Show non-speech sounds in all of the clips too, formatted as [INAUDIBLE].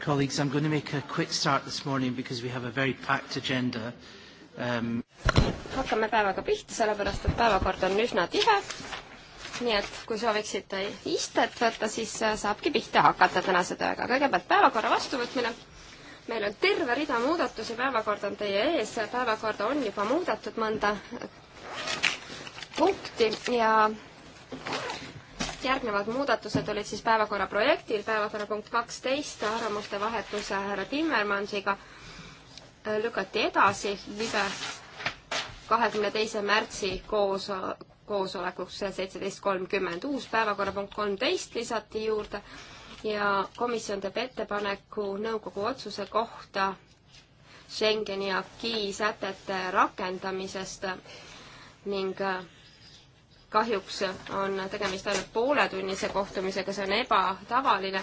Colleagues, I'm going to make a quick start this morning because we have a very packed agenda um.... hakkame päevaga pihta, sellepärast et päevakord on üsna tihe. nii et kui sooviksite istet võtta, siis äh, saabki pihta hakata tänase tööga. kõigepealt päevakorra vastuvõtmine. meil on terve rida muudatusi, päevakord on teie ees, päevakorda on juba muudetud mõnda punkti ja järgnevad muudatused olid siis päevakorra projektil, päevakorrapunkt kaksteist, arvamuste vahetuse härra Timmermansiga äh, lükati edasi libe kahekümne teise märtsi koos, koosolekuks seitseteist kolmkümmend. uus päevakorrapunkt kolmteist lisati juurde ja komisjon teeb ettepaneku nõukogu otsuse kohta Schengeni akii sätete rakendamisest ning äh, kahjuks on tegemist ainult pooletunnise kohtumisega, see on ebatavaline,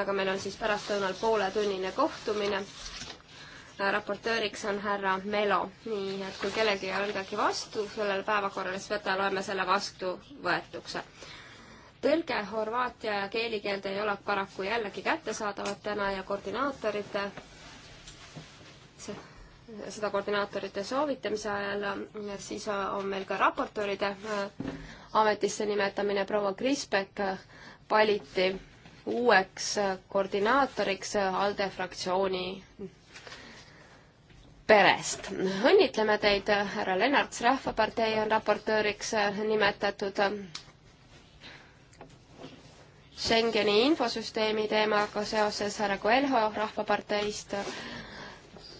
aga meil on siis pärastlõunal pooletunnine kohtumine. raportööriks on härra Melo, nii et kui kellelgi ei ole midagi vastu sellele päevakorrale, siis võta, loeme selle vastuvõetuks. tõlge horvaatia ja keelikeelde ei ole paraku jällegi kättesaadavad täna ja koordinaatorite see seda koordinaatorite soovitamise ajal, siis on meil ka raportööride äh, ametisse nimetamine, proua Krispek äh, valiti uueks äh, koordinaatoriks ALDE fraktsiooni perest. õnnitleme teid, härra Lennarts, Rahvapartei on raportööriks nimetatud Schengeni infosüsteemi teemaga seoses härra Coelho Rahvaparteist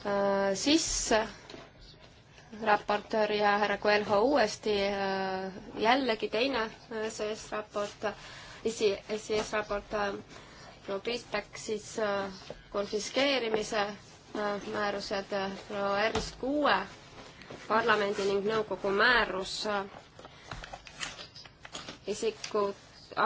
Äh, sisse, raportöör ja härra Coelho uuesti, äh, jällegi teine SES e raport, esi, SES e raport äh, proua Kriisbäck siis konfiskeerimise määrused proua Ernst Kuue parlamendi ning nõukogu määrus isiku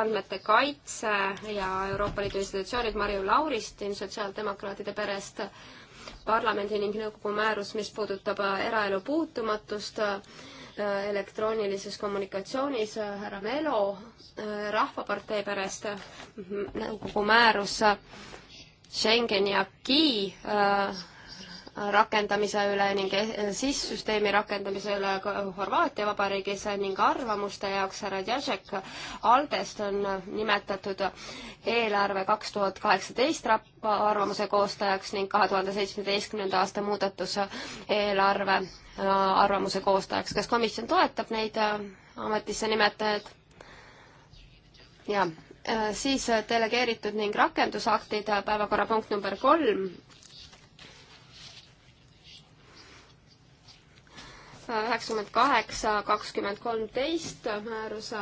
andmete kaitse ja Euroopa Liidu institutsioonid, Marju Lauristin sotsiaaldemokraatide perest äh, parlamendi ning nõukogu määrus, mis puudutab äh, eraelu puutumatust äh, elektroonilises kommunikatsioonis, äh, härra Melo Rahvapartei perest, nõukogu määrus Schengeni aki rakendamise üle ning e-, SIS-süsteemi rakendamise üle Horvaatia Vabariigis ning arvamuste jaoks härra Jažek Aldest on nimetatud eelarve kaks tuhat kaheksateist arvamuse koostajaks ning kahe tuhande seitsmeteistkümnenda aasta muudatuse eelarve äh, arvamuse koostajaks. kas komisjon toetab neid äh, ametisse nimetajaid? jah, äh, siis delegeeritud ning rakendusaktid, päevakorrapunkt number kolm üheksakümmend kaheksa, kakskümmend kolmteist määruse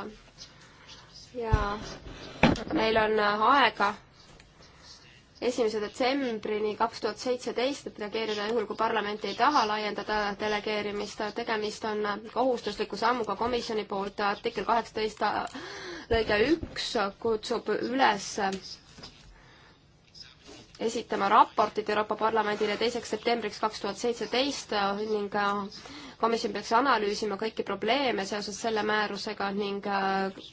ja meil on aega esimese detsembrini kaks tuhat seitseteist, et reageerida juhul, kui parlament ei taha laiendada delegeerimist, tegemist on kohustusliku sammuga komisjoni poolt, artikkel kaheksateist lõige üks kutsub üles esitama raportid Euroopa Parlamendile teiseks septembriks kaks tuhat seitseteist ning komisjon peaks analüüsima kõiki probleeme seoses selle määrusega ning äh,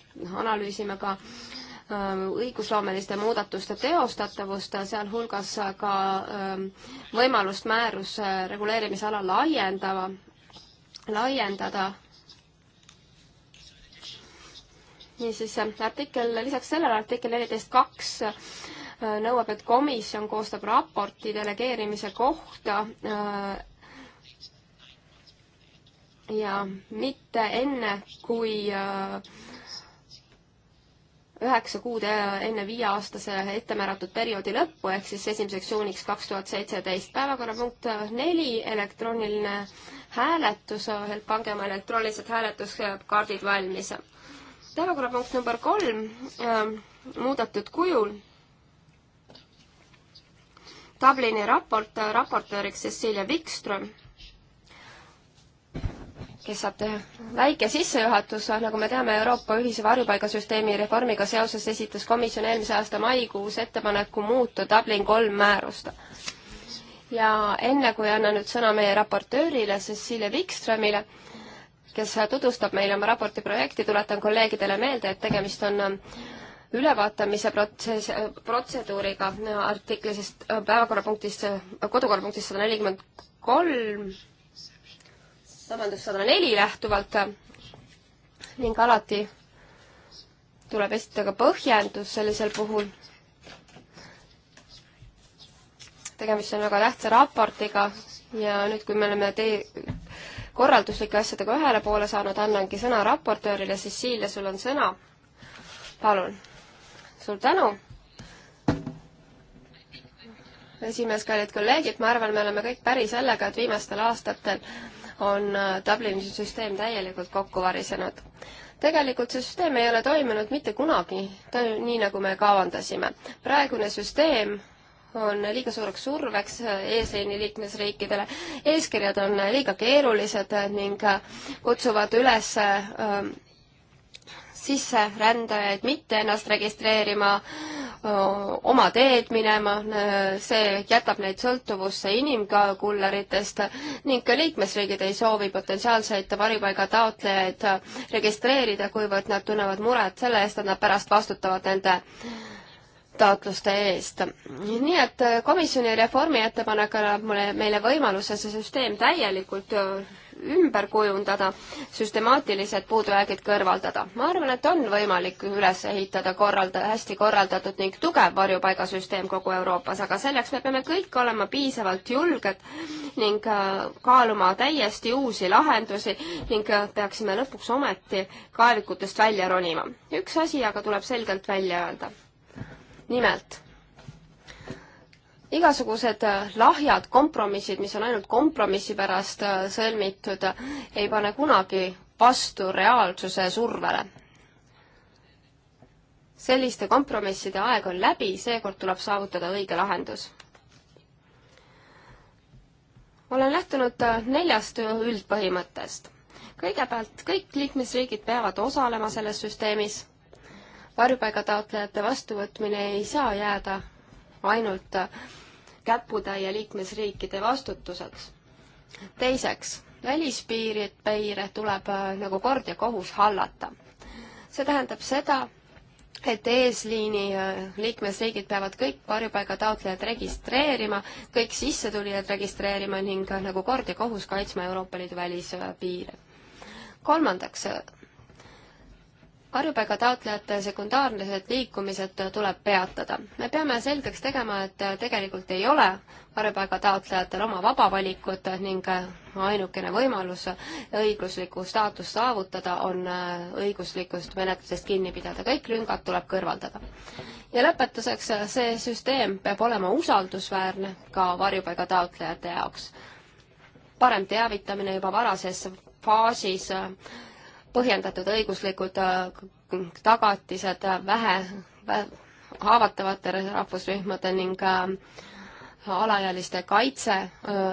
analüüsima ka äh, õigusloomeliste muudatuste teostatavust, sealhulgas ka ähm, võimalust määruse reguleerimisala laiendava, laiendada. niisiis, artikkel, lisaks sellele artikkel neliteist kaks äh, nõuab, et komisjon koostab raporti delegeerimise kohta ja mitte enne, kui äh, üheksa kuud enne viieaastase ettemääratud perioodi lõppu ehk siis esimeseks juuniks kaks tuhat seitseteist. päevakorrapunkt neli, elektrooniline hääletus, pange oma elektroonilised hääletuskaardid valmis. päevakorrapunkt number kolm, äh, muudetud kujul. Dublini raport, raportööriks Cecilia Wikström kes saab teha väike sissejuhatus, nagu me teame, Euroopa ühise varjupaigasüsteemi reformiga seoses esitas komisjon eelmise aasta maikuus ettepaneku muuta Dublin kolm määrust ja enne, kui annan nüüd sõna meie raportöörile Cecilia Wikströmile, kes tutvustab meile oma raporti projekti, tuletan kolleegidele meelde, et tegemist on äh, ülevaatamise protsess, protseduuriga artiklisest, päevakorrapunktist, kodukorrapunktist sada nelikümmend kolm vabandust, sada neli lähtuvalt ning alati tuleb esitada ka põhjendus sellisel puhul. tegemist on väga tähtsa raportiga ja nüüd, kui me oleme tee, korralduslike asjadega ühele poole saanud, annangi sõna raportöörile, Cecilia, sul on sõna. palun. suur tänu. esimees, kallid kolleegid, ma arvan, me oleme kõik päri sellega, et viimastel aastatel on äh, Dublini süsteem täielikult kokku varisenud. tegelikult see süsteem ei ole toiminud mitte kunagi nii, nagu me kavandasime. praegune süsteem on liiga suureks surveks äh, eesliini liikmesriikidele, eeskirjad on äh, liiga keerulised ning kutsuvad üles sisserändajaid mitte ennast registreerima äh, oma teed minema, see jätab neid sõltuvusse inimkulleritest ning ka liikmesriigid ei soovi potentsiaalseid varjupaiga taotlejaid registreerida, kuivõrd nad tunnevad muret selle eest, et nad pärast vastutavad nende taotluste eest. nii et komisjoni reformi ettepanek annab mulle, meile võimaluse see süsteem täielikult ümber kujundada, süstemaatilised puudujäägid kõrvaldada. ma arvan, et on võimalik üles ehitada korralda-, hästi korraldatud ning tugev varjupaigasüsteem kogu Euroopas, aga selleks me peame kõik olema piisavalt julged ning äh, kaaluma täiesti uusi lahendusi ning äh, peaksime lõpuks ometi kaevikutest välja ronima. üks asi aga tuleb selgelt välja öelda. nimelt igasugused äh, lahjad kompromissid, mis on ainult kompromissi pärast äh, sõlmitud, äh, ei pane kunagi vastu reaalsuse survele. selliste kompromisside aeg on läbi, seekord tuleb saavutada õige lahendus. olen lähtunud neljast üldpõhimõttest. kõigepealt kõik liikmesriigid peavad osalema selles süsteemis varjupaigataotlejate vastuvõtmine ei saa jääda ainult käputäie liikmesriikide vastutuseks. teiseks, välispiirid, piire tuleb äh, nagu kord ja kohus hallata. see tähendab seda, et eesliini äh, liikmesriigid peavad kõik varjupaigataotlejad registreerima, kõik sissetulijad registreerima ning äh, nagu kord ja kohus kaitsma Euroopa Liidu välispiire. kolmandaks, varjupaiga taotlejate sekundaarsed liikumised tuleb peatada. me peame selgeks tegema, et tegelikult ei ole varjupaiga taotlejatel oma vaba valikut ning ainukene võimalus õiguslikku staatust saavutada on õiguslikust menetlusest kinni pidada. kõik lüngad tuleb kõrvaldada. ja lõpetuseks, see süsteem peab olema usaldusväärne ka varjupaiga taotlejate jaoks. parem teavitamine juba varases faasis põhjendatud õiguslikud äh, tagatised äh, vähe, vähe haavatavate rahvusrühmade ning äh, alaealiste kaitse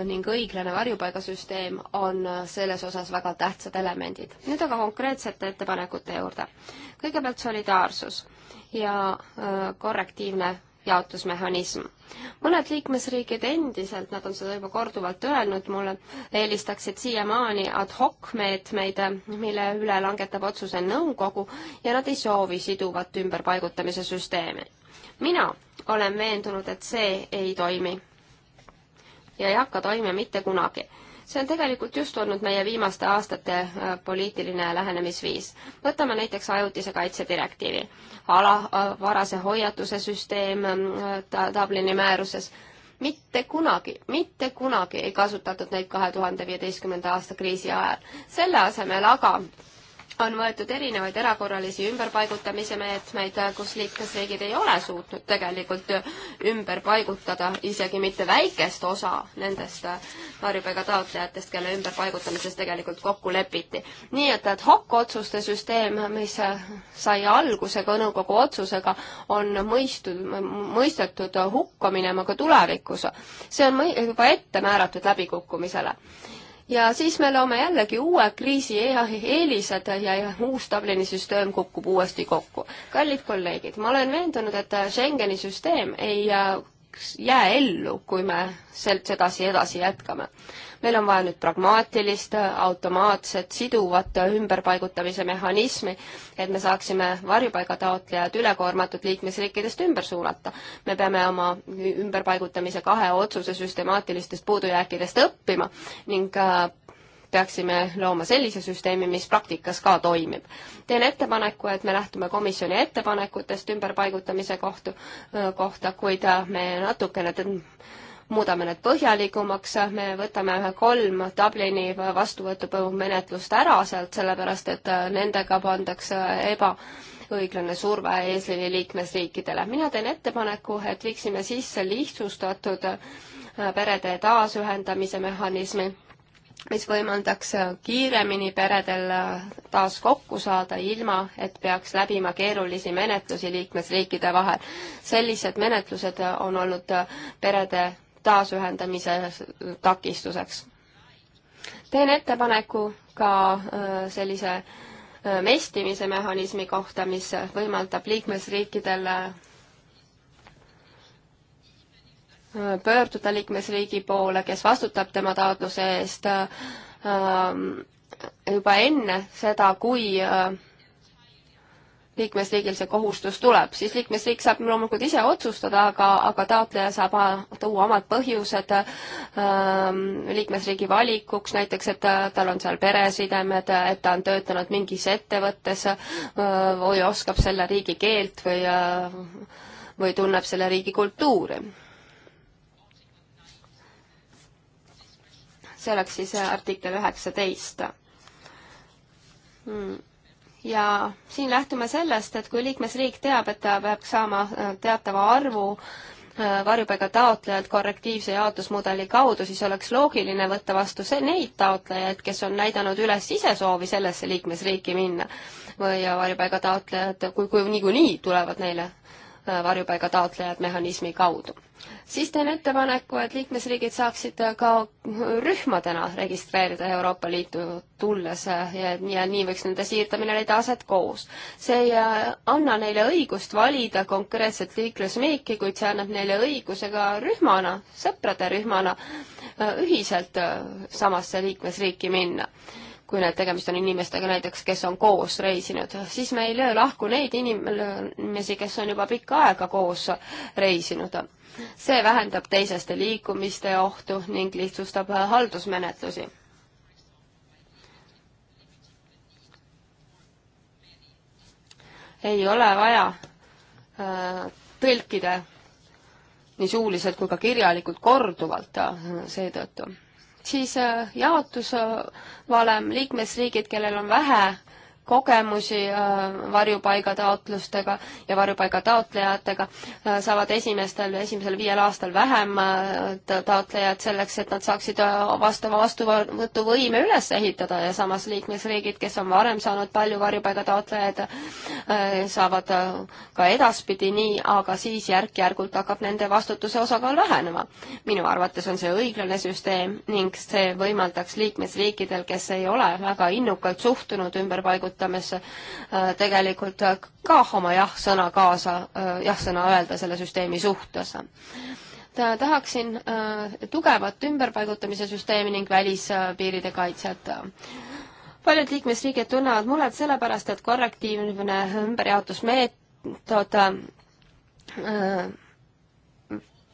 ning õiglane varjupaigasüsteem on selles osas väga tähtsad elemendid. nüüd aga konkreetsete ettepanekute juurde. kõigepealt solidaarsus ja korrektiivne jaotusmehhanism. mõned liikmesriigid endiselt, nad on seda juba korduvalt öelnud mulle, eelistaksid siiamaani ad hoc meetmeid, mille üle langetab otsuse nõukogu ja nad ei soovi siduvat ümberpaigutamise süsteemi. mina olen veendunud, et see ei toimi ja ei hakka toimima mitte kunagi see on tegelikult just olnud meie viimaste aastate äh, poliitiline lähenemisviis. võtame näiteks ajutise kaitse direktiivi, ala, äh, varase hoiatuse süsteem äh, Dublini määruses, mitte kunagi, mitte kunagi ei kasutatud neid kahe tuhande viieteistkümnenda aasta kriisi ajal. selle asemel aga on võetud erinevaid erakorralisi ümberpaigutamise meetmeid, kus liikmesriigid ei ole suutnud tegelikult ümber paigutada isegi mitte väikest osa nendest varjupaiga taotlejatest, kelle ümberpaigutamises tegelikult kokku lepiti. nii et ad hoc otsuste süsteem, mis sai alguse ka nõukogu otsusega, on mõistud, mõistetud hukka minema ka tulevikus. see on juba ette määratud läbikukkumisele ja siis me loome jällegi uue kriisi eelised ja, ja uus Dublini süsteem kukub uuesti kokku. kallid kolleegid, ma olen veendunud, et Schengeni süsteem ei äh, jää ellu, kui me sealt sedasi edasi jätkame meil on vaja nüüd pragmaatilist, automaatset, siduvat ümberpaigutamise mehhanismi, et me saaksime varjupaigataotlejad ülekoormatud liikmesriikidest ümber suunata. me peame oma ümberpaigutamise kahe otsuse süstemaatilistest puudujääkidest õppima ning äh, peaksime looma sellise süsteemi, mis praktikas ka toimib. teen ettepaneku, et me lähtume komisjoni ettepanekutest ümberpaigutamise kohtu, äh, kohta, kuid äh, me natukene muudame need põhjalikumaks, me võtame kolm Dublini vastuvõtumenetlust ära sealt, sellepärast et äh, nendega pandakse eba õiglane surve eesliini liikmesriikidele. mina teen ettepaneku, et viiksime sisse lihtsustatud äh, perede taasühendamise mehhanismi, mis võimaldaks äh, kiiremini peredel taas kokku saada, ilma et peaks läbima keerulisi menetlusi liikmesriikide vahel. sellised menetlused on olnud perede taasühendamise takistuseks. teen ettepaneku ka äh, sellise äh, mestimise mehhanismi kohta, mis võimaldab liikmesriikidel äh, pöörduda liikmesriigi poole, kes vastutab tema taotluse eest ähm, juba enne seda, kui liikmesriigil see kohustus tuleb, siis liikmesriik saab loomulikult ise otsustada, aga, aga taotleja saab tuua omad põhjused ähm, liikmesriigi valikuks, näiteks et äh, tal on seal peresidemed, et ta on töötanud mingis ettevõttes äh, või oskab selle riigi keelt või äh,, või tunneb selle riigi kultuuri. see oleks siis äh, artikkel üheksateist hmm ja siin lähtume sellest, et kui liikmesriik teab, et ta peab saama äh, teatava arvu äh, varjupaiga taotlejalt korrektiivse jaotusmudeli kaudu, siis oleks loogiline võtta vastu see, neid taotlejaid, kes on näidanud üles ise soovi sellesse liikmesriiki minna või äh, varjupaiga taotlejad, kui, kui niikuinii tulevad neile varjupaiga taotlejad mehhanismi kaudu siis teen ettepaneku, et liikmesriigid saaksid ka rühmadena registreerida Euroopa Liitu tulles ja, ja nii võiks nende siirdamine leida aset koos. see ei äh, anna neile õigust valida konkreetset liiklusmiiki, kuid see annab neile õiguse ka rühmana, sõprade rühmana, äh, ühiselt äh, samasse liikmesriiki minna kui need tegemist on inimestega näiteks, kes on koos reisinud, siis me ei löö lahku neid inimesi, kes on juba pikka aega koos reisinud. see vähendab teiseste liikumiste ohtu ning lihtsustab haldusmenetlusi. ei ole vaja äh, tõlkida nii suuliselt kui ka kirjalikult korduvalt äh, seetõttu siis äh, jaotusvalem, äh, liikmesriigid, kellel on vähe kogemusi äh, varjupaigataotlustega ja varjupaigataotlejatega, äh, saavad esimestel, esimesel viiel aastal vähem äh, taotlejad selleks, et nad saaksid vastava vastuvõtuvõime üles ehitada ja samas liikmesriigid, kes on varem saanud palju varjupaigataotlejaid, saavad ka edaspidi nii, aga siis järk-järgult hakkab nende vastutuse osakaal vähenema. minu arvates on see õiglane süsteem ning see võimaldaks liikmesriikidel, kes ei ole väga innukalt suhtunud ümberpaigutamisele, kasutamisse äh, tegelikult ka oma jah-sõna kaasa, äh, jah-sõna öelda selle süsteemi suhtes tahaksin äh, tugevat ümberpaigutamise süsteemi ning välispiiride kaitset. paljud liikmesriigid tunnevad muret sellepärast, et korrektiivne ümberjaotusmeetod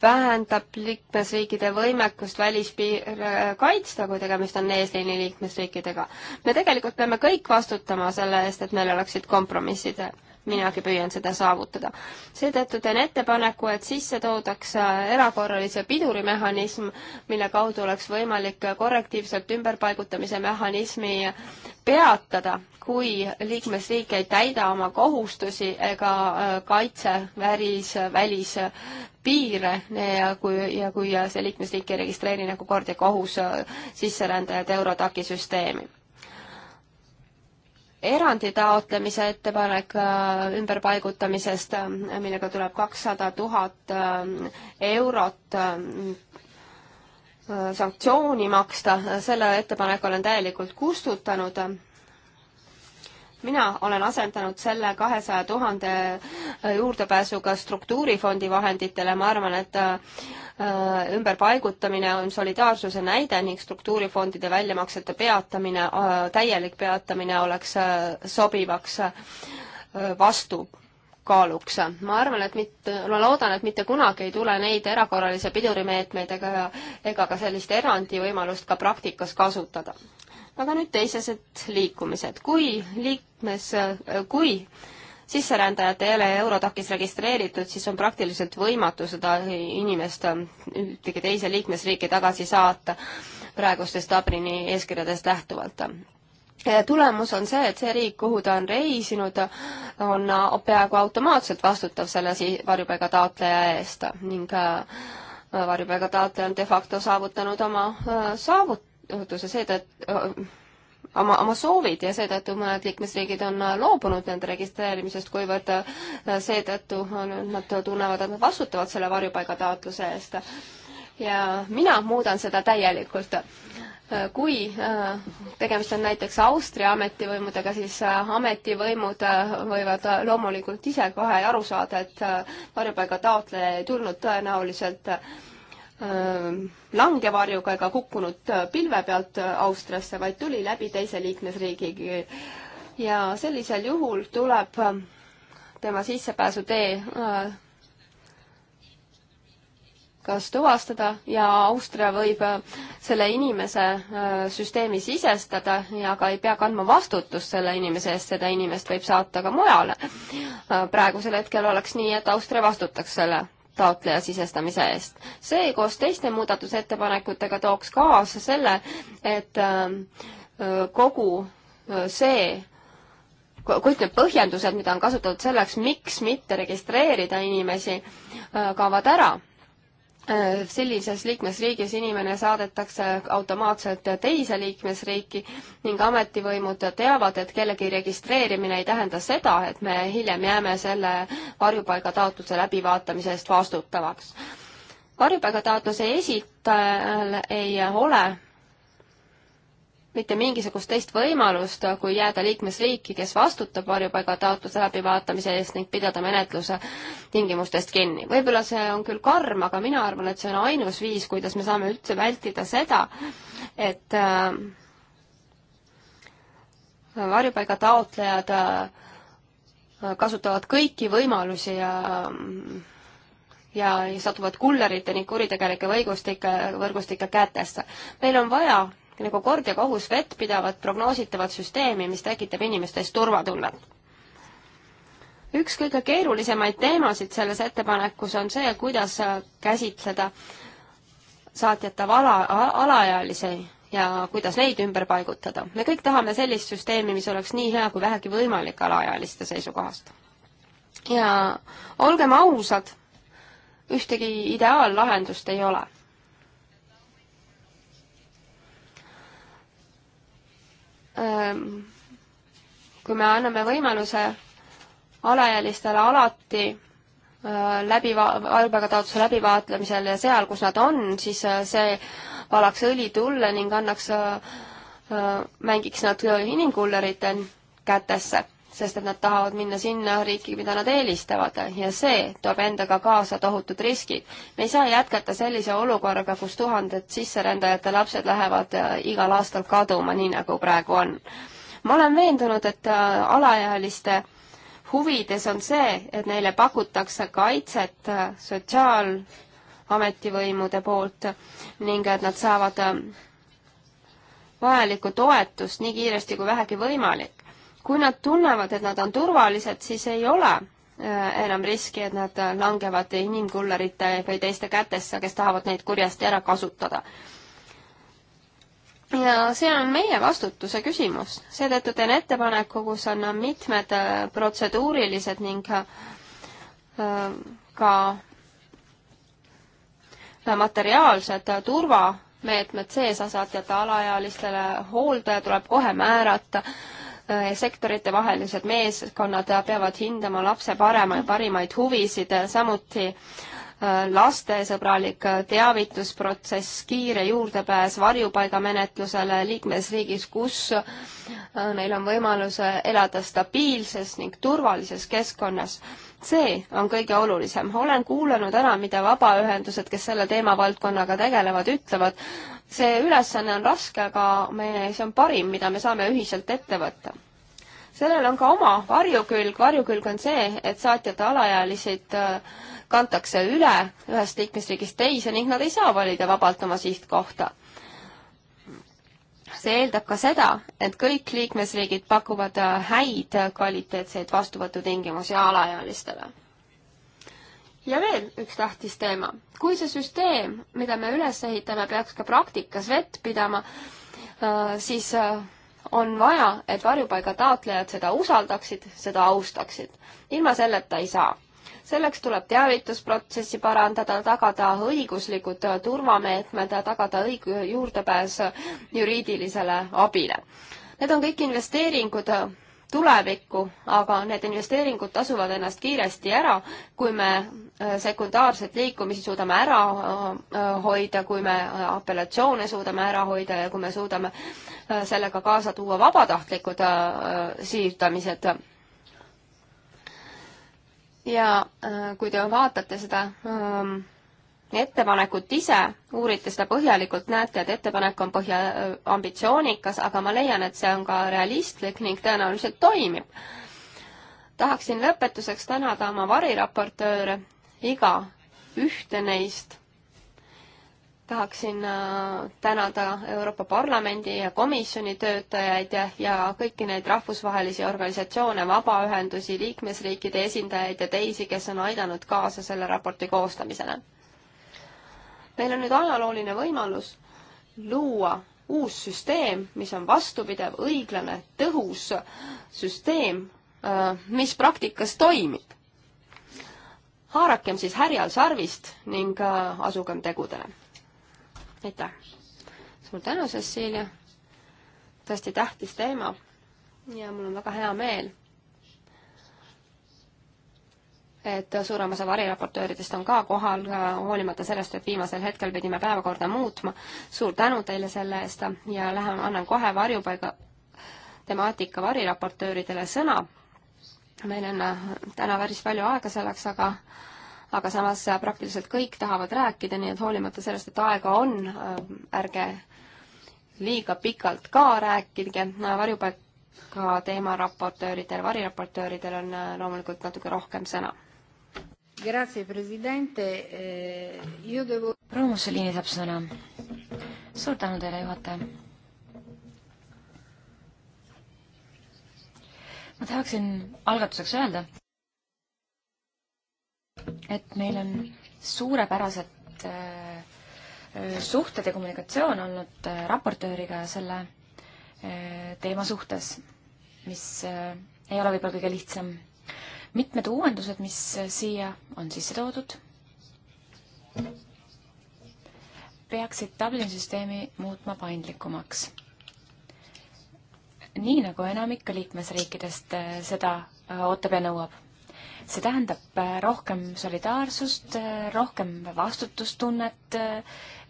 vähendab liikmesriikide võimekust välispiire kaitsta, kui tegemist on eesliini liikmesriikidega. me tegelikult peame kõik vastutama selle eest, et meil oleksid kompromissid minagi püüan seda saavutada. seetõttu teen ettepaneku, et sisse toodaks äh, erakorralise pidurimehhanism, mille kaudu oleks võimalik korrektiivselt ümberpaigutamise mehhanismi peatada, kui liikmesriik ei täida oma kohustusi ega äh, kaitse välis, välispiire ja kui, ja kui see liikmesriik ei registreeri nagu kord ja kohus äh, sisserändajad Eurotaki süsteemi erandi taotlemise ettepanek äh, ümberpaigutamisest, äh, millega tuleb kakssada tuhat äh, eurot sanktsiooni maksta, selle ettepaneku olen täielikult kustutanud. mina olen asendanud selle kahesaja tuhande juurdepääsuga struktuurifondi vahenditele, ma arvan, et Äh, ümberpaigutamine on solidaarsuse näide ning struktuurifondide väljamaksete peatamine, äh, täielik peatamine oleks äh, sobivaks vastukaaluks. ma arvan, et mitte, ma loodan, et mitte kunagi ei tule neid erakorralisi pidurimeetmeid ega, ega ka sellist erandivõimalust ka praktikas kasutada. aga nüüd teised liikumised. kui liikmes, kui sisserändajat ei ole Eurotakis registreeritud, siis on praktiliselt võimatu seda inimest äh, ühtegi teise liikmesriiki tagasi saata praegustest Dublini eeskirjadest lähtuvalt tulemus on see, et see riik, kuhu ta on reisinud, on äh, peaaegu automaatselt vastutav selle varjupaiga taotleja eest ning äh, varjupaiga taotleja on de facto saavutanud oma saavutuse seetõttu, oma, oma soovid ja seetõttu mõned liikmesriigid on äh, loobunud nende registreerimisest, kuivõrd äh, seetõttu nad tunnevad, et nad vastutavad selle varjupaigataotluse eest. ja mina muudan seda täielikult äh, kui tegemist on näiteks Austria ametivõimudega, siis ametivõimud võivad loomulikult ise kohe aru saada, et varjupaiga taotleja ei tulnud tõenäoliselt äh, langevarjuga ega kukkunud pilve pealt Austriasse, vaid tuli läbi teise liikmesriigi. ja sellisel juhul tuleb tema sissepääsutee kas tuvastada ja Austria võib selle inimese süsteemi sisestada ja ka ei pea kandma vastutust selle inimese eest, seda inimest võib saata ka mujale. praegusel hetkel oleks nii, et Austria vastutaks selle taotleja sisestamise eest. see koos teiste muudatusettepanekutega tooks kaasa selle, et ähm, äh, kogu äh, see kõik need põhjendused, mida on kasutatud selleks, miks mitte registreerida inimesi, äh, kaovad ära Äh, sellises liikmesriigis inimene saadetakse automaatselt teise liikmesriiki ning ametivõimud teavad, et kellegi registreerimine ei tähenda seda, et me hiljem jääme selle varjupaigataotluse läbivaatamise eest vastutavaks. varjupaigataotluse esitajal ei ole mitte mingisugust teist võimalust, kui jääda liikmesriiki, kes vastutab varjupaigataotluse läbivaatamise eest ning pidada menetluse tingimustest kinni. võib-olla see on küll karm, aga mina arvan, et see on ainus viis, kuidas me saame üldse vältida seda, et äh, varjupaigataotlejad äh, kasutavad kõiki võimalusi ja ja satuvad kullerite ning kuritegelike võigustike, võrgustike kätesse. meil on vaja nagu kord ja kohus vettpidavat prognoositavat süsteemi, mis tekitab inimestes turvatunnet. üks kõige keerulisemaid teemasid selles ettepanekus on see, kuidas käsitleda saatjata vala, alaealisi ja kuidas neid ümber paigutada. me kõik tahame sellist süsteemi, mis oleks nii hea kui vähegi võimalik alaealiste seisukohast. ja olgem ausad, ühtegi ideaallahendust ei ole Ähm, kui me anname võimaluse alaealistele alati äh, läbi, varbaga-taotluse läbivaatlemisel ja seal, kus nad on, siis äh, see valaks õli tulle ning annaks, äh, mängiks nad inimkullerite kätesse sest et nad tahavad minna sinna riiki, mida nad eelistavad ja see toob endaga kaasa tohutud riskid. me ei saa jätkata sellise olukorraga, kus tuhanded sisserändajate lapsed lähevad äh, igal aastal kaduma, nii nagu praegu on. ma olen veendunud, et äh, alaealiste huvides on see, et neile pakutakse kaitset äh, sotsiaalametivõimude poolt ning et nad saavad vajalikku toetust nii kiiresti kui vähegi võimalik kui nad tunnevad, et nad on turvalised, siis ei ole äh, enam riski, et nad äh, langevad inimkullerite või teiste kätesse, kes tahavad neid kurjasti ära kasutada. ja see on meie vastutuse küsimus, seetõttu teen ettepaneku, kus on mitmed äh, protseduurilised ning ka materiaalsed turvameetmed sees asjad, et alaealistele hooldaja tuleb kohe määrata Äh, sektorite vahelised meeskonnad peavad hindama lapse parema, parimaid huvisid, samuti äh, lastesõbralik äh, teavitusprotsess, kiire juurdepääs varjupaigamenetlusele liikmesriigis, kus neil on võimalus elada stabiilses ning turvalises keskkonnas see on kõige olulisem. olen kuulanud ära, mida vabaühendused, kes selle teemavaldkonnaga tegelevad, ütlevad. see ülesanne on raske, aga me, see on parim, mida me saame ühiselt ette võtta sellel on ka oma varjukülg, varjukülg on see, et saatjate alaealised äh, kantakse üle ühest liikmesriigist teise ning nad ei saa valida vabalt oma sihtkohta see eeldab ka seda, et kõik liikmesriigid pakuvad äh, häid äh, kvaliteetseid vastuvõtutingimusi alaealistele. ja veel üks tähtis teema. kui see süsteem, mida me üles ehitame, peaks ka praktikas vett pidama, äh, siis on vaja, et varjupaiga taotlejad seda usaldaksid, seda austaksid. ilma selleta ei saa selleks tuleb teavitusprotsessi parandada, tagada õiguslikud turvameetmed, tagada õig-, juurdepääs juriidilisele abile. Need on kõik investeeringud tulevikku, aga need investeeringud tasuvad ennast kiiresti ära, kui me äh, sekundaarset liikumisi suudame ära äh, hoida, kui me äh, apellatsioone suudame ära hoida ja kui me suudame sellega kaasa tuua vabatahtlikud siirdamised ja äh, kui te vaatate seda ähm, ettepanekut ise, uurite seda põhjalikult, näete, et ettepanek on põhja, äh, ambitsioonikas, aga ma leian, et see on ka realistlik ning tõenäoliselt toimib. tahaksin lõpetuseks tänada oma variraportööre, iga ühte neist tahaksin äh, tänada Euroopa Parlamendi ja komisjoni töötajaid ja, ja kõiki neid rahvusvahelisi organisatsioone, vabaühendusi, liikmesriikide esindajaid ja teisi, kes on aidanud kaasa selle raporti koostamisele. meil on nüüd ajalooline võimalus luua uus süsteem, mis on vastupidev, õiglane, tõhus süsteem, äh, mis praktikas toimib. haarakem siis härjal sarvist ning äh, asugem tegudele aitäh! suur tänu, Cecilia! tõesti tähtis teema ja mul on väga hea meel, et suurem osa variraportööridest on ka kohal, hoolimata sellest, et viimasel hetkel pidime päevakorda muutma. suur tänu teile selle eest ja lähen annan kohe varjupaiga temaatika variraportööridele sõna. meil on äh, täna päris palju aega selleks, aga aga samas äh, praktiliselt kõik tahavad rääkida, nii et hoolimata sellest, et aega on, äh, ärge liiga pikalt ka rääkige, varjupaika teema raportööridel, variraportööridel on äh, loomulikult natuke rohkem sõna. Grazie, presidente, eh, io devo proua Mussolini saab sõna. suur tänu teile, juhataja. ma tahaksin algatuseks öelda, et meil on suurepärased äh, äh, suhted ja kommunikatsioon olnud äh, raportööriga selle teema suhtes, mis ei ole võib-olla kõige lihtsam. mitmed uuendused, mis siia on sisse toodud, peaksid Dublini süsteemi muutma paindlikumaks. nii nagu enamik liikmesriikidest seda ootab ja nõuab see tähendab äh, rohkem solidaarsust, äh, rohkem vastutustunnet äh,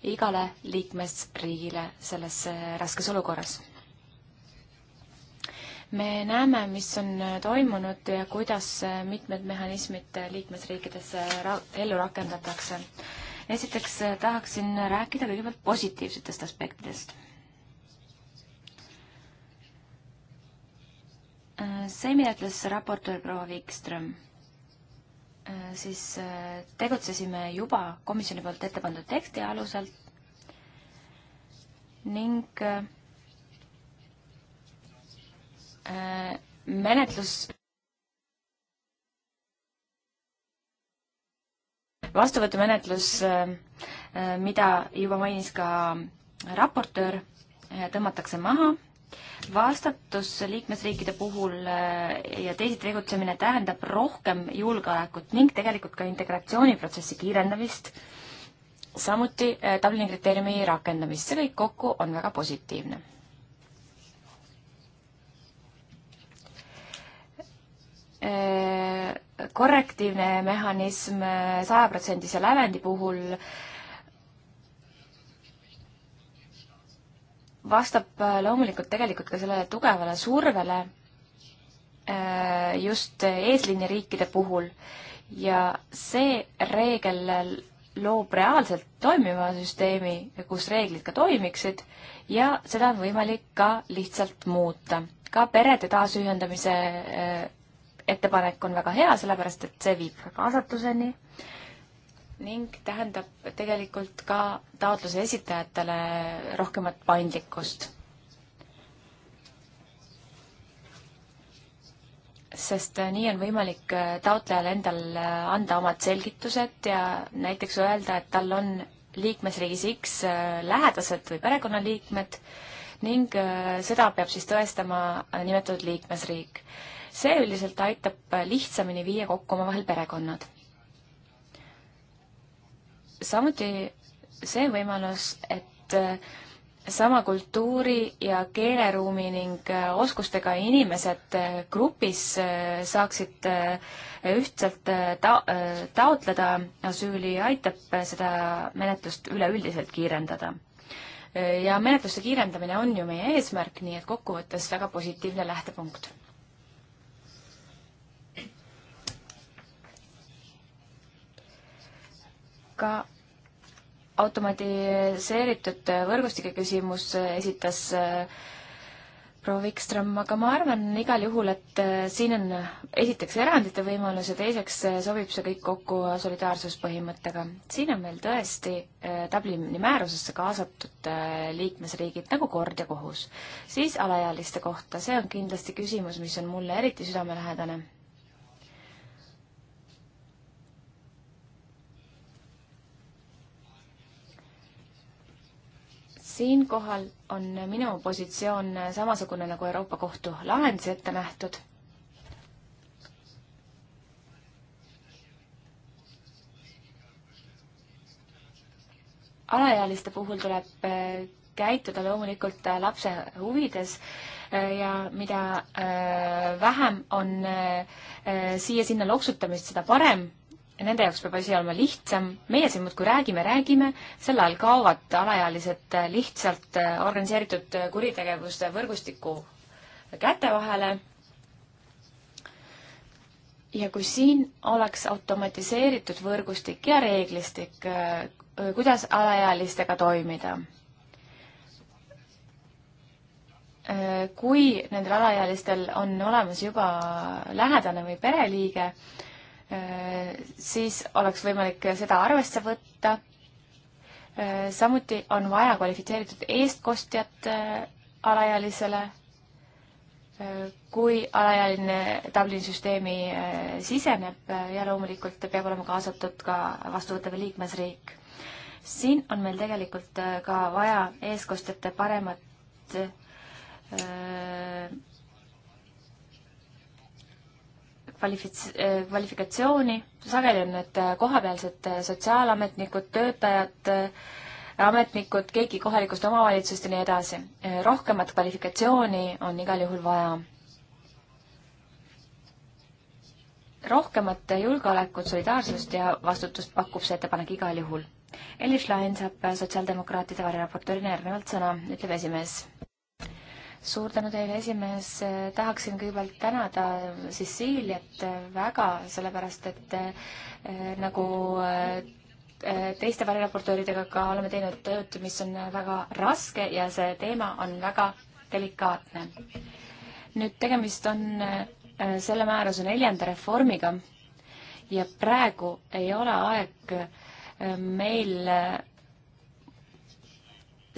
igale liikmesriigile selles raskes olukorras. me näeme, mis on toimunud ja kuidas mitmed mehhanismid liikmesriikides ra-, ellu rakendatakse. esiteks tahaksin rääkida kõigepealt positiivsetest aspektidest see, mida ütles raportöör proua Wikström Äh, siis äh, tegutsesime juba komisjoni poolt ette pandud teksti alusel ning äh, menetlus vastuvõtumenetlus, mida juba mainis ka raportöör, tõmmatakse maha vastatus liikmesriikide puhul eh, ja teisi tegutsemine tähendab rohkem julgeolekut ning tegelikult ka integratsiooniprotsessi kiirendamist, samuti eh, Dublini kriteeriumi rakendamist, see kõik kokku on väga positiivne eh, korrektiivne mehhanism sajaprotsendise lävendi puhul vastab äh, loomulikult tegelikult ka sellele tugevale survele äh, just eesliiniriikide puhul ja see reegel loob reaalselt toimiva süsteemi, kus reeglid ka toimiksid ja seda on võimalik ka lihtsalt muuta. ka perede taasühendamise äh, ettepanek on väga hea, sellepärast et see viib kaasatuseni ka ning tähendab tegelikult ka taotluse esitajatele rohkemat paindlikkust. sest nii on võimalik äh, taotlejal endal äh, anda omad selgitused ja näiteks öelda, et tal on liikmesriigis X äh, lähedased või perekonnaliikmed ning seda peab siis tõestama nimetatud liikmesriik. see üldiselt aitab lihtsamini viia kokku omavahel perekonnad samuti see võimalus, et äh, sama kultuuri ja keeleruumi ning äh, oskustega inimesed äh, grupis saaksid ühtselt ta-, taotleda asüüli, aitab seda menetlust üleüldiselt kiirendada. ja menetluste kiirendamine on ju meie eesmärk, nii et kokkuvõttes väga positiivne lähtepunkt ka automatiseeritud võrgustike küsimus äh, esitas äh, proua Vikström, aga ma arvan igal juhul, et äh, siin on esiteks erandite võimalus ja teiseks sobib see kõik kokku solidaarsuspõhimõttega. siin on meil tõesti Dublini määrusesse kaasatud liikmesriigid nagu kord ja kohus. siis alaealiste kohta, see on kindlasti küsimus, mis on mulle eriti südamelähedane siinkohal on minu positsioon samasugune nagu Euroopa Kohtu lahendis ette nähtud. alaealiste puhul tuleb äh, käituda loomulikult äh, lapse huvides äh, ja mida vähem on siia-sinna loksutamist, seda parem nende jaoks peab asi olema lihtsam, meie siin muudkui räägime, räägime, sel ajal kaovad alaealised lihtsalt äh, organiseeritud äh, kuritegevuste võrgustiku käte vahele. ja kui siin oleks automatiseeritud võrgustik ja reeglistik, äh, kuidas alaealistega toimida kui nendel alaealistel on olemas juba lähedane või pereliige, siis oleks võimalik seda arvesse võtta. samuti on vaja kvalifitseeritud eestkostjat äh, alaealisele, kui alaealine Dublini süsteemi äh, siseneb äh, ja loomulikult peab olema kaasatud ka vastuvõttev liikmesriik. siin on meil tegelikult ka vaja eestkostjate paremat kvalifits-, eh, kvalifikatsiooni, sageli on need eh, kohapealsed eh, sotsiaalametnikud, töötajad, ametnikud, keegi kohalikust omavalitsust ja nii edasi. rohkemat kvalifikatsiooni on igal juhul vaja. rohkemat julgeolekut, solidaarsust ja vastutust pakub see ettepanek igal juhul. Elis Lain saab sotsiaaldemokraatide variraportöörina järgnevalt sõna, ütleb esimees suur tänu teile, esimees. tahaksin kõigepealt tänada Ceciliat väga, sellepärast et eh, nagu eh, teiste variraportööridega ka oleme teinud tööd, mis on väga raske ja see teema on väga delikaatne. nüüd tegemist on eh, selle määruse neljanda reformiga ja praegu ei ole aeg meil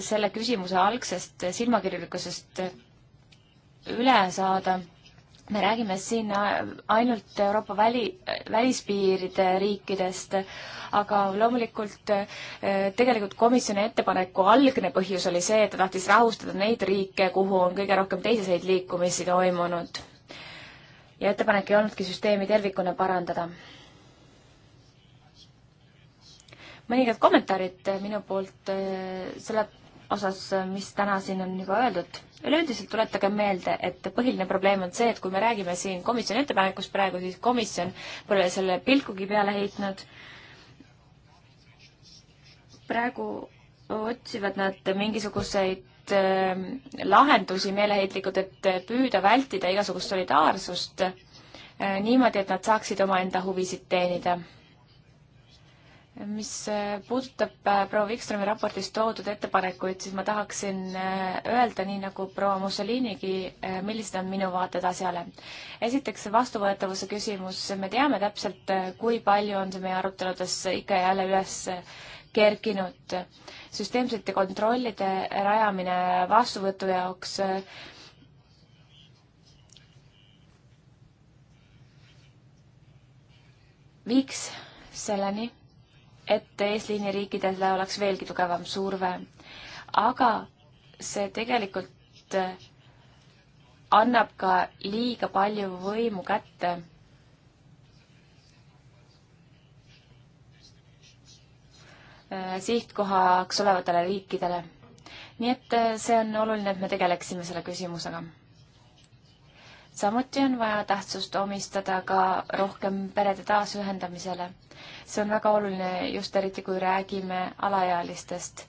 selle küsimuse algsest silmakirjalikkusest üle saada, me räägime siin ainult Euroopa väli, välispiiride riikidest, aga loomulikult äh, tegelikult komisjoni ettepaneku algne põhjus oli see, et ta tahtis rahustada neid riike, kuhu on kõige rohkem teiseseid liikumisi toimunud. ja ettepanek ei olnudki süsteemi tervikuna parandada mõningad kommentaarid minu poolt äh, selle osas, mis täna siin on juba öeldud. üleüldiselt tuletage meelde, et põhiline probleem on see, et kui me räägime siin komisjoni ettepanekust praegu, siis komisjon pole selle pilkugi peale heitnud. praegu otsivad nad mingisuguseid ähm, lahendusi meeleheitlikult, et püüda vältida igasugust solidaarsust äh, niimoodi, et nad saaksid omaenda huvisid teenida mis äh, puudutab äh, proua Wikströmi raportis toodud ettepanekuid, siis ma tahaksin äh, öelda, nii nagu proua Mussolinigi, millised on minu vaated asjale. esiteks vastuvõetavuse küsimus, me teame täpselt, kui palju on see meie aruteludes ikka ja jälle üles kerkinud. süsteemsete kontrollide rajamine vastuvõtu jaoks viiks selleni et eesliiniriikidele oleks veelgi tugevam surve. aga see tegelikult äh, annab ka liiga palju võimu kätte äh, sihtkohaks olevatele riikidele. nii et äh, see on oluline, et me tegeleksime selle küsimusega samuti on vaja tähtsust omistada ka rohkem perede taasühendamisele. see on väga oluline just eriti, kui räägime alaealistest.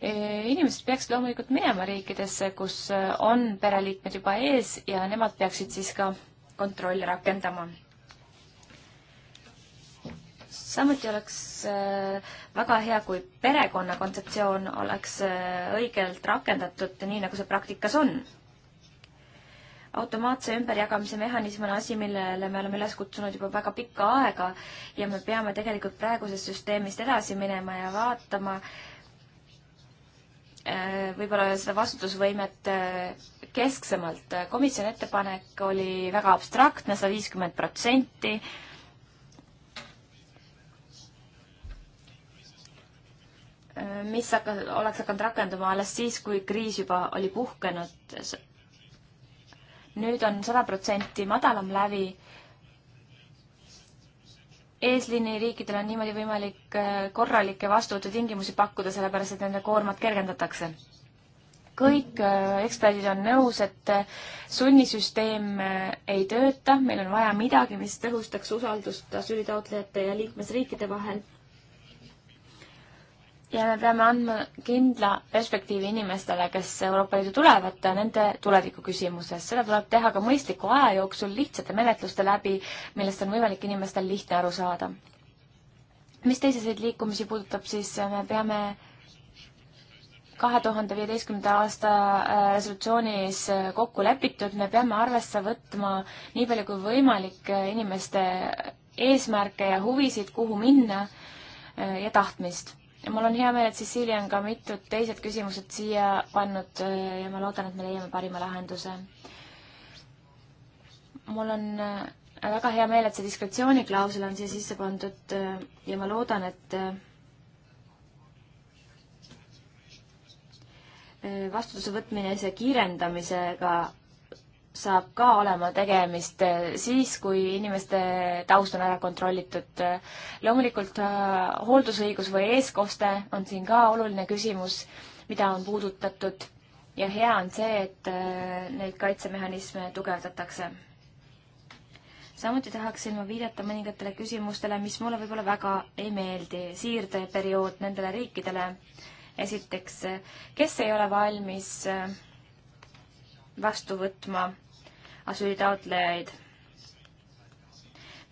E, inimesed peaksid loomulikult minema riikidesse, kus on pereliikmed juba ees ja nemad peaksid siis ka kontrolli rakendama. samuti oleks e, väga hea, kui perekonna kontseptsioon oleks e, õigelt rakendatud, nii nagu see praktikas on automaatse ümberjagamise mehhanism on asi, millele me oleme üles kutsunud juba väga pikka aega ja me peame tegelikult praegusest süsteemist edasi minema ja vaatama äh, võib-olla seda vastutusvõimet äh, kesksemalt. komisjoni ettepanek oli väga abstraktne, sada viiskümmend protsenti äh, mis hakkas, oleks hakanud rakenduma alles siis, kui kriis juba oli puhkenud nüüd on sada protsenti madalam lävi. eesliini riikidel on niimoodi võimalik äh, korralikke vastuvõtutingimusi pakkuda, sellepärast et nende koormat kergendatakse. kõik äh, eksperdid on nõus, et äh, sunnisüsteem ei tööta, meil on vaja midagi, mis tõhustaks usaldust asüülitaotlejate ja liikmesriikide vahel ja me peame andma kindla perspektiivi inimestele, kes Euroopa Liidu tulevad, nende tuleviku küsimuses. seda tuleb teha ka mõistliku aja jooksul lihtsate menetluste läbi, millest on võimalik inimestel lihtne aru saada. mis teiseseid liikumisi puudutab, siis me peame kahe tuhande viieteistkümnenda aasta äh, resolutsioonis äh, kokku lepitud, me peame arvesse võtma nii palju kui võimalik äh, inimeste eesmärke ja huvisid, kuhu minna ja tahtmist ja mul on hea meel, et Cecilia on ka mitud teised küsimused siia pannud äh, ja ma loodan, et me leiame parima lahenduse. mul on äh, väga hea meel, et see diskretsiooniklausel on siia sisse pandud äh, ja ma loodan, et vastutuse võtmise kiirendamisega saab ka olema tegemist eh, siis, kui inimeste taust on ära kontrollitud. loomulikult eh, hooldusõigus või eeskoste on siin ka oluline küsimus, mida on puudutatud ja hea on see, et eh, neid kaitsemehhanisme tugevdatakse. samuti tahaksin ma viidata mõningatele küsimustele, mis mulle võib-olla väga ei meeldi, siirdeperiood nendele riikidele. esiteks, kes ei ole valmis vastu võtma asüülitaotlejaid.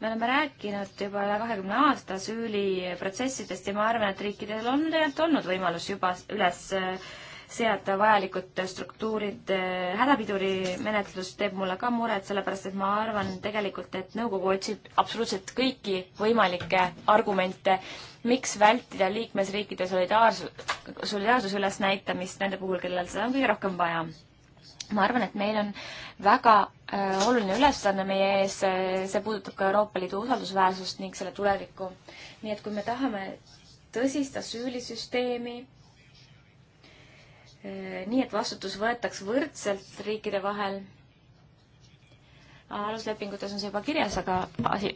me oleme rääkinud juba üle kahekümne aasta asüüliprotsessidest ja ma arvan, et riikidel on tegelikult olnud võimalus juba üles seada vajalikud struktuurid, hädapidurimenetlus teeb mulle ka muret, sellepärast et ma arvan tegelikult, et nõukogu otsib absoluutselt kõiki võimalikke argumente, miks vältida liikmesriikide solidaarsus, solidaarsuse ülesnäitamist nende puhul, kellel seda on kõige rohkem vaja ma arvan, et meil on väga äh, oluline ülesanne meie ees, äh, see puudutab ka Euroopa Liidu usaldusväärsust ning selle tulevikku. nii et kui me tahame tõsist asüülisüsteemi äh,, nii et vastutus võetaks võrdselt riikide vahel, aluslepingutes on see juba kirjas, aga asi,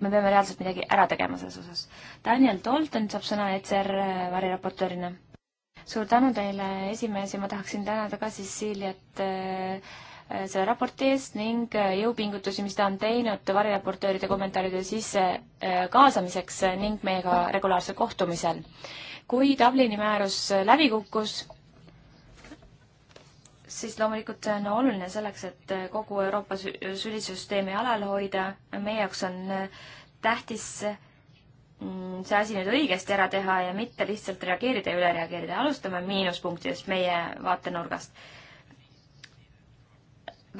me peame reaalselt midagi ära tegema selles osas. Daniel Dalton saab sõna ECR äh, variraportöörina äh, suur tänu teile, esimees, ja ma tahaksin tänada ka Ceciliat äh, selle raporti eest ning äh, jõupingutusi, mis ta on teinud variraportööride kommentaaride sisse äh, kaasamiseks ning meiega regulaarsel kohtumisel. kui Dublini määrus läbi kukkus, siis loomulikult see on oluline selleks, et kogu Euroopa sü-, sülisüsteemi alal hoida, meie jaoks on tähtis Mm, see asi nüüd õigesti ära teha ja mitte lihtsalt reageerida ja üle reageerida. alustame miinuspunktidest meie vaatenurgast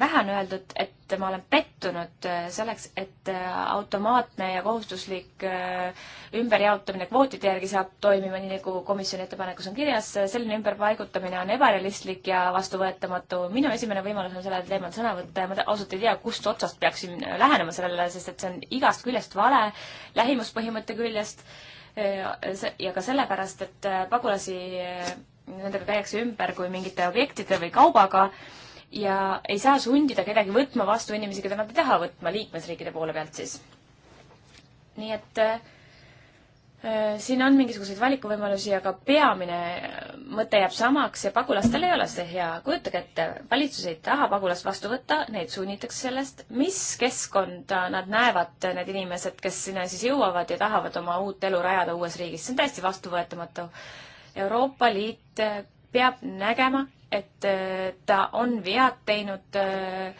vähe on öeldud, et ma olen pettunud äh, selleks, et äh, automaatne ja kohustuslik äh, ümberjaotamine kvootide järgi saab toimima nii, nagu komisjoni ettepanekus on kirjas. selline ümberpaigutamine on ebarealistlik ja vastuvõetamatu. minu esimene võimalus on sellel teemal sõna võtta ja ma ausalt ei tea, kust otsast peaksin lähenema sellele, sest et see on igast küljest vale, lähimuspõhimõtte küljest ja ka sellepärast, et pagulasi, nendega käiakse ümber kui mingite objektide või kaubaga ja ei saa sundida kedagi võtma vastu inimesi, keda nad ei taha võtma liikmesriikide poole pealt siis. nii et äh, äh, siin on mingisuguseid valikuvõimalusi, aga peamine mõte jääb samaks ja pagulastel ei ole see hea. kujutage ette, valitsus ei taha pagulast vastu võtta, neid sunnitakse sellest, mis keskkonda nad näevad, need inimesed, kes sinna siis jõuavad ja tahavad oma uut elu rajada uues riigis, see on täiesti vastuvõetamatu. Euroopa Liit äh, peab nägema, et äh, ta on vead teinud äh,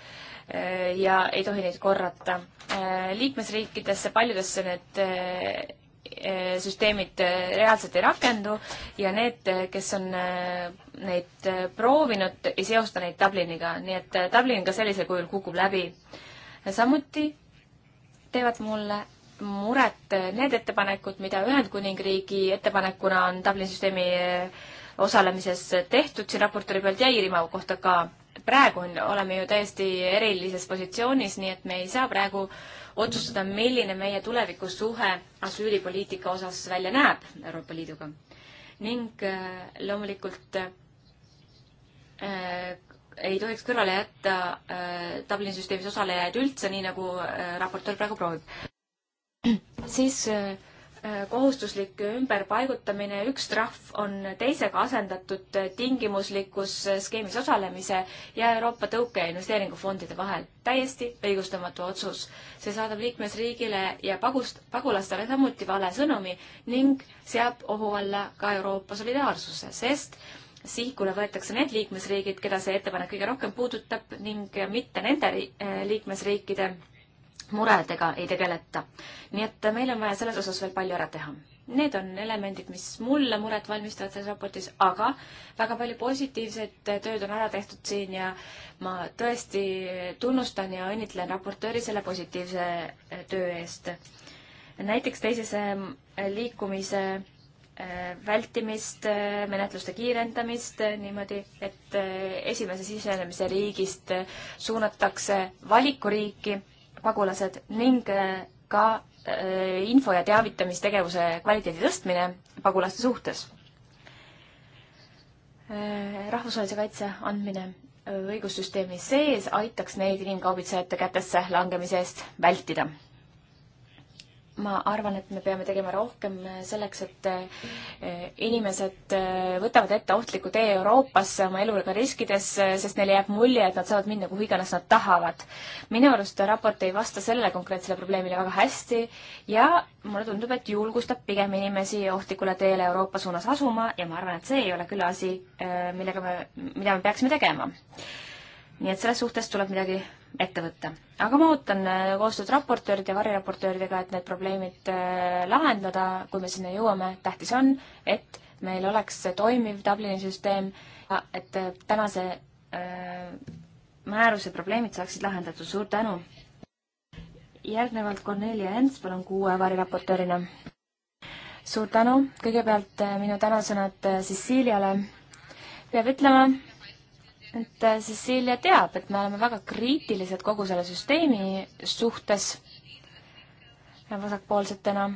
äh, ja ei tohi neid korrata. liikmesriikidesse, paljudesse need süsteemid reaalselt ei rakendu ja need, kes on neid proovinud, ei seosta neid Dubliniga, nii et Dublin ka sellisel kujul kukub läbi. samuti teevad mulle muret need ettepanekud, mida Ühendkuningriigi ettepanekuna on Dublini süsteemi osalemises tehtud, siin raportööri pealt ja Iirimaa kohta ka. praegu on, oleme ju täiesti erilises positsioonis, nii et me ei saa praegu otsustada, milline meie tulevikusuhe asüülipoliitika osas välja näeb Euroopa Liiduga. ning äh, loomulikult äh, ei tohiks kõrvale jätta äh, Dublini süsteemis osalejaid üldse, nii nagu äh, raportöör praegu proovib. [CLEARS THROAT] siis äh, Äh, kohustuslik ümberpaigutamine, üks trahv on teisega asendatud tingimuslikus äh, skeemis osalemise ja Euroopa tõuke- ja investeeringufondide vahel. täiesti õigustamatu otsus. see saadab liikmesriigile ja pagust, pagulastele samuti vale sõnumi ning seab ohu alla ka Euroopa solidaarsuse, sest sihkule võetakse need liikmesriigid, keda see ettepanek kõige rohkem puudutab ning mitte nende äh, liikmesriikide muredega ei tegeleta. nii et meil on vaja selles osas veel palju ära teha. Need on elemendid, mis mulle muret valmistavad selles raportis, aga väga palju positiivset tööd on ära tehtud siin ja ma tõesti tunnustan ja õnnitlen raportööri selle positiivse töö eest. näiteks teisese liikumise äh, vältimist, äh, menetluste kiirendamist äh, niimoodi, et esimese sisenemise riigist suunatakse valikuriiki pagulased ning äh, ka äh, info- ja teavitamistegevuse kvaliteedi tõstmine pagulaste suhtes. Äh, rahvusvahelise kaitse andmine õigussüsteemi sees aitaks neid inimkaubitsejate kätesse langemise eest vältida ma arvan, et me peame tegema rohkem selleks, et eh, inimesed eh, võtavad ette ohtliku tee Euroopasse oma eluga riskides, eh, sest neile jääb mulje, et nad saavad minna kuhu iganes nad tahavad. minu arust raport ei vasta sellele konkreetsele probleemile väga hästi ja mulle tundub, et julgustab pigem inimesi ohtlikule teele Euroopa suunas asuma ja ma arvan, et see ei ole küll asi, millega me, mida me peaksime tegema nii et selles suhtes tuleb midagi ette võtta. aga ma ootan äh, koostööd raportööride ja variraportööridega, et need probleemid äh, lahendada, kui me sinna jõuame. tähtis on, et meil oleks toimiv Dublini süsteem, et äh, tänase määruse probleemid saaksid lahendatud. suur tänu! järgnevalt Kornelia Ents, palun kuue variraportöörina. suur tänu, kõigepealt minu tänusõnad Ceciliale. peab ütlema, et äh, Cecilia teab, et me oleme väga kriitilised kogu selle süsteemi suhtes äh, vasakpoolsetena.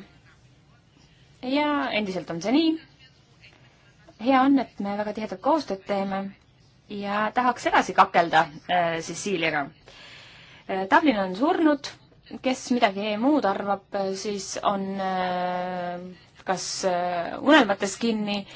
ja endiselt on see nii. hea on, et me väga tihedat koostööd teeme ja tahaks edasi kakelda äh, Ceciliaga äh,. Dublin on surnud, kes midagi muud arvab, äh, siis on äh, kas äh, unelmates kinni äh,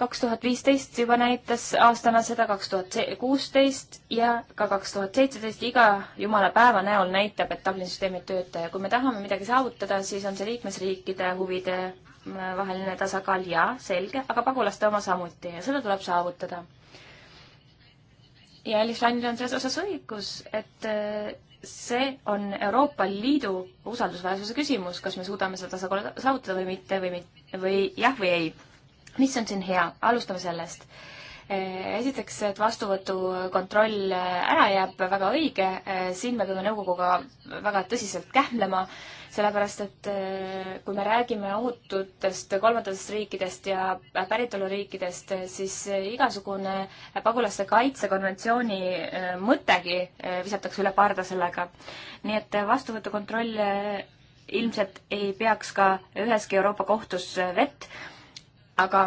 kaks tuhat viisteist juba näitas aastana seda, kaks tuhat kuusteist ja ka kaks tuhat seitseteist iga jumala päeva näol näitab, et Dublini süsteemid tööta ja kui me tahame midagi saavutada, siis on see liikmesriikide huvide mm, vaheline tasakaal ja selge, aga pagulaste oma samuti ja seda tuleb saavutada. ja Elis Lainil on selles osas õigus, et äh, see on Euroopa Liidu usaldusväärsuse küsimus, kas me suudame seda tasakaalu saavutada või mitte või mit-, või jah või ei mis on siin hea, alustame sellest. Eh, esiteks, et vastuvõtukontroll eh, ära jääb, väga õige, eh, siin me peame nõukoguga väga tõsiselt kähmlema, sellepärast et kui me räägime ohututest kolmandatest riikidest ja päritoluriikidest, siis igasugune pagulaste kaitsekonventsiooni mõttegi visatakse üle parda sellega. nii et vastuvõtukontroll ilmselt ei peaks ka üheski Euroopa kohtus vett aga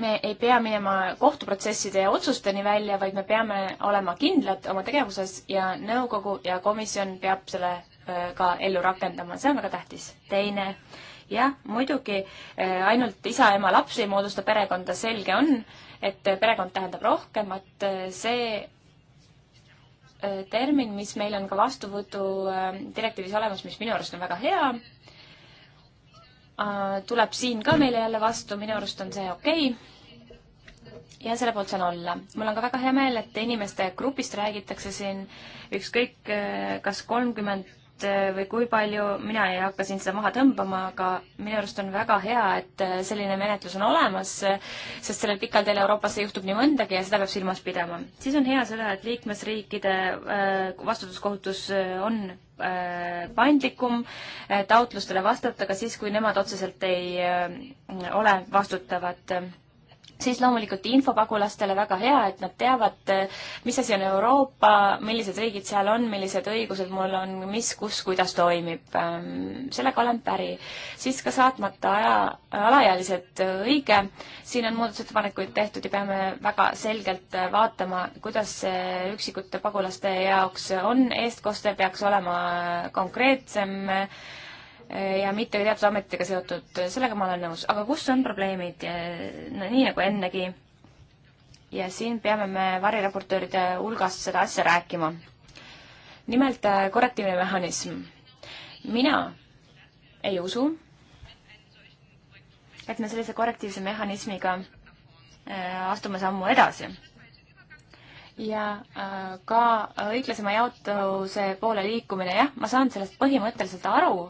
me ei pea minema kohtuprotsesside ja otsusteni välja, vaid me peame olema kindlad oma tegevuses ja nõukogu ja komisjon peab selle äh, ka ellu rakendama, see on väga tähtis. teine, jah, muidugi äh, ainult isa, ema, laps ei moodusta perekonda, selge on, et äh, perekond tähendab rohkemat, see termin, mis meil on ka vastuvõtu direktiivis olemas, mis minu arust on väga hea, Äh, tuleb siin ka meile jälle vastu, minu arust on see okei okay.. ja selle poolt saan olla. mul on ka väga hea meel, et inimeste grupist räägitakse siin ükskõik äh, kas kolmkümmend äh, või kui palju, mina ei hakka siin seda maha tõmbama, aga minu arust on väga hea, et selline menetlus on olemas, sest sellel pikal teel Euroopasse juhtub nii mõndagi ja seda peab silmas pidama. siis on hea seda, et liikmesriikide vastutuskohutus on Äh, paindlikum äh, taotlustele vastata ka siis, kui nemad otseselt ei äh, ole vastutavad siis loomulikult infopagulastele väga hea, et nad teavad, eh, mis asi on Euroopa, millised riigid seal on, millised õigused mul on, mis, kus, kuidas toimib. Ehm, sellega olen päri. siis ka saatmata aja, eh, alaealised eh, õige. siin on muudatusettepanekuid tehtud ja peame väga selgelt vaatama, kuidas see üksikute pagulaste jaoks on. eestkoste peaks olema konkreetsem ja mitte teatud ametitega seotud, sellega ma olen nõus, aga kus on probleemid, no nii nagu ennegi, ja siin peame me variraportööride hulgast seda asja rääkima. nimelt äh, korrektiivne mehhanism. mina ei usu, et me sellise korrektiivse mehhanismiga äh, astume sammu edasi ja äh, ka õiglasema jaotuse poole liikumine, jah, ma saan sellest põhimõtteliselt aru,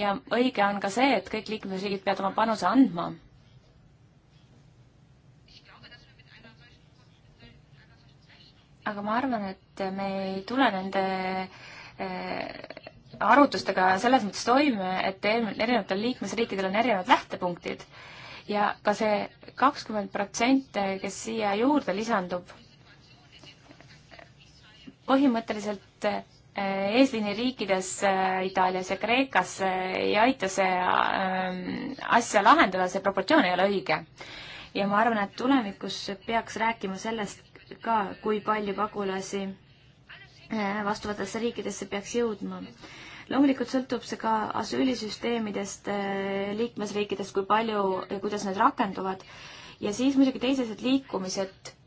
ja õige on ka see, et kõik liikmesriigid peavad oma panuse andma. aga ma arvan, et me ei tule nende eh, arutustega selles mõttes toime, et erinevatel liikmesriikidel on erinevad lähtepunktid ja ka see kakskümmend protsenti, kes siia juurde lisandub, põhimõtteliselt Äh, eesliiniriikides äh, Itaalias ja Kreekas äh, ei aita see ähm, asja lahendada, see proportsioon ei ole õige. ja ma arvan, et tulevikus peaks rääkima sellest ka, kui palju pagulasi vastuvatesse riikidesse peaks jõudma. loomulikult sõltub see ka asüülisüsteemidest, liikmesriikidest, kui palju ja kuidas need rakenduvad ja siis muidugi teised liikumised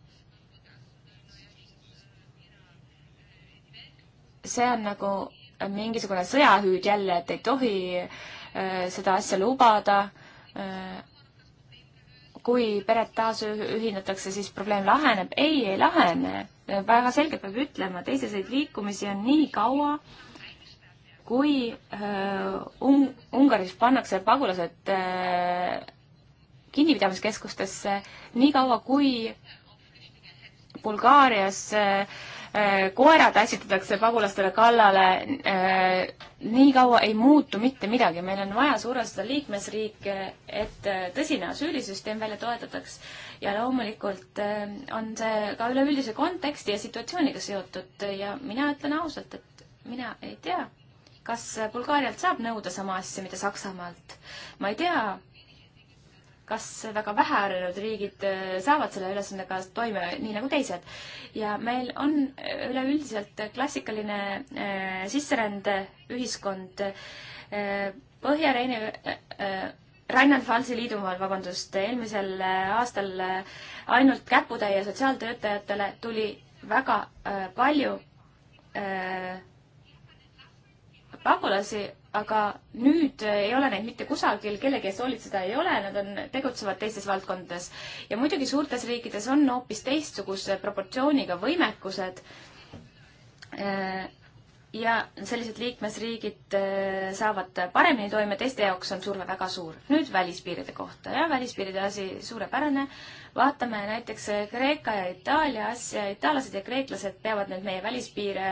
see on nagu mingisugune sõjahüüd jälle, et ei tohi äh, seda asja lubada. Äh, kui pered taasühinetakse, siis probleem laheneb. ei, ei lahene. väga selgelt peab ütlema, teiseseid liikumisi on nii kaua, kui äh, un-, Ungaris pannakse pagulased kinnipidamiskeskustesse, niikaua kui Bulgaarias äh, Äh, koerad ässitatakse pagulastele kallale, äh, nii kaua ei muutu mitte midagi, meil on vaja survestada liikmesriike, et äh, tõsine asüülisüsteem välja toetataks ja loomulikult on see ka üleüldise konteksti ja situatsiooniga seotud ja mina ütlen ausalt, et mina ei tea, kas Bulgaarialt saab nõuda sama asja, mida Saksamaalt. ma ei tea, kas väga vähe arenenud riigid äh, saavad selle ülesandega toime, nii nagu teised. ja meil on äh, üleüldiselt klassikaline äh, sisserändeühiskond äh, Põhja-Reini äh, äh Rheinland-Pfalzi liidumaal, vabandust, eelmisel aastal ainult käputäie sotsiaaltöötajatele tuli väga palju pagulasi aga nüüd ei ole neid mitte kusagil, kellegi eest hoolitseda ei ole, nad on, tegutsevad teistes valdkondades. ja muidugi suurtes riikides on hoopis teistsuguse proportsiooniga võimekused. Eh, ja sellised liikmesriigid eh, saavad paremini toime, teiste jaoks on surve väga suur. nüüd välispiiride kohta ja välispiiride asi suurepärane. vaatame näiteks Kreeka ja Itaalia asja, itaallased ja kreeklased peavad nüüd meie välispiire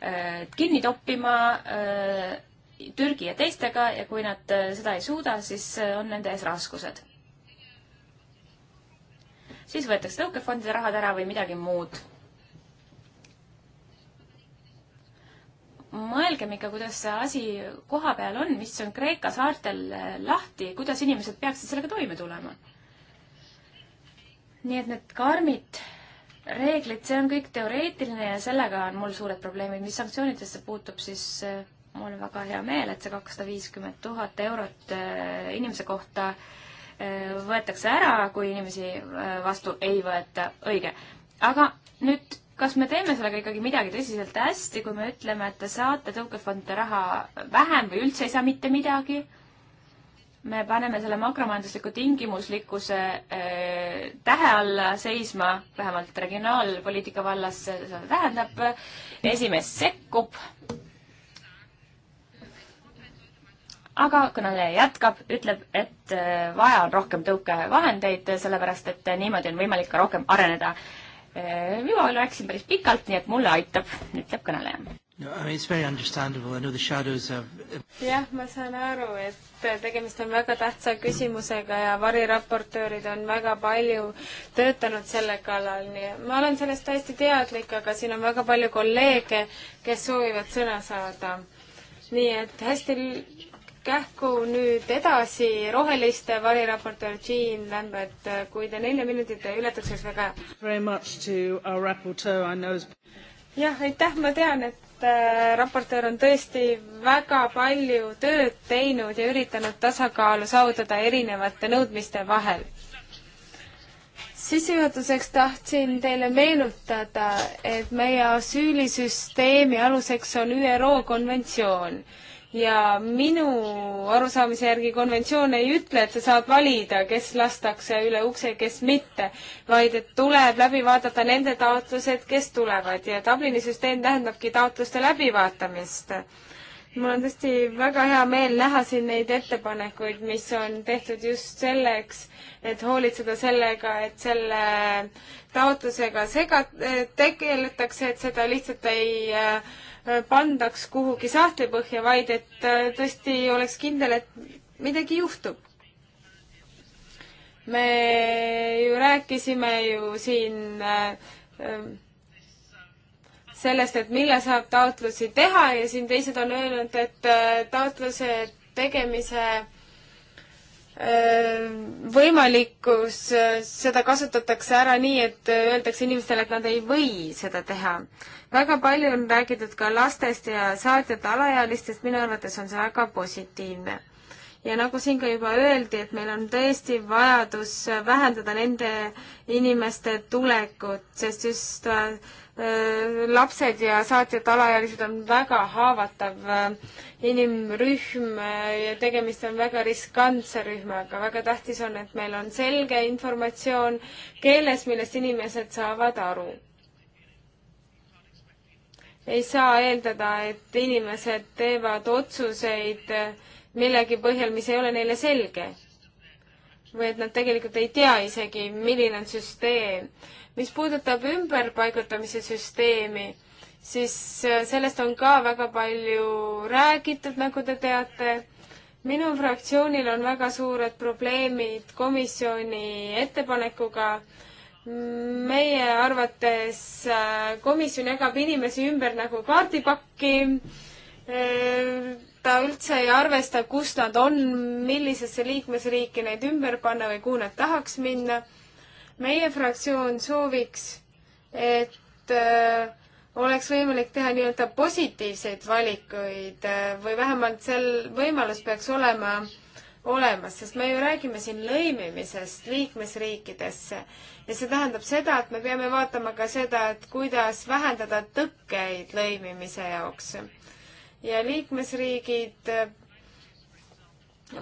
eh, kinni toppima Türgi ja teistega ja kui nad äh, seda ei suuda, siis äh, on nende ees raskused. siis võetakse tõukefondide rahad ära või midagi muud. mõelgem ikka, kuidas see asi koha peal on, mis on Kreeka saartel äh, lahti, kuidas inimesed peaksid sellega toime tulema. nii et need karmid reeglid, see on kõik teoreetiline ja sellega on mul suured probleemid. mis sanktsioonidesse puutub, siis äh, mul on väga hea meel, et see kakssada viiskümmend tuhat eurot äh, inimese kohta äh, võetakse ära, kui inimesi äh, vastu ei võeta, õige. aga nüüd, kas me teeme sellega ikkagi midagi tõsiselt hästi, kui me ütleme, et te saate tõukefondide raha vähem või üldse ei saa mitte midagi? me paneme selle makromajandusliku tingimuslikkuse tähe alla seisma, vähemalt regionaalpoliitika vallas seda tähendab, esimees sekkub aga kõneleja jätkab, ütleb, et äh, vaja on rohkem tõukevahendeid, sellepärast et äh, niimoodi on võimalik ka rohkem areneda. Äh, juba rääkisin päris pikalt, nii et mulle aitab, ütleb kõneleja. jah, ma saan aru, et tegemist on väga tähtsa küsimusega ja variraportöörid on väga palju töötanud selle kallal, nii ma olen sellest täiesti teadlik, aga siin on väga palju kolleege, kes soovivad sõna saada nii et hästi kähku nüüd edasi roheliste variraportöör Jean Lambert, kui te nelja minutit ei ületaks, oleks väga hea. jah, aitäh, ma tean, et äh, raportöör on tõesti väga palju tööd teinud ja üritanud tasakaalu saavutada erinevate nõudmiste vahel. sissejuhatuseks tahtsin teile meenutada, et meie asüülisüsteemi aluseks on ÜRO konventsioon ja minu arusaamise järgi konventsioon ei ütle, et sa saad valida, kes lastakse üle ukse, kes mitte, vaid et tuleb läbi vaadata nende taotlused, kes tulevad ja Dublini süsteem tähendabki taotluste läbivaatamist. mul on tõesti väga hea meel näha siin neid ettepanekuid, mis on tehtud just selleks, et hoolitseda sellega, et selle taotlusega sega-, tegeletakse, et seda lihtsalt ei äh, Äh, pandaks kuhugi sahtlipõhja, vaid et äh, tõesti oleks kindel, et midagi juhtub. me ju rääkisime ju siin äh, sellest, et millal saab taotlusi teha ja siin teised on öelnud, et taotluse tegemise võimalikkus, seda kasutatakse ära nii, et öeldakse inimestele, et nad ei või seda teha väga palju on räägitud ka lastest ja saatjate alaealistest, minu arvates on see väga positiivne. ja nagu siin ka juba öeldi, et meil on tõesti vajadus vähendada nende inimeste tulekut, sest just äh, lapsed ja saatjate alaealised on väga haavatav äh, inimrühm äh, ja tegemist on väga riskantse rühmaga. väga tähtis on, et meil on selge informatsioon keeles, millest inimesed saavad aru ei saa eeldada, et inimesed teevad otsuseid millegi põhjal, mis ei ole neile selge. või et nad tegelikult ei tea isegi, milline on süsteem. mis puudutab ümberpaigutamise süsteemi, siis sellest on ka väga palju räägitud, nagu te teate. minu fraktsioonil on väga suured probleemid komisjoni ettepanekuga meie arvates äh, komisjon jagab inimesi ümber nagu kaardipakki. Äh, ta üldse ei arvesta, kus nad on, millisesse liikmesriiki neid ümber panna või kuhu nad tahaks minna. meie fraktsioon sooviks, et äh, oleks võimalik teha nii-öelda positiivseid valikuid või vähemalt sel võimalus peaks olema äh, olemas, sest me ju räägime siin lõimimisest liikmesriikidesse ja see tähendab seda, et me peame vaatama ka seda, et kuidas vähendada tõkkeid lõimimise jaoks. ja liikmesriigid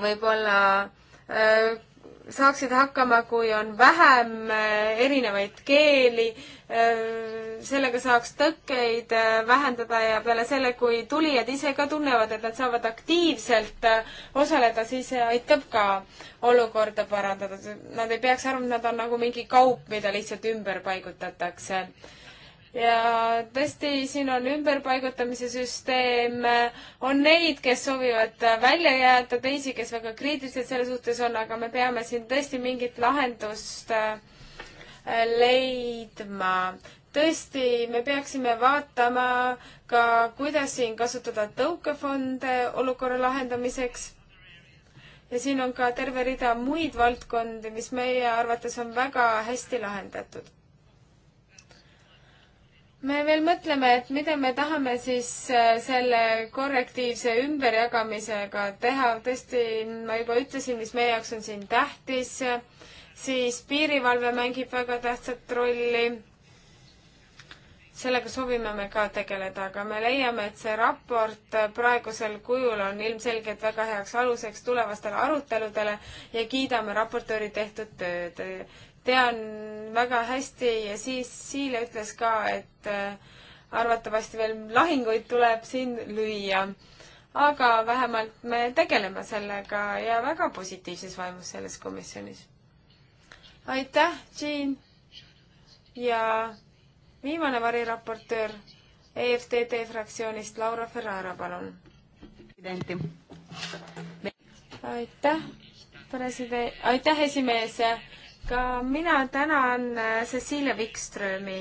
võib-olla äh, saaksid hakkama, kui on vähem äh, erinevaid keeli, äh, sellega saaks tõkkeid äh, vähendada ja peale selle, kui tulijad ise ka tunnevad, et nad saavad aktiivselt osaleda, siis see aitab ka olukorda parandada. Nad ei peaks arvama, et nad on nagu mingi kaup, mida lihtsalt ümber paigutatakse ja tõesti, siin on ümberpaigutamise süsteem, on neid, kes soovivad välja jääda, teisi, kes väga kriitilised selle suhtes on, aga me peame siin tõesti mingit lahendust äh, leidma. tõesti, me peaksime vaatama ka, kuidas siin kasutada tõukefonde olukorra lahendamiseks ja siin on ka terve rida muid valdkondi, mis meie arvates on väga hästi lahendatud me veel mõtleme, et mida me tahame siis äh, selle korrektiivse ümberjagamisega teha, tõesti, ma juba ütlesin, mis meie jaoks on siin tähtis, siis piirivalve mängib väga tähtsat rolli sellega soovime me ka tegeleda, aga me leiame, et see raport praegusel kujul on ilmselgelt väga heaks aluseks tulevastele aruteludele ja kiidame raportööri tehtud tööd tean väga hästi ja siis Siile ütles ka, et äh, arvatavasti veel lahinguid tuleb siin lüüa. aga vähemalt me tegeleme sellega ja väga positiivses vaimus selles komisjonis. aitäh, Jean! ja viimane variraportöör EFTD fraktsioonist, Laura Ferrara, palun. aitäh, president, aitäh, esimees ka mina tänan äh, Cecilia Wikströmi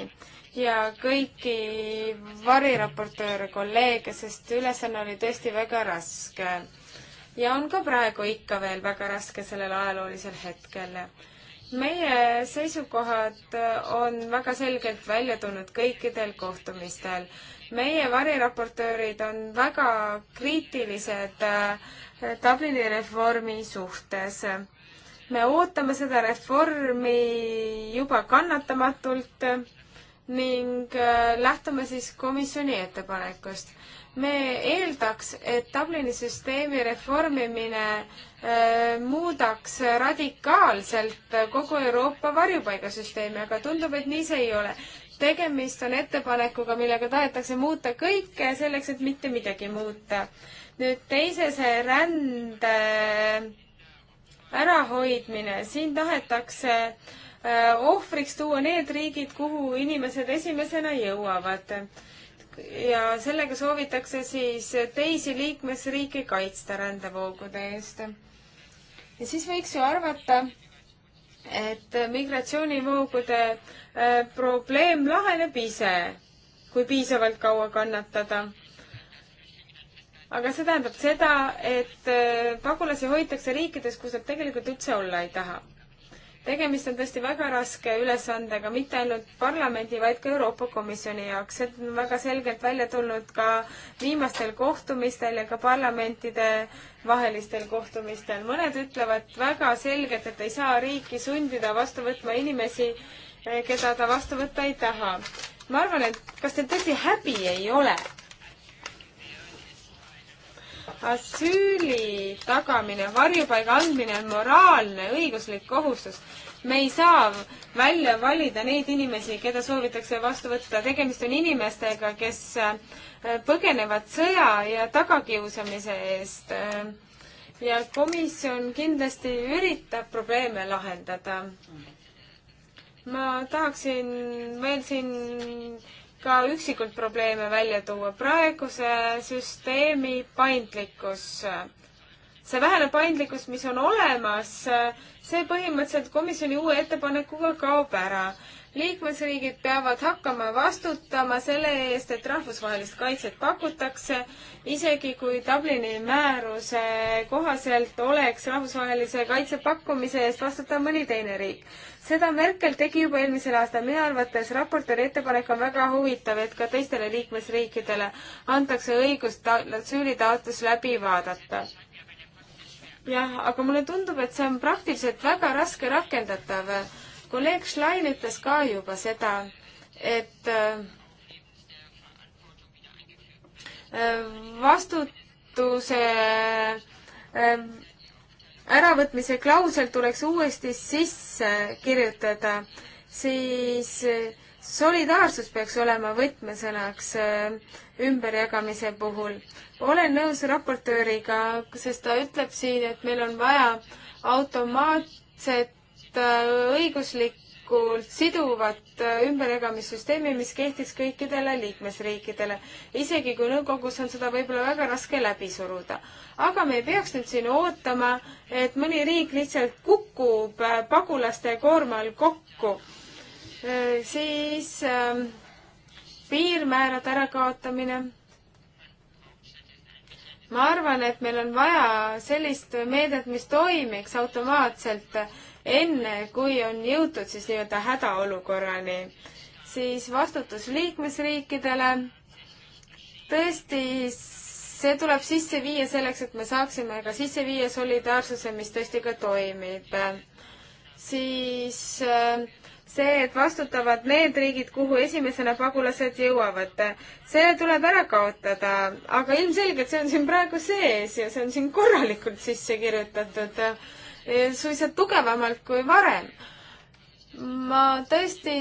ja kõiki variraportööre, kolleege, sest ülesanne oli tõesti väga raske. ja on ka praegu ikka veel väga raske sellel ajaloolisel hetkel. meie seisukohad äh, on väga selgelt välja tulnud kõikidel kohtumistel. meie variraportöörid on väga kriitilised äh, Dublini reformi suhtes me ootame seda reformi juba kannatamatult ning äh, lähtume siis komisjoni ettepanekust. me eeldaks, et Dublini süsteemi reformimine äh, muudaks radikaalselt kogu Euroopa varjupaigasüsteemi, aga tundub, et nii see ei ole tegemist on ettepanekuga, millega tahetakse muuta kõike selleks, et mitte midagi muuta. nüüd teisese rände ärahoidmine, siin tahetakse äh, ohvriks tuua need riigid, kuhu inimesed esimesena jõuavad. ja sellega soovitakse siis teisi liikmesriike kaitsta rändevoogude eest. ja siis võiks ju arvata, et migratsioonivoogude äh, probleem laheneb ise, kui piisavalt kaua kannatada aga see tähendab seda, et äh, pagulasi hoitakse riikides, kus nad tegelikult üldse olla ei taha. tegemist on tõesti väga raske ülesandega, mitte ainult parlamendi, vaid ka Euroopa Komisjoni jaoks. see on väga selgelt välja tulnud ka viimastel kohtumistel ja ka parlamentide vahelistel kohtumistel. mõned ütlevad väga selgelt, et ei saa riiki sundida vastu võtma inimesi, äh, keda ta vastu võtta ei taha. ma arvan, et kas teil tõesti häbi ei ole? asüüli tagamine, varjupaiga andmine on moraalne õiguslik kohustus. me ei saa välja valida neid inimesi, keda soovitakse vastu võtta. tegemist on inimestega, kes äh, põgenevad sõja ja tagakiusamise eest. Äh, ja komisjon kindlasti üritab probleeme lahendada. ma tahaksin veel siin ka üksikult probleeme välja tuua. praeguse süsteemi paindlikkus, see vähene paindlikkus, mis on olemas, see põhimõtteliselt komisjoni uue ettepanekuga kaob ära liikmesriigid peavad hakkama vastutama selle eest, et rahvusvahelist kaitset pakutakse, isegi kui Dublini määruse kohaselt oleks rahvusvahelise kaitse pakkumise eest vastutav mõni teine riik. seda Merkel tegi juba eelmisel aastal. minu arvates raportööri ettepanek on väga huvitav, et ka teistele liikmesriikidele antakse õigus asüülitaotlus läbi vaadata jah, aga mulle tundub, et see on praktiliselt väga raske rakendatav kolleeg Schlein ütles ka juba seda, et äh, vastutuse ähm, äravõtmise klausel tuleks uuesti sisse kirjutada, siis äh, solidaarsus peaks olema võtmesõnaks äh, ümberjagamise puhul. olen nõus raportööriga, sest ta ütleb siin, et meil on vaja automaatset Äh, õiguslikult siduvat äh, ümberjagamissüsteemi, mis kehtiks kõikidele liikmesriikidele, isegi kui nõukogus on seda võib-olla väga raske läbi suruda. aga me ei peaks nüüd siin ootama, et mõni riik lihtsalt kukub äh, pagulaste koormal kokku, siis ähm, piirmäärade ärakaotamine ma arvan, et meil on vaja sellist meedet, mis toimiks automaatselt enne, kui on jõutud siis nii-öelda hädaolukorrani, siis vastutus liikmesriikidele, tõesti, see tuleb sisse viia selleks, et me saaksime ka sisse viia solidaarsuse, mis tõesti ka toimib. siis äh, see, et vastutavad need riigid, kuhu esimesena pagulased jõuavad, see tuleb ära kaotada, aga ilmselgelt see on siin praegu sees ja see on siin korralikult sisse kirjutatud suisa tugevamalt kui varem. ma tõesti,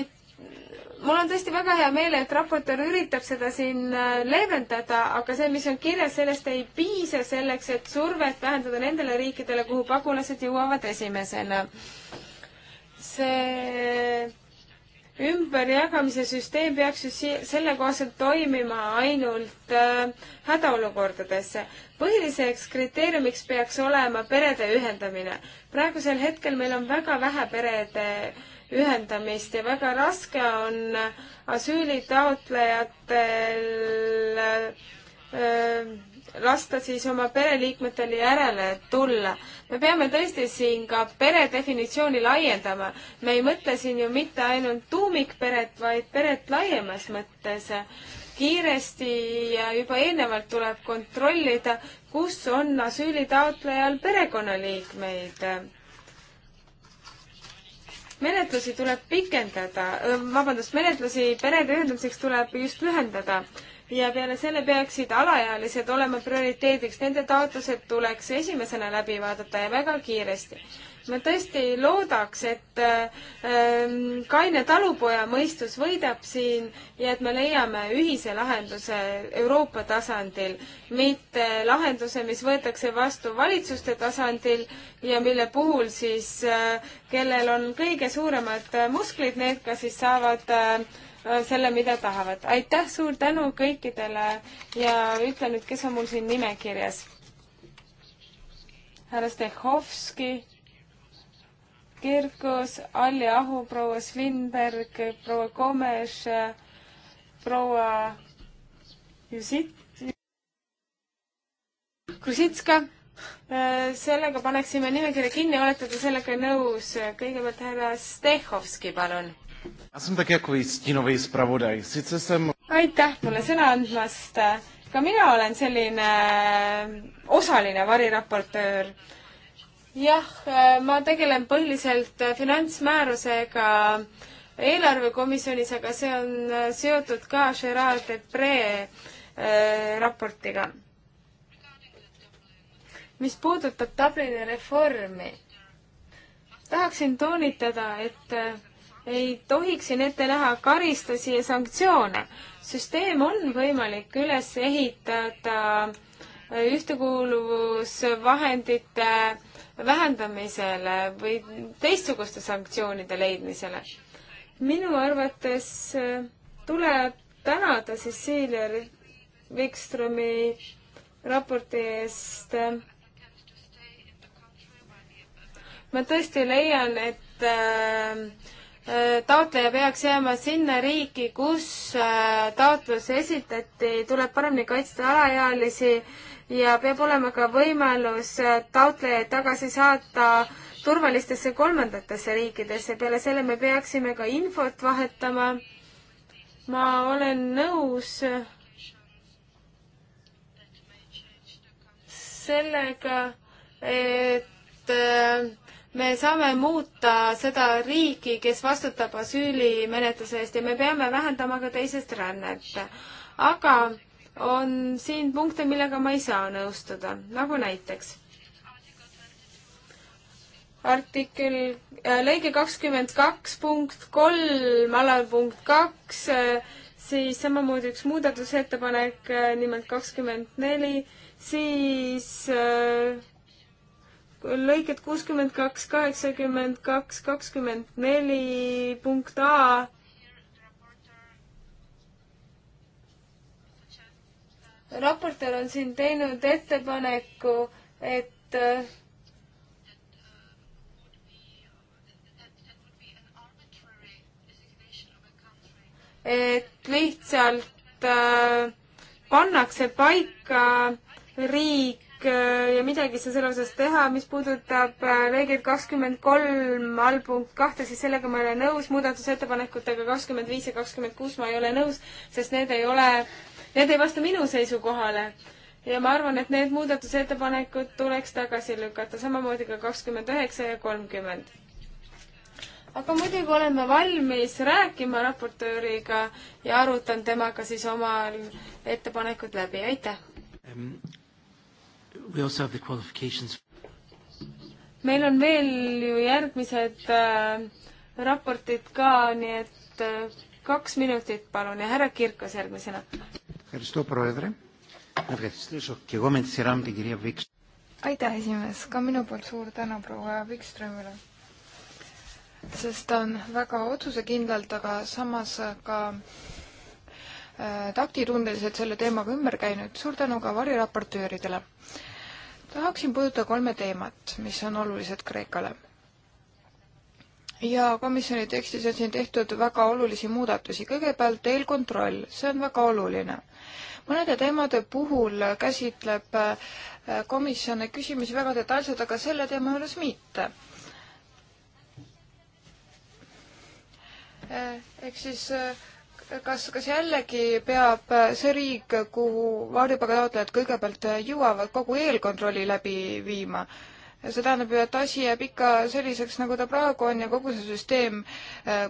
mul on tõesti väga hea meel, et raportöör üritab seda siin äh, leevendada, aga see, mis on kirjas, sellest ei piisa selleks, et survet vähendada nendele riikidele, kuhu pagulased jõuavad esimesena. see ümberjagamise süsteem peaks ju si-, selle kohaselt toimima ainult äh, hädaolukordades. põhiliseks kriteeriumiks peaks olema perede ühendamine. praegusel hetkel meil on väga vähe perede ühendamist ja väga raske on asüülitaotlejatel äh, lasta siis oma pereliikmetele järele tulla. me peame tõesti siin ka pere definitsiooni laiendama. me ei mõtle siin ju mitte ainult tuumikperet, vaid peret laiemas mõttes. kiiresti ja juba eelnevalt tuleb kontrollida, kus on asüülitaotlejal perekonnaliikmeid. menetlusi tuleb pikendada, äh, vabandust, menetlusi perede ühendamiseks tuleb just lühendada ja peale selle peaksid alaealised olema prioriteediks, nende taotlused tuleks esimesena läbi vaadata ja väga kiiresti. ma tõesti loodaks, et ähm, kaine talupoja mõistus võidab siin ja et me leiame ühise lahenduse Euroopa tasandil, mitte lahenduse, mis võetakse vastu valitsuste tasandil ja mille puhul siis äh,, kellel on kõige suuremad äh, musklid, need ka siis saavad äh, Äh, selle, mida tahavad. aitäh, suur tänu kõikidele ja ütle nüüd, kes on mul siin nimekirjas. härra Stehhovski, Kirkus, Alli Ahu, proua Svinberg, proua Komes, proua Jusit-, Krusitska äh, sellega paneksime nimekirja kinni, olete te sellega nõus? kõigepealt härra Stehhovski, palun aitäh mulle sõna andmast. ka mina olen selline eh, osaline variraportöör. jah, eh, ma tegelen põhiliselt finantsmäärusega eelarvekomisjonis, aga see on eh, seotud ka Gerard Depre raportiga. mis puudutab Dublini reformi, tahaksin toonitada, et ei tohiks siin ette näha karistusi ja sanktsioone. süsteem on võimalik üles ehitada äh, ühtekuuluvusvahendite vähendamisele või teistsuguste sanktsioonide leidmisele. minu arvates äh, tuleb tänada Cecilia Wikströmi raporti eest. ma tõesti leian, et äh, Äh, taotleja peaks jääma sinna riiki, kus äh, taotlus esitati, tuleb paremini kaitsta alaealisi ja peab olema ka võimalus äh, taotlejaid tagasi saata turvalistesse kolmandatesse riikidesse. peale selle me peaksime ka infot vahetama. ma olen nõus sellega, et me saame muuta seda riiki, kes vastutab asüülimenetluse eest ja me peame vähendama ka teisest rännet. aga on siin punkte, millega ma ei saa nõustuda, nagu näiteks artikkel äh,, lõige kakskümmend kaks punkt kolm, alalpunkt kaks, äh, siis samamoodi üks muudatusettepanek, äh, nimelt kakskümmend neli, siis äh, lõiket kuuskümmend kaks, kaheksakümmend kaks, kakskümmend neli punkt A. raportöör on siin teinud ettepaneku, et et lihtsalt äh, pannakse paika riik, Äh, ja midagi sa selle osas teha, mis puudutab äh, lõiget kakskümmend kolm all punkt kahte, siis sellega ma ei ole nõus, muudatusettepanekutega kakskümmend viis ja kakskümmend kuus ma ei ole nõus, sest need ei ole, need ei vasta minu seisukohale. ja ma arvan, et need muudatusettepanekud tuleks tagasi lükata, samamoodi ka kakskümmend üheksa ja kolmkümmend aga muidugi olen ma valmis rääkima raportööriga ja arutan temaga siis oma ettepanekud läbi, aitäh! We also have the qualifications. meil on veel ju järgmised äh, raportid ka, nii et äh, kaks minutit palun ja härra Kirkas järgmisena. aitäh, esimees, ka minu poolt suur tänu proua Vikströmile, sest ta on väga otsusekindlalt, aga samas ka äh, Äh, taktitundeliselt selle teemaga ümber käinud. suur tänu ka variraportööridele. tahaksin puudutada kolme teemat, mis on olulised Kreekale. ja komisjoni tekstis on siin tehtud väga olulisi muudatusi. kõigepealt eelkontroll, see on väga oluline. mõnede teemade puhul käsitleb äh, komisjon neid küsimusi väga detailselt, aga selle teema juures mitte äh, ehk siis äh, kas, kas jällegi peab see riik, kuhu varjupaigataotlejad kõigepealt jõuavad, kogu eelkontrolli läbi viima? see tähendab ju, et asi jääb ikka selliseks, nagu ta praegu on ja kogu see süsteem äh,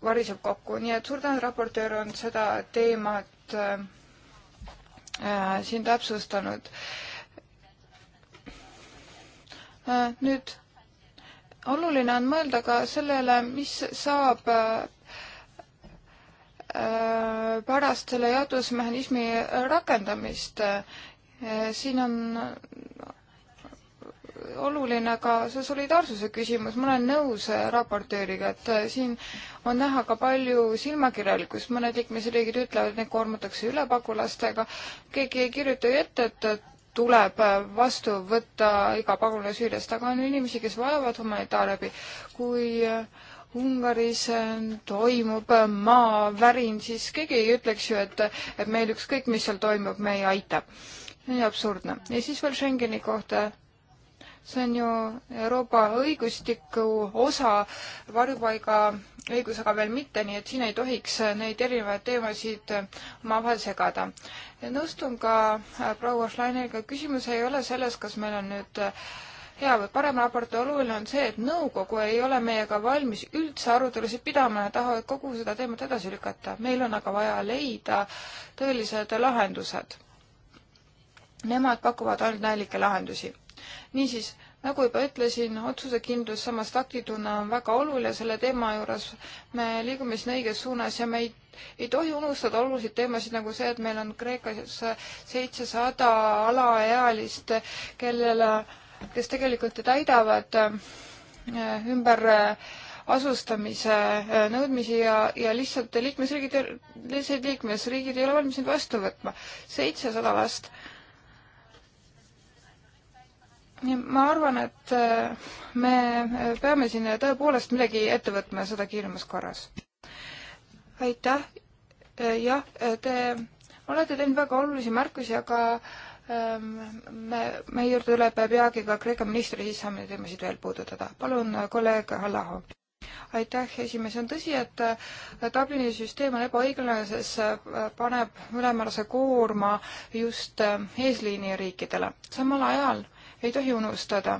variseb kokku, nii et suur tänu, raportöör on seda teemat äh, siin täpsustanud äh,. nüüd oluline on mõelda ka sellele, mis saab äh, Äh, pärast selle jaotusmehhanismi rakendamist. Äh, siin on oluline ka see solidaarsuse küsimus, ma olen nõus äh, raportööriga, et siin on näha ka palju silmakirjalikkust, mõned liikmesriigid ütlevad, et neid koormatakse ülepagulastega, keegi ei kirjuta ju ette, et tuleb vastu võtta iga pagulane Süüriast, aga on inimesi, kes vajavad humanitaarabi. kui Ungaris äh, toimub äh, maavärin, siis keegi ei ütleks ju, et, et meil ükskõik, mis seal toimub, me ei aita. see on ju absurdne. ja siis veel Schengeni kohta see on ju Euroopa õigustiku osa, varjupaiga õigus aga veel mitte, nii et siin ei tohiks neid erinevaid teemasid omavahel segada. nõustun ka äh, proua Schleiniga, küsimus ei ole selles, kas meil on nüüd äh, hea või parem raport, oluline on see, et nõukogu ei ole meiega valmis üldse arutelusid pidama ja tahavad kogu seda teemat edasi lükata. meil on aga vaja leida tõelised lahendused. Nemad pakuvad ainult näilikke lahendusi. niisiis, nagu juba ütlesin, otsusekindlus samas taktitunne on väga oluline selle teema juures. me liigume siin õiges suunas ja me ei ei tohi unustada olulisi teemasid nagu see, et meil on Kreekas seitsesada alaealist, kellele kes tegelikult täidavad äh, ümberasustamise äh, äh, nõudmisi ja, ja lihtsalt liikmesriigid, lihtsalt liikmesriigid ei ole valmis neid vastu võtma. seitsesada last. ma arvan, et me peame siin tõepoolest midagi ette võtma ja seda kiiremas korras. aitäh. jah, te olete teinud väga olulisi märkusi, aga äh, Ehm, me, meie juurde tuleb peagi ka Kreeka ministri, siis saame neid teemasid veel puudutada. palun, kolleeg Hallaho. aitäh, esimees, on tõsi, et Dublini süsteem on ebaõiglane, sest äh, paneb ülemäärase koorma just äh, eesliini riikidele. samal ajal ei tohi unustada,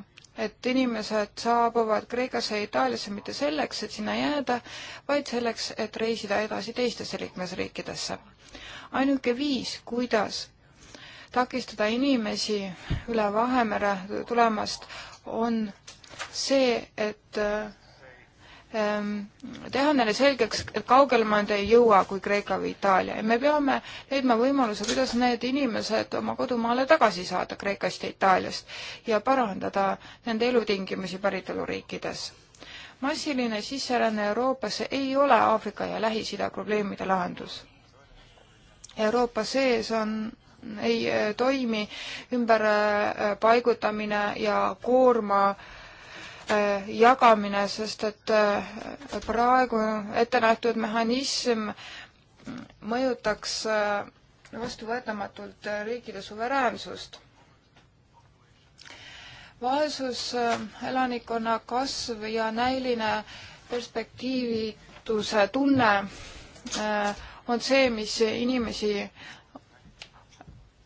et inimesed saabuvad Kreekasse ja Itaaliasse mitte selleks, et sinna jääda, vaid selleks, et reisida edasi teistesse liikmesriikidesse. ainuke viis, kuidas takistada inimesi üle Vahemere tulemast, on see, et äh, ähm, teha neile selgeks, et kaugele me nüüd ei jõua kui Kreeka või Itaalia ja me peame leidma võimaluse, kuidas need inimesed oma kodumaale tagasi saada Kreekast ja Itaaliast ja parandada nende elutingimusi päritoluriikides. massiline sisseränne Euroopasse ei ole Aafrika ja Lähis-Ida probleemide lahendus. Euroopa sees on ei eh, toimi, ümberpaigutamine eh, ja koorma eh, jagamine, sest et praegu ette nähtud mehhanism mõjutaks vastuvõetamatult riikide suveräänsust. vaesus, elanikkonna kasv ja näiline perspektiivituse tunne on see, mis inimesi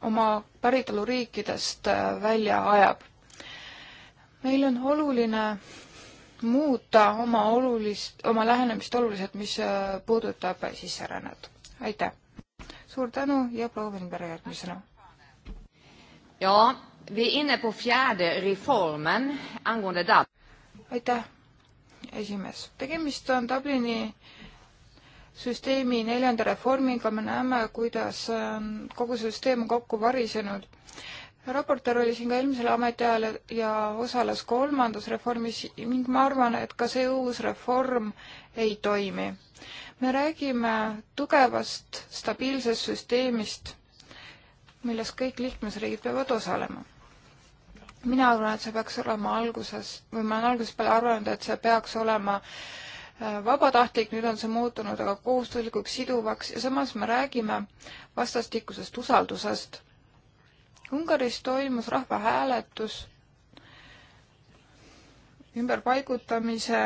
oma päritoluriikidest äh, välja ajab. meil on oluline muuta oma olulist, oma lähenemist oluliselt, mis äh, puudutab sisserännet. aitäh! suur tänu ja proua Vinberg järgmisena. ja, aitäh, esimees. tegemist on Dublini süsteemi neljanda reformiga me näeme, kuidas ähm, kogu see süsteem on kokku varisenud. raportöör oli siin ka eelmisel ametiajal ja osales kolmandas reformis ning ma arvan, et ka see uus reform ei toimi. me räägime tugevast stabiilsest süsteemist, milles kõik liikmesriigid peavad osalema mina arvan, et see peaks olema alguses või ma olen algusest peale arvanud, et see peaks olema äh, Äh, vabatahtlik, nüüd on see muutunud aga kohustuslikuks, siduvaks ja samas me räägime vastastikusest usaldusest. Ungaris toimus rahvahääletus ümberpaigutamise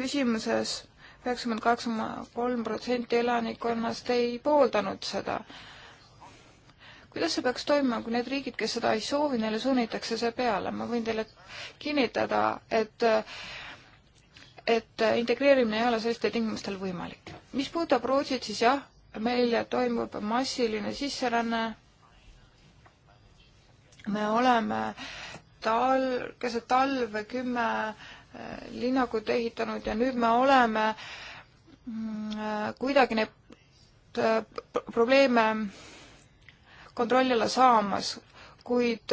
küsimuses üheksakümmend kaheksa koma kolm protsenti elanikkonnast ei pooldanud seda. kuidas see peaks toimuma, kui need riigid, kes seda ei soovi, neile sunnitakse see peale? ma võin teile kinnitada, et äh, et integreerimine ei ole sellistel tingimustel võimalik. mis puudutab Rootsit, siis jah, meil toimub massiline sisseränne. me oleme tal-, keset talve kümme äh, linnakut ehitanud ja nüüd me oleme mm, äh, kuidagi neid äh, probleeme kontrolli alla saamas, kuid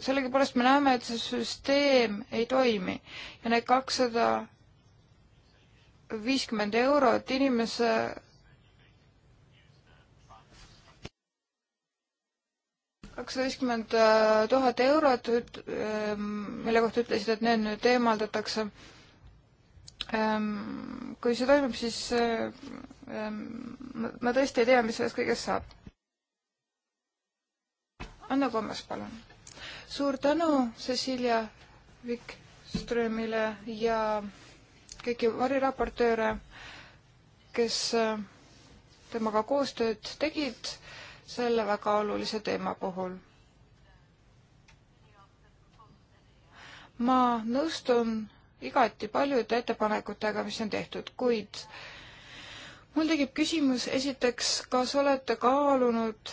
sellegipoolest me näeme, et see süsteem ei toimi ja need kakssada viiskümmend eurot inimese kakssada viiskümmend äh, tuhat eurot, ähm, mille kohta ütlesid, et need nüüd eemaldatakse. Ähm, kui see toimub, siis äh, ähm, ma tõesti ei tea, mis sellest kõigest saab. Anna Kommes, palun suur tänu Cecilia Wikströmile ja kõiki variraportööre, kes äh, temaga koostööd tegid selle väga olulise teema puhul. ma nõustun igati paljude ettepanekutega, mis on tehtud, kuid mul tekib küsimus esiteks, kas olete kaalunud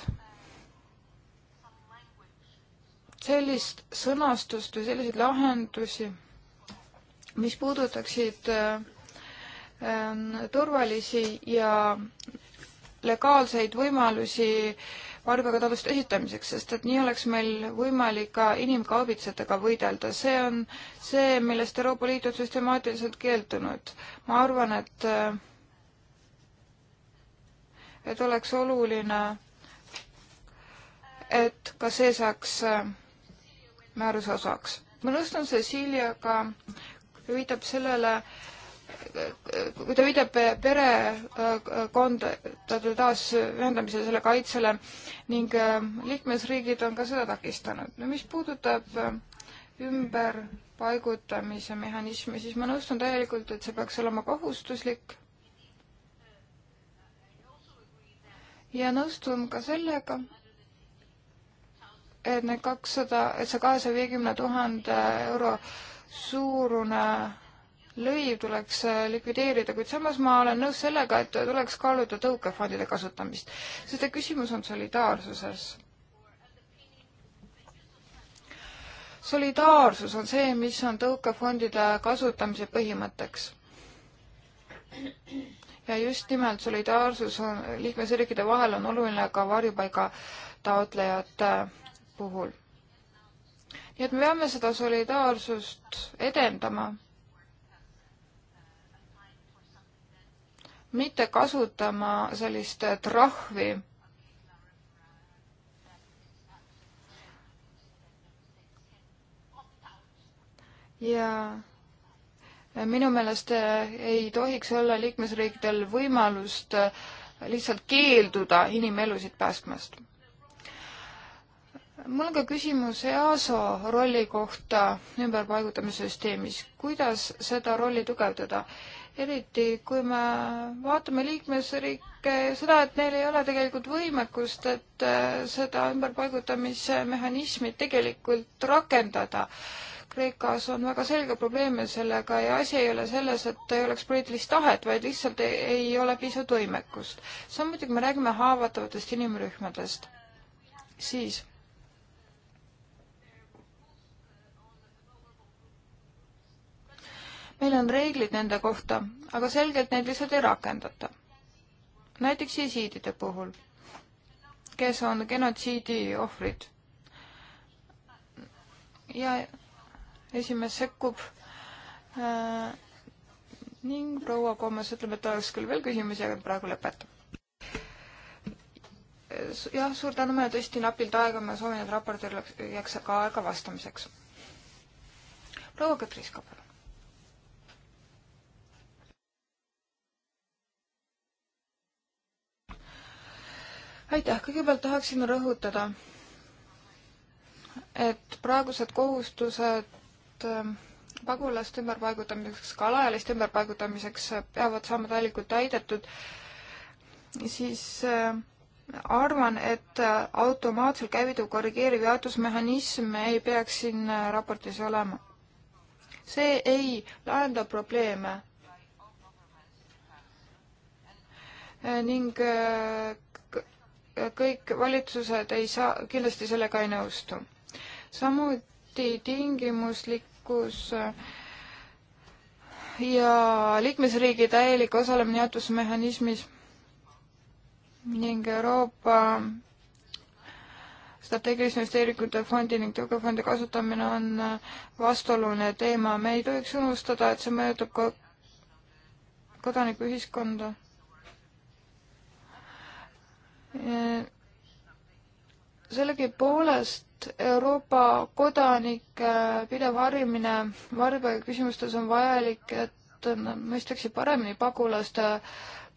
sellist sõnastust või selliseid lahendusi, mis puudutaksid äh, ähm, turvalisi ja legaalseid võimalusi varbakataluste esitamiseks, sest et nii oleks meil võimalik ka inimkaubitsetega võidelda. see on see, millest Euroopa Liit on süstemaatiliselt keeldunud. ma arvan, et äh, et oleks oluline, et ka see saaks äh, määruse osaks. ma nõustun Ceciliaga, viitab sellele, kui ta viitab perekondade taasühendamise selle kaitsele ning äh, liikmesriigid on ka seda takistanud. no mis puudutab äh, ümberpaigutamise mehhanismi, siis ma nõustun täielikult, et see peaks olema kohustuslik. ja nõustun ka sellega, et need kakssada, et see kahesaja viiekümne tuhande euro suurune lõiv tuleks äh, likvideerida, kuid samas ma olen nõus sellega, et tuleks kaaluda tõukefondide kasutamist, sest küsimus on solidaarsuses. solidaarsus on see, mis on tõukefondide kasutamise põhimõtteks. ja just nimelt solidaarsus on liikmesriikide vahel on oluline ka varjupaiga taotlejate äh, puhul. nii et me peame seda solidaarsust edendama, mitte kasutama sellist trahvi jaa, minu meelest ei tohiks olla liikmesriikidel võimalust lihtsalt keelduda inimelusid päästmast mul on ka küsimus EASO rolli kohta ümberpaigutamissüsteemis. kuidas seda rolli tugevdada? eriti kui me vaatame liikmesriike, seda, et neil ei ole tegelikult võimekust, et äh, seda ümberpaigutamismehhanismi tegelikult rakendada. Kreekas on väga selge probleeme sellega ja asi ei ole selles, et ei oleks poliitilist tahet, vaid lihtsalt ei, ei ole piisavalt võimekust. samuti, kui me räägime haavatavatest inimrühmadest, siis meil on reeglid nende kohta, aga selgelt neid lihtsalt ei rakendata. näiteks jesiidide puhul, kes on genotsiidi ohvrid. ja esimees sekkub äh, ning proua Kommes ütleb, et oleks küll veel küsimusi, aga praegu lõpetab jah, suur tänu, meil on tõesti napilt aega, ma soovin, et raportöör jääks ka aega vastamiseks. proua Kõpriska, palun. aitäh, kõigepealt tahaksin rõhutada, et praegused kohustused ähm, pagulaste ümberpaigutamiseks, ka alaealiste ümberpaigutamiseks äh, peavad saama täielikult täidetud, siis äh, arvan, et äh, automaatselt käivituv korrigeeriv jaotusmehhanism ei peaks siin raportis olema. see ei lahenda probleeme ning kõik valitsused ei saa, kindlasti sellega ei nõustu. samuti tingimuslikkus äh, ja liikmesriigi täielik osalemine jaotusmehhanismis ning Euroopa strateegilise investeeringute fondi ning tõukefondi kasutamine on äh, vastuoluline teema. me ei tohiks unustada, et see mõjutab ka kodanikuühiskonda sellegipoolest Euroopa kodanike pidev harimine varbeküsimustes on vajalik, et nad mõistaksid paremini pagulaste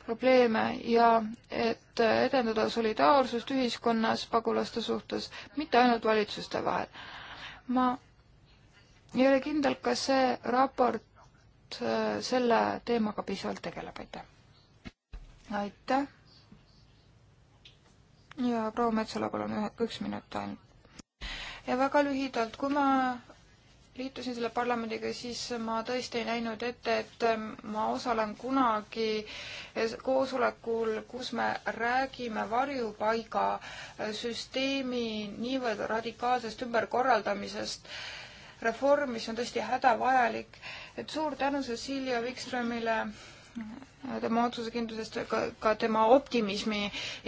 probleeme ja et edendada solidaarsust ühiskonnas pagulaste suhtes, mitte ainult valitsuste vahel. ma ei ole kindel, kas see raport äh, selle teemaga piisavalt tegeleb, aitäh. aitäh ja proua Metsala, palun ühe, üks minut ainult. ja väga lühidalt, kui ma liitusin selle parlamendiga, siis ma tõesti ei näinud ette, et ma osalen kunagi koosolekul, kus me räägime varjupaigasüsteemi niivõrd radikaalsest ümberkorraldamisest, reform, mis on tõesti hädavajalik. et suur tänu Cecilia Wikströmile tema otsusekindlusest, ka tema optimismi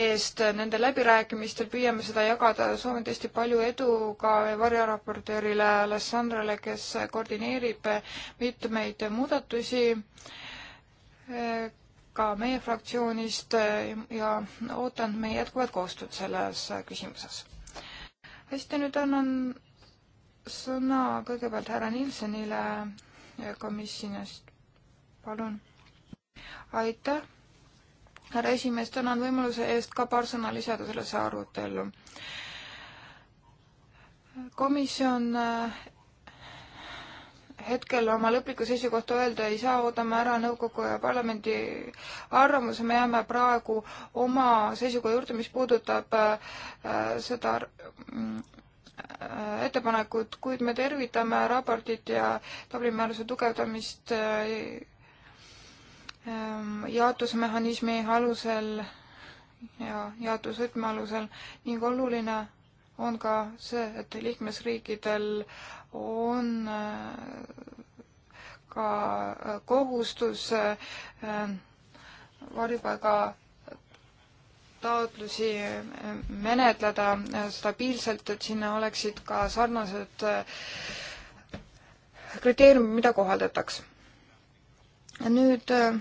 eest nendel läbirääkimistel, püüame seda jagada, soovin tõesti palju edu ka varjaraportöörile Alessandrale, kes koordineerib mitmeid muudatusi ka meie fraktsioonist ja ootan meie jätkuvat koostööd selles küsimuses. hästi, nüüd annan sõna kõigepealt härra Nilsenile komisjonist, palun aitäh, härra esimees, tänan võimaluse eest ka paar sõna lisada sellesse arutellu. komisjon äh, hetkel oma lõplikku seisukohta öelda ei saa, ootame ära nõukogu ja parlamendi arvamuse, me jääme praegu oma seisukoha juurde, mis puudutab äh, seda äh, ettepanekut, kuid me tervitame raportit ja Dublini määruse tugevdamist äh, Ehm, jaotusmehhanismi alusel ja jaotusrütmi alusel ning oluline on ka see, et liikmesriikidel on äh, ka äh, kohustus äh, varjupaiga taotlusi menetleda stabiilselt, et sinna oleksid ka sarnased kriteeriumid, mida kohaldataks nüüd äh,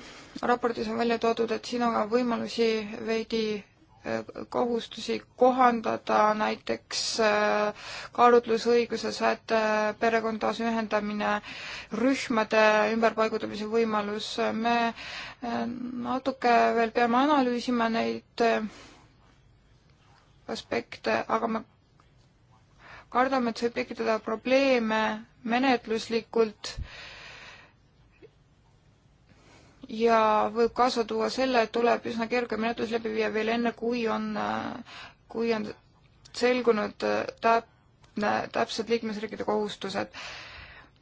raportis on välja toodud, et siin on ka võimalusi veidi äh, kohustusi kohandada, näiteks äh, kaalutlusõiguse säte, perekondade ühendamine, rühmade ümberpaigutamise võimalus, me natuke veel peame analüüsima neid aspekte, aga me kardame, et see võib tekitada probleeme menetluslikult äh, ja võib kaasa tuua selle, et tuleb üsna kerge menetlus läbi viia veel enne, kui on, kui on selgunud äh, täpne, täpsed liikmesriikide kohustused.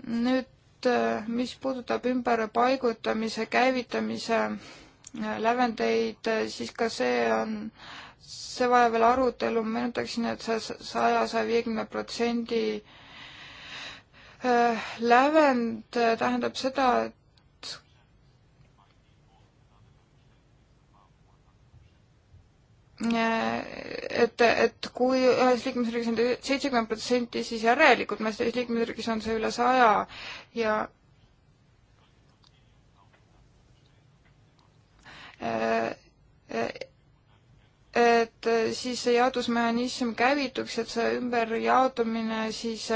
nüüd, äh, mis puudutab ümberpaigutamise käivitamise äh, lävendeid, siis ka see on, see vajab veel arutelu, ma meenutaksin, et see saja, saja viiekümne protsendi lävend tähendab seda, et et, et kui ühes liikmesriigis on seitsekümmend protsenti, siis järelikult meist teises liikmesriigis on see üle saja ja et siis see jaotusmehhanism käivituks, et see ümberjaotamine siis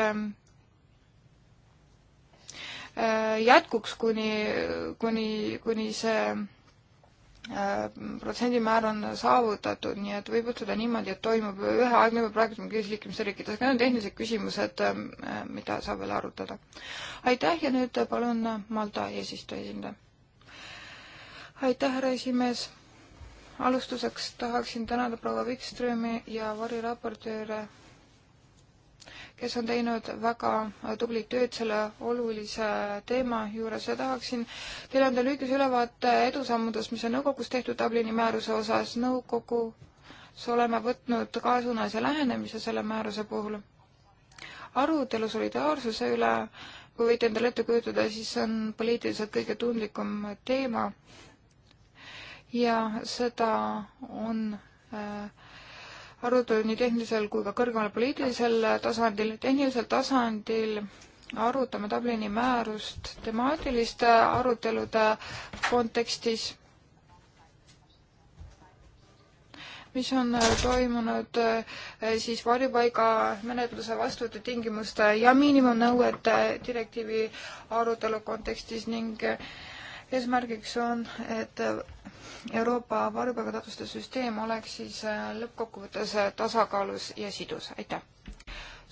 jätkuks kuni, kuni, kuni see Äh, protsendimäär on saavutatud, nii et võib ütelda niimoodi, et toimub üheaegne või praegu on kriis liikmesriikides, need on tehnilised küsimused, äh, mida saab veel arutada. aitäh ja nüüd palun Malta eesistuja esindaja. aitäh, härra esimees. alustuseks tahaksin tänada proua Vikströmi ja variraportööre kes on teinud väga tublit tööd selle olulise teema juures ja tahaksin teile anda lühikese ülevaate edusammudest, mis on nõukogus tehtud Dublini määruse osas. nõukogus oleme võtnud kaasuunalise lähenemise selle määruse puhul. arutelu solidaarsuse üle, kui võite endale ette kujutada, siis see on poliitiliselt kõige tundlikum teema ja seda on äh, arutelu nii tehnilisel kui ka kõrgemal poliitilisel tasandil. tehnilisel tasandil arutame Dublini määrust temaatiliste arutelude kontekstis, mis on toimunud eh, siis varjupaiga menetluse vastuvõtu tingimuste ja miinimumnõuete direktiivi arutelu kontekstis ning eh, eesmärgiks on, et Euroopa varjupaigataotluste süsteem oleks siis äh, lõppkokkuvõttes äh, tasakaalus ja sidus, aitäh!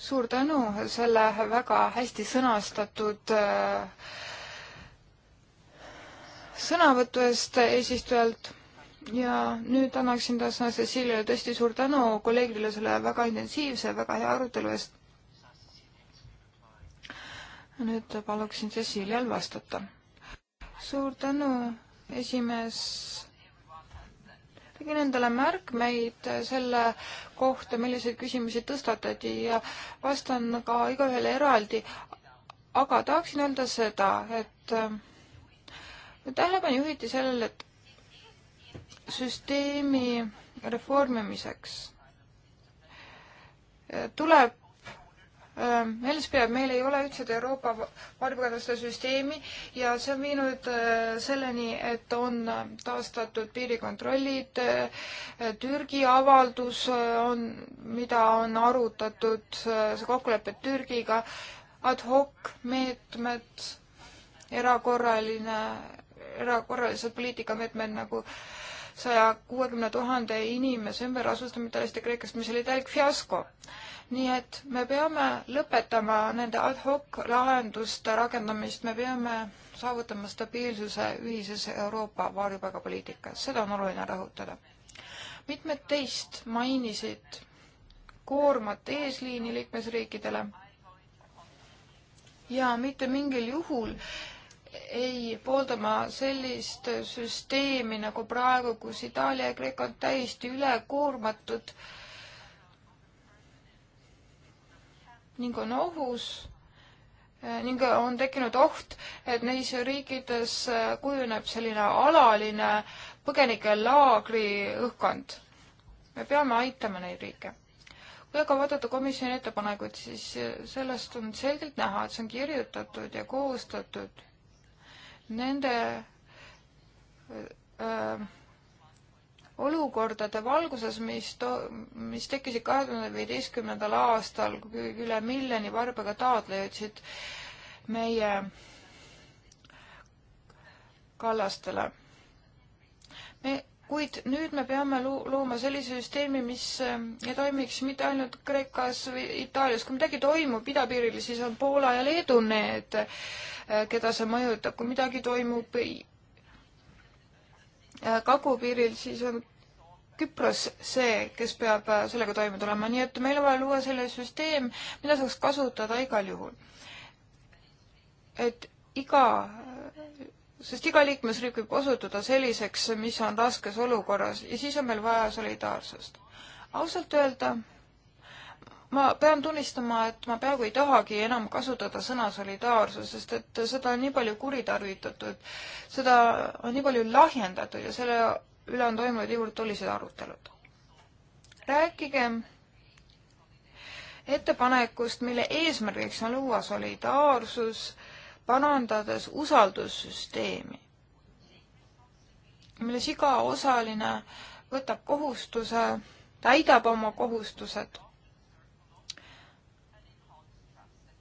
suur tänu selle väga hästi sõnastatud äh, sõnavõtu eest eesistujalt ja nüüd annaksin taas sõna Ceciliale, tõesti suur tänu kolleegidele selle väga intensiivse, väga hea arutelu eest. nüüd paluksin Cecilial vastata. suur tänu esimees. tegin endale märkmeid selle kohta, milliseid küsimusi tõstatati ja vastan ka igaühele eraldi. aga tahaksin öelda seda, et äh, tähelepanu juhiti sellele, et süsteemi reformimiseks äh, tuleb Äh, meeles peab, meil ei ole ühtset Euroopa varjupaiganduse süsteemi ja see on viinud äh, selleni, et on äh, taastatud piirikontrollid, Türgi avaldus on, mida on arutatud, see kokkulepe Türgiga, ad hoc meetmed, erakorraline, erakorralised poliitikameetmed nagu saja kuuekümne tuhande inimese ümberasustamine Itaaliast ja Kreekast, mis oli täielik fiasko nii et me peame lõpetama nende ad hoc lahenduste rakendamist, me peame saavutama stabiilsuse ühises Euroopa varjupaigapoliitikas, seda on oluline rõhutada. mitmed teist mainisid koormat eesliini liikmesriikidele ja mitte mingil juhul ei poolda ma sellist süsteemi nagu praegu, kus Itaalia ja Kreeka on täiesti ülekoormatud äh, ning on ohus eh, ning on tekkinud oht, et neis riikides eh, kujuneb selline alaline põgenikelaagri õhkkond. me peame aitama neid riike. kui aga vaadata komisjoni ettepanekuid, siis eh, sellest on selgelt näha, et see on kirjutatud ja koostatud nende öö, olukordade valguses, mis to-, mis tekkisid kahe tuhande viieteistkümnendal aastal, kui üle miljoni varbaga taotleja ütlesid meie kallastele. me, kuid nüüd me peame lu-, looma sellise süsteemi, mis äh, ei toimiks mitte ainult Kreekas või Itaalias, kui midagi toimub idapiiril, siis on Poola ja Leedu need, äh, keda see mõjutab, kui midagi toimub kagupiiril, siis on Küpros see, kes peab äh, sellega toime tulema, nii et meil on vaja luua selline süsteem, mida saaks kasutada igal juhul. et iga, sest iga liikmesriik võib osutuda selliseks, mis on raskes olukorras ja siis on meil vaja solidaarsust. ausalt öelda ma pean tunnistama, et ma peaaegu ei tahagi enam kasutada sõna solidaarsus, sest et seda on nii palju kuritarvitatud, seda on nii palju lahjendatud ja selle üle on toimunud niivõrd tulised arutelud. rääkige ettepanekust, mille eesmärgiks on luua solidaarsus, parandades usaldussüsteemi, milles iga osaline võtab kohustuse, täidab oma kohustused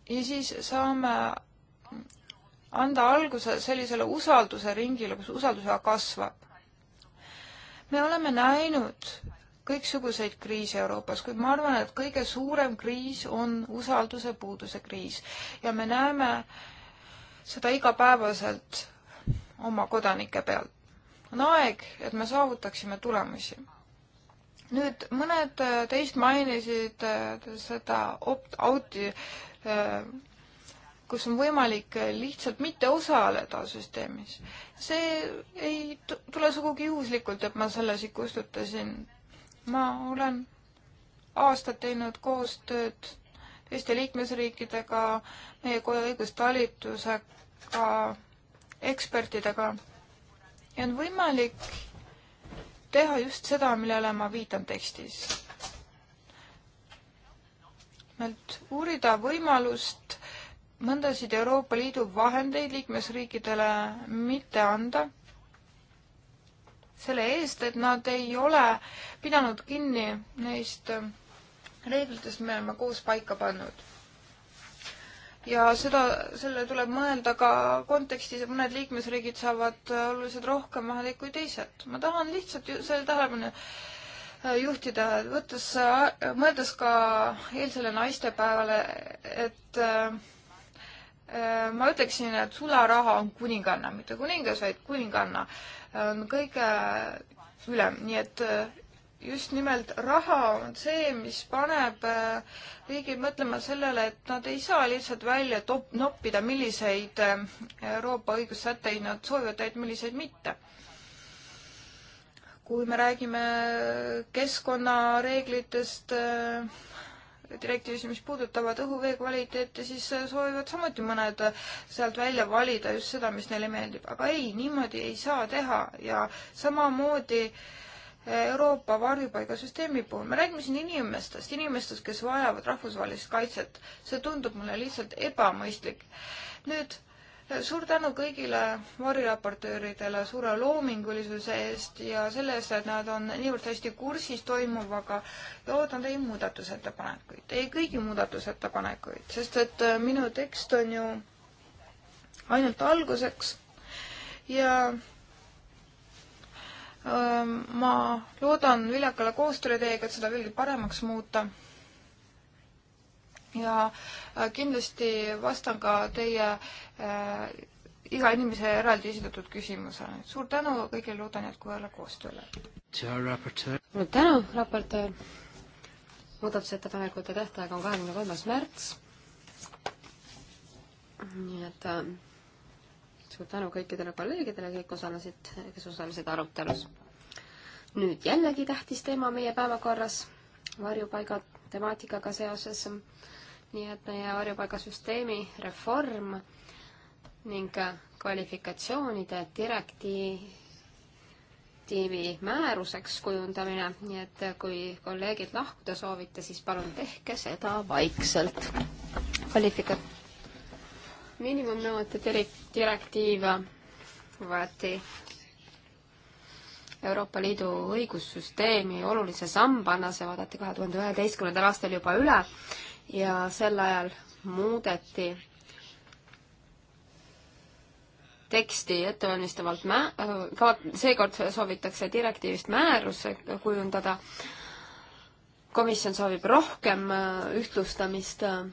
ja siis saame anda alguse sellisele usalduse ringile, kus usaldusega kasvab. me oleme näinud kõiksuguseid kriise Euroopas, kuid ma arvan, et kõige suurem kriis on usalduse puuduse kriis ja me näeme seda igapäevaselt oma kodanike pealt. on aeg, et me saavutaksime tulemusi. nüüd mõned teist mainisid äh, seda opt-out'i kus on võimalik lihtsalt mitte osaleda süsteemis. see ei tule sugugi juhuslikult, et ma selle siit kustutasin. ma olen aastad teinud koostööd teiste liikmesriikidega, meie koja õigustalitusega, ekspertidega ja on võimalik teha just seda, millele ma viitan tekstis nimelt uurida võimalust mõndasid Euroopa Liidu vahendeid liikmesriikidele mitte anda selle eest, et nad ei ole pidanud kinni neist reeglitest, me oleme koos paika pannud. ja seda, selle tuleb mõelda ka kontekstis, et mõned liikmesriigid saavad oluliselt rohkem vahendeid kui teised. ma tahan lihtsalt selle tähelepanu juhtida, võttes, mõeldes ka eilsele naistepäevale, et äh, ma ütleksin, et sularaha on kuninganna, mitte kuningas, vaid kuninganna on kõige ülem, nii et just nimelt raha on see, mis paneb riigid mõtlema sellele, et nad ei saa lihtsalt välja top-, noppida, milliseid Euroopa õigussätteid nad soovivad täita, milliseid mitte kui me räägime keskkonnareeglitest äh, direktiivis, mis puudutavad õhuvee kvaliteeti, siis äh, soovivad samuti mõned sealt välja valida just seda, mis neile meeldib. aga ei, niimoodi ei saa teha ja samamoodi äh, Euroopa varjupaigasüsteemi puhul, me räägime siin inimestest, inimestest, kes vajavad rahvusvahelist kaitset. see tundub mulle lihtsalt ebamõistlik. nüüd suur tänu kõigile variraportööridele suure loomingulisuse eest ja selle eest, et nad on niivõrd hästi kursis toimuvaga ja ootan teie muudatusettepanekuid, teie kõigi muudatusettepanekuid, sest et äh, minu tekst on ju ainult alguseks ja öö, ähm, ma loodan viljakale koostööle teiega, et seda veelgi paremaks muuta ja äh, kindlasti vastan ka teie äh, iga inimese eraldi esitatud küsimusele. suur tänu kõigile, loodan jätkuvale koostööle. suur tänu, raportöör. muudatusettepanekute tähtaeg on kahekümne kolmas märts. nii et äh, suur tänu kõikidele kolleegidele, kõik osalesid, kes osalesid arutelus. nüüd jällegi tähtis teema meie päevakorras, varjupaigad temaatikaga seoses nii et meie varjupaigasüsteemi reform ning kvalifikatsioonide direktiivi määruseks kujundamine, nii et kui kolleegid lahkuda soovite, siis palun tehke seda vaikselt. kvalifika-, miinimumnõuete direktiiv võeti Euroopa Liidu õigussüsteemi olulise sambana, see vaadati kahe tuhande üheteistkümnendal aastal juba üle ja sel ajal muudeti teksti ettevalmistavalt mä-, ka seekord soovitakse direktiivist määruse kujundada. komisjon soovib rohkem äh, ühtlustamist äh,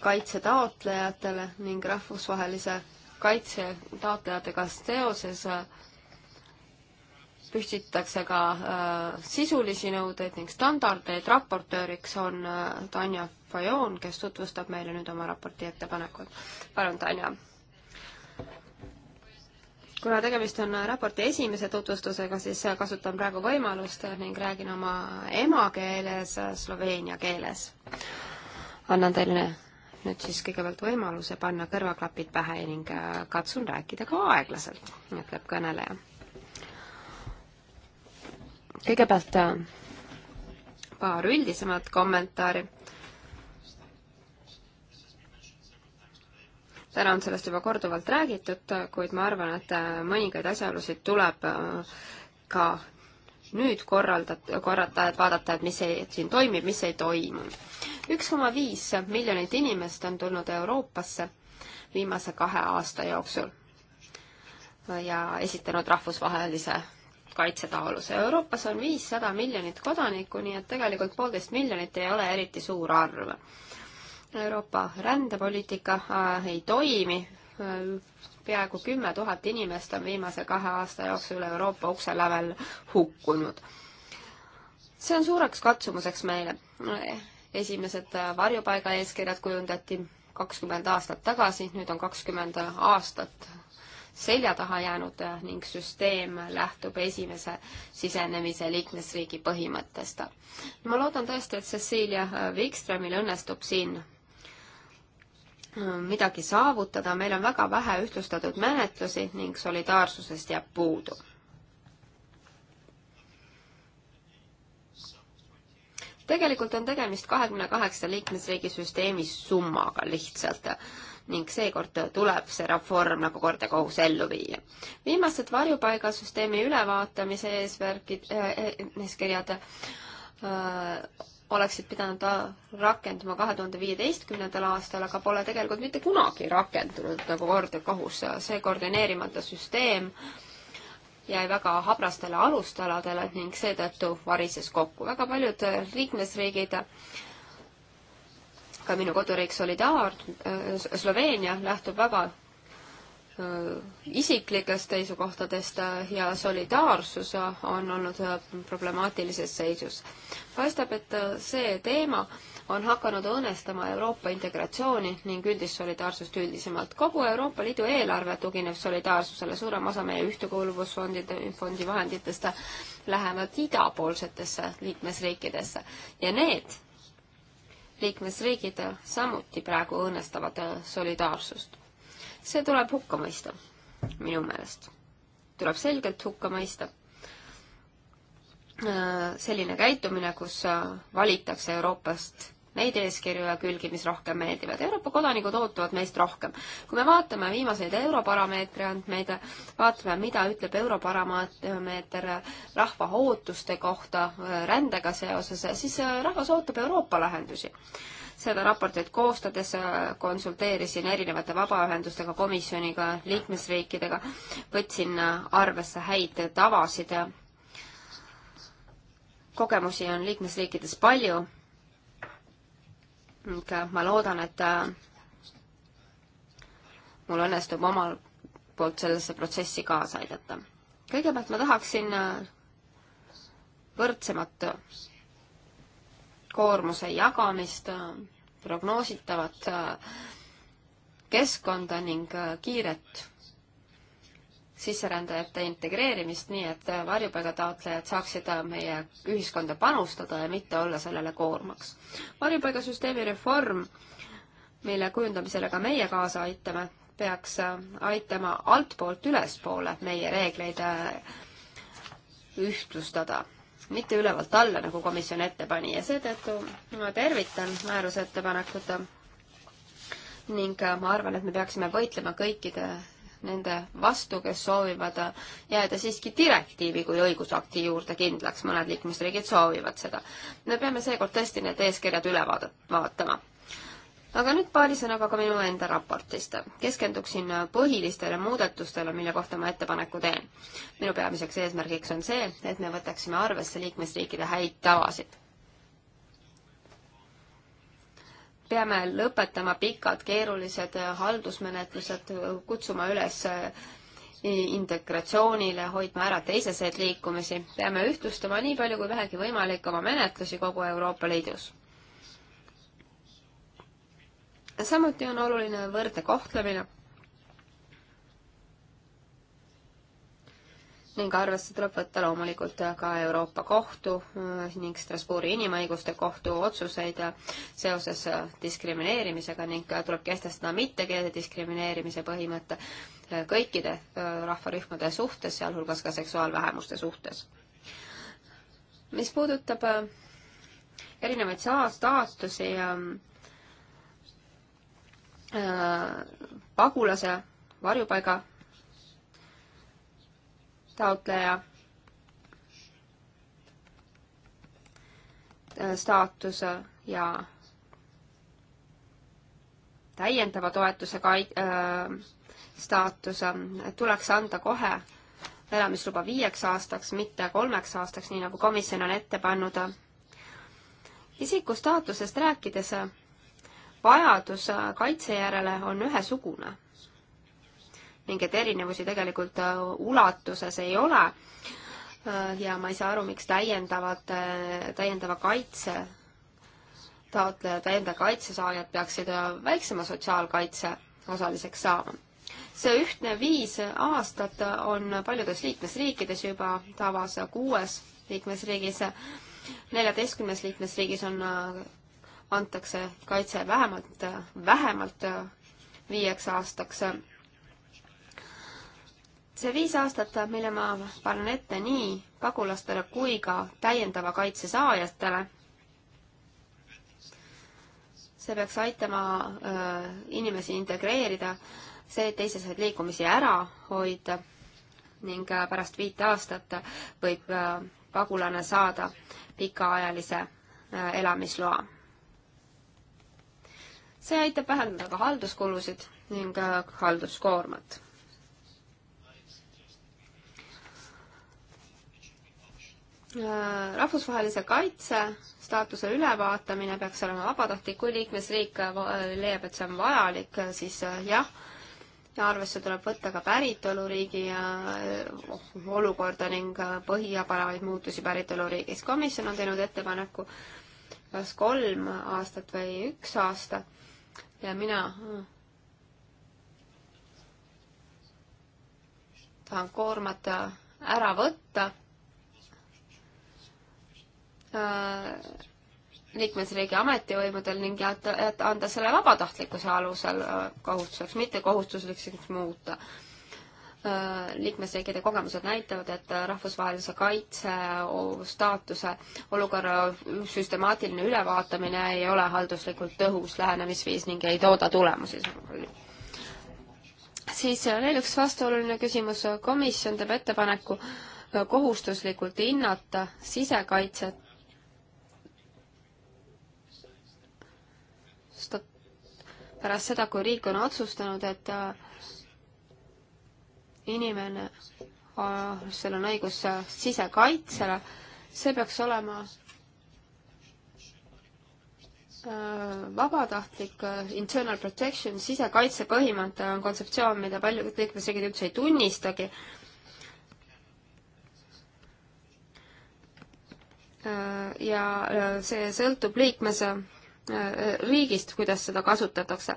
kaitsetaotlejatele ning rahvusvahelise kaitsetaotlejatega seoses äh, püstitakse ka äh, sisulisi nõudeid ning standardeid. raportööriks on äh, Tanja Fajon, kes tutvustab meile nüüd oma raporti ettepanekut. palun, Tanja. kuna tegemist on äh, raporti esimese tutvustusega, siis kasutan praegu võimalust ning räägin oma emakeeles, sloveenia keeles. annan teile nüüd siis kõigepealt võimaluse panna kõrvaklapid pähe ning katsun rääkida ka aeglaselt, ütleb kõneleja kõigepealt äh, paar üldisemat kommentaari. täna on sellest juba korduvalt räägitud, kuid ma arvan, et äh, mõningaid asjaolusid tuleb äh, ka nüüd korraldat-, korrata, et vaadata, et mis ei, et siin toimib, mis ei toimu. üks koma viis miljonit inimest on tulnud Euroopasse viimase kahe aasta jooksul ja esitanud rahvusvahelise kaitsetaoluse. Euroopas on viissada miljonit kodanikku, nii et tegelikult poolteist miljonit ei ole eriti suur arv. Euroopa rändepoliitika äh, ei toimi, äh, peaaegu kümme tuhat inimest on viimase kahe aasta jooksul Euroopa ukse lävel hukkunud. see on suureks katsumuseks meile. esimesed äh, varjupaiga eeskirjad kujundati kakskümmend aastat tagasi, nüüd on kakskümmend aastat selja taha jäänud eh, ning süsteem lähtub esimese sisenemise liikmesriigi põhimõttest. ma loodan tõesti, et Cecilia eh, Wikströmil õnnestub siin eh, midagi saavutada, meil on väga vähe ühtlustatud menetlusi ning solidaarsusest jääb puudu. tegelikult on tegemist kahekümne kaheksa liikmesriigi süsteemi summaga lihtsalt ning seekord tuleb see reform nagu kord ja kohus ellu viia. viimased varjupaigasüsteemi ülevaatamise eesmärgid eh,, eeskirjad eh, oleksid pidanud rakenduma kahe tuhande viieteistkümnendal aastal, aga pole tegelikult mitte kunagi rakendunud nagu kord ja kohus. see koordineerimata süsteem jäi väga habrastele alustaladele ning seetõttu varises kokku. väga paljud liikmesriigid äh, ka minu koduriik Solidaar, äh, Sloveenia lähtub väga äh, isiklikest seisukohtadest äh, ja solidaarsus on olnud problemaatilises seisus. paistab, et see teema on hakanud õõnestama Euroopa integratsiooni ning üldist solidaarsust üldisemalt. kogu Euroopa Liidu eelarve tugineb solidaarsusele, suurem osa meie ühtekuuluvusfondide, fondi vahenditest lähevad idapoolsetesse liikmesriikidesse ja need liikmesriigid samuti praegu õõnestavad solidaarsust. see tuleb hukka mõista, minu meelest. tuleb selgelt hukka mõista. Äh, selline käitumine, kus äh, valitakse Euroopast neid eeskirju ja külgi, mis rohkem meeldivad. Euroopa kodanikud ootavad meist rohkem. kui me vaatame viimaseid Europarameetri andmeid, vaatame, mida ütleb Europarameeter rahva ootuste kohta rändega seoses, siis rahvas ootab Euroopa lahendusi seda raportit koostades konsulteerisin erinevate vabaühendustega, komisjoniga, liikmesriikidega, võtsin arvesse häid tavasid ja kogemusi on liikmesriikides palju ning ma loodan, et äh, mul õnnestub omal poolt sellesse protsessi kaasa aidata. kõigepealt ma tahaksin äh, võrdsemat äh, koormuse jagamist, prognoositavat keskkonda ning kiiret sisserändajate integreerimist, nii et varjupaigataotlejad saaksid meie ühiskonda panustada ja mitte olla sellele koormaks. varjupaigasüsteemi reform, mille kujundamisele ka meie kaasa aitame, peaks aitama altpoolt ülespoole meie reegleid äh, ühtlustada, mitte ülevalt alla, nagu komisjon ette pani ja seetõttu ma tervitan määruse ettepanekut ning ma arvan, et me peaksime võitlema kõikide nende vastu, kes soovivad jääda siiski direktiivi kui õigusakti juurde kindlaks, mõned liikmesriigid soovivad seda. me peame seekord tõesti need eeskirjad üle vaada-, vaatama. aga nüüd paari sõnaga ka minu enda raportist. keskenduksin põhilistele muudatustele, mille kohta ma ettepaneku teen. minu peamiseks eesmärgiks on see, et me võtaksime arvesse liikmesriikide häid tavasid peame lõpetama pikad keerulised eh, haldusmenetlused, kutsuma üles eh, integratsioonile, hoidma ära teiseseid liikumisi, peame ühtlustama nii palju kui vähegi võimalik oma menetlusi kogu Euroopa Liidus. samuti on oluline võrdne kohtlemine ning arvesse tuleb võtta loomulikult ka Euroopa Kohtu äh, ning Strasbourgi Inimõiguste Kohtu otsuseid äh, seoses äh, diskrimineerimisega ning tuleb kehtestada mittekeelse diskrimineerimise põhimõte kõikide rahvarühmade suhtes, sealhulgas ka seksuaalvähemuste suhtes. mis puudutab erinevaid staatusi ja ähm, pagulase varjupaiga taotleja staatuse ja täiendava toetuse kai- äh,, staatus tuleks anda kohe elamisluba viieks aastaks, mitte kolmeks aastaks, nii nagu komisjon on ette pannud. isiku staatusest rääkides, vajadus kaitse järele on ühesugune ning et erinevusi tegelikult äh, ulatuses ei ole. Äh, ja ma ei saa aru, miks täiendavad, äh, täiendava kaitse taotlejad, täiendava kaitse saajad peaksid väiksema sotsiaalkaitse osaliseks saama. see ühtne viis aastat on paljudes liikmesriikides juba tavas, kuues liikmesriigis, neljateistkümnes liikmesriigis on antakse kaitse vähemalt, vähemalt viieks aastaks see viis aastat, mille ma panen ette nii pagulastele kui ka täiendava kaitse saajatele, see peaks aitama öö, inimesi integreerida, see, et teiseseid liikumisi ära hoida ning pärast viit aastat võib pagulane saada pikaajalise elamisloa. see aitab vähendada ka halduskulusid ning halduskoormat Äh, rahvusvahelise kaitse staatuse ülevaatamine peaks olema vabatahtlik, kui liikmesriik äh, äh, leiab, et see on vajalik, siis jah, ja arvesse tuleb võtta ka päritoluriigi olukorda ning põhiaparaid muutusi päritoluriigis. komisjon on teinud ettepaneku kas kolm aastat või üks aasta ja mina tahan koormata ära võtta Äh, liikmesriigi ametivõimudel ning anda selle vabatahtlikkuse alusel äh, kohustuseks, mitte kohustuslikuks muuta. Äh, liikmesriikide kogemused näitavad, et rahvusvahelise kaitse staatuse olukorra süstemaatiline ülevaatamine ei ole halduslikult tõhus lähenemisviis ning ei tooda tulemusi. siis veel üks vastuoluline küsimus, komisjon teeb ettepaneku kohustuslikult hinnata sisekaitset pärast seda, kui riik on otsustanud, et äh, inimene, äh, seal on õigus äh, sisekaitsele, see peaks olema vabatahtlik internal protection, sisekaitse põhimõte on kontseptsioon, mida paljud liikmesriigid üldse ei tunnistagi. ja see sõltub liikmes- Äh, äh, riigist, kuidas seda kasutatakse,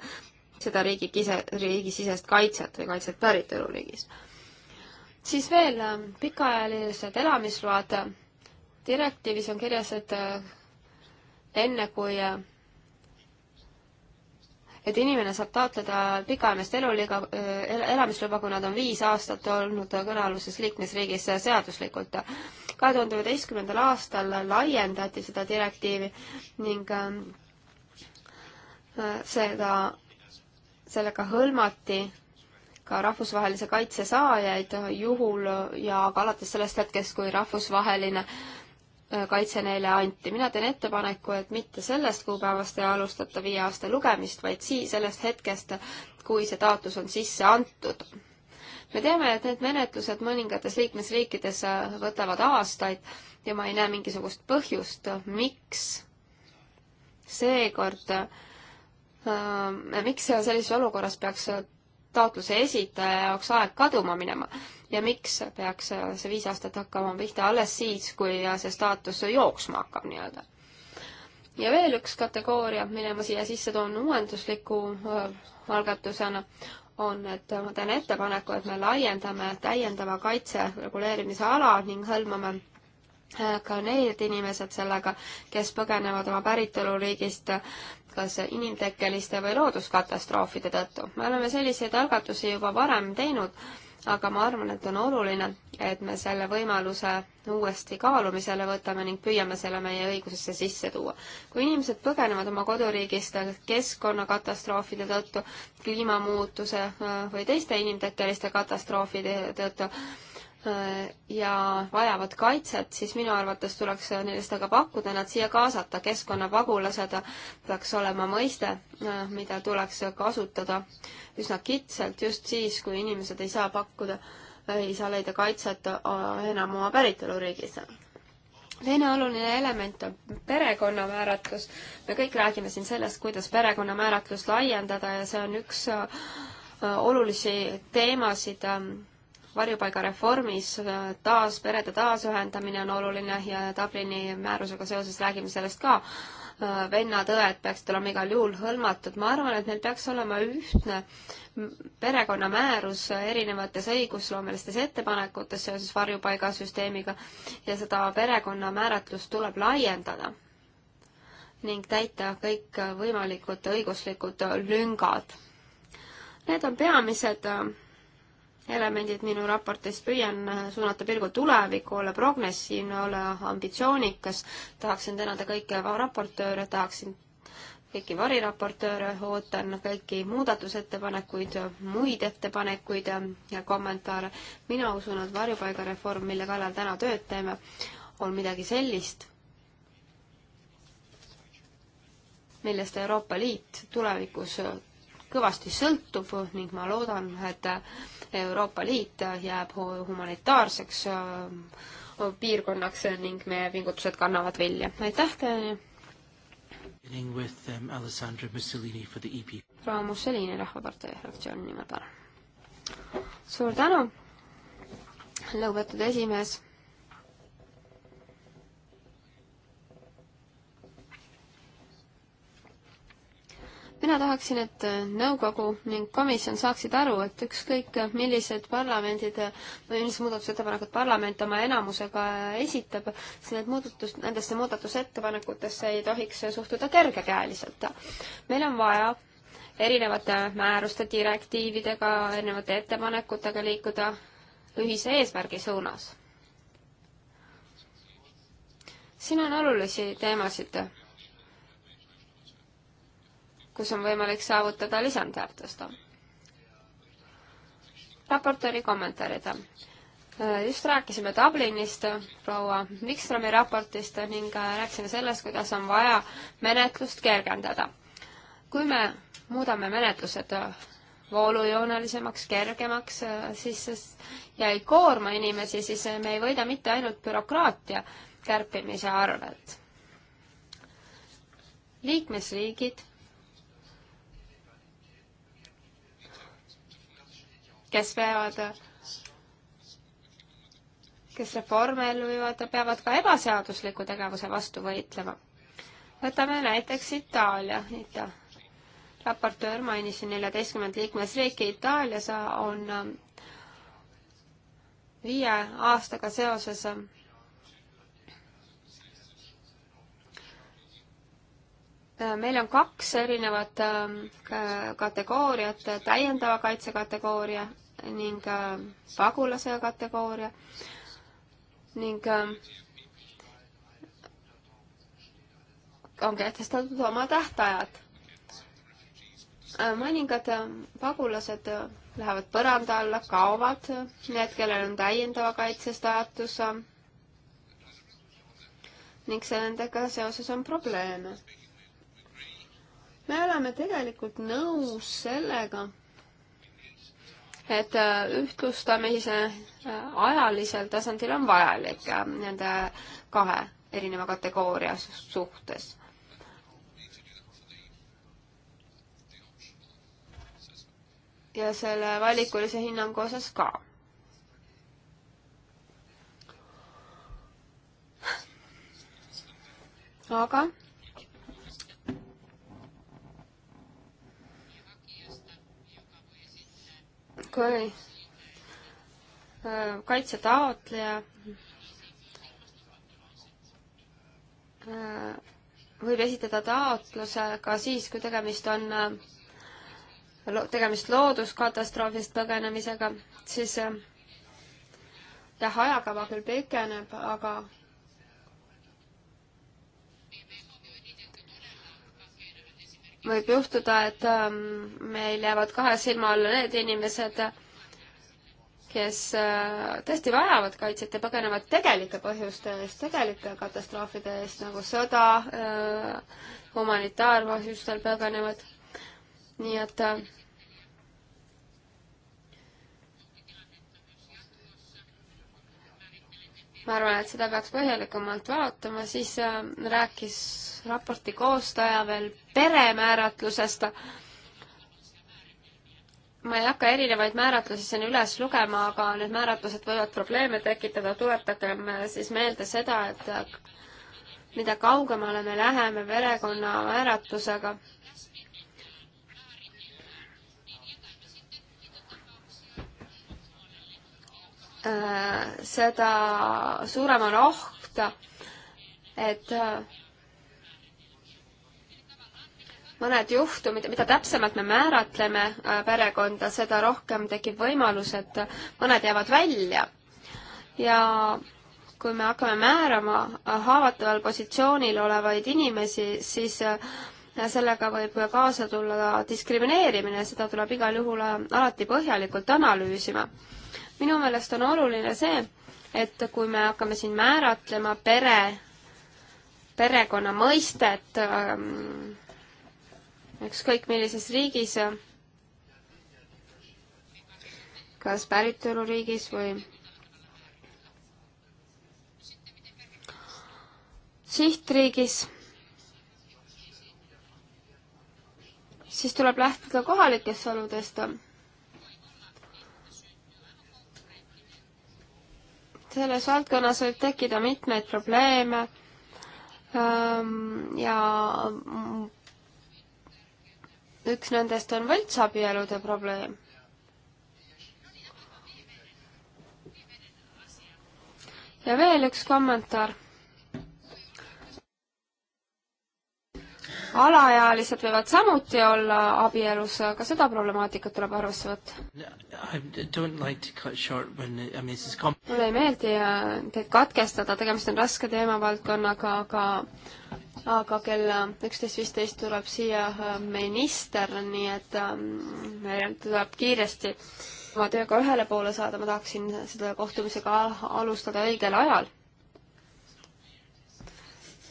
seda riigi kise, riigisisest kaitset või kaitset päritoluriigis. siis veel äh, pikaajalised elamisload. direktiivis on kirjas, et enne kui et inimene saab taotleda pikaajalist eluliga, elamisluba, kui nad on viis aastat olnud kõnealuses liikmesriigis seaduslikult. kahe tuhande üheteistkümnendal aastal laiendati seda direktiivi ning seda, sellega hõlmati ka rahvusvahelise kaitse saajaid juhul ja ka alates sellest hetkest, kui rahvusvaheline äh, kaitse neile anti. mina teen ettepaneku, et mitte sellest kuupäevast ei alustata viie aasta lugemist, vaid sii-, sellest hetkest, kui see taotlus on sisse antud. me teame, et need menetlused mõningates liikmesriikides äh, võtavad aastaid ja ma ei näe mingisugust põhjust, miks seekord äh, Äh, miks sellises olukorras peaks taotluse esitaja jaoks aeg kaduma minema ja miks peaks see viis aastat hakkama pihta alles siis, kui see staatus jooksma hakkab nii-öelda. ja veel üks kategooria, mille ma siia sisse toon uuendusliku äh, algatusena, on, et ma teen ettepaneku, et me laiendame täiendava kaitse reguleerimise ala ning hõlmame äh, ka need inimesed sellega, kes põgenevad oma päritoluriigist kas inimtekkeliste või looduskatastroofide tõttu. me oleme selliseid algatusi juba varem teinud, aga ma arvan, et on oluline, et me selle võimaluse uuesti kaalumisele võtame ning püüame selle meie õigusesse sisse tuua. kui inimesed põgenevad oma koduriigist keskkonnakatastroofide tõttu, kliimamuutuse äh, või teiste inimtekkeliste katastroofide tõttu, Äh, ja vajavad kaitset, siis minu arvates tuleks neile seda ka pakkuda, nad siia kaasata. keskkonnapagulased peaks olema mõiste, äh, mida tuleks kasutada üsna kitsalt just siis, kui inimesed ei saa pakkuda, ei saa leida kaitset äh, enam oma päritoluriigis teine oluline element on perekonna määratlus. me kõik räägime siin sellest, kuidas perekonna määratlust laiendada ja see on üks olulisi teemasid ähm, varjupaigareformis taas, perede taasühendamine on oluline ja Dublini määrusega seoses räägime sellest ka. vennad-õed peaksid olema igal juhul hõlmatud, ma arvan, et neil peaks olema ühtne perekonnamäärus erinevates õigusloomelistes ettepanekutes seoses varjupaigasüsteemiga ja seda perekonna määratlust tuleb laiendada ning täita kõik võimalikud õiguslikud lüngad. Need on peamised elemendid minu raportis, püüan äh, suunata pilgu tulevikule, progressiivne olla, ambitsioonikas, tahaksin tänada kõiki raportööre, tahaksin kõiki variraportööre, ootan kõiki muudatusettepanekuid, muid ettepanekuid ja kommentaare. mina usun, et varjupaigareform, mille kallal täna tööd teeme, on midagi sellist, millest Euroopa Liit tulevikus kõvasti sõltub ning ma loodan, et Euroopa Liit jääb humanitaarseks äh, piirkonnaks ning meie pingutused kannavad vilja. aitäh teile! Um, e proua Mussolini Rahvapartei fraktsiooni nimel, palun! suur tänu, lugupeetud esimees mina tahaksin, et äh, nõukogu ning komisjon saaksid aru, et ükskõik äh, millised parlamendid äh, või millised muudatusettepanekud parlament oma enamusega esitab, siis need muudatus, nendesse muudatusettepanekutesse ei tohiks suhtuda kergekäeliselt. meil on vaja erinevate määruste, direktiividega, erinevate ettepanekutega liikuda ühise eesmärgi suunas. siin on olulisi teemasid kus on võimalik saavutada lisandväärtust. raportööri kommentaarid. just rääkisime Dublinist, proua Wikströmi raportist ning rääkisime sellest, kuidas on vaja menetlust kergendada. kui me muudame menetlused voolujoonelisemaks, kergemaks, siis ja ei koorma inimesi, siis me ei võida mitte ainult bürokraatia kärpimise arvelt. liikmesriigid kes peavad, kes reforme ellu viivad, peavad ka ebaseadusliku tegevuse vastu võitlema. võtame näiteks Itaalia, Ita-. raportöör mainis neljateistkümnendat liikmesriiki, Itaalias on ähm, viie aastaga seoses ähm, meil on kaks erinevat ähm, kategooriat, täiendava kaitse kategooria ning äh, pagulase kategooria ning äh, on kehtestatud oma tähtajad. Äh, mõningad pagulased lähevad põranda alla, kaovad, need, kellel on täiendava kaitse staatus ning see nendega seoses on probleeme. me oleme tegelikult nõus sellega, et äh, ühtlustamise äh, ajalisel tasandil on vajalik äh, nende kahe erineva kategooria suhtes. ja selle valikulise hinnangu osas ka. aga kui äh, kaitsetaotleja äh, võib esitada taotluse ka siis, kui tegemist on, äh, tegemist looduskatastroofist põgenemisega, siis jah, ajakava küll pikeneb, aga võib juhtuda, et ähm, meil jäävad kahe silma alla need inimesed, kes äh, tõesti vajavad kaitset ja põgenevad tegelike põhjuste eest, tegelike katastroofide eest, nagu sõda, äh, humanitaarpõhjustel põgenevad. nii et äh, ma arvan, et seda peaks põhjalikumalt vaatama, siis äh, rääkis raporti koostaja veel peremääratlusest. ma ei hakka erinevaid määratlusi siin üles lugema, aga need määratlused võivad probleeme tekitada, tuletagem äh, siis meelde seda, et äh, mida kaugemale me läheme perekonna määratlusega, Äh, seda suurem on oht, et äh, mõned juhtumid, mida täpsemalt me määratleme äh, perekonda, seda rohkem tekib võimalus, et mõned jäävad välja. ja kui me hakkame määrama haavataval positsioonil olevaid inimesi, siis sellega võib kaasa tulla diskrimineerimine, seda tuleb igal juhul alati põhjalikult analüüsima minu meelest on oluline see, et kui me hakkame siin määratlema pere, perekonna mõistet ähm, ükskõik millises riigis, kas päritoluriigis või sihtriigis, siis tuleb lähtuda kohalikest oludest selles valdkonnas võib tekkida mitmeid probleeme ähm, ja üks nendest on võltsabielude probleem. ja veel üks kommentaar alaealised võivad samuti olla abielus, ka seda problemaatikat tuleb arvesse võtta. mulle ei meeldi äh, teid katkestada, tegemist on raske teemavaldkonnaga, aga aga kell äh, üksteist viisteist tuleb siia äh, minister, nii et meil tuleb kiiresti oma tööga ühele poole saada, ma tahaksin seda kohtumisega alustada õigel ajal.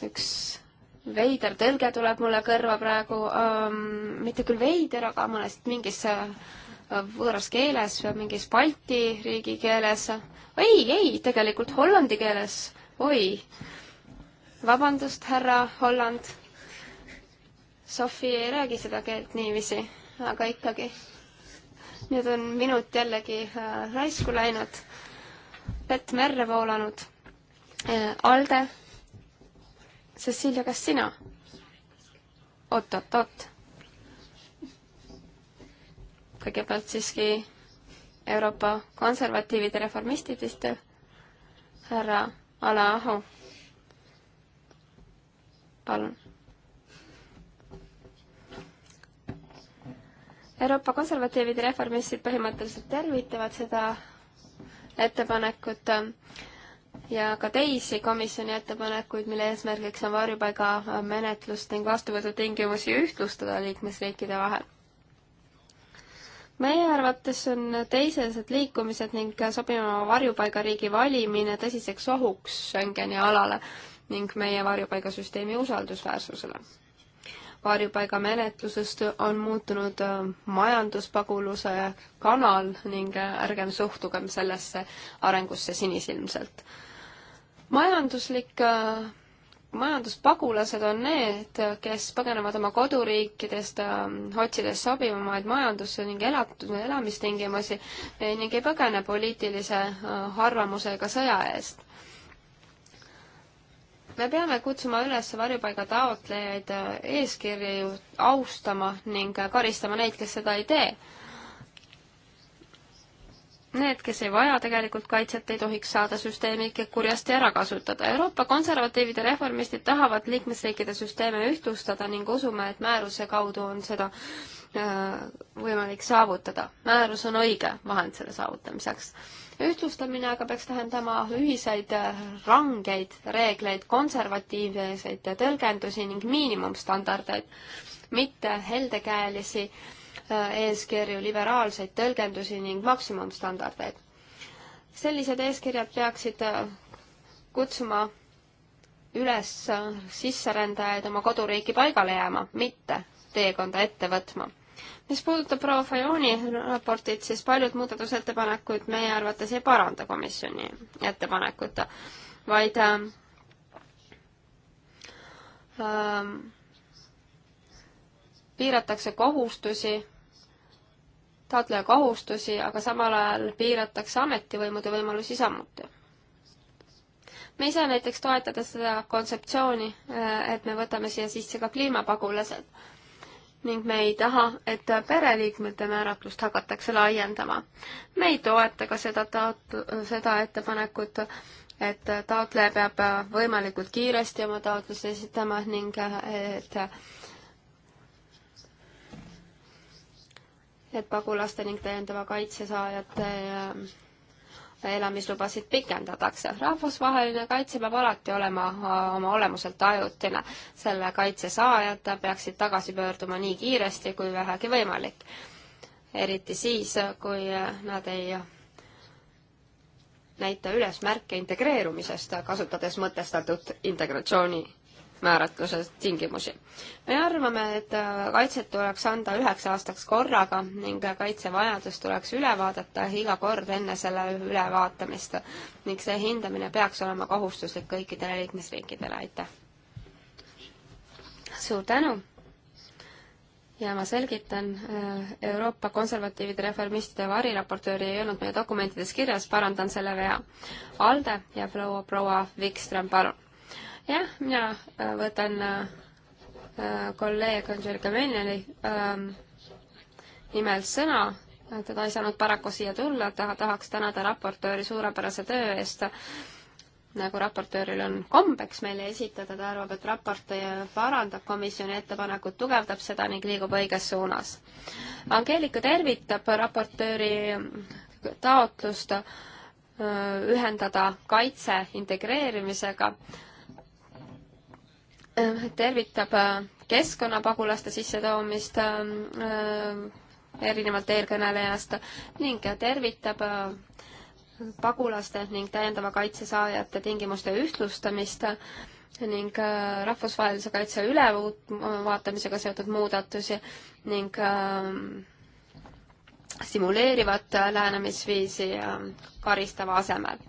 üks veider tõlge tuleb mulle kõrva praegu ähm,, mitte küll veider, aga mõnest mingis äh, võõras keeles, mingis Balti riigi keeles. ei, ei, tegelikult hollandi keeles, oi. vabandust, härra Holland. Sofi ei räägi seda keelt niiviisi, aga ikkagi. nüüd on minut jällegi äh, raisku läinud, vett merre voolanud äh,. Alde Cecilia, kas sina oot,? oot-oot-oot. kõigepealt siiski Euroopa konservatiivide reformistidest härra Ala Aho. palun. Euroopa konservatiivid ja reformistid põhimõtteliselt tervitavad seda ettepanekut ja ka teisi komisjoni ettepanekuid, mille eesmärgiks on varjupaiga menetlust ning vastuvõtutingimusi ühtlustada liikmesriikide vahel. meie arvates on teisesed liikumised ning sobivama varjupaigariigi valimine tõsiseks ohuks Schengeni alale ning meie varjupaigasüsteemi usaldusväärsusele. varjupaigamenetlusest on muutunud äh, majanduspaguluse kanal ning äh, ärgem suhtugem sellesse arengusse sinisilmselt majanduslik äh, majanduspagulased on need, kes põgenevad oma koduriikidest, äh, otsides sobivamaid majandusse ning elatud, elamistingimusi eh, ning ei põgene poliitilise äh, arvamuse ega sõja eest. me peame kutsuma üles varjupaiga taotlejaid eeskirju austama ning karistama neid, kes seda ei tee need, kes ei vaja tegelikult kaitset, ei tohiks saada süsteemi kurjasti ära kasutada. Euroopa konservatiivid ja reformistid tahavad liikmesriikide süsteeme ühtlustada ning usume, et määruse kaudu on seda äh, võimalik saavutada. määrus on õige vahend selle saavutamiseks. ühtlustamine aga peaks tähendama ühiseid äh, rangeid reegleid, konservatiivseid tõlgendusi ning miinimumstandardeid, mitte heldekäelisi äh, Äh, eeskirju, liberaalseid tõlgendusi ning maksimumstandardeid. sellised eeskirjad peaksid äh, kutsuma üles äh, sisserändajaid oma koduriiki paigale jääma, mitte teekonda ette võtma mis puudutab proua Fajoni raportit, siis paljud muudatusettepanekud meie arvates ei paranda komisjoni ettepanekut, vaid ähm, ähm, piiratakse kohustusi taotleja kohustusi, aga samal ajal piiratakse ametivõimude võimalusi samuti. me ise näiteks toetada seda kontseptsiooni, et me võtame siia sisse ka kliimapagulased ning me ei taha, et pereliikmete määratlust hakatakse laiendama. me ei toeta ka seda taot-, seda ettepanekut, et taotleja peab võimalikult kiiresti oma taotluse esitama ning et et pagulaste ning täiendava kaitse saajate ähm, elamislubasid pikendatakse. rahvusvaheline kaitse peab alati olema äh, oma olemuselt ajutine. selle kaitse saajad peaksid tagasi pöörduma nii kiiresti kui vähegi võimalik. eriti siis, kui äh, nad ei äh, näita üles märke integreerumisest, kasutades mõtestatud integratsiooni määratluse tingimusi. me arvame, et äh, kaitset tuleks anda üheks aastaks korraga ning kaitsevajadus tuleks üle vaadata iga kord enne selle ülevaatamist ning see hindamine peaks olema kohustuslik kõikidele liikmesriikidele, aitäh! suur tänu! ja ma selgitan, äh, Euroopa konservatiivide reformistide variraportööri ei olnud meie dokumentides kirjas, parandan selle vea. Alde ja proua, proua Wikström, palun! jah, mina äh, võtan äh, äh, kolleeg Angelika Menjani ähm, nimel sõna, teda ei saanud paraku siia tulla, ta tahaks tänada raportööri suurepärase töö eest, nagu raportööril on kombeks meile esitada, ta arvab, et raport parandab komisjoni ettepanekut, tugevdab seda ning liigub õiges suunas. Angeelika tervitab raportööri taotlust ühendada kaitse integreerimisega Ähm, tervitab äh, keskkonnapagulaste sissetoomist ähm, äh, erinevalt eelkõnelejast ning tervitab äh, pagulaste ning täiendava kaitse saajate tingimuste ühtlustamist ning rahvusvahelise kaitse ülevaatamisega seotud muudatusi ning ähm, stimuleerivat lähenemisviisi karistava asemel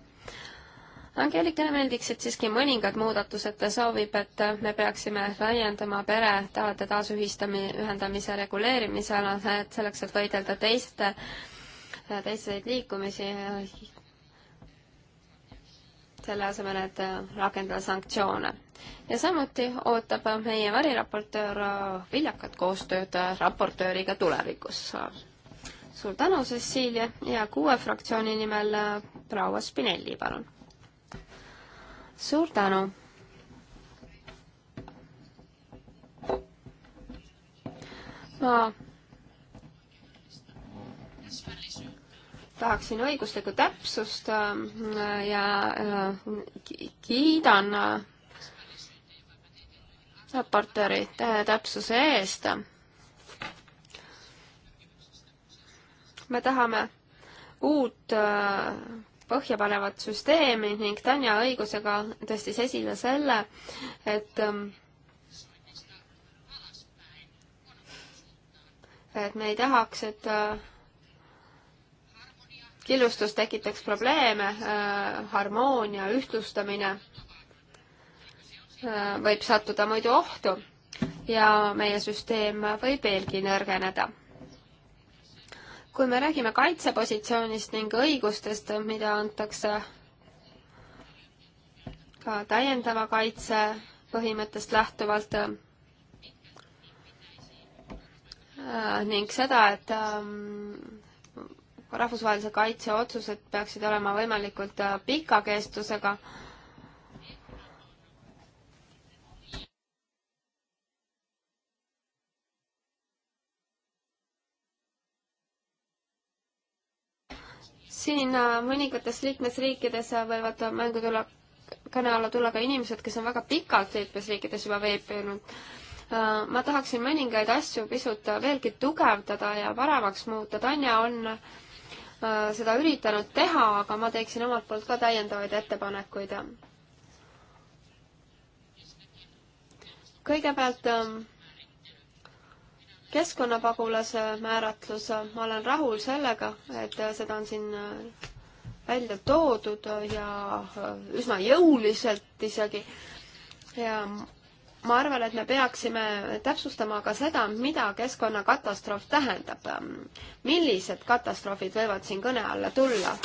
Angeelika meeldiks, et siiski mõningad muudatused ta soovib, et me peaksime laiendama pere tahete taasühistami-, ühendamise reguleerimisala, et selleks, et võidelda teiste, teiseid liikumisi, selle asemel, et rakendada sanktsioone. ja samuti ootab meie variraportöör viljakat koostööd raportööriga tulevikus. suur tänu, Cecilia, ja kuue fraktsiooni nimel proua Spinelli, palun suur tänu! ma tahaksin õiguslikku täpsust ähm, ja äh, kiidan äh, raportööri äh, täpsuse eest. me tahame uut põhjapanevat süsteemi ning Tanja õigusega tõstis esile selle, et ähm, et me ei tahaks, et äh, killustus tekitaks probleeme, äh, harmoonia, ühtlustamine äh, võib sattuda muidu ohtu ja meie süsteem võib veelgi nõrgeneda kui me räägime kaitsepositsioonist ning õigustest, mida antakse ka täiendava kaitse põhimõttest lähtuvalt äh, ning seda, et ähm, rahvusvahelise kaitse otsused peaksid olema võimalikult äh, pika kestusega siin äh, mõningates liikmesriikides äh, võivad mängu tulla, kõne alla tulla ka inimesed, kes on väga pikalt liikmesriikides juba veebinud. Äh, ma tahaksin mõningaid asju pisut veelgi tugevdada ja paremaks muuta. Tanja on seda üritanud teha, aga ma teeksin omalt poolt ka täiendavaid ettepanekuid. kõigepealt ähm, keskkonnapagulase määratlus, ma olen rahul sellega, et seda on siin välja toodud ja üsna jõuliselt isegi. ja ma arvan, et me peaksime täpsustama ka seda, mida keskkonnakatastroof tähendab. millised katastroofid võivad siin kõne alla tulla?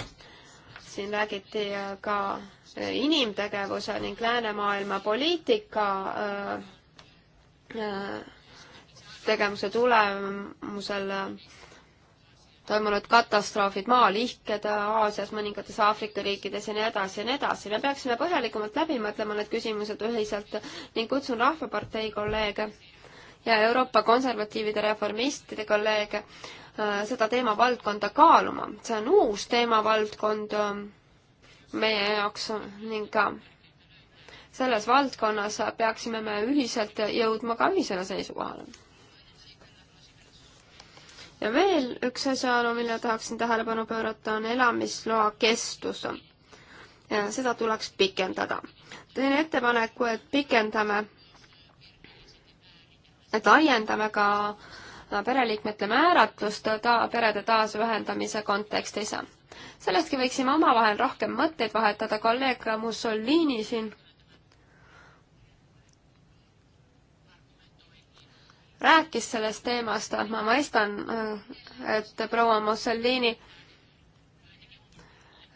siin räägiti ka inimtegevuse ning läänemaailma poliitika äh, äh, tegevuse tulemusel toimunud katastroofid, maalihked Aasias, mõningates Aafrika riikides ja nii edasi ja nii edasi. me peaksime põhjalikumalt läbi mõtlema need küsimused ühiselt ning kutsun Rahvapartei kolleege ja Euroopa konservatiivide reformistide kolleege äh, seda teemavaldkonda kaaluma. see on uus teemavaldkond äh, meie jaoks ning ka selles valdkonnas peaksime me ühiselt jõudma ka ühisele seisukohale ja veel üks asjaolu, mille tahaksin tähelepanu pöörata, on elamisloa kestus. seda tuleks pikendada. teen ettepaneku, et pikendame, et laiendame ka pereliikmete määratlust ta-, perede taasühendamise kontekstis. sellestki võiksime omavahel rohkem mõtteid vahetada, kolleeg Mussolini siin rääkis sellest teemast, ma mõistan, et proua Mussolini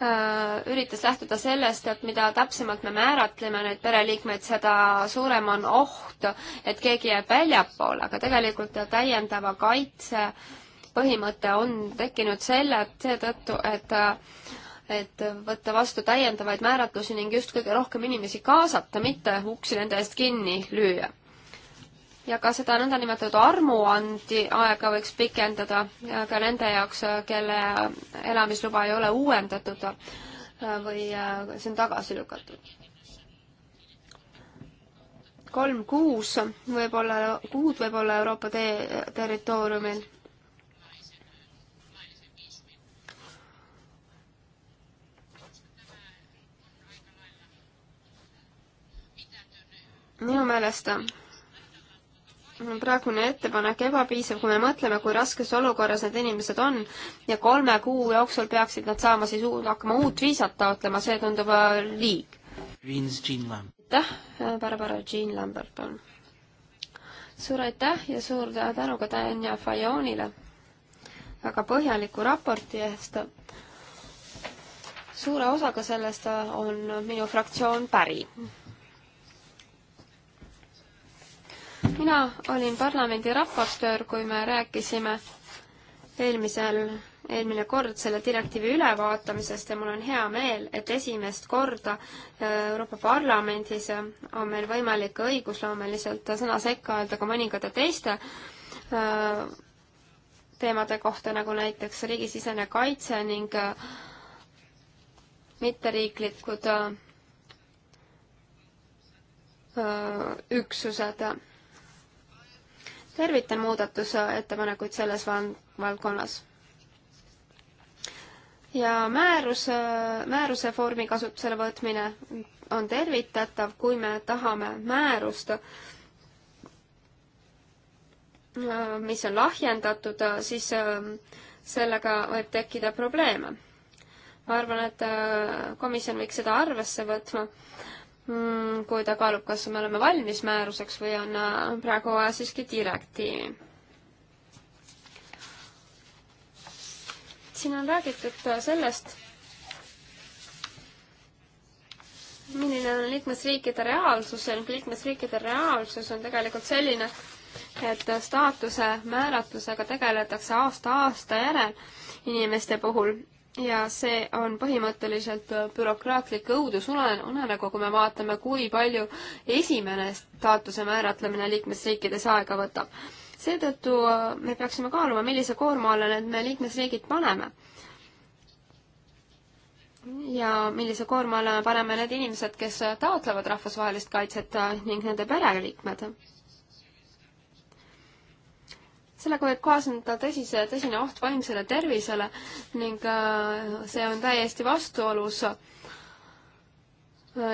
äh, üritas lähtuda sellest, et mida täpsemalt me määratleme neid pereliikmeid, seda suurem on oht, et keegi jääb väljapoole, aga tegelikult täiendava kaitse põhimõte on tekkinud selle, et seetõttu, et et võtta vastu täiendavaid määratlusi ning just kõige rohkem inimesi kaasata, mitte uksi nende eest kinni lüüa ja ka seda nõndanimetatud armuandi aega võiks pikendada ka nende jaoks, kelle elamisluba ei ole uuendatud või äh, see on tagasi lükatud. kolm kuus võib olla, kuud võib olla Euroopa tee, territooriumil minu meelest praegune ettepanek ebapiisav, kui me mõtleme, kui raskes olukorras need inimesed on ja kolme kuu jooksul peaksid nad saama siis uud, hakkama uut viisat taotlema, see tundub äh, liig. aitäh, äh, Barbara Jean Lambert, palun. suur aitäh ja suur tänu ka Tanja Fajonile väga põhjaliku raporti eest. suure osaga sellest äh, on minu fraktsioon päri mina olin parlamendi raportöör, kui me rääkisime eelmisel, eelmine kord selle direktiivi ülevaatamisest ja mul on hea meel, et esimest korda äh, Euroopa Parlamendis äh, on meil võimalik õigusloomeliselt sõna sekka öelda ka mõningate teiste äh, teemade kohta, nagu näiteks riigisisene kaitse ning mitteriiklikud üksused tervitan muudatusettepanekuid selles val-, valdkonnas. ja määrus, määruse vormi kasutusele võtmine on tervitatav, kui me tahame määrust, mis on lahjendatud, siis äh, sellega võib tekkida probleeme. ma arvan, et äh, komisjon võiks seda arvesse võtma Mm, kui ta kaalub, kas me oleme valmis määruseks või on äh, praegu vaja siiski direktiivi. siin on räägitud äh, sellest, milline on liikmesriikide reaalsus ja liikmesriikide reaalsus on tegelikult selline, et staatuse määratlusega tegeletakse aasta aasta järel inimeste puhul ja see on põhimõtteliselt äh, bürokraatlik õudusunenägu, kui me vaatame, kui palju esimene staatuse määratlemine liikmesriikides aega võtab. seetõttu äh, me peaksime kaaluma, millise koorma alla need me liikmesriigid paneme. ja millise koorma alla me paneme need inimesed, kes taotlevad rahvusvahelist kaitset äh, ning nende pereliikmed sellega võib kaasneda tõsise, tõsine oht vaimsele tervisele ning äh, see on täiesti vastuolus äh,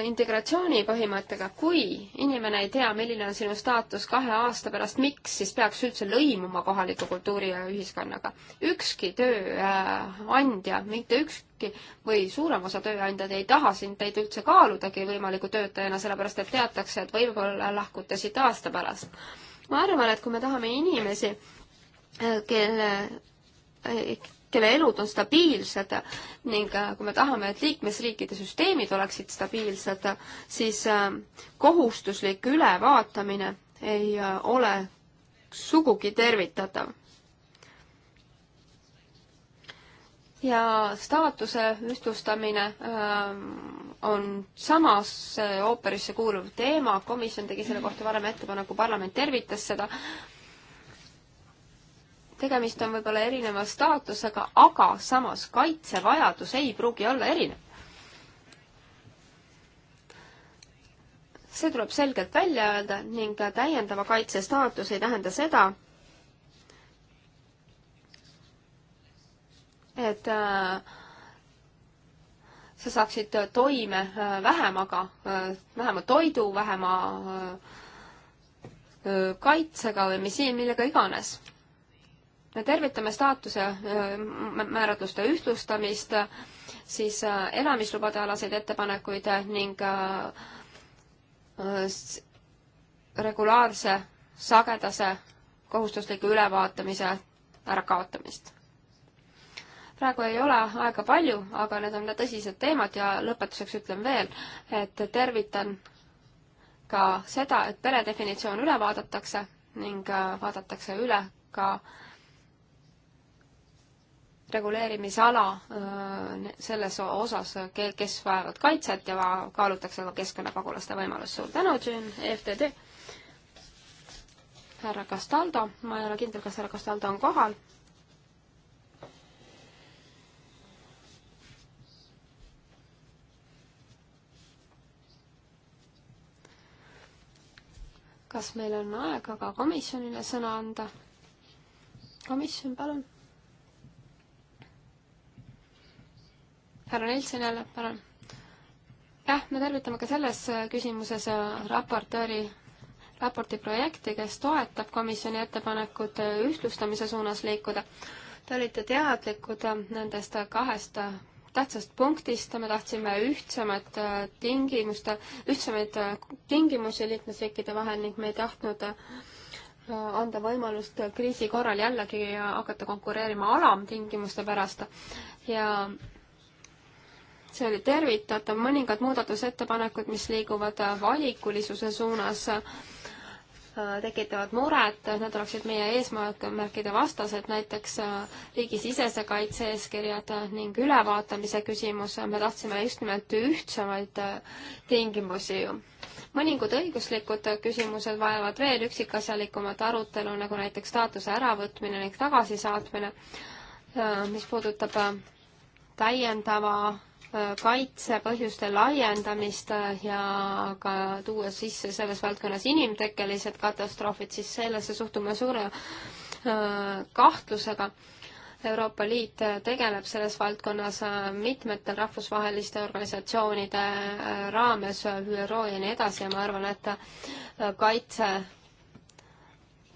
integratsiooni põhimõttega, kui inimene ei tea, milline on sinu staatus kahe aasta pärast, miks siis peaks üldse lõimuma kohaliku kultuuri ja ühiskonnaga. ükski tööandja, mitte ükski või suurem osa tööandjaid ei taha sind, teid üldse kaaludagi võimaliku töötajana, sellepärast et teatakse, et võib-olla lahkute siit aasta pärast. ma arvan, et kui me tahame inimesi Äh, kelle, äh, kelle elud on stabiilsed ning äh, kui me tahame, et liikmesriikide süsteemid oleksid stabiilsed, siis kohustuslik ülevaatamine ei ole sugugi tervitatav. ja staatuse ühtlustamine on samasse ooperisse kuuluv teema, komisjon tegi selle kohta varem ettepaneku, parlament tervitas seda tegemist on võib-olla erineva staatusega, aga samas kaitsevajadus ei pruugi olla erinev. see tuleb selgelt välja öelda ning täiendava kaitse staatus ei tähenda seda, et äh, sa saaksid toime äh, vähemaga, äh, vähema toidu, vähema äh, kaitsega või mis, millega iganes me tervitame staatuse äh, määratluste ühtlustamist, siis äh, elamislubade alaseid ettepanekuid ning äh, regulaarse sagedase kohustusliku ülevaatamise ärakaotamist. praegu ei ole aega palju, aga need on ka tõsised teemad ja lõpetuseks ütlen veel, et tervitan ka seda, et pere definitsioon üle vaadatakse ning vaadatakse üle ka äh, reguleerimisala äh, selles osas, kes vajavad kaitset ja kaalutakse ka keskkonnapagulaste võimalust. suur tänu, Jim, EFTD. härra Castaldo, ma ei ole kindel, kas härra Castaldo on kohal. kas meil on aega ka komisjonile sõna anda? komisjon, palun härra Nilsson jälle, palun. jah, me tervitame ka selles küsimuses äh, raportööri raporti projekti, kes toetab komisjoni ettepanekut äh, ühtlustamise suunas liikuda. Te olite teadlikud äh, nendest kahest tähtsast punktist, me tahtsime ühtsemat tingimuste, ühtsemaid tingimusi liikmesriikide vahel ning me ei tahtnud anda võimalust kriisi korral jällegi hakata konkureerima alamtingimuste pärast ja see oli tervitatav, mõningad muudatusettepanekud, mis liiguvad äh, valikulisuse suunas, äh, tekitavad muret, need oleksid meie eesmärkide vastased, näiteks äh, riigisisese kaitse eeskirjad ning ülevaatamise küsimus, me tahtsime just nimelt ühtsemaid tingimusi ju. mõningad õiguslikud küsimused vajavad veel üksikasjalikumat arutelu, nagu näiteks staatuse äravõtmine ning tagasisaatmine, mis puudutab täiendava kaitsepõhjuste laiendamist ja ka tuua sisse selles valdkonnas inimtekkelised katastroofid, siis sellesse suhtume suure äh, kahtlusega. Euroopa Liit tegeleb selles valdkonnas äh, mitmetel rahvusvaheliste organisatsioonide äh, raames, ÜRO ja nii edasi ja ma arvan, et kaitse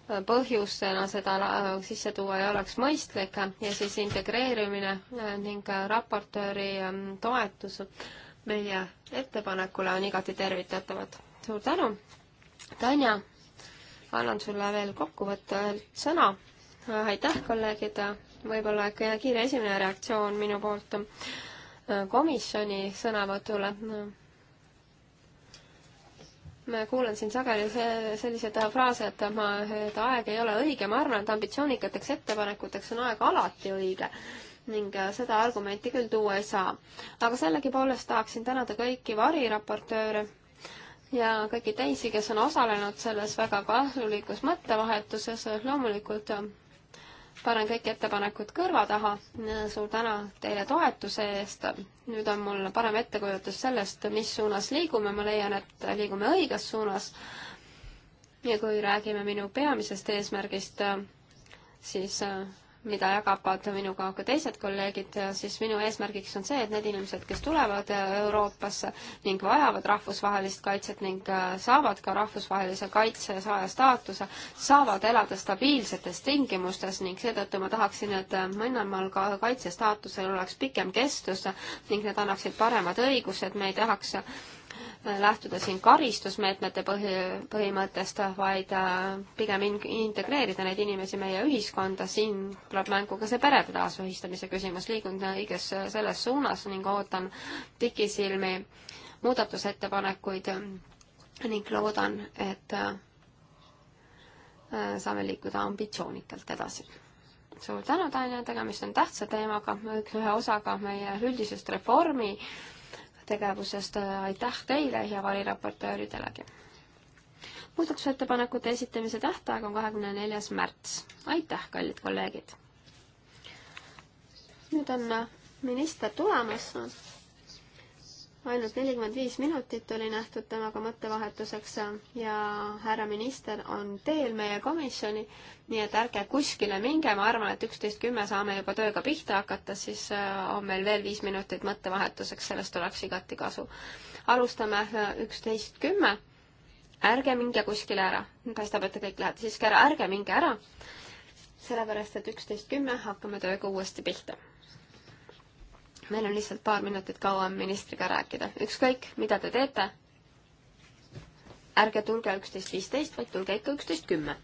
põhjusena seda äh, sisse tuua ei oleks mõistlik ja siis integreerimine äh, ning äh, raportööri ähm, toetus meie ettepanekule on igati tervitatavad. suur tänu, Tanja, annan sulle veel kokkuvõttelt sõna. aitäh, kolleegid, võib-olla kiire esimene reaktsioon minu poolt komisjoni sõnavõtule ma kuulen siin sageli selliseid äh, fraase, et ma, et aeg ei ole õige, ma arvan, et ambitsioonikateks ettepanekuteks on aeg alati õige ning äh, seda argumenti küll tuua ei saa. aga sellegipoolest tahaksin tänada kõiki variraportööre ja kõiki teisi, kes on osalenud selles väga kahjulikus mõttevahetuses, loomulikult äh, panen kõik ettepanekud kõrva taha. suur tänu teile toetuse eest. nüüd on mul parem ettekujutus sellest, mis suunas liigume. ma leian, et liigume õiges suunas. ja kui räägime minu peamisest eesmärgist, siis mida jagavad minuga ka teised kolleegid, siis minu eesmärgiks on see, et need inimesed, kes tulevad Euroopasse ning vajavad rahvusvahelist kaitset ning äh, saavad ka rahvusvahelise kaitse saaja staatuse, saavad elada stabiilsetes tingimustes ning seetõttu ma tahaksin, et äh, mõlemal ka kaitsestaatusel oleks pikem kestus ning need annaksid paremad õigused, me ei tahaks lähtuda siin karistusmeetmete põhi, põhimõttest, vaid äh, pigem in-, integreerida neid inimesi meie ühiskonda, siin tuleb mängu ka see perede taasühistamise küsimus, liigun õiges äh, selles suunas ning ootan pikisilmi muudatusettepanekuid äh, ning loodan, et saame liikuda ambitsioonikalt edasi. suur tänu, Tanja, tegemist on tähtsa teemaga, üks, ühe osaga meie üldisest reformi tegevusest aitäh teile ja variraportööridelegi. muudatusettepanekute esitamise tähtaeg on kahekümne neljas märts. aitäh, kallid kolleegid! nüüd on minister tulemas ainult nelikümmend viis minutit oli nähtud temaga mõttevahetuseks ja härra minister on teel meie komisjoni, nii et ärge kuskile minge, ma arvan, et üksteist kümme saame juba tööga pihta hakata, siis äh, on meil veel viis minutit mõttevahetuseks, sellest oleks igati kasu. alustame äh, üksteist kümme, ärge minge kuskile ära, paistab, et te kõik lähete siiski ära, ärge minge ära, sellepärast et üksteist kümme hakkame tööga uuesti pihta meil on lihtsalt paar minutit kauem ministriga rääkida. ükskõik, mida te teete, ärge tulge üksteist viisteist, vaid tulge ikka üksteist kümme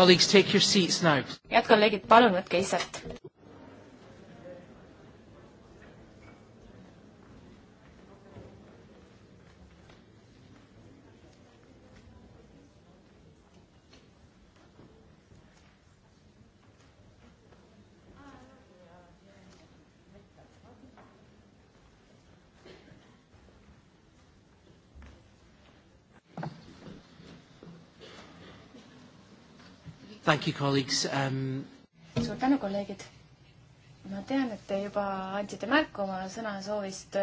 head kolleegid, palun võtke istet. Thank you, colleagues um.... suur tänu, kolleegid. ma tean, et te juba andsite märku oma sõnasoovist,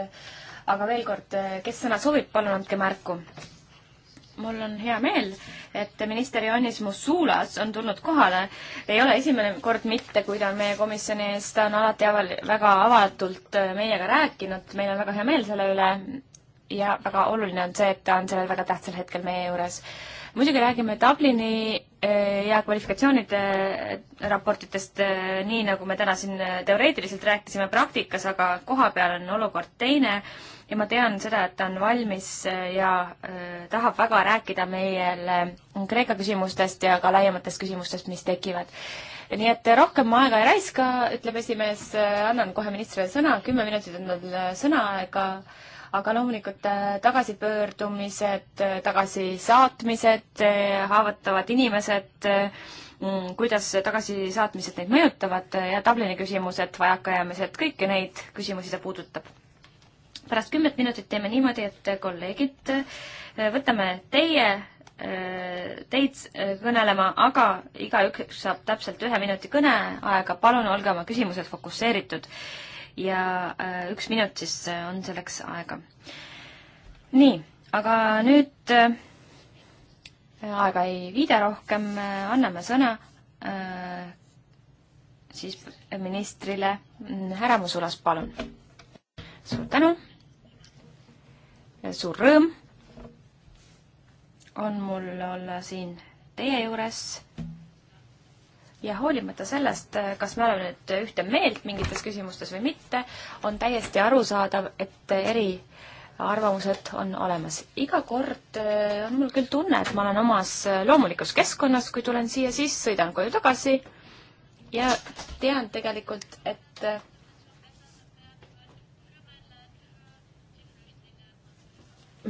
aga veel kord, kes sõna soovib, palun andke märku mul on hea meel, et minister Ioannis Musulas on tulnud kohale. ei ole esimene kord mitte, kui ta on meie komisjoni ees, ta on alati aval-, väga avatult äh, meiega rääkinud, meil on väga hea meel selle üle ja väga oluline on see, et ta on sellel väga tähtsal hetkel meie juures. muidugi räägime Dublini ja kvalifikatsioonide äh, raportitest, äh, nii nagu me täna siin äh, teoreetiliselt rääkisime praktikas, aga kohapeal on olukord teine ja ma tean seda, et ta on valmis ja tahab väga rääkida meile Kreeka küsimustest ja ka laiematest küsimustest, mis tekivad. nii et rohkem aega ei raiska, ütleb esimees, annan kohe ministrile sõna, kümme minutit on tal sõnaaega aga loomulikult äh, tagasipöördumised, äh, tagasisaatmised, äh, haavatavad inimesed, mm, kuidas tagasisaatmised neid mõjutavad ja Dublini küsimused, vajakajäämised, kõiki neid küsimusi see puudutab pärast kümmet minutit teeme niimoodi, et kolleegid, võtame teie, teid kõnelema, aga igaüks saab täpselt ühe minuti kõneaega, palun olge oma küsimused fokusseeritud ja äh, üks minut siis äh, on selleks aega. nii, aga nüüd äh, aega ei viida rohkem, anname sõna siis ministrile. Mm, härra Musulas, palun. suur tänu. suur rõõm on mul olla siin teie juures ja hoolimata sellest, eh, kas me oleme nüüd ühte meelt mingites küsimustes või mitte, on täiesti arusaadav, et eri arvamused on olemas. iga kord eh, on mul küll tunne, et ma olen omas eh, loomulikus keskkonnas, kui tulen siia, siis sõidan koju tagasi ja tean tegelikult, et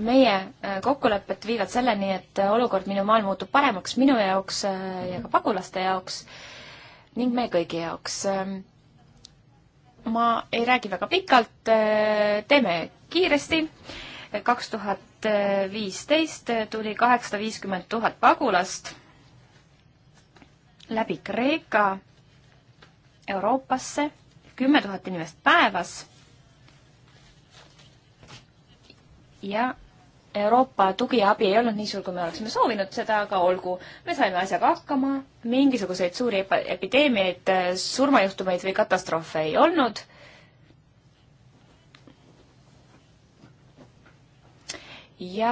meie äh, kokkulepped viivad selleni, et äh, olukord minu maal muutub paremaks minu jaoks äh, ja ka pagulaste jaoks ning meie kõigi jaoks. Ähm, ma ei räägi väga pikalt, teeme kiiresti. kaks tuhat viisteist tuli kaheksasada viiskümmend tuhat pagulast läbi Kreeka Euroopasse, kümme tuhat inimest päevas ja Euroopa tugi ja abi ei olnud nii suur, kui me oleksime soovinud seda, aga olgu, me saime asjaga hakkama, mingisuguseid suuri epideemiaid, surmajuhtumeid või katastroofe ei olnud. ja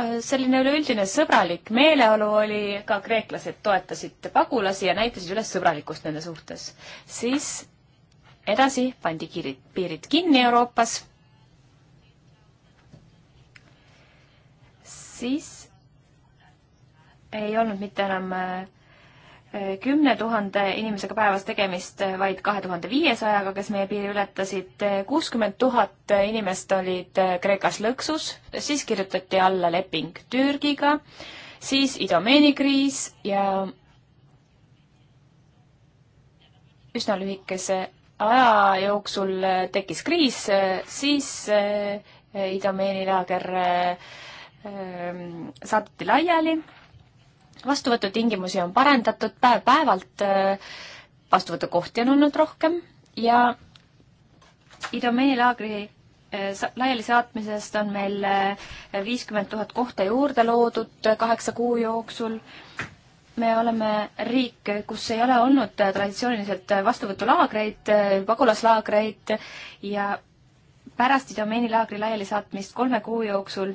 äh, selline üleüldine sõbralik meeleolu oli, ka kreeklased toetasid pagulasi ja näitasid üles sõbralikkust nende suhtes. siis edasi pandi kiirid, piirid kinni Euroopas siis ei olnud mitte enam äh, kümne tuhande inimesega päevas tegemist, äh, vaid kahe tuhande viiesajaga, kes meie piiri ületasid. Äh, kuuskümmend tuhat inimest olid Kreekas lõksus, siis kirjutati alla leping Türgiga, siis idomeeni kriis ja üsna lühikese aja jooksul tekkis kriis, siis idomeeni laager äh, Ehm, saadeti laiali, vastuvõtutingimusi on parendatud päev-päevalt, eh, vastuvõtukohti on olnud rohkem ja Idomeni laagri eh, laialisaatmisest on meil eh, viiskümmend tuhat kohta juurde loodud kaheksa kuu jooksul. me oleme riik, kus ei ole olnud traditsiooniliselt vastuvõtulaagreid, pagulaslaagreid ja pärast Idomeeni laagri laialisaatmist kolme kuu jooksul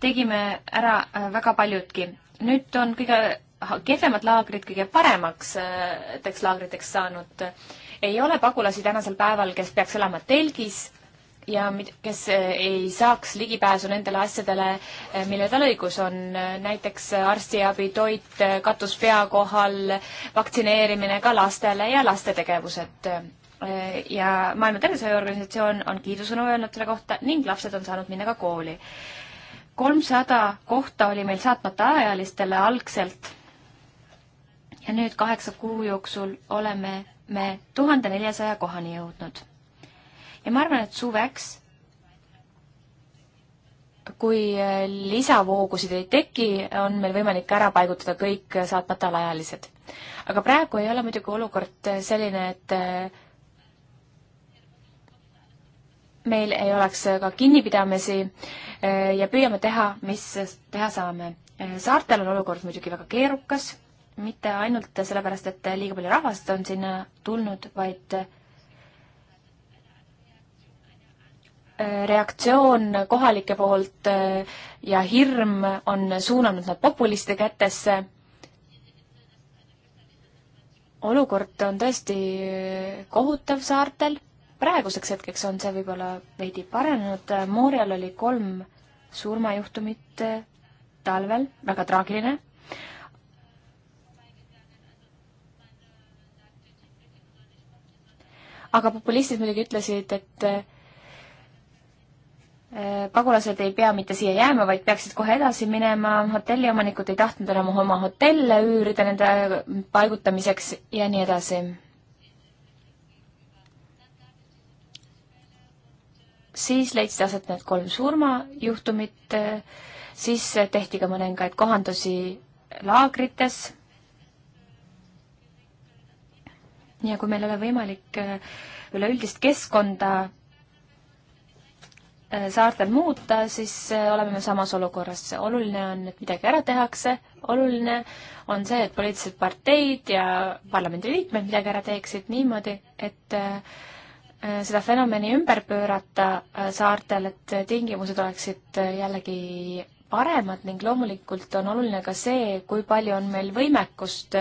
tegime ära äh, väga paljudki. nüüd on kõige kehvemad laagrid kõige paremateks äh, laagriteks saanud. ei ole pagulasi tänasel päeval, kes peaks elama telgis ja kes äh, ei saaks ligipääsu nendele asjadele, mille tal õigus on, näiteks arstiabi, toit, katus pea kohal, vaktsineerimine ka lastele ja lastetegevused. ja Maailma Terviseorganisatsioon on kiidusõnu öelnud selle kohta ning lapsed on saanud minna ka kooli kolmsada kohta oli meil saatmata alaealistele algselt. ja nüüd kaheksa kuu jooksul oleme me tuhande neljasaja kohani jõudnud. ja ma arvan, et suveks kui lisavoogusid ei teki, on meil võimalik ära paigutada kõik saatmata alaealised. aga praegu ei ole muidugi olukord selline, et äh, meil ei oleks ka kinnipidamisi Äh, ja püüame teha, mis teha saame. Äh, saartel on olukord muidugi väga keerukas, mitte ainult sellepärast, et liiga palju rahvast on sinna tulnud, vaid äh, reaktsioon kohalike poolt ja hirm on suunanud nad populiste kätesse. olukord on tõesti kohutav saartel praeguseks hetkeks on see võib-olla veidi paranenud, Moorial oli kolm surmajuhtumit eh, talvel, väga traagiline. aga populistid muidugi ütlesid, et eh, eh, pagulased ei pea mitte siia jääma, vaid peaksid kohe edasi minema, hotelliomanikud ei tahtnud enam oma hotelle üürida nende paigutamiseks ja nii edasi siis leidsid aset need kolm surmajuhtumit, siis tehti ka mõningaid kohandusi laagrites. ja kui meil ei ole võimalik äh, üleüldist keskkonda äh, saartel muuta, siis äh, oleme me samas olukorras. oluline on, et midagi ära tehakse, oluline on see, et poliitilised parteid ja parlamendiliikmed midagi ära teeksid niimoodi, et äh, Äh, seda fenomeni ümber pöörata äh, saartel, et tingimused oleksid äh, jällegi paremad ning loomulikult on oluline ka see, kui palju on meil võimekust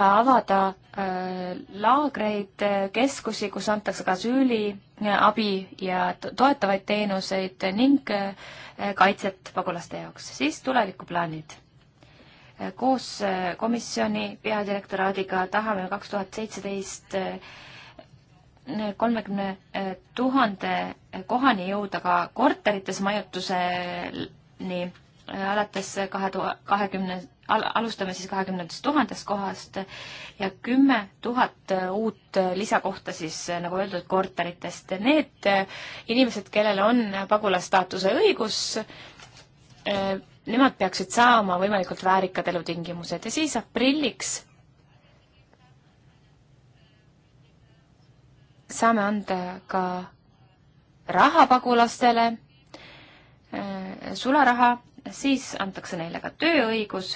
avada laagreid, keskusi, kus antakse ka süüliabi ja toetavaid teenuseid ning kaitset pagulaste jaoks, siis tulevikuplaanid koos komisjoni peadirektoraadiga tahame kaks tuhat seitseteist kolmekümne eh, tuhande kohani jõuda ka korterites majutuseni eh, alates kahe tuhande, kahekümne, alustame siis kahekümnendast tuhandest kohast ja kümme tuhat uut lisakohta siis, eh, nagu öeldud, korteritest. Need inimesed, kellel on pagulasstaatuse õigus, nemad peaksid saama võimalikult väärikad elutingimused ja siis aprilliks saame anda ka raha pagulastele, äh, sularaha, siis antakse neile ka tööõigus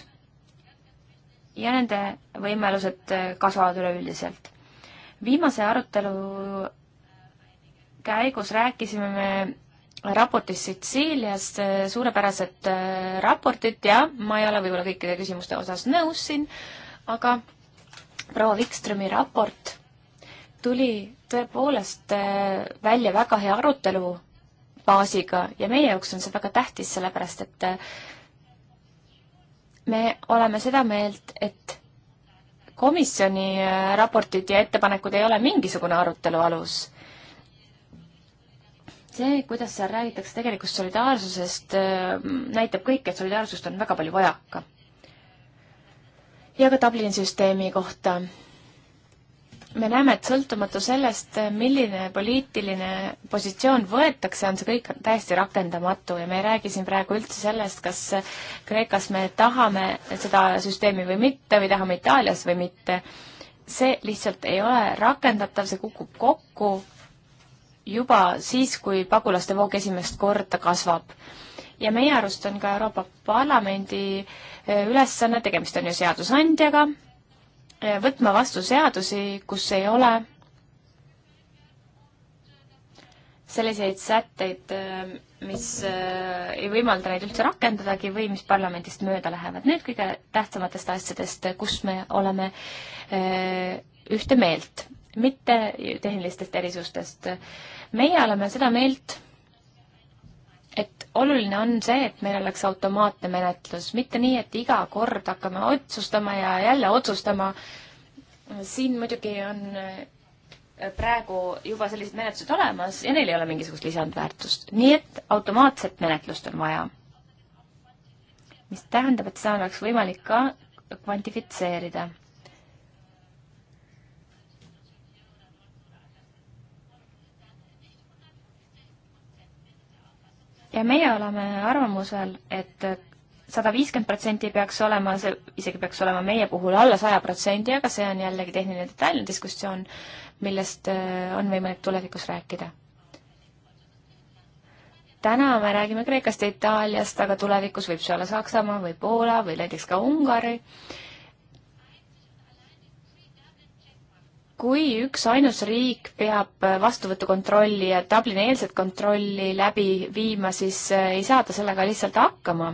ja nende võimalused äh, kasvavad üleüldiselt. viimase arutelu käigus rääkisime me raportist Sitsiiliast, äh, suurepäraset raportit ja ma ei ole võib-olla kõikide küsimuste osas nõus siin, aga proua Wikströmi raport tuli tõepoolest äh, välja väga hea arutelu baasiga ja meie jaoks on see väga tähtis, sellepärast et äh, me oleme seda meelt, et komisjoni äh, raportid ja ettepanekud ei ole mingisugune arutelu alus see, kuidas seal räägitakse tegelikult solidaarsusest, näitab kõik, et solidaarsust on väga palju vajaka. ja ka Dublini süsteemi kohta me näeme, et sõltumatu sellest, milline poliitiline positsioon võetakse, on see kõik täiesti rakendamatu ja me ei räägi siin praegu üldse sellest, kas Kreekas me tahame seda süsteemi või mitte või tahame Itaalias või mitte. see lihtsalt ei ole rakendatav, see kukub kokku juba siis, kui pagulaste voog esimest korda kasvab ja meie arust on ka Euroopa Parlamendi ülesanne, tegemist on ju seadusandjaga, Eh, võtma vastu seadusi, kus ei ole selliseid sätteid, eh, mis eh, ei võimalda neid üldse rakendadagi või mis parlamendist mööda lähevad. Need kõige tähtsamatest asjadest, kus me oleme ühte meelt, mitte tehnilistest erisustest. meie oleme seda meelt, et oluline on see, et meil oleks automaatne menetlus, mitte nii, et iga kord hakkame otsustama ja jälle otsustama. siin muidugi on äh, praegu juba sellised menetlused olemas ja neil ei ole mingisugust lisandväärtust, nii et automaatset menetlust on vaja. mis tähendab, et seda oleks võimalik ka kvantifitseerida ja meie oleme arvamusel et, et sada viiskümmend protsenti peaks olema, see isegi peaks olema meie puhul alla saja protsendi, aga see on jällegi tehniline detailne diskussioon, millest äh, on võimalik tulevikus rääkida. täna me räägime Kreekast ja Itaaliast, aga tulevikus võib see olla Saksamaa või Poola või näiteks ka Ungari kui üksainus riik peab vastuvõtukontrolli ja Dublini eelset kontrolli läbi viima, siis äh, ei saa ta sellega lihtsalt hakkama.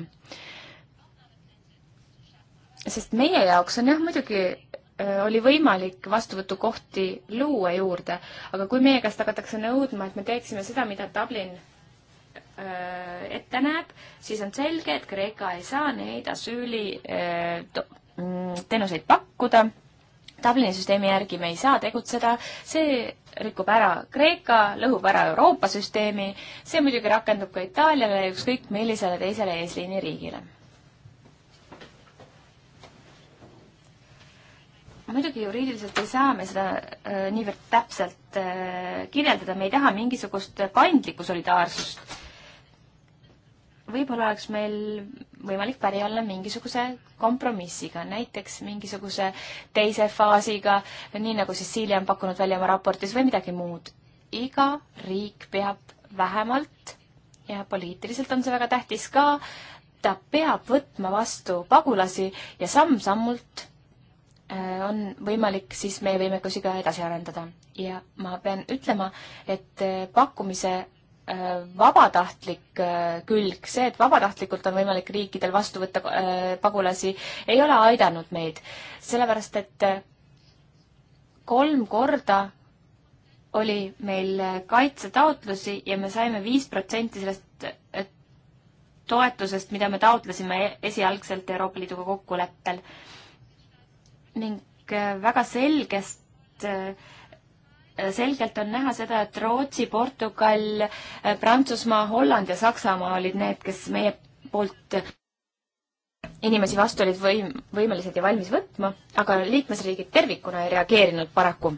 sest meie jaoks on jah, muidugi äh, oli võimalik vastuvõtukohti luua juurde, aga kui meie käest hakatakse nõudma, et me teeksime seda, mida Dublin öö, äh, ette näeb, siis on selge, et Kreeka ei saa neid asüüli öö, mm, teenuseid pakkuda Dublini süsteemi järgi me ei saa tegutseda, see rikub ära Kreeka, lõhub ära Euroopa süsteemi, see muidugi rakendub ka Itaaliale ja ükskõik millisele teisele eesliini riigile. muidugi juriidiliselt ei saa me seda äh, niivõrd täpselt äh, kirjeldada, me ei taha mingisugust paindlikku solidaarsust võib-olla oleks meil võimalik päri olla mingisuguse kompromissiga, näiteks mingisuguse teise faasiga, nii nagu siis Siili on pakkunud välja oma raportis või midagi muud. iga riik peab vähemalt ja poliitiliselt on see väga tähtis ka, ta peab võtma vastu pagulasi ja samm-sammult äh, on võimalik siis meie võimekusi ka edasi arendada. ja ma pean ütlema, et äh, pakkumise Äh, vabatahtlik äh, külg, see, et vabatahtlikult on võimalik riikidel vastu võtta äh, pagulasi, ei ole aidanud meid. sellepärast, et kolm korda oli meil kaitsetaotlusi ja me saime viis protsenti sellest toetusest, mida me taotlesime e-, esialgselt Euroopa Liiduga kokkuleppel. ning väga selgest äh, Äh, selgelt on näha seda, et Rootsi, Portugal, äh, Prantsusmaa, Holland ja Saksamaa olid need, kes meie poolt inimesi vastu olid võim-, võimelised ja valmis võtma, aga liikmesriigid tervikuna ei reageerinud paraku.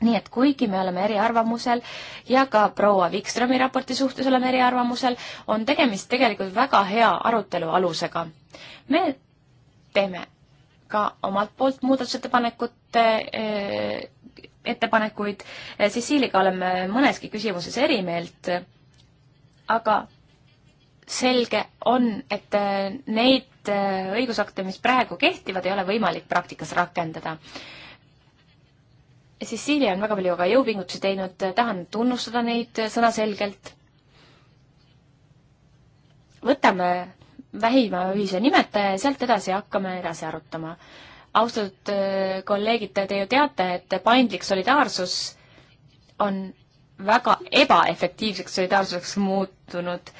nii et kuigi me oleme eriarvamusel ja ka proua Wikströmi raporti suhtes oleme eriarvamusel, on tegemist tegelikult väga hea arutelu alusega. me teeme ka omalt poolt muudatusettepanekute äh, ettepanekuid. Cecile'iga oleme mõneski küsimuses eri meelt, aga selge on, et neid õigusakte, mis praegu kehtivad, ei ole võimalik praktikas rakendada. Cecilia on väga palju ka jõupingutusi teinud, tahan tunnustada neid sõnaselgelt. võtame vähima ühise nimetaja ja sealt edasi hakkame edasi arutama austatud äh, kolleegid, te ju teate, et paindlik solidaarsus on väga ebaefektiivseks solidaarsuseks muutunud.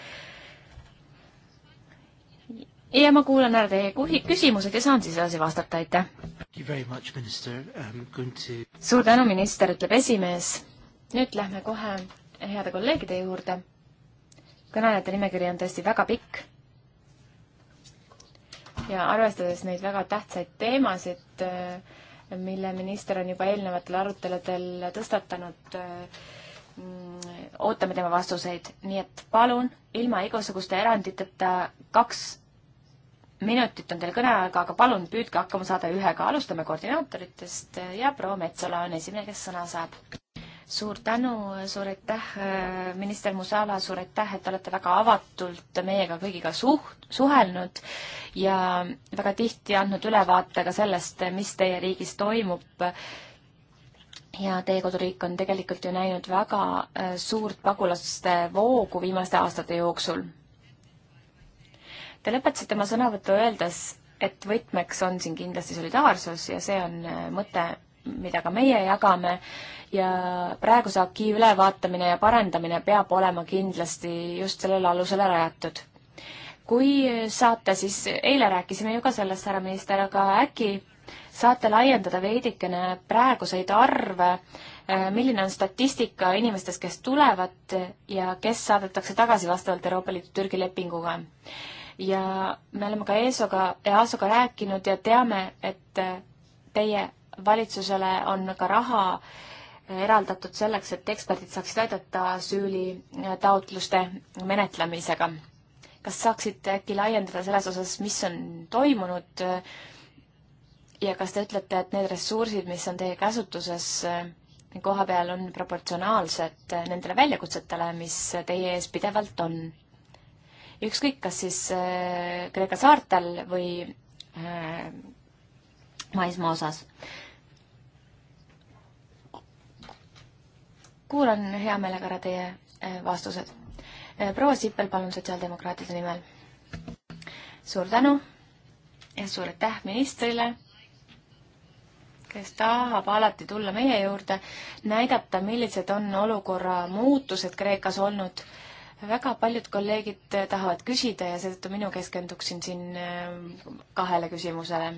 ja ma kuulan ära teie küsimused ja saan siis edasi vastata, aitäh! Um, suur tänu, minister, ütleb esimees. nüüd lähme kohe heade kolleegide juurde. kõnelejate nimekiri on tõesti väga pikk ja arvestades neid väga tähtsaid teemasid, äh, mille minister on juba eelnevatel aruteludel tõstatanud, äh, ootame tema vastuseid, nii et palun ilma igasuguste eranditeta kaks minutit on teil kõneaega, aga palun püüdke hakkama saada ühega, alustame koordinaatoritest äh, ja proua Metsola on esimene, kes sõna saab suur tänu, suur aitäh, äh, minister Musala, suur aitäh, et olete väga avatult meiega kõigiga suht-, suhelnud ja väga tihti andnud ülevaate ka sellest, mis teie riigis toimub. ja teie koduriik on tegelikult ju näinud väga äh, suurt pagulaste voogu viimaste aastate jooksul. Te lõpetasite oma sõnavõttu öeldes, et võtmeks on siin kindlasti solidaarsus ja see on äh, mõte, mida ka meie jagame ja praeguse AKI ülevaatamine ja parendamine peab olema kindlasti just sellele alusele rajatud. kui saate, siis eile rääkisime ju ka sellest, härra minister, aga äkki saate laiendada veidikene praeguseid arve, eh, milline on statistika inimestest, kes tulevad ja kes saadetakse tagasi vastavalt Euroopa Liidu Türgi lepinguga. ja me oleme ka EASO-ga, EASO-ga rääkinud ja teame, et eh, teie valitsusele on ka raha eraldatud selleks, et eksperdid saaksid aidata süülitaotluste äh, menetlemisega. kas saaksite äkki laiendada selles osas, mis on toimunud äh, ja kas te ütlete, et need ressursid, mis on teie käsutuses äh, koha peal, on proportsionaalsed nendele väljakutsetele, mis teie ees pidevalt on? ükskõik, kas siis Kreeka saartel või maismaa osas. kuulan hea meelega ära teie äh, vastused. Äh, proua Sippel, palun sotsiaaldemokraatide nimel. suur tänu ja suur aitäh ministrile, kes tahab alati tulla meie juurde, näidata, millised on olukorra muutused Kreekas olnud. väga paljud kolleegid tahavad küsida ja seetõttu minu keskenduksin siin äh, kahele küsimusele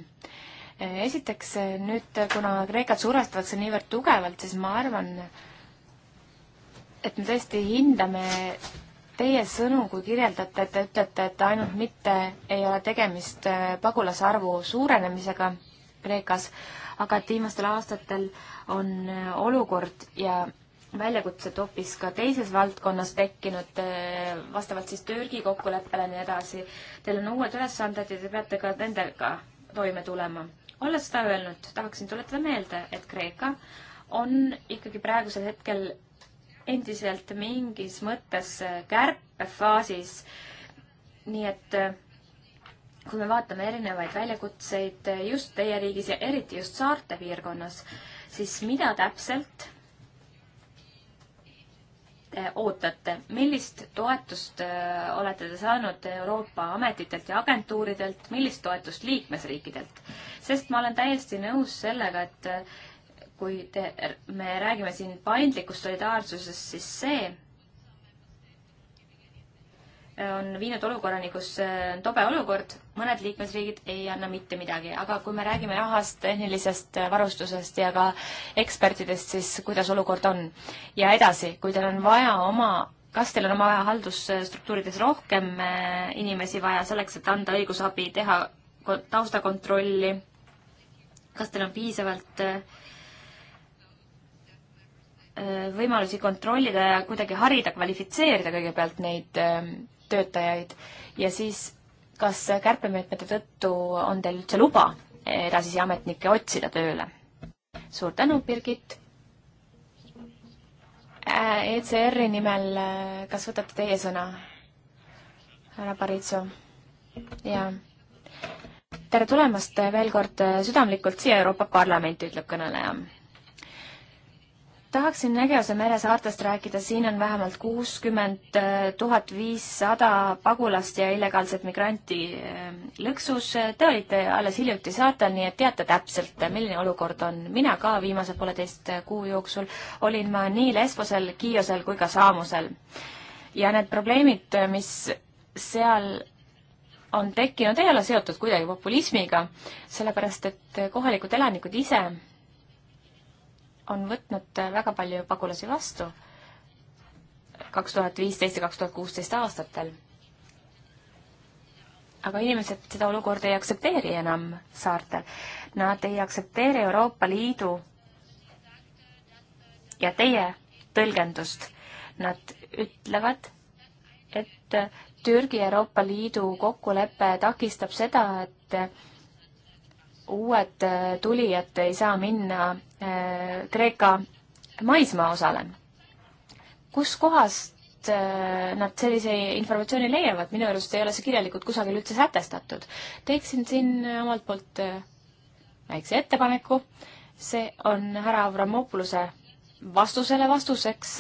esiteks nüüd, kuna Kreekat survestatakse niivõrd tugevalt, siis ma arvan, et me tõesti hindame teie sõnu, kui kirjeldate, et te ütlete, et ainult mitte ei ole tegemist äh, pagulase arvu suurenemisega Kreekas, aga et viimastel aastatel on äh, olukord ja väljakutsed hoopis ka teises valdkonnas tekkinud, äh, vastavalt siis Türgi kokkuleppele ja nii edasi. Teil on uued ülesanded ja te peate ka nendega toime tulema olles seda öelnud, tahaksin tuletada meelde, et Kreeka on ikkagi praegusel hetkel endiselt mingis mõttes kärpefaasis. nii et eh, kui me vaatame erinevaid väljakutseid just teie riigis ja eriti just saarte piirkonnas, siis mida täpselt ootate, millist toetust äh, olete te saanud Euroopa ametitelt ja agentuuridelt, millist toetust liikmesriikidelt? sest ma olen täiesti nõus sellega, et äh, kui te, me räägime siin paindlikust solidaarsusest, siis see on viinud olukorrani, kus äh, on tobe olukord, mõned liikmesriigid ei anna mitte midagi, aga kui me räägime rahast, tehnilisest varustusest ja ka ekspertidest, siis kuidas olukord on? ja edasi, kui teil on vaja oma kas teil on oma haldusstruktuurides rohkem eh, inimesi vaja selleks, et anda õigusabi, teha taustakontrolli, kas teil on piisavalt eh, võimalusi kontrollida ja kuidagi harida, kvalifitseerida kõigepealt neid eh, töötajaid ja siis kas kärpemeetmete tõttu on teil üldse luba edasisi ametnikke otsida tööle? suur tänu, Birgit. Äh, ECR-i nimel, äh, kas võtate teie sõna, härra Paritso? jaa. tere tulemast veel kord äh, südamlikult siia Euroopa Parlamenti, ütleb kõneleja tahaksin Negeose mere saartest rääkida, siin on vähemalt kuuskümmend äh, tuhat viissada pagulast ja illegaalset migranti äh, lõksus. Te olite alles hiljuti saartel, nii et teate täpselt, milline olukord on. mina ka viimase pooleteist äh, kuu jooksul olin ma nii Lesbosel, Kiiosel kui ka Saamusel. ja need probleemid, mis seal on tekkinud, ei ole seotud kuidagi populismiga, sellepärast et kohalikud elanikud ise on võtnud väga palju pagulasi vastu kaks tuhat viisteist ja kaks tuhat kuusteist aastatel. aga inimesed seda olukorda ei aktsepteeri enam saartel. Nad ei aktsepteeri Euroopa Liidu ja teie tõlgendust. Nad ütlevad, et Türgi Euroopa Liidu kokkulepe takistab seda, et uued tulijad ei saa minna Äh, Kreeka maismaa osale. kus kohast äh, nad sellise informatsiooni leiavad, minu arust ei ole see kirjalikult kusagil üldse sätestatud. teeksin siin omalt poolt äh, väikse ettepaneku, see on härra Avramopuluse vastusele vastuseks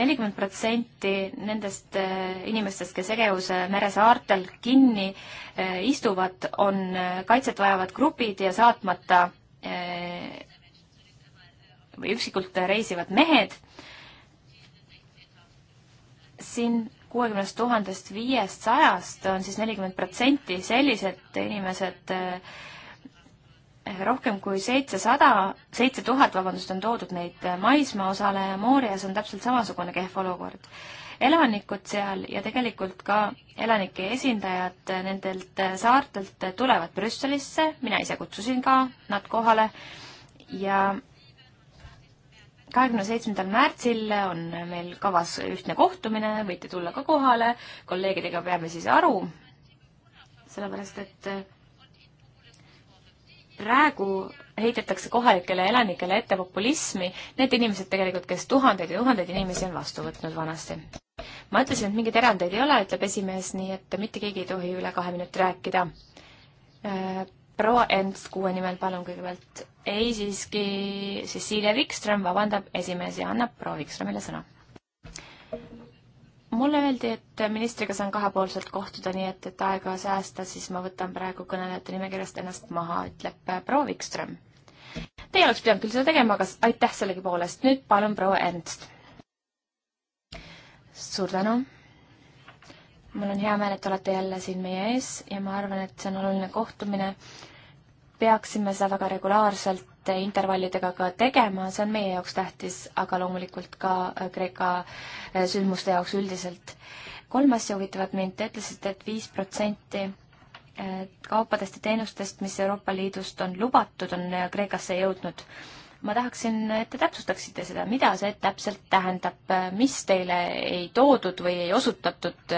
nelikümmend protsenti nendest inimestest, kes Egeuse mere saartel kinni istuvad, on kaitset vajavad grupid ja saatmata või üksikult reisivad mehed. siin kuuekümnest tuhandest viiest sajast on siis nelikümmend protsenti sellised inimesed, rohkem kui seitsesada, seitse tuhat, vabandust, on toodud neid maismaa osale ja Moorias on täpselt samasugune kehv olukord. elanikud seal ja tegelikult ka elanike esindajad nendelt saartelt tulevad Brüsselisse, mina ise kutsusin ka nad kohale ja kahekümne seitsmendal märtsil on meil kavas ühtne kohtumine, võite tulla ka kohale, kolleegidega peame siis aru, sellepärast et eh, praegu heidetakse kohalikele elanikele ette populismi, need inimesed tegelikult, kes tuhandeid ja tuhandeid inimesi on vastu võtnud vanasti. ma ütlesin, et mingeid erandeid ei ole, ütleb esimees, nii et mitte keegi ei tohi üle kahe minuti rääkida eh, proua Ents kuue nimel, palun kõigepealt. ei, siiski Cecilia Wikström vabandab esimees ja annab proua Wikströmile sõna. mulle öeldi, et ministriga saan kahepoolselt kohtuda, nii et, et aega säästa, siis ma võtan praegu kõnelejate nimekirjast ennast maha, ütleb proua Wikström. Teie oleks pidanud küll seda tegema, aga aitäh sellegipoolest. nüüd palun proua Ernst. suur tänu mul on hea meel, et olete jälle siin meie ees ja ma arvan, et see on oluline kohtumine peaksime seda väga regulaarselt intervallidega ka tegema, see on meie jaoks tähtis, aga loomulikult ka äh, Kreeka äh, sündmuste jaoks üldiselt. kolm asja huvitavad mind, te ütlesite, et viis protsenti äh, kaupadest ja teenustest, mis Euroopa Liidust on lubatud, on Kreekasse jõudnud. ma tahaksin, et te täpsustaksite seda, mida see täpselt tähendab, mis teile ei toodud või ei osutatud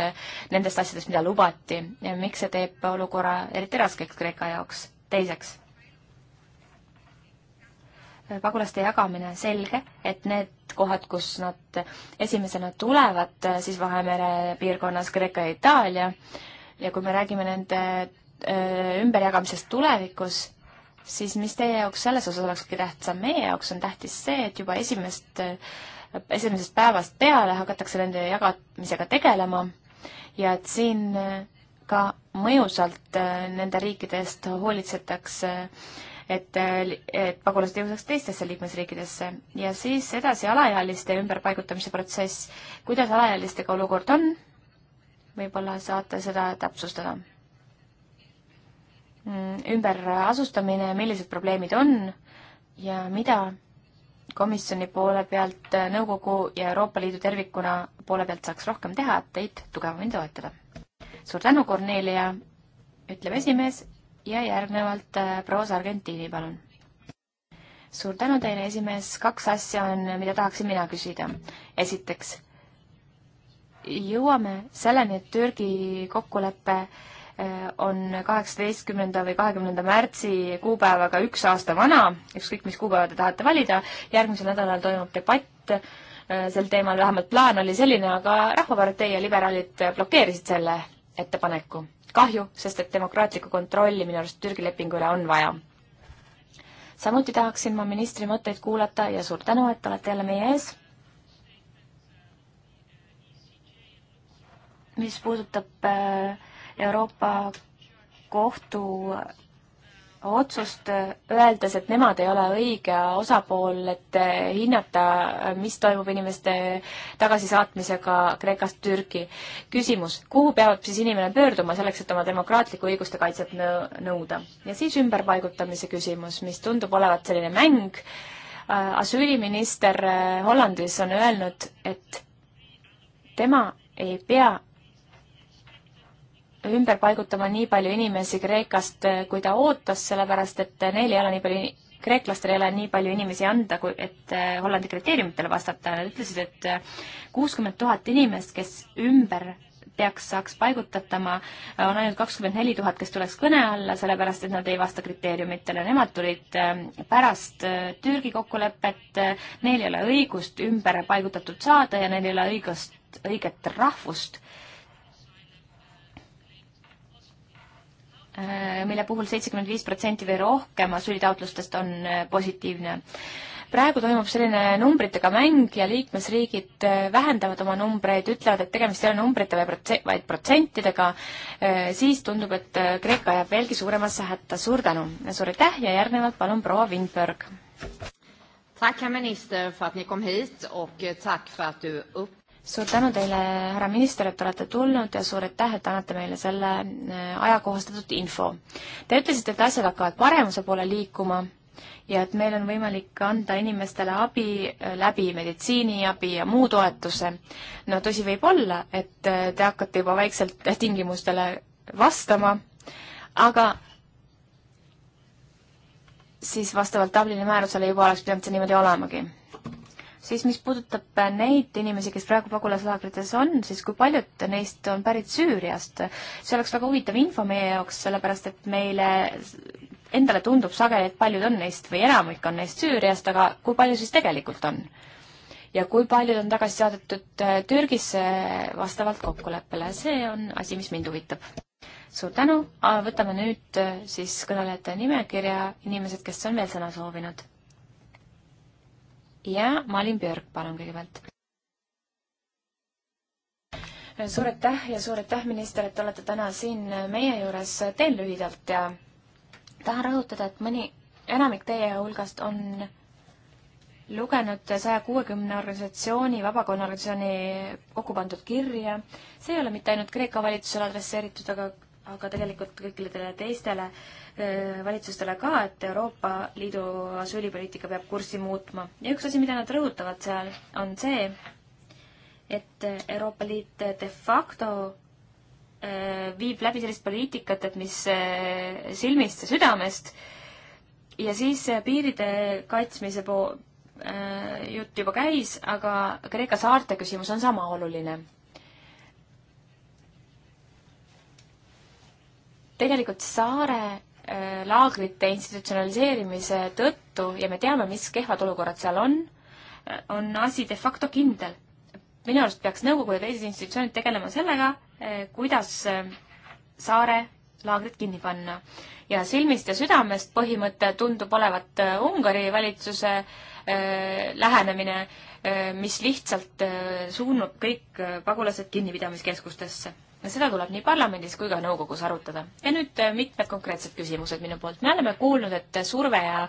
nendest asjadest, mida lubati ja miks see teeb olukorra eriti raskeks Kreeka jaoks? teiseks, pagulaste jagamine, selge, et need kohad, kus nad esimesena tulevad, äh, siis Vahemere piirkonnas Kreeka ja Itaalia, ja kui me räägime nende äh, ümberjagamisest tulevikus, siis mis teie jaoks selles osas olekski tähtsam, meie jaoks on tähtis see, et juba esimest, äh, esimesest päevast peale hakatakse nende jagamisega tegelema ja et siin ka mõjusalt äh, nende riikide eest hoolitsetakse, et, äh, et pagulased jõuaks teistesse liikmesriikidesse. ja siis edasi alaealiste ümberpaigutamise protsess. kuidas alaealistega olukord on? võib-olla saate seda täpsustada. Mm, ümberasustamine, millised probleemid on ja mida komisjoni poole pealt, nõukogu ja Euroopa Liidu tervikuna poole pealt saaks rohkem teha, et teid tugevamini toetada? suur tänu, Kornelia, ütleb esimees ja järgnevalt äh, proua Sargentini, palun. suur tänu teile, esimees, kaks asja on, mida tahaksin mina küsida. esiteks, jõuame selleni, et Türgi kokkulepe äh, on kaheksateistkümnenda või kahekümnenda märtsi kuupäevaga üks aasta vana, ükskõik mis kuupäeva te tahate valida, järgmisel nädalal toimub debatt äh, sel teemal, vähemalt plaan oli selline, aga Rahvapartei ja liberaalid blokeerisid selle ettepaneku. kahju, sest et demokraatlikku kontrolli minu arust Türgi lepingu üle on vaja. samuti tahaksin ma ministri mõtteid kuulata ja suur tänu, et olete jälle meie ees. mis puudutab äh, Euroopa kohtu otsust, äh, öeldes, et nemad ei ole õige osapool, et äh, hinnata, äh, mis toimub inimeste tagasisaatmisega Kreekast Türgi. küsimus, kuhu peab siis inimene pöörduma selleks, et oma demokraatlikku õiguste kaitset nõuda? ja siis ümberpaigutamise küsimus, mis tundub olevat selline mäng. asüüliminister Hollandis on öelnud, et tema ei pea ümber paigutama nii palju inimesi Kreekast, eh, kui ta ootas, sellepärast et eh, neil ei ole nii palju, kreeklastel ei ole nii palju inimesi anda, kui, et eh, Hollandi kriteeriumitele vastata. Nad ütlesid, et kuuskümmend tuhat inimest, kes ümber peaks, saaks paigutatama, on ainult kakskümmend neli tuhat, kes tuleks kõne alla, sellepärast et nad ei vasta kriteeriumitele. Nemad tulid pärast Türgi kokkulepet, neil ei ole õigust ümber paigutatud saada ja neil ei ole õigust, õiget rahvust äh, Äh, mille puhul seitsekümmend viis protsenti või rohkem asüülitaotlustest on äh, positiivne. praegu toimub selline numbritega mäng ja liikmesriigid äh, vähendavad oma numbreid, ütlevad, et tegemist ei ole numbrite või protse-, vaid protsentidega, siis tundub, et Kreeka jääb veelgi suuremasse hätta. suur tänu! suur aitäh ja järgnevalt palun proua Windberg! Tack herr minister för att ni kom hit och eh, tack för att du upp suur tänu teile, härra minister, et olete tulnud ja suur aitäh, et annate meile selle äh, ajakohastatud info. Te ütlesite, et asjad hakkavad paremuse poole liikuma ja et meil on võimalik anda inimestele abi äh, läbi meditsiiniabi ja muu toetuse. no tõsi võib olla, et äh, te hakkate juba vaikselt tingimustele vastama, aga siis vastavalt Dublini määrusele juba oleks pidanud see niimoodi olemagi siis mis puudutab neid inimesi, kes praegu pagulaslaagrites on, siis kui paljud neist on pärit Süüriast? see oleks väga huvitav info meie jaoks, sellepärast et meile endale tundub sageli, et paljud on neist või enamik on neist Süüriast, aga kui palju siis tegelikult on? ja kui paljud on tagasi saadetud äh, Türgisse vastavalt kokkuleppele, see on asi, mis mind huvitab. suur tänu, ah, võtame nüüd äh, siis kõnelejate nimekirja, inimesed, kes on veel sõna soovinud ja Malin Björk, palun kõigepealt. suur aitäh ja suur aitäh, minister, et olete täna siin meie juures. teen lühidalt ja tahan rõhutada, et mõni, enamik teie hulgast on lugenud saja kuuekümne organisatsiooni, vabakonnaorganisatsiooni kokku pandud kirja. see ei ole mitte ainult Kreeka valitsusele adresseeritud, aga, aga tegelikult kõikidele teistele äh, Äh, valitsustele ka, et Euroopa Liidu asüülipoliitika peab kurssi muutma. ja üks asi, mida nad rõhutavad seal, on see, et Euroopa Liit de facto äh, viib läbi sellist poliitikat, et mis äh, silmist ja südamest ja siis piiride kaitsmise po-, jutt juba käis, aga Kreeka saarte küsimus on sama oluline. tegelikult saare Äh, laagrite institutsionaliseerimise tõttu ja me teame, mis kehvad olukorrad seal on, äh, on asi de facto kindel. minu arust peaks nõukogu ja teised institutsioonid tegelema sellega, äh, kuidas saare laagrid kinni panna. ja silmist ja südamest põhimõte tundub olevat Ungari valitsuse lähenemine, mis lihtsalt suunab kõik pagulased kinnipidamiskeskustesse seda tuleb nii parlamendis kui ka nõukogus arutada. ja nüüd äh, mitmed konkreetsed küsimused minu poolt. me oleme kuulnud, et äh, surve ja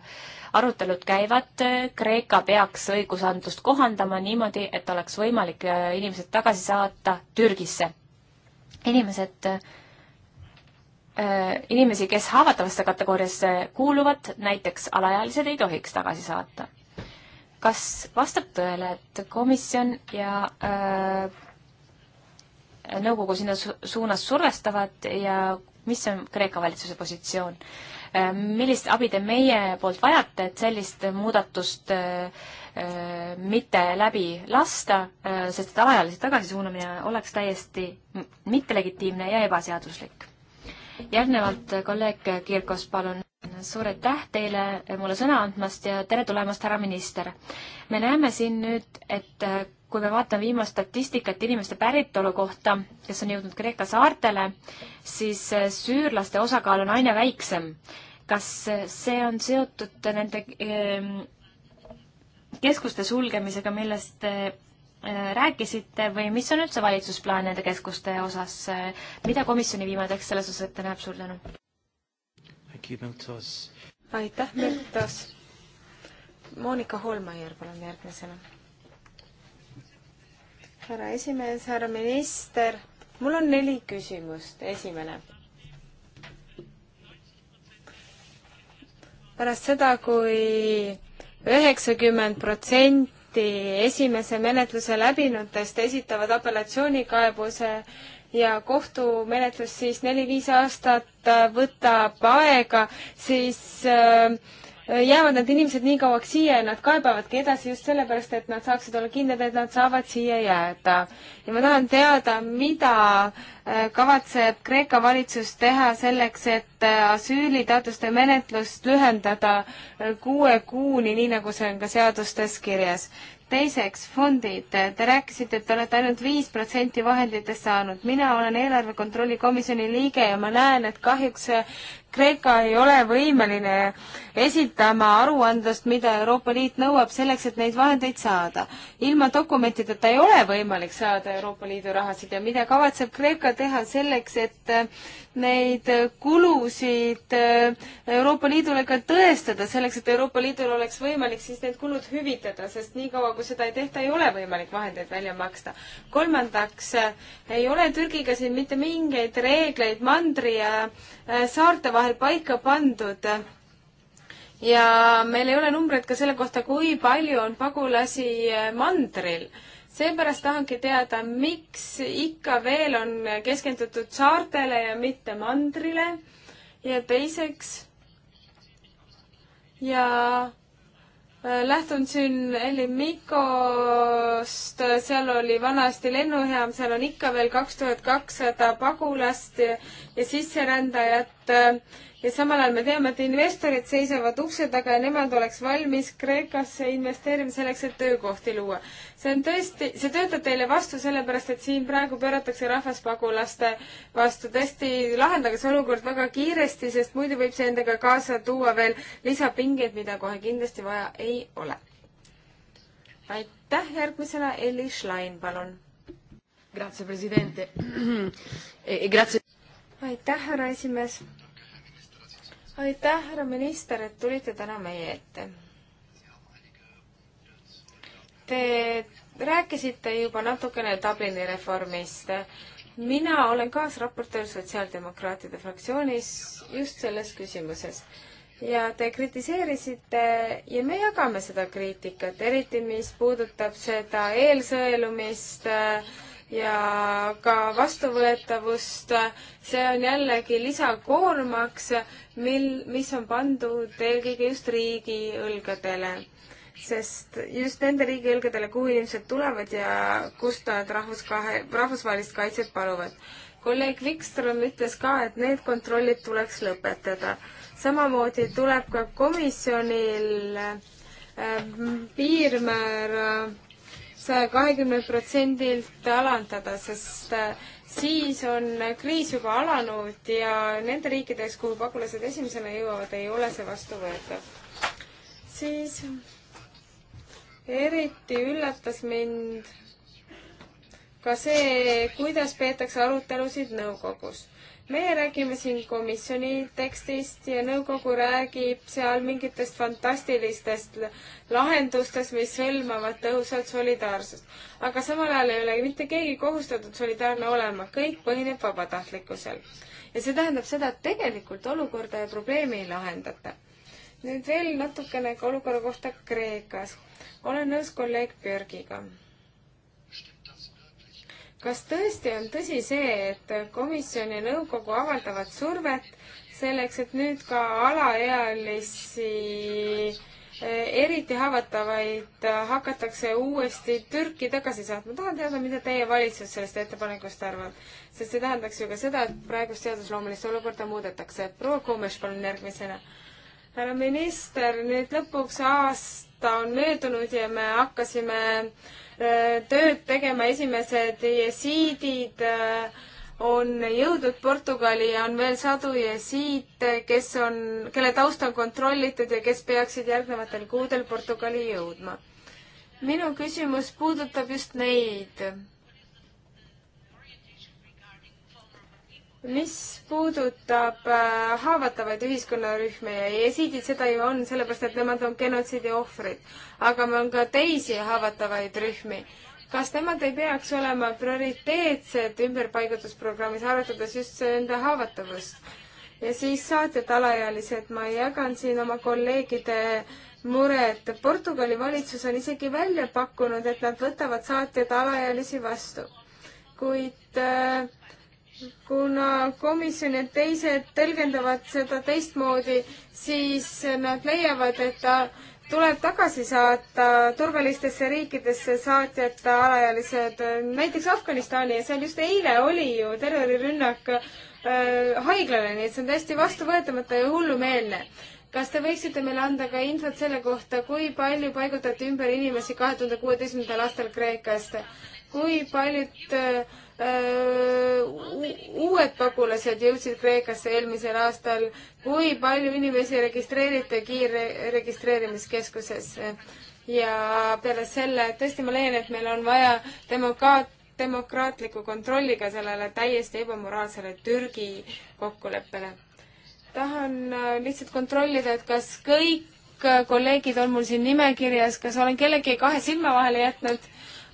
arutelud käivad, äh, Kreeka peaks õigusandlust kohandama niimoodi, et oleks võimalik inimesed tagasi saata Türgisse. inimesed, inimesi, kes haavatavasse kategooriasse kuuluvad, näiteks alaealised, ei tohiks tagasi saata. kas vastab tõele, et komisjon ja öö, nõukogu sinna suunas survestavad ja mis on Kreeka valitsuse positsioon? millist abi te meie poolt vajate, et sellist muudatust äh, mitte läbi lasta, äh, sest et alaealise tagasisuunamine oleks täiesti mittelegitiimne ja ebaseaduslik? järgnevalt kolleeg Kirkos, palun suur aitäh teile mulle sõna andmast ja tere tulemast, härra minister. me näeme siin nüüd, et äh, kui me vaatame viimast statistikat inimeste päritolu kohta, kes on jõudnud Kreeka saartele, siis äh, süürlaste osakaal on aina väiksem. kas äh, see on seotud nende ähm, keskuste sulgemisega, millest te rääkisite või mis on üldse valitsusplaan nende keskuste osas, mida komisjoni viimadeks selles osas ette näeb, suur tänu? aitäh, Mirtas. Monika Holmajärv, palun järgmisena. härra esimees, härra minister, mul on neli küsimust. esimene pärast seda kui, kui üheksakümmend protsenti esimese menetluse läbinutest esitavad apellatsioonikaebuse ja kohtumenetlus siis neli-viis aastat äh, võtab aega, siis äh, jäävad need inimesed nii kauaks siia ja nad kaebavadki edasi just sellepärast, et nad saaksid olla kindlad, et nad saavad siia jääda. ja ma tahan teada, mida äh, kavatseb Kreeka valitsus teha selleks, et asüülitaotluste menetlust lühendada kuue kuuni, nii nagu see on ka seadustes kirjas teiseks, fondid. Te rääkisite, et te olete ainult viis protsenti vahenditest saanud. mina olen eelarve kontrolli komisjoni liige ja ma näen, et kahjuks Kreeka ei ole võimeline esitama aruandlust, mida Euroopa Liit nõuab selleks, et neid vahendeid saada. ilma dokumentideta ei ole võimalik saada Euroopa Liidu rahasid ja mida kavatseb Kreeka teha selleks, et neid kulusid Euroopa Liidule ka tõestada, selleks et Euroopa Liidul oleks võimalik siis need kulud hüvitada, sest niikaua, kui seda ei tehta, ei ole võimalik vahendeid välja maksta. kolmandaks, ei ole Türgiga siin mitte mingeid reegleid mandri ja äh, saarte vahel, vahel paika pandud ja meil ei ole numbreid ka selle kohta, kui palju on pagulasi eh, mandril. seepärast tahangi teada, miks ikka veel on keskendutud saartele ja mitte mandrile ja teiseks ja Äh, lähtun siin Elli Mikost, seal oli vanasti lennujaam, seal on ikka veel kaks tuhat kakssada pagulast ja sisserändajat ja samal ajal me teame, et investorid seisavad ukse taga ja nemad oleks valmis Kreekasse investeerima selleks, et töökohti luua. see on tõesti, see töötab teile vastu, sellepärast et siin praegu pööratakse rahvas pagulaste vastu. tõesti, lahendage see olukord väga kiiresti, sest muidu võib see endaga kaasa tuua veel lisapingeid, mida kohe kindlasti vaja ei ole. aitäh, järgmisena Elli Schlein, palun. Grazie, president. [CLEARS THROAT] E, e aitäh, härra esimees aitäh, härra minister, et tulite täna meie ette. Te rääkisite juba natukene Dublini reformist. mina olen kaasraportöör Sotsiaaldemokraatide fraktsioonis just selles küsimuses ja te kritiseerisite ja me jagame seda kriitikat, eriti mis puudutab seda eelsõelumist äh,, ja ka vastuvõetavust, see on jällegi lisakoormaks, mil, mis on pandud eelkõige just riigi õlgadele. sest just nende riigi õlgadele, kuhu inimesed tulevad ja kust nad rahvuskahe, rahvusvahelist kaitset paluvad. kolleeg Wikström ütles ka, et need kontrollid tuleks lõpetada. samamoodi tuleb ka komisjonil äh, piirmäära äh, saja kahekümne protsendilt alandada, sest äh, siis on kriis juba alanud ja nende riikides, kuhu pagulased esimesena jõuavad, ei ole see vastuvõetav. siis eriti üllatas mind ka see, kuidas peetakse arutelusid nõukogus meie räägime siin komisjoni tekstist ja nõukogu räägib seal mingitest fantastilistest lahendustest, mis hõlmavad tõhusat solidaarsust. aga samal ajal ei ole mitte keegi kohustatud solidaarne olema, kõik põhineb vabatahtlikkusel. ja see tähendab seda, et tegelikult olukorda ja probleemi ei lahendata. nüüd veel natukene ka olukorra kohta Kreekas. olen nõus kolleeg Björgiga kas tõesti on tõsi see, et komisjon ja nõukogu avaldavad survet selleks, et nüüd ka alaealisi eh, eriti haavatavaid eh, hakatakse uuesti Türki tagasi saatma. tahan teada, mida teie valitsus sellest ettepanekust arvab, sest see tähendaks ju ka seda, et praegust seadusloomulist olukorda muudetakse. proua Kumes, palun järgmisena. härra minister, nüüd lõpuks aasta on möödunud ja me hakkasime äh, Äh, tööd tegema, esimesed jesiidid äh, on jõudnud Portugali ja on veel sadu jesiite, kes on, kelle taust on kontrollitud ja kes peaksid järgnevatel kuudel Portugali jõudma. minu küsimus puudutab just neid mis puudutab äh, haavatavaid ühiskonnarühmi ja jesiidid seda ju on, sellepärast et nemad on genotsiidi ohvrid. aga on ka teisi haavatavaid rühmi. kas nemad ei peaks olema prioriteetsed ümberpaigutusprogrammis, arvestades just nende haavatavust? ja siis saatjad alaealised, ma jagan siin oma kolleegide muret. Portugali valitsus on isegi välja pakkunud, et nad võtavad saatjad alaealisi vastu. kuid äh, kuna komisjon ja teised tõlgendavad seda teistmoodi, siis nad leiavad, et ta tuleb tagasi saata turvalistesse riikidesse saatjata alaealised, näiteks Afganistani ja seal just eile oli ju terrorirünnak äh, haiglale, nii et see on täiesti vastuvõetamatu ja hullumeelne kas te võiksite meile anda ka infot selle kohta, kui palju paigutati ümber inimesi kahe tuhande kuueteistkümnendal aastal Kreekast? kui paljud öö, äh, äh, uued pagulased jõudsid Kreekasse eelmisel aastal, kui palju inimesi registreeriti kiirregistreerimiskeskuses? ja peale selle, tõesti ma leian, et meil on vaja demokraat-, demokraatliku kontrolliga sellele täiesti ebamoraalsele Türgi kokkuleppele tahan äh, lihtsalt kontrollida, et kas kõik äh, kolleegid on mul siin nimekirjas, kas olen kellegi kahe silma vahele jätnud?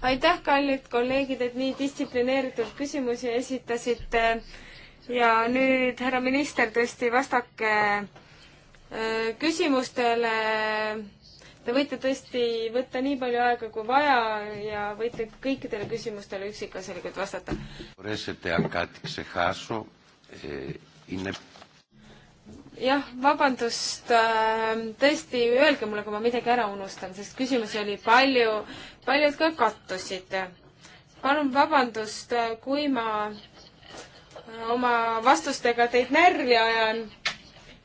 aitäh, kallid kolleegid, et nii distsiplineeritult küsimusi esitasite. ja nüüd, härra minister, tõesti vastake äh, küsimustele. Te võite tõesti võtta nii palju aega kui vaja ja võite kõikidele küsimustele üksikasjalikult vastata jah, vabandust, äh, tõesti, öelge mulle, kui ma midagi ära unustan, sest küsimusi oli palju, paljud ka kattusid. palun vabandust, äh, kui ma äh, oma vastustega teid närvi ajan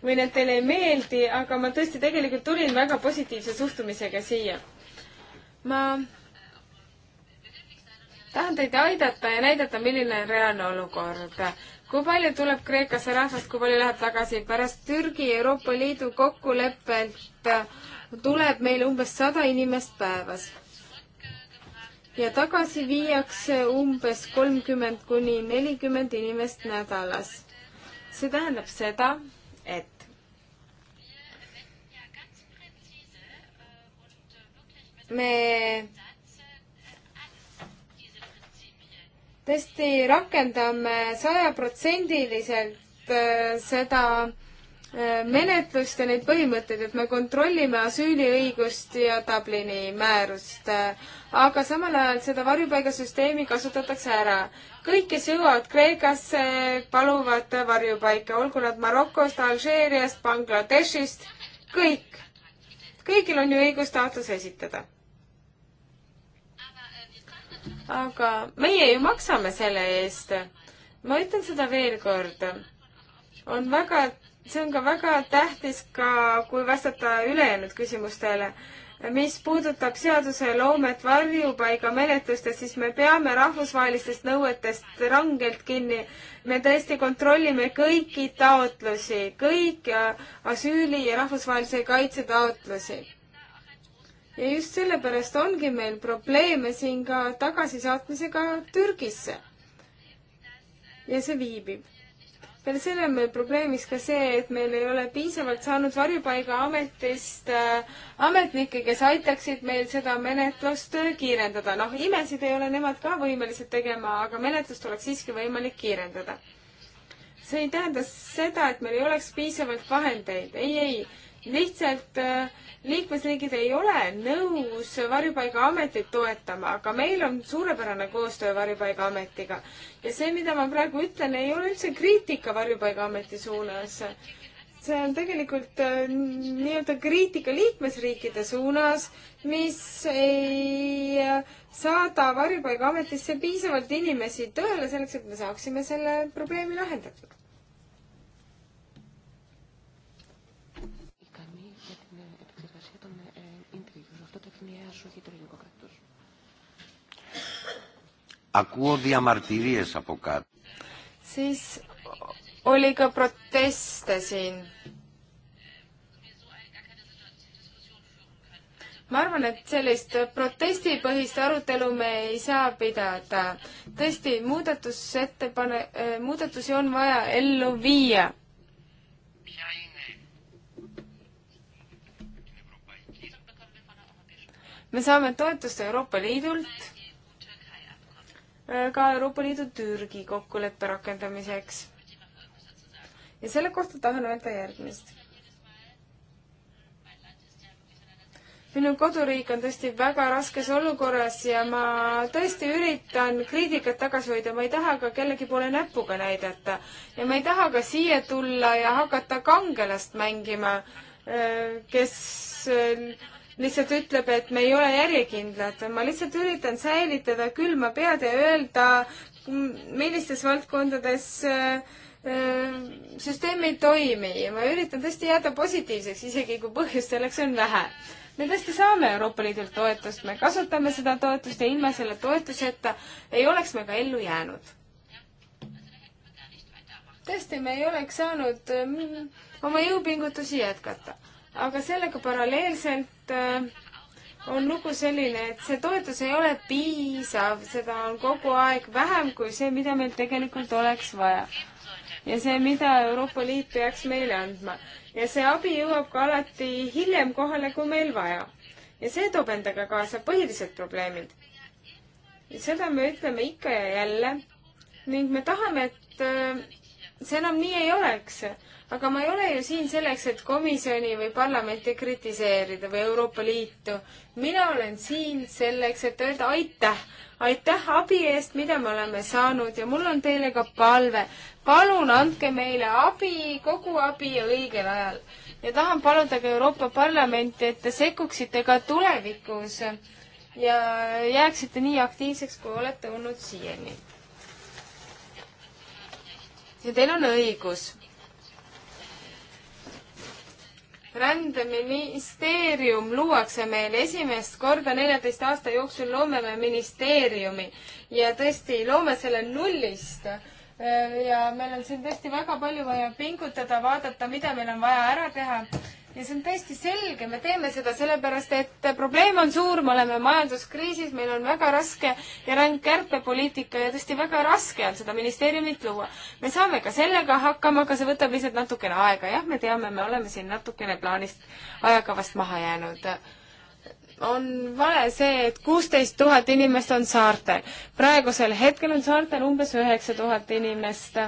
või need teile ei meeldi, aga ma tõesti tegelikult tulin väga positiivse suhtumisega siia. ma tahan teid aidata ja näidata, milline on reaalne olukord kui palju tuleb Kreekasse rahvast, kui palju läheb tagasi? pärast Türgi Euroopa Liidu kokkulepet äh, tuleb meil umbes sada inimest päevas. ja tagasi viiakse umbes kolmkümmend kuni nelikümmend inimest nädalas. see tähendab seda, et me tõesti rakendame sajaprotsendiliselt äh, seda äh, menetlust ja neid põhimõtteid, et me kontrollime asüüliõigust ja Dublini määrust. Äh, aga samal ajal seda varjupaigasüsteemi kasutatakse ära. kõik, kes jõuavad Kreekasse, paluvad varjupaika, olgu nad Marokost, Alžeeriast, Bangladeshist, kõik. kõigil on ju õigus taotlus esitada aga meie ju maksame selle eest. ma ütlen seda veel kord. on väga, see on ka väga tähtis ka, kui vastata ülejäänud küsimustele. mis puudutab seaduseloomet varjupaigamenetlustes, siis me peame rahvusvahelistest nõuetest rangelt kinni. me tõesti kontrollime kõiki taotlusi, kõik asüüli ja rahvusvahelise kaitse taotlusi ja just sellepärast ongi meil probleeme siin ka tagasisaatmisega Türgisse. ja see viibib. peale selle on meil probleemiks ka see, et meil ei ole piisavalt saanud varjupaigaametist äh, ametnikke, kes aitaksid meil seda menetlust äh, kiirendada. noh, imesid ei ole nemad ka võimelised tegema, aga menetlust oleks siiski võimalik kiirendada. see ei tähenda seda, et meil ei oleks piisavalt vahendeid. ei, ei lihtsalt äh, liikmesriigid ei ole nõus Varjupaigaametit toetama, aga meil on suurepärane koostöö Varjupaigaametiga. ja see, mida ma praegu ütlen, ei ole üldse kriitika Varjupaigaameti suunas. see on tegelikult äh, nii-öelda kriitika liikmesriikide suunas, mis ei äh, saada Varjupaigaametisse piisavalt inimesi tööle selleks, et me saaksime selle probleemi lahendatud Ακούω διαμαρτυρίες από κάτω. Siis oli ka proteste siin. ma arvan, et sellist protestipõhist arutelu me ei saa pidada. tõesti, muudatusettepane-, äh, muudatusi on vaja ellu viia. me saame toetust Euroopa Liidult Äh, ka Euroopa Liidu Türgi kokkuleppe rakendamiseks. ja selle kohta tahan öelda järgmist. minu koduriik on tõesti väga raskes olukorras ja ma tõesti üritan kriitikat tagasi hoida, ma ei taha ka kellegi poole näpuga näidata. ja ma ei taha ka siia tulla ja hakata kangelast mängima, äh, kes äh, lihtsalt ütleb, et me ei ole järjekindlad. ma lihtsalt üritan säilitada külma pead ja öelda, millistes valdkondades äh, äh, süsteem ei toimi ja ma üritan tõesti jääda positiivseks, isegi kui põhjust selleks on vähe. me tõesti saame Euroopa Liidult toetust, me kasutame seda toetust ja ilma selle toetuseta ei oleks me ka ellu jäänud. tõesti, me ei oleks saanud mm, oma jõupingutusi jätkata aga sellega paralleelselt äh, on lugu selline, et see toetus ei ole piisav, seda on kogu aeg vähem kui see, mida meil tegelikult oleks vaja. ja see, mida Euroopa Liit peaks meile andma. ja see abi jõuab ka alati hiljem kohale, kui meil vaja. ja see toob endaga kaasa põhilised probleemid. seda me ütleme ikka ja jälle ning me tahame, et äh, see enam nii ei oleks aga ma ei ole ju siin selleks, et komisjoni või parlamenti kritiseerida või Euroopa Liitu. mina olen siin selleks, et öelda aitäh, aitäh abi eest, mida me oleme saanud ja mul on teile ka palve. palun andke meile abi, kogu abi õigel ajal. ja tahan paluda ka Euroopa Parlamenti, et te sekkuksite ka tulevikus ja jääksite nii aktiivseks, kui olete olnud siiani. ja teil on õigus rändeministeerium luuakse meil esimest korda neljateist aasta jooksul loome me ministeeriumi ja tõesti loome selle nullist. Äh, ja meil on siin tõesti väga palju vaja pingutada, vaadata, mida meil on vaja ära teha ja see on täiesti selge, me teeme seda sellepärast, et probleem on suur, me oleme majanduskriisis, meil on väga raske ja ränk kärpepoliitika ja tõesti väga raske on seda ministeeriumit luua. me saame ka sellega hakkama, aga see võtab lihtsalt natukene aega, jah, me teame, me oleme siin natukene plaanist, ajakavast maha jäänud on vale see, et kuusteist tuhat inimest on saartel. praegusel hetkel on saartel umbes üheksa tuhat inimest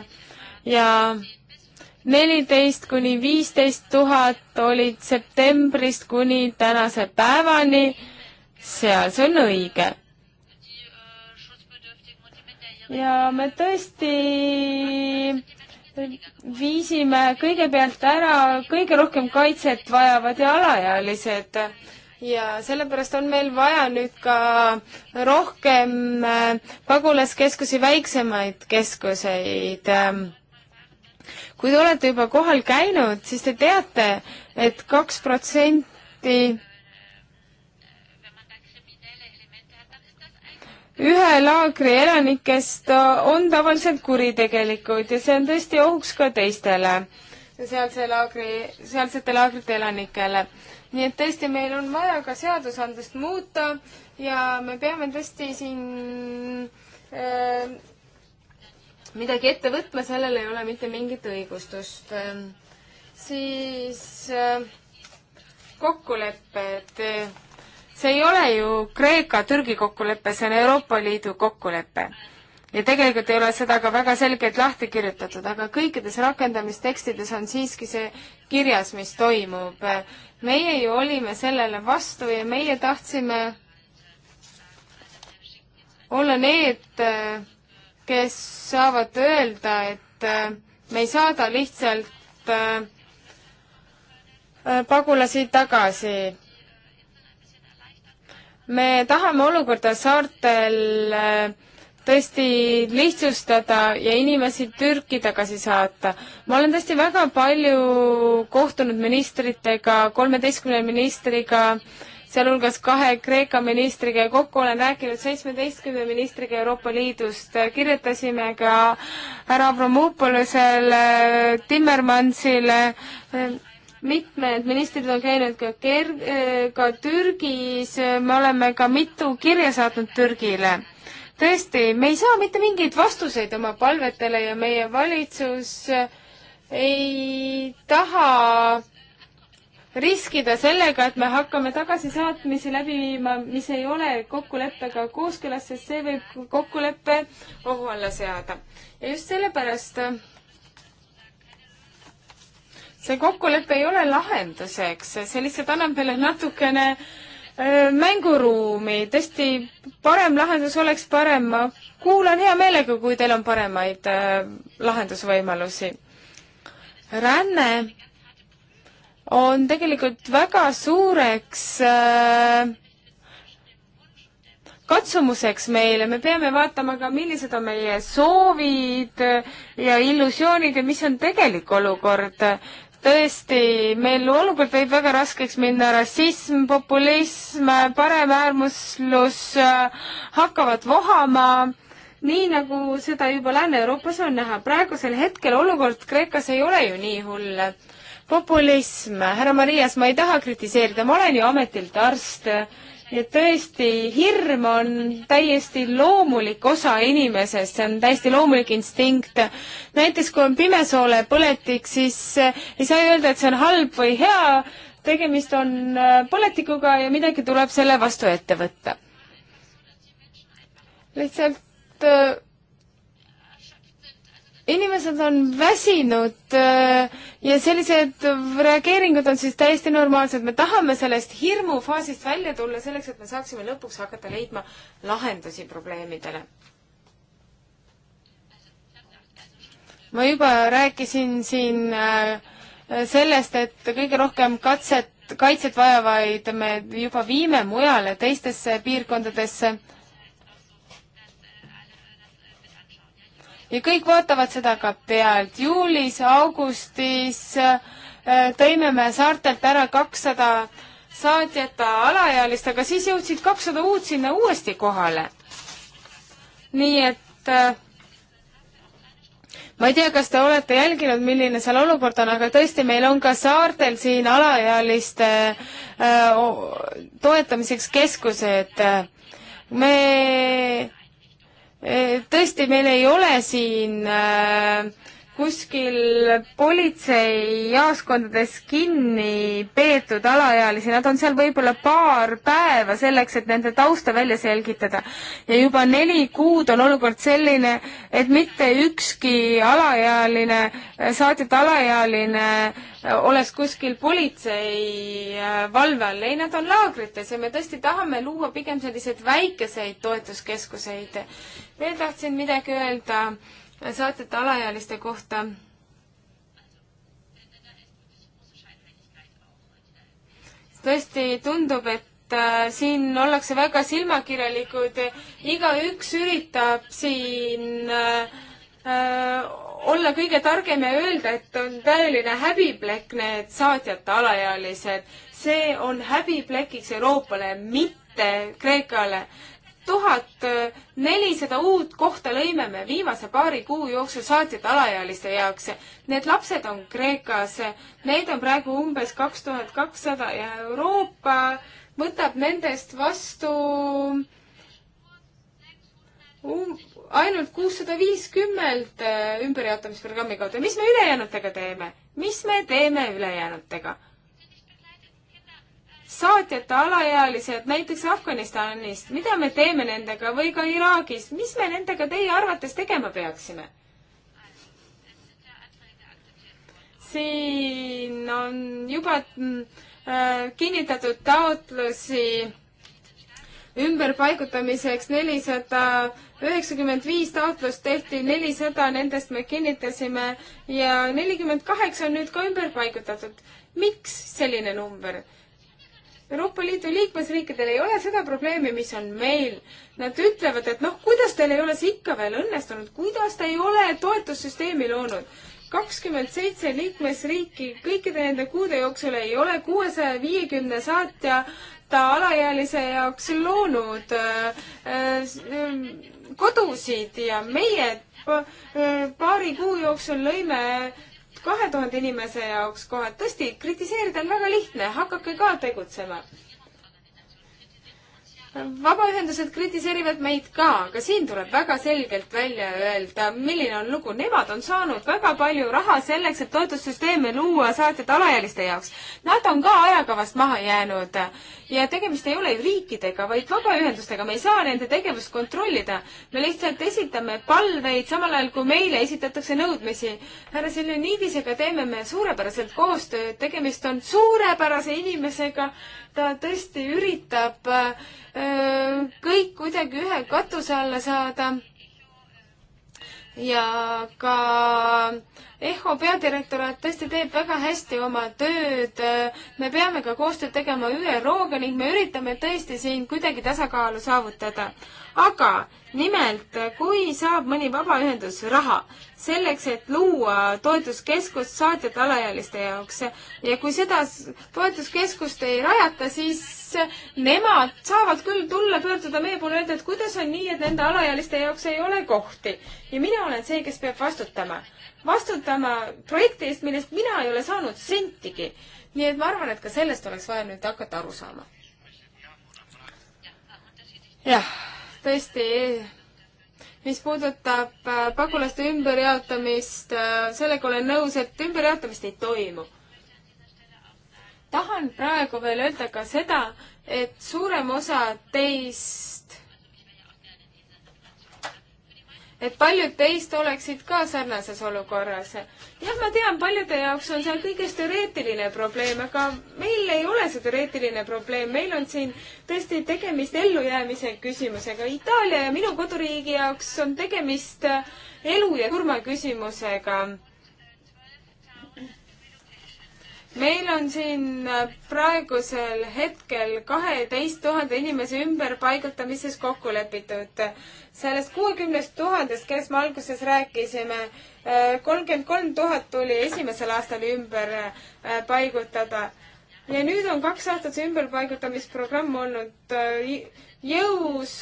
ja neliteist kuni viisteist tuhat olid septembrist kuni tänase päevani seal, see on õige. ja me tõesti viisime kõigepealt ära kõige rohkem kaitset vajavad ja alaealised ja sellepärast on meil vaja nüüd ka rohkem pagulaskeskusi, väiksemaid keskuseid kui te olete juba kohal käinud, siis te teate, et kaks protsenti ühe laagri elanikest on tavaliselt kuritegelikud ja see on tõesti ohuks ka teistele, sealse laagri, sealsete laagrite elanikele. nii et tõesti, meil on vaja ka seadusandlust muuta ja me peame tõesti siin äh, midagi ette võtma, sellel ei ole mitte mingit õigustust. Ähm, siis äh, kokkulepped. see ei ole ju Kreeka-Türgi kokkulepe, see on Euroopa Liidu kokkulepe. ja tegelikult ei ole seda ka väga selgelt lahti kirjutatud, aga kõikides rakendamistekstides on siiski see kirjas, mis toimub. meie ju olime sellele vastu ja meie tahtsime olla need äh, kes saavad öelda, et äh, me ei saada lihtsalt äh, äh, pagulasi tagasi. me tahame olukorda saartel tõesti lihtsustada ja inimesi Türki tagasi saata. ma olen tõesti väga palju kohtunud ministritega, kolmeteistkümne ministriga äh, sealhulgas kahe Kreeka ministriga ja kokku olen rääkinud seitsmeteistkümne ministriga Euroopa Liidust. kirjutasime ka härra Avramopolisele, Timmermansile, mitmed ministrid on käinud ka Ker-, ka Türgis, me oleme ka mitu kirja saatnud Türgile tõesti, me ei saa mitte mingeid vastuseid oma palvetele ja meie valitsus ei taha riskida sellega, et me hakkame tagasisaatmisi läbi viima, mis ei ole kokkuleppega kooskõlas, sest see võib kokkuleppe ohu alla seada. ja just sellepärast see kokkulepe ei ole lahenduseks, see lihtsalt annab meile natukene äh, mänguruumi, tõesti parem lahendus oleks parem, ma kuulan hea meelega, kui teil on paremaid äh, lahendusvõimalusi. ränne on tegelikult väga suureks äh, katsumuseks meile, me peame vaatama ka, millised on meie soovid ja illusioonid ja mis on tegelik olukord. tõesti, meil olukord võib väga raskeks minna, rassism, populism, paremäärmuslus äh, hakkavad vohama nii nagu seda juba Lääne-Euroopas on näha, praegusel hetkel olukord Kreekas ei ole ju nii hull populism, härra Marias, ma ei taha kritiseerida, ma olen ju ametilt arst ja tõesti, hirm on täiesti loomulik osa inimesest, see on täiesti loomulik instinkt. näiteks kui on pimesoole põletik, siis eh, ei saa öelda, et see on halb või hea, tegemist on eh, põletikuga ja midagi tuleb selle vastu ette võtta. lihtsalt eh, inimesed on väsinud äh, ja sellised reageeringud on siis täiesti normaalsed. me tahame sellest hirmufaasist välja tulla selleks, et me saaksime lõpuks hakata leidma lahendusi probleemidele. ma juba rääkisin siin äh, sellest, et kõige rohkem katset, kaitset vajavaid me juba viime mujale, teistesse piirkondadesse ja kõik vaatavad seda ka pealt. juulis, augustis äh, tõime me saartelt ära kakssada saatjata alaealist, aga siis jõudsid kakssada uut sinna uuesti kohale. nii et äh, ma ei tea, kas te olete jälginud, milline seal olukord on, aga tõesti, meil on ka saartel siin alaealiste äh, toetamiseks keskused. me Eh, tõesti, meil ei ole siin äh, kuskil politseijaoskondades kinni peetud alaealisi, nad on seal võib-olla paar päeva selleks, et nende tausta välja selgitada. ja juba neli kuud on olukord selline, et mitte ükski alaealine, saadet alaealine oleks kuskil politsei äh, valve all, ei nad on laagrites ja me tõesti tahame luua pigem selliseid väikeseid toetuskeskuseid. veel tahtsin midagi öelda saatjate alaealiste kohta tõesti tundub, et äh, siin ollakse väga silmakirjalikud, igaüks üritab siin äh, äh, olla kõige targem ja öelda, et on tõeline häbiplekk need saatjata alaealised. see on häbiplekiks Euroopale, mitte Kreekale tuhat äh, nelisada uut kohta lõime me viimase paari kuu jooksul saatjad alaealiste jaoks. Need lapsed on Kreekas, neid on praegu umbes kaks tuhat kakssada ja Euroopa võtab nendest vastu um, ainult kuussada viiskümmend äh, ümberjaotamisprogrammi kaudu. mis me ülejäänutega teeme? mis me teeme ülejäänutega? saatjate alaealised näiteks Afganistanist, mida me teeme nendega või ka Iraagist, mis me nendega teie arvates tegema peaksime? siin on juba äh, kinnitatud taotlusi ümberpaigutamiseks nelisada üheksakümmend viis taotlust tehti, nelisada nendest me kinnitasime ja nelikümmend kaheksa on nüüd ka ümber paigutatud. miks selline number? Euroopa Liidu liikmesriikidel ei ole seda probleemi, mis on meil. Nad ütlevad, et noh, kuidas teil ei ole see ikka veel õnnestunud, kuidas te ei ole toetussüsteemi loonud. kakskümmend seitse liikmesriiki kõikide nende kuude jooksul ei ole kuuesaja viiekümne saatja ta alaealise jaoks loonud äh, äh, kodusid ja meie äh, paari kuu jooksul lõime kahe tuhande inimese jaoks kohad. tõesti, kritiseerida on väga lihtne, hakake ka tegutsema. vabaühendused kritiseerivad meid ka, aga siin tuleb väga selgelt välja öelda, milline on lugu. Nemad on saanud väga palju raha selleks, et toetussüsteeme luua saatjate alaealiste jaoks. Nad on ka ajakavast maha jäänud ja tegemist ei ole ju riikidega, vaid vabaühendustega, me ei saa nende tegevust kontrollida. me lihtsalt esitame palveid, samal ajal kui meile esitatakse nõudmisi. härra Seljoniidisega teeme me suurepäraselt koostööd, tegemist on suurepärase inimesega, ta tõesti üritab öö, äh, kõik kuidagi ühe katuse alla saada ja ka öö, EHO peadirektoraat tõesti teeb väga hästi oma tööd, me peame ka koostööd tegema ÜRO-ga ning me üritame tõesti siin kuidagi tasakaalu saavutada. aga nimelt, kui saab mõni vabaühendus raha selleks, et luua toetuskeskust saatjate alaealiste jaoks ja kui seda toetuskeskust ei rajata, siis nemad saavad küll tulla, pöörduda meie poole, öelda, et kuidas on nii, et nende alaealiste jaoks ei ole kohti. ja mina olen see, kes peab vastutama. vastutama projekti eest, millest mina ei ole saanud sentigi. nii et ma arvan, et ka sellest oleks vaja nüüd hakata aru saama. jah, tõesti mis puudutab äh, pagulaste ümberjaotamist, äh, sellega olen nõus, et ümberjaotamist ei toimu tahan praegu veel öelda ka seda, et suurem osa teist, et paljud teist oleksid ka sarnases olukorras. jah, ma tean, paljude jaoks on seal kõigest teoreetiline probleem, aga meil ei ole see teoreetiline probleem, meil on siin tõesti tegemist ellujäämise küsimusega. Itaalia ja minu koduriigi jaoks on tegemist elu ja surma küsimusega meil on siin äh, praegusel hetkel kaheteist tuhande inimese ümberpaigutamises kokku lepitud. sellest kuuekümnest tuhandest, kellest me alguses rääkisime, äh, kolmkümmend kolm tuhat tuli esimesel aastal ümber äh, paigutada. ja nüüd on kaks aastat see ümberpaigutamisprogramm olnud jõus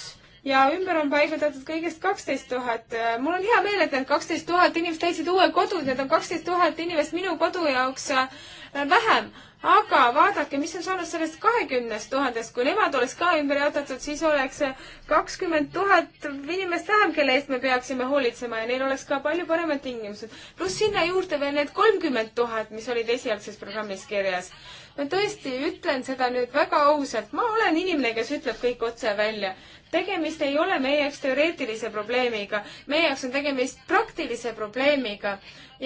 ja ümber on paigutatud kõigest kaksteist tuhat. mul on hea meel, et need kaksteist tuhat inimest leidsid uue kodu, need on kaksteist tuhat inimest minu kodu jaoks äh, vähem. aga vaadake, mis on saanud sellest kahekümnest tuhandest, kui nemad oleks ka ümber jaotatud, siis oleks äh, kakskümmend tuhat inimest vähem, kelle eest me peaksime hoolitsema ja neil oleks ka palju paremad tingimused. pluss sinna juurde veel need kolmkümmend tuhat, mis olid esialgses programmis kirjas ma tõesti ütlen seda nüüd väga ausalt, ma olen inimene, kes ütleb kõik otse välja. tegemist ei ole meie jaoks teoreetilise probleemiga, meie jaoks on tegemist praktilise probleemiga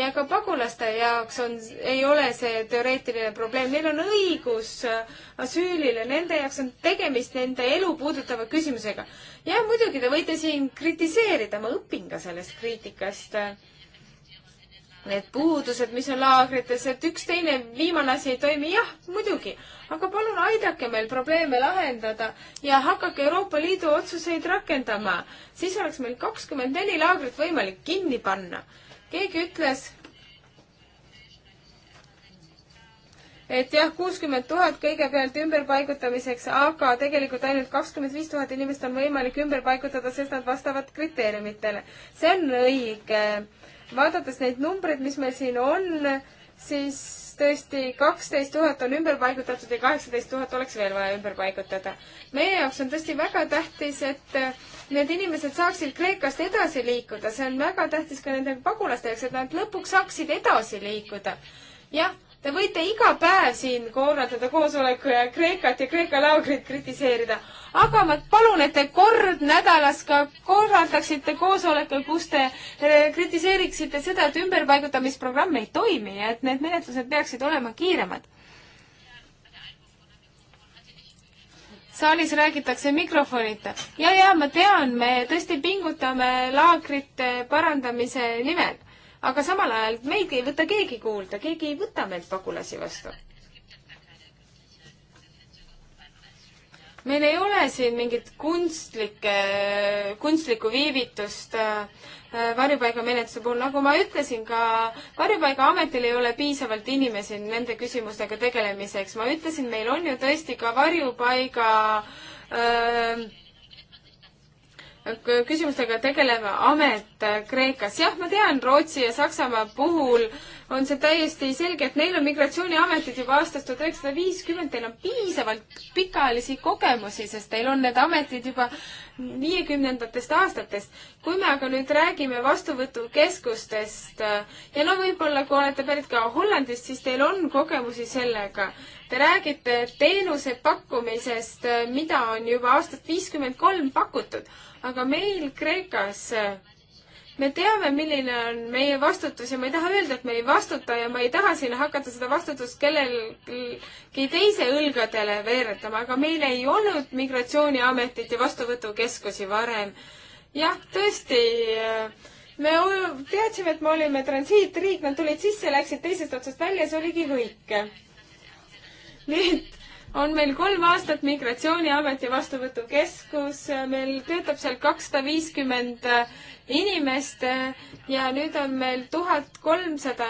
ja ka pagulaste jaoks on, ei ole see teoreetiline probleem, neil on õigus äh, asüülile, nende jaoks on tegemist nende elu puudutava küsimusega. ja muidugi te võite siin kritiseerida, ma õpin ka sellest kriitikast need puudused, mis on laagrites, et üks teine viimane asi ei toimi, jah, muidugi, aga palun aidake meil probleeme lahendada ja hakake Euroopa Liidu otsuseid rakendama. siis oleks meil kakskümmend neli laagrit võimalik kinni panna. keegi ütles, et jah, kuuskümmend tuhat kõigepealt ümberpaigutamiseks, aga tegelikult ainult kakskümmend viis tuhat inimest on võimalik ümber paigutada, sest nad vastavad kriteeriumitele. see on õige vaadates neid numbreid, mis meil siin on, siis tõesti kaksteist tuhat on ümber paigutatud ja kaheksateist tuhat oleks veel vaja ümber paigutada. meie jaoks on tõesti väga tähtis, et need inimesed saaksid Kreekast edasi liikuda, see on väga tähtis ka nende pagulaste jaoks, et nad lõpuks saaksid edasi liikuda. jah, te võite iga päev siin korraldada koosoleku ja Kreekat ja Kreeka laagrit kritiseerida, aga ma palun, et te kord nädalas ka korraldaksite koosoleku, kus te eh, kritiseeriksite seda, et ümberpaigutamisprogramm ei toimi ja et need menetlused peaksid olema kiiremad. saalis räägitakse mikrofonita. ja, ja ma tean, me tõesti pingutame laagrite parandamise nimel, aga samal ajal meid ei võta keegi kuulda, keegi ei võta meilt pagulasi vastu meil ei ole siin mingit kunstlikke, kunstlikku viivitust äh, äh, varjupaigamenetluse puhul, nagu ma ütlesin, ka varjupaigaametil ei ole piisavalt inimesi nende küsimustega tegelemiseks. ma ütlesin, meil on ju tõesti ka varjupaiga öö, äh, küsimustega tegelev amet Kreekas. jah, ma tean, Rootsi ja Saksamaa puhul on see täiesti selge, et neil on migratsiooniametid juba aastast tuhat üheksasada viiskümmend, teil on piisavalt pikaajalisi kogemusi, sest teil on need ametid juba viiekümnendatest aastatest. kui me aga nüüd räägime vastuvõtukeskustest ja no võib-olla, kui olete pärit ka Hollandist, siis teil on kogemusi sellega. Te räägite teenuse pakkumisest, mida on juba aastast viiskümmend kolm pakutud aga meil Kreekas me teame, milline on meie vastutus ja ma ei taha öelda, et me ei vastuta ja ma ei taha siin hakata seda vastutust kellelgi teise õlgadele veeretama, aga meil ei olnud migratsiooniametit ja vastuvõtukeskusi varem. jah, tõesti, me teadsime, et me olime transiitriik, nad tulid sisse, läksid teisest otsast välja, see oligi kõik. nii et on meil kolm aastat Migratsiooniameti vastuvõtukeskus, meil töötab seal kakssada viiskümmend inimest ja nüüd on meil tuhat kolmsada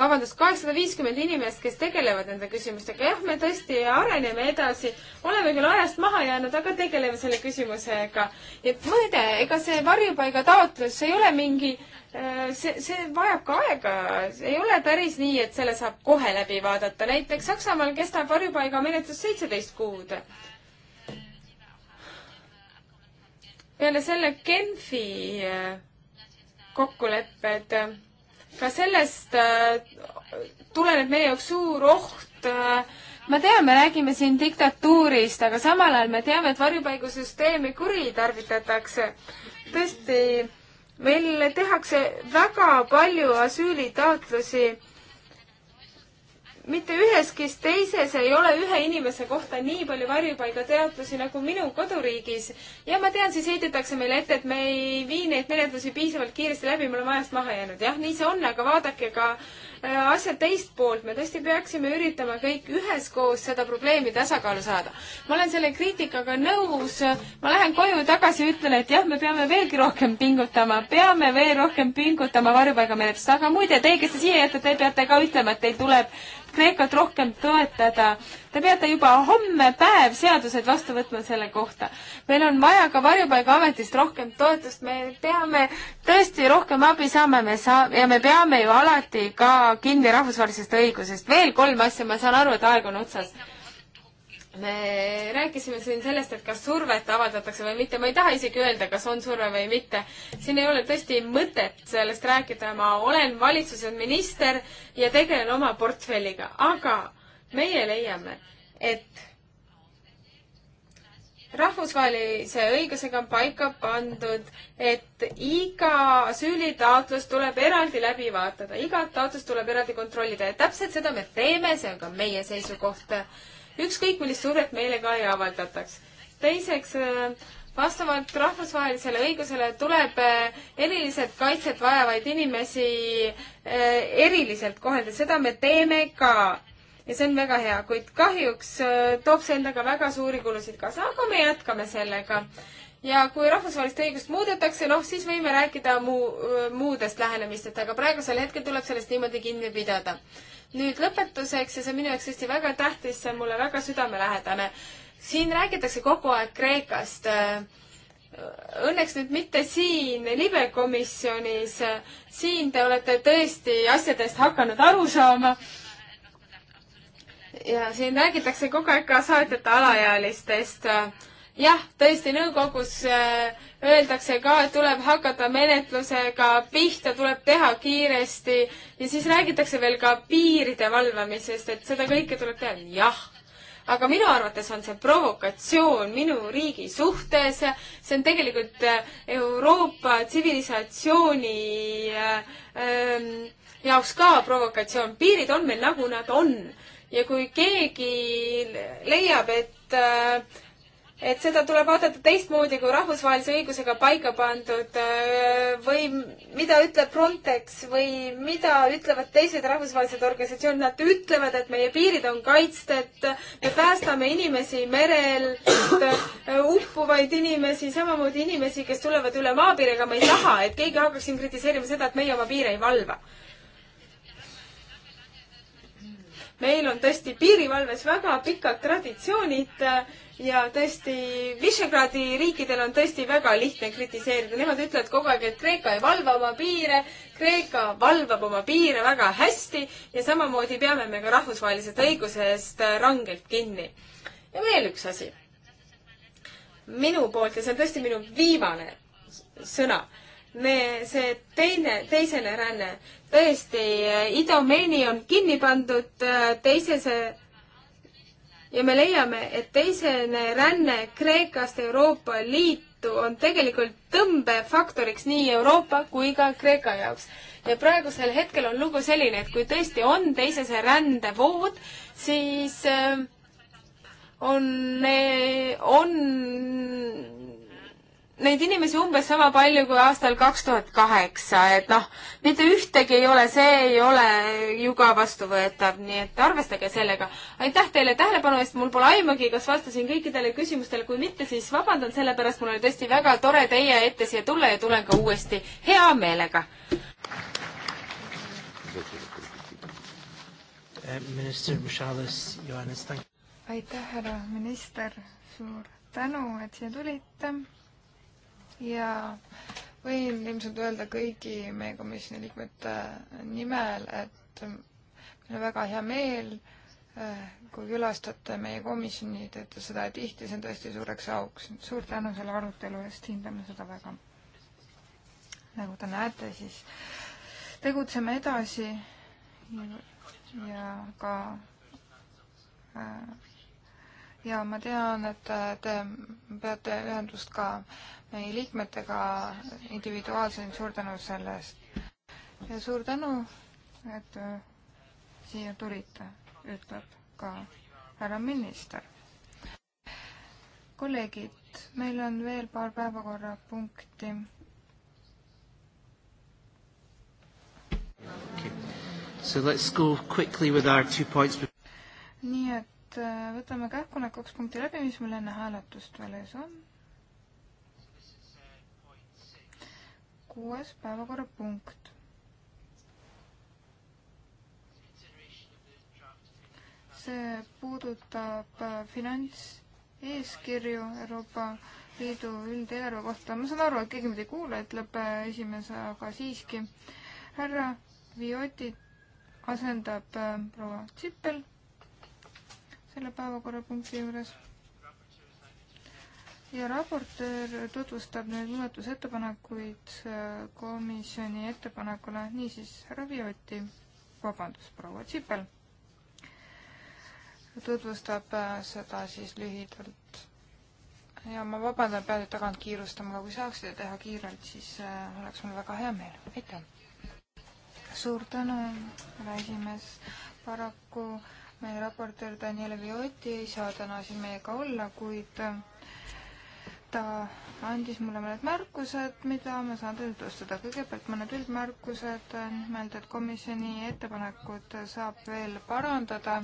vabandust, kaheksasada viiskümmend inimest, kes tegelevad nende küsimustega. jah, me tõesti areneme edasi, oleme küll ajast maha jäänud, aga tegeleme selle küsimusega. et muide, ega see varjupaiga taotlus ei ole mingi, äh, see, see vajab ka aega, ei ole päris nii, et selle saab kohe läbi vaadata. näiteks Saksamaal kestab varjupaiga menetlus seitseteist kuud. peale selle Genfi äh, kokkulepped äh, ka sellest äh, tuleneb meie jaoks suur oht. Äh, ma tean, me räägime siin diktatuurist, aga samal ajal me teame, et varjupaigusüsteemi kuritarvitatakse. tõesti, meil tehakse väga palju asüülitaotlusi mitte üheski teises ei ole ühe inimese kohta nii palju varjupaigataotlusi nagu minu koduriigis. ja ma tean, siis heidetakse meile ette, et me ei vii neid menetlusi piisavalt kiiresti läbi, me oleme ajast maha jäänud. jah, nii see on, aga vaadake ka äh, asja teist poolt. me tõesti peaksime üritama kõik üheskoos seda probleemi tasakaalu saada. ma olen selle kriitikaga nõus. ma lähen koju tagasi ja ütlen, et jah, me peame veelgi rohkem pingutama, peame veel rohkem pingutama varjupaigamenetluses, aga muide, teie, kes te siia jätate, te peate ka ütlema, et teil tuleb Kreekat rohkem toetada. Te peate juba homme päev seadused vastu võtma selle kohta. meil on vaja ka Varjupaigaametist rohkem toetust, me peame tõesti rohkem abi saama, me saa- ja me peame ju alati ka kinni rahvusvahelisest õigusest. veel kolm asja, ma saan aru, et aeg on otsas me rääkisime siin sellest, et kas survet avaldatakse või mitte, ma ei taha isegi öelda, kas on surve või mitte. siin ei ole tõesti mõtet sellest rääkida, ma olen valitsuse minister ja tegelen oma portfelliga, aga meie leiame, et rahvusvahelise õigusega on paika pandud, et iga asüülitaotlus tuleb eraldi läbi vaatada, igat taotlust tuleb eraldi kontrollida ja täpselt seda me teeme, see on ka meie seisukoht ükskõik millist survet meile ka ei avaldataks. teiseks, äh, vastavalt rahvusvahelisele õigusele tuleb äh, eriliselt kaitset vajavaid inimesi äh, eriliselt kohelda, seda me teeme ka. ja see on väga hea, kuid kahjuks toob see endaga väga suuri kulusid kaasa, aga me jätkame sellega ja kui rahvusvahelist õigust muudetakse, noh, siis võime rääkida muu, muudest lähenemistest, aga praegusel hetkel tuleb sellest niimoodi kinni pidada nüüd lõpetuseks ja see on minu jaoks tõesti väga tähtis, see on mulle väga südamelähedane. siin räägitakse kogu aeg Kreekast. Õnneks nüüd mitte siin libekomisjonis, siin te olete tõesti asjadest hakanud aru saama ja siin räägitakse kogu aeg ka saatjate alaealistest jah, tõesti, nõukogus äh, öeldakse ka, et tuleb hakata menetlusega pihta, tuleb teha kiiresti ja siis räägitakse veel ka piiride valvamisest, et seda kõike tuleb teha. jah, aga minu arvates on see provokatsioon minu riigi suhtes, see on tegelikult äh, Euroopa tsivilisatsiooni äh, ähm, jaoks ka provokatsioon, piirid on meil nagu nad on ja kui keegi leiab, et et seda tuleb vaadata teistmoodi kui rahvusvahelise õigusega paika pandud äh, või mida ütleb Frontex või mida ütlevad teised rahvusvahelised organisatsioonid, nad ütlevad, et meie piirid on kaitstud, me päästame inimesi merel, äh, uppuvaid inimesi, samamoodi inimesi, kes tulevad üle maapiiri, aga ma ei taha, et keegi hakkaks siin kritiseerima seda, et meie oma piire ei valva meil on tõesti piirivalves väga pikad traditsioonid ja tõesti, Visegradi riikidel on tõesti väga lihtne kritiseerida, nemad ütlevad kogu aeg, et Kreeka ei valva oma piire, Kreeka valvab oma piire väga hästi ja samamoodi peame me ka rahvusvahelisest õigusest äh, rangelt kinni. ja veel üks asi. minu poolt ja see on tõesti minu viimane sõna me, see teine, teisene ränne, tõesti, äh, idomeeni on kinni pandud, äh, teisese ja me leiame, et teisene ränne Kreekast Euroopa Liitu on tegelikult tõmbefaktoriks nii Euroopa kui ka Kreeka jaoks. ja praegusel hetkel on lugu selline, et kui tõesti on teisese rändevood, siis äh, on, äh, on neid inimesi umbes sama palju kui aastal kaks tuhat kaheksa, et noh, mitte ühtegi ei ole, see ei ole ju ka vastuvõetav, nii et arvestage sellega. aitäh teile tähelepanu eest, mul pole aimugi, kas vastasin kõikidele küsimustele, kui mitte, siis vabandan selle pärast, mul oli tõesti väga tore teie ette siia tulla ja tulen ka uuesti hea meelega. Eh, minister Mushalas, Johannes, aitäh, härra minister, suur tänu, et siia tulite ja võin ilmselt öelda kõigi meie komisjoni liikmete nimel, et meil on väga hea meel, eh, kui külastate meie komisjoni, teete seda tihti, see on tõesti suureks auks. suur tänu selle arutelu eest, hindame seda väga. nagu te näete, siis tegutseme edasi ja ka eh, ja ma tean, et te peate ühendust ka liikmetega individuaalselt ning suur tänu selle eest. ja suur tänu, et äh, siia tulite, ütleb ka härra minister. kolleegid, meil on veel paar päevakorrapunkti okay.. So let's go quickly with our two points. nii et äh, võtame kähku need kaks punkti läbi, mis meil enne hääletust veel ees on kuues päevakorrapunkt. see puudutab äh, finantseeskirju Euroopa Liidu üldeelarve kohta. ma saan aru, et keegi mind ei kuule, ütleb äh, esimees, aga siiski. härra Vioti asendab äh, proua Tsipel selle päevakorrapunkti juures ja raportöör tutvustab nüüd muudatusettepanekuid komisjoni ettepanekule, niisiis härra Vioti, vabandust, proua Tsipel tutvustab äh, seda siis lühidalt. ja ma vabandan, pean nüüd tagant kiirustama, aga kui saaks seda teha kiirelt, siis äh, oleks mul väga hea meel, aitäh! suur tänu, härra esimees, paraku meie raportöör Daniele Vioti ei saa täna siin meiega olla, kuid äh, ta andis mulle mõned märkused, mida ma saan tutvustada. kõigepealt mõned üldmärkused, nimelt, et komisjoni ettepanekut saab veel parandada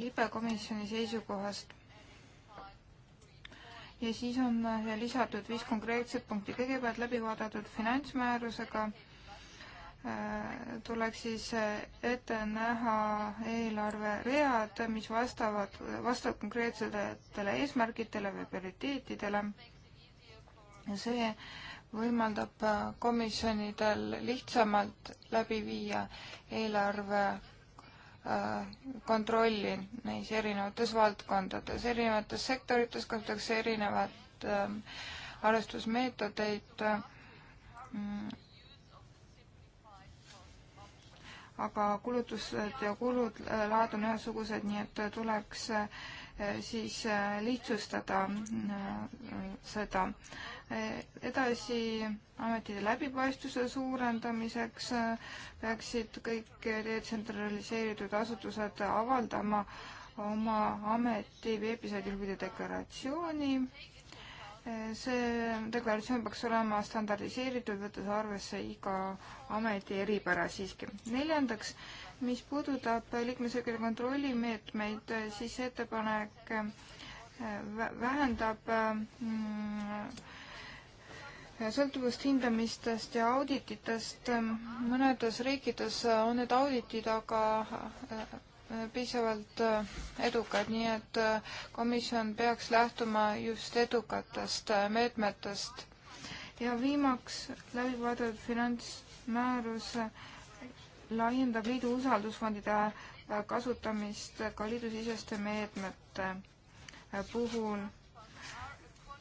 libekomisjoni seisukohast. ja siis on lisatud viis konkreetset punkti. kõigepealt läbi vaadatud finantsmäärusega Äh, tuleks siis äh, ette näha eelarveread, mis vastavad, vastavad konkreetsetele eesmärkidele või prioriteetidele. ja see võimaldab äh, komisjonidel lihtsamalt läbi viia eelarve kontrolli neis erinevates valdkondades, erinevates sektorites kasutatakse erinevat arvestusmeetodeid aga kulutused ja kulud äh, laad on ühesugused, nii et tuleks äh, siis äh, lihtsustada seda. edasi ametite läbipaistvuse suurendamiseks peaksid kõik detsentraliseeritud asutused avaldama oma ameti veebisaidil huvide deklaratsiooni see deklaratsioon peaks olema standardiseeritud, võttes arvesse iga ameti eripära siiski. neljandaks, mis puudutab liikmesriikide kontrollimeetmeid, siis see ettepanek äh, vähendab mm, sõltuvust hindamistest ja audititest. mõnedes riikides on need auditid aga äh, piisavalt äh, edukad, nii et äh, komisjon peaks lähtuma just edukatest äh, meetmetest. ja viimaks läbi vaadatud finantsmäärus laiendab liidu usaldusfondide kasutamist ka liidusiseste meetmete puhul.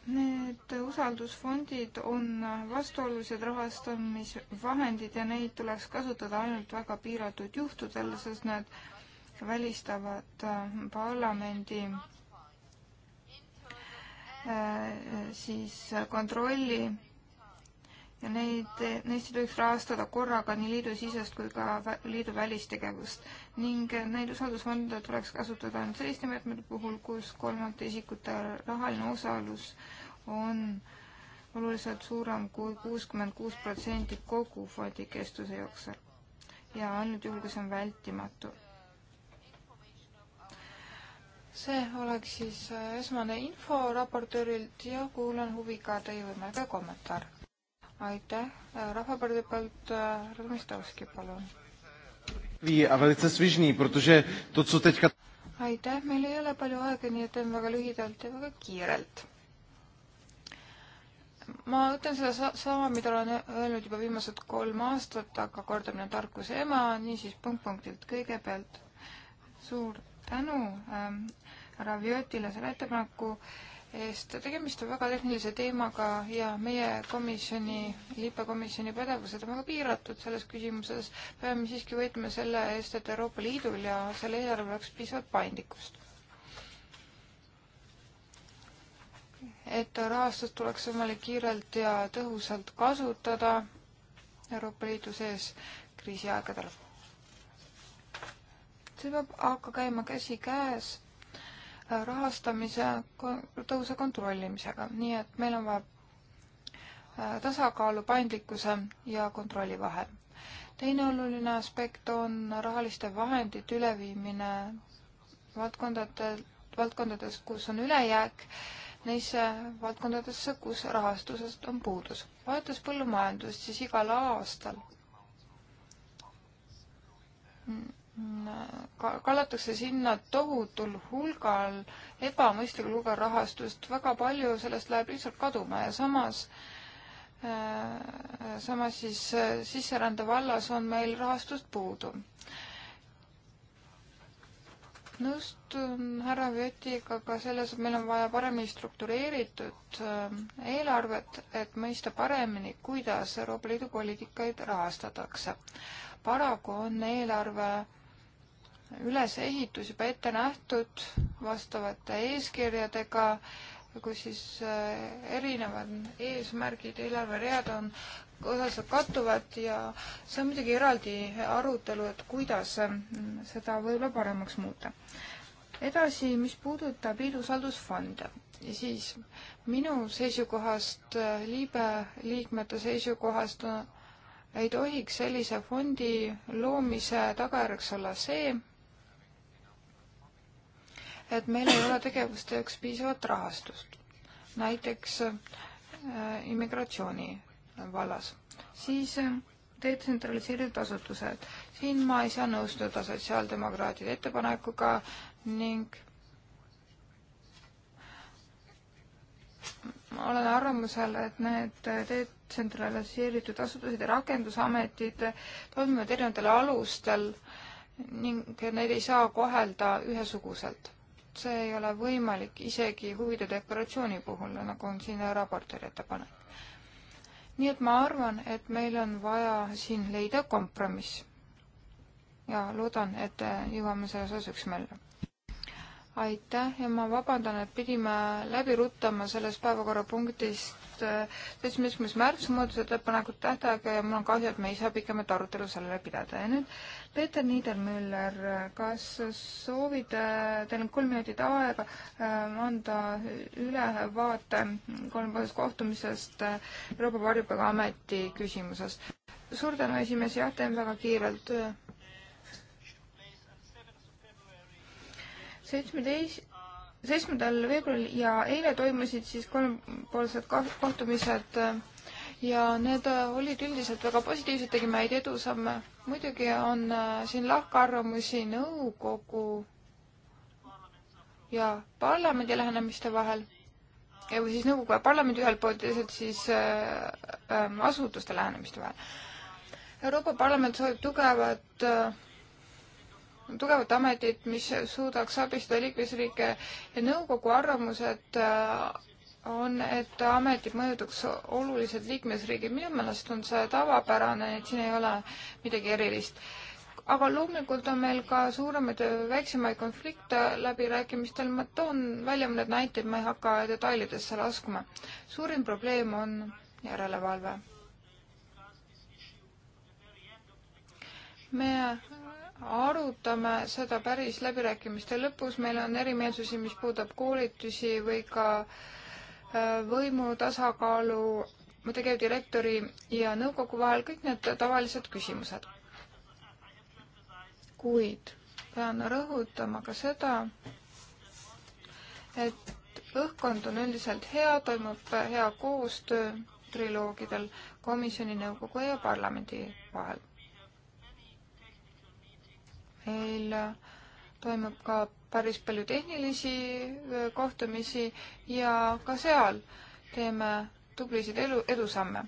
Need usaldusfondid on vastuolulised rahastamisvahendid ja neid tuleks kasutada ainult väga piiratud juhtudel, sest need välistavad äh, parlamendi äh, siis kontrolli ja neid, neist ei tohiks rahastada korraga nii liidu sisest kui ka liidu välistegevust ning neid usaldusfonde tuleks kasutada ainult selliste meetmete puhul, kus kolmandate isikute rahaline osalus on oluliselt suurem kui kuuskümmend kuus protsenti kogu fondi kestuse jooksul ja ainult juhul, kui see on vältimatu see oleks siis äh, esmane info raportöörilt ja kuulan huviga teie võimalikke kommentaare. aitäh, äh, Rahvapartei poolt äh, härra Mistovski, palun. aitäh, meil ei ole palju aega, nii et teen väga lühidalt ja väga kiirelt. ma ütlen seda sa sama, mida olen öelnud juba viimased kolm aastat, aga kordamine tarkuse ema, niisiis punkt punktilt kõigepealt. suur tänu ähm, härra Vjötile selle ettepaneku eest. tegemist on väga tehnilise teemaga ja meie komisjoni, liipekomisjoni pädevused on väga piiratud selles küsimuses. peame siiski võitma selle eest, et Euroopa Liidul ja selle eelarvel oleks piisavalt paindlikkust. et rahastust tuleks võimalik kiirelt ja tõhusalt kasutada Euroopa Liidu sees kriisiaegadel see peab aga käima käsikäes rahastamise tõuse kontrollimisega, nii et meil on vaja äh, tasakaalu paindlikkuse ja kontrolli vahel. teine oluline aspekt on rahaliste vahendite üleviimine valdkondadelt, valdkondades, kus on ülejääk, neisse valdkondadesse, kus rahastusest on puudus. vaadates põllumajandust, siis igal aastal kallatakse sinna tohutul hulgal, ebamõistlikul hulgal rahastust, väga palju sellest läheb lihtsalt kaduma ja samas äh, samas siis äh, sisserände vallas on meil rahastust puudu. nõustun härra Vjetiga ka selles, et meil on vaja paremini struktureeritud äh, eelarvet, et mõista paremini, kuidas Euroopa Liidu poliitikaid rahastatakse. paraku on eelarve ülesehitus juba ette nähtud vastavate eeskirjadega, kus siis äh, erinevad eesmärgid, eelarveread on osaliselt kattuvad ja see on muidugi eraldi arutelu, et kuidas äh, seda võib-olla paremaks muuta. edasi, mis puudutab liidusaldusfonde, siis minu seisukohast, äh, liibe liikmete seisukohast ei tohiks sellise fondi loomise tagajärjeks olla see, et meil ei ole tegevusteks piisavat rahastust, näiteks äh, immigratsiooni vallas, siis äh, detsentraliseeritud asutused. siin ma ei saa nõustuda sotsiaaldemokraatide ettepanekuga ning ma olen arvamusel, et need detsentraliseeritud asutused ja rakendusametid toimivad erinevatel alustel ning neid ei saa kohelda ühesuguselt see ei ole võimalik isegi huvide deklaratsiooni puhul, nagu on siin raportööri ettepanek. nii et ma arvan, et meil on vaja siin leida kompromiss. ja loodan, et jõuame selles osas üksmeelde. aitäh ja ma vabandan, et pidime läbi ruttama sellest päevakorrapunktist äh, seitsmeteistkümnes märts muudatusettepanekute tähtaega ja mul on kahju, et me ei saa pikemat arutelu sellele pidada ja nüüd Peeter Niedermüller, kas soovite, teil on kolm minutit aega ähm, anda ülevaate kolmepäevasest kohtumisest äh, Euroopa Varjupaigaameti küsimuses? suur tänu, esimees, jah, teen väga kiirelt. seitsmeteist seitsmendal veebruaril ja eile toimusid siis kolmepoolsed kohtumised äh, ja need äh, olid üldiselt väga positiivsed, tegime häid edusamme. muidugi on äh, siin lahkarvamusi nõukogu ja parlamendi lähenemiste vahel ja, või siis nõukogu ja parlamendi ühelt poolt ja teiselt siis äh, ähm, asutuste lähenemiste vahel. Euroopa Parlament soovib tugevat äh, tugevat ametit, mis suudaks abistada liikmesriike ja nõukogu arvamused äh, on, et ametid mõjutaks oluliselt liikmesriigid. minu meelest on see tavapärane, et siin ei ole midagi erilist. aga loomulikult on meil ka suuremaid ja väiksemaid konflikte läbirääkimistel. ma toon välja mõned näited, ma ei hakka detailidesse laskuma. suurim probleem on järelevalve. me arutame seda päris läbirääkimiste lõpus, meil on erimeelsusi, mis puudutab koolitusi või ka äh, võimu tasakaalu, tegevdirektori ja nõukogu vahel, kõik need tavalised küsimused. kuid pean rõhutama ka seda, et õhkkond on üldiselt hea, toimub hea koostöö triloogidel komisjoni, nõukogu ja parlamendi vahel. meil toimub ka päris palju tehnilisi kohtumisi ja ka seal teeme tublisid elu, edusamme.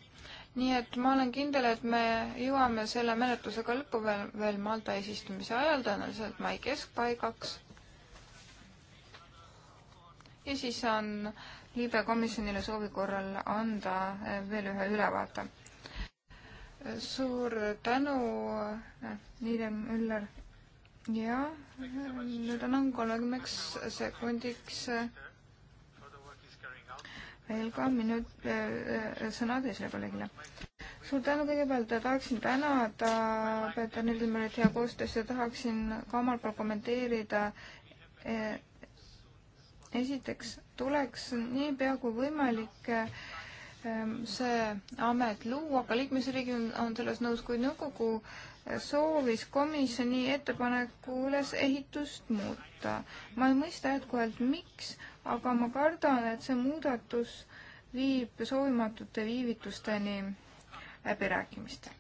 nii et ma olen kindel, et me jõuame selle menetlusega lõppu veel, veel Malta eesistumise ajal, tõenäoliselt mai keskpaigaks. ja siis on liibe komisjonile soovi korral anda veel ühe ülevaate. suur tänu, Niiden Üller ja nüüd annan kolmekümneks sekundiks äh, veel ka minut äh, äh, sõna teisele kolleegile. suur tänu kõigepealt ja tahaksin tänada Peeter Nildimäelt hea koostöös ja tahaksin ka omalt poolt kommenteerida. esiteks tuleks niipea kui võimalik see amet luua, aga liikmesriigid on selles nõus, kui nõukogu no, soovis komisjoni ettepaneku ülesehitust muuta. ma ei mõista jätkuvalt, miks, aga ma kardan, et see muudatus viib soovimatute viivitusteni läbirääkimistel.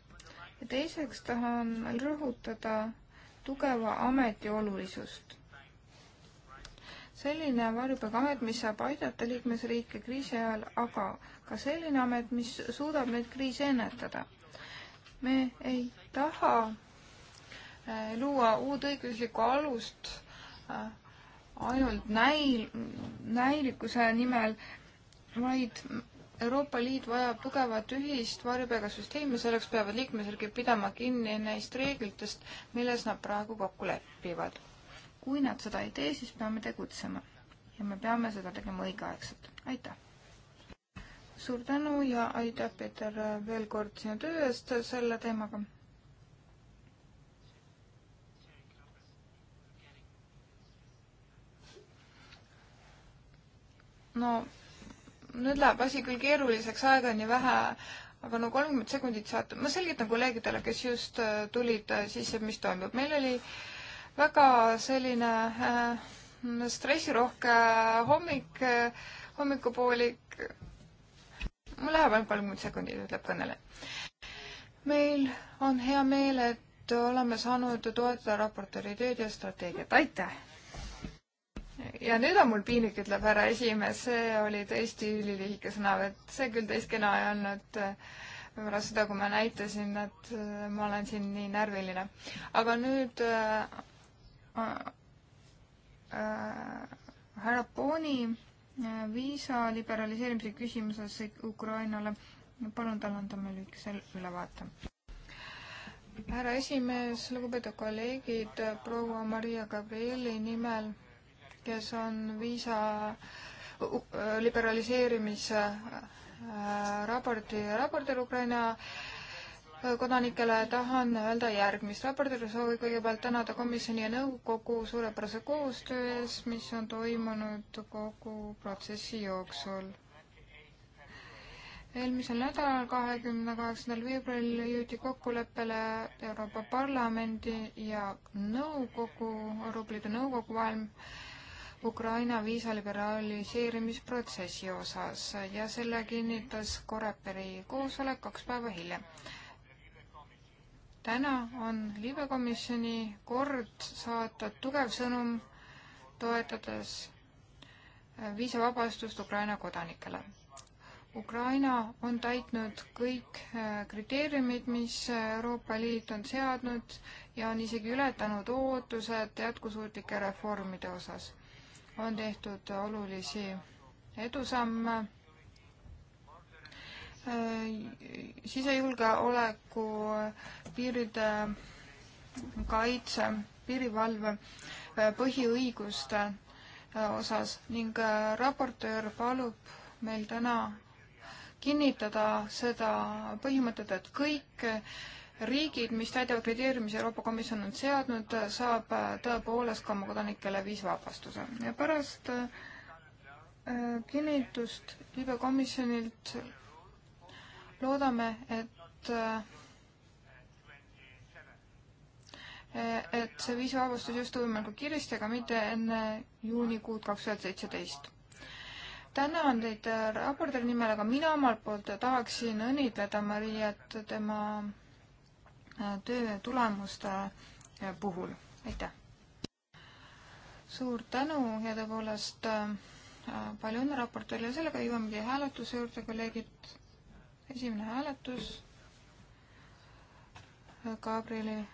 ja teiseks tahan rõhutada tugeva ameti olulisust selline varjupaigaamet, mis saab aidata liikmesriike kriisi ajal, aga ka selline amet, mis suudab neid kriise ennetada me ei taha äh, luua uut õiguslikku alust äh, ainult näil, näilikkuse nimel, vaid Euroopa Liit vajab tugevat ühist varjupaigasüsteemi, selleks peavad liikmesriigid pidama kinni neist reeglitest, milles nad praegu kokku lepivad. kui nad seda ei tee, siis peame tegutsema ja me peame seda tegema õigeaegselt. aitäh! suur tänu ja aitäh, Peeter, veel kord sinu töö eest selle teemaga. no nüüd läheb asi küll keeruliseks, aega on ju vähe, aga no kolmkümmend sekundit saate, ma selgitan kolleegidele, kes just äh, tulid äh, sisse, mis toimub. meil oli väga selline äh, stressirohke hommik, äh, hommikupoolik mul läheb ainult kolmkümmend sekundit, ütleb kõneleja. meil on hea meel, et oleme saanud toetada raportööri tööd ja strateegiat, aitäh! ja nüüd on mul piinlik, ütleb härra esimees, see oli tõesti ülilühike sõnavõtt, see küll teist kena ei olnud pärast seda, kui ma näitasin, et äh, ma olen siin nii närviline. aga nüüd äh, äh, äh härra Pooni viisa liberaliseerimise küsimuses Ukrainale. palun, tal on tema lühikese ülevaate. härra esimees, lugupeetud kolleegid, proua Maria Gabrieli nimel, kes on viisa liberaliseerimise äh, raporti raportöör Ukraina äh, kodanikele tahan öelda järgmist. raportööri soovin kõigepealt tänada komisjoni ja nõukogu suurepärase koostöö eest, mis on toimunud kogu protsessi jooksul. eelmisel nädalal, kahekümne kaheksandal veebruaril jõuti kokkuleppele Euroopa Parlamendi ja nõukogu, Euroopa Liidu Nõukogu vahel Ukraina viisa liberaliseerimisprotsessi osas ja selle kinnitas Koreperi koosolek kaks päeva hiljem täna on liivekomisjoni kord saata tugev sõnum, toetades äh, viisavabastust Ukraina kodanikele. Ukraina on täitnud kõik äh, kriteeriumid, mis äh, Euroopa Liit on seadnud ja on isegi ületanud ootused jätkusuutlike reformide osas. on tehtud olulisi edusamme Äh, sisejulgeoleku äh, piiride äh, kaitse, piirivalve põhiõiguste osas ning raportöör palub meil täna kinnitada seda põhimõtet, et kõik riigid, mis täidavad kriteeriumi, mis Euroopa Komisjon on seadnud, saab tõepoolest ka oma kodanikele viisavabastuse ja pärast kinnitust libekomisjonilt loodame, et äh, et see viisavabastus just võimalikult kiiresti, aga mitte enne juunikuud kaks tuhat seitseteist. tänan teid äh, raportööri nimel, aga mina omalt poolt tahaksin õnnitleda Mariat tema äh, töö tulemuste puhul, aitäh! suur tänu ja tõepoolest palju õnne raportöörile, sellega jõuamegi hääletuse juurde, kolleegid esimene hääletus. Gabrieli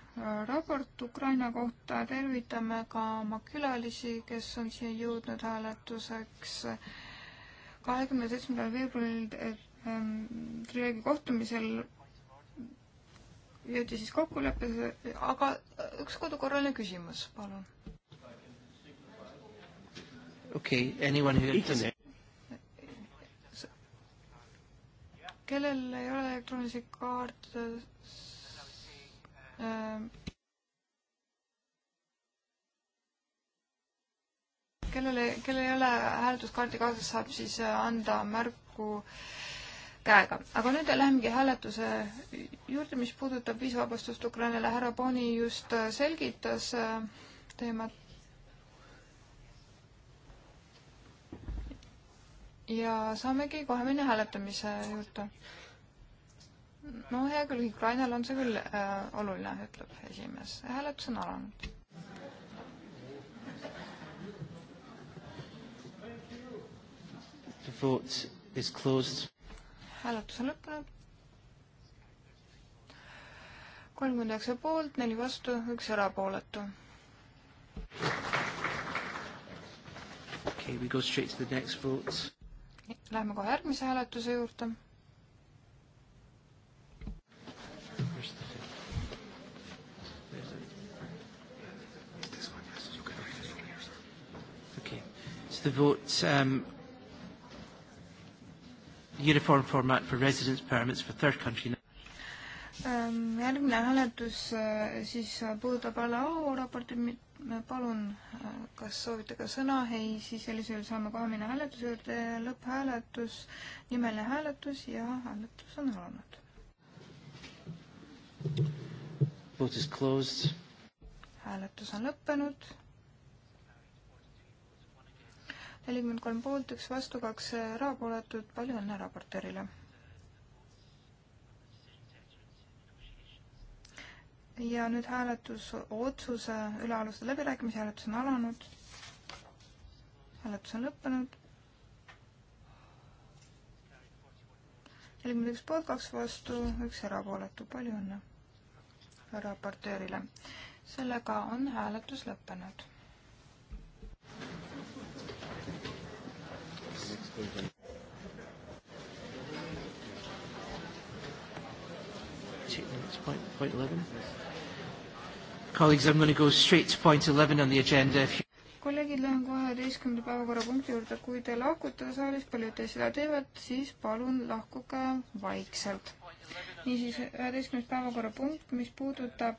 raport Ukraina kohta, tervitame ka oma külalisi, kes on siia jõudnud hääletuseks kahekümne seitsmendal veebruaril eh, triloogi kohtumisel jõuti siis kokkuleppele, aga üks kodukorraline küsimus, palun. okei okay,, anyone who has kellel ei ole elektroonilisi kaarte äh,, kellel ei, kellel ei ole hääletuskaarti kaasas, saab siis äh, anda märku käega. aga nüüd lähemegi hääletuse juurde, mis puudutab viisavabastust Ukrainale. härra Boni just äh, selgitas äh, teemat ja saamegi kohe minna hääletamise juurde. no hea küll, Ukrainal on see küll äh, oluline, ütleb esimees. hääletus on alanud. The vote is closed. hääletus on lõppenud kolmkümmend üheksa poolt, neli vastu, üks erapooletu. Okay, we go straight to the next vote. Lähme kohe järgmise hääletuse juurde. the vote um, uniform format for residence permits for third country. Ähm, järgmine hääletus äh, siis äh, puudutab alla au raporti, palun, äh, kas soovite ka sõna? ei, siis sellisel juhul saame kohe minna hääletuse juurde, lõpphääletus, nimeline hääletus ja hääletus on alanud. Vote is closed. hääletus on lõppenud. nelikümmend kolm poolt, üks vastu, kaks erapooletut, palju õnne raportöörile ja nüüd hääletus otsuse üle alustada läbirääkimisi, hääletus on alanud. hääletus on lõppenud. nelikümmend üks poolt, kaks vastu, üks erapooletu, palju õnne raportöörile. sellega on hääletus lõppenud. take notes. Point, point 11. Colleagues, I'm going to go straight to point 11 on the agenda. If you kolleegid, lähen kohe üheteistkümnenda päevakorrapunkti juurde, kui te lahkute saalist, paljud teist seda teevad, siis palun lahkuge vaikselt. niisiis, üheteistkümnes päevakorrapunkt, mis puudutab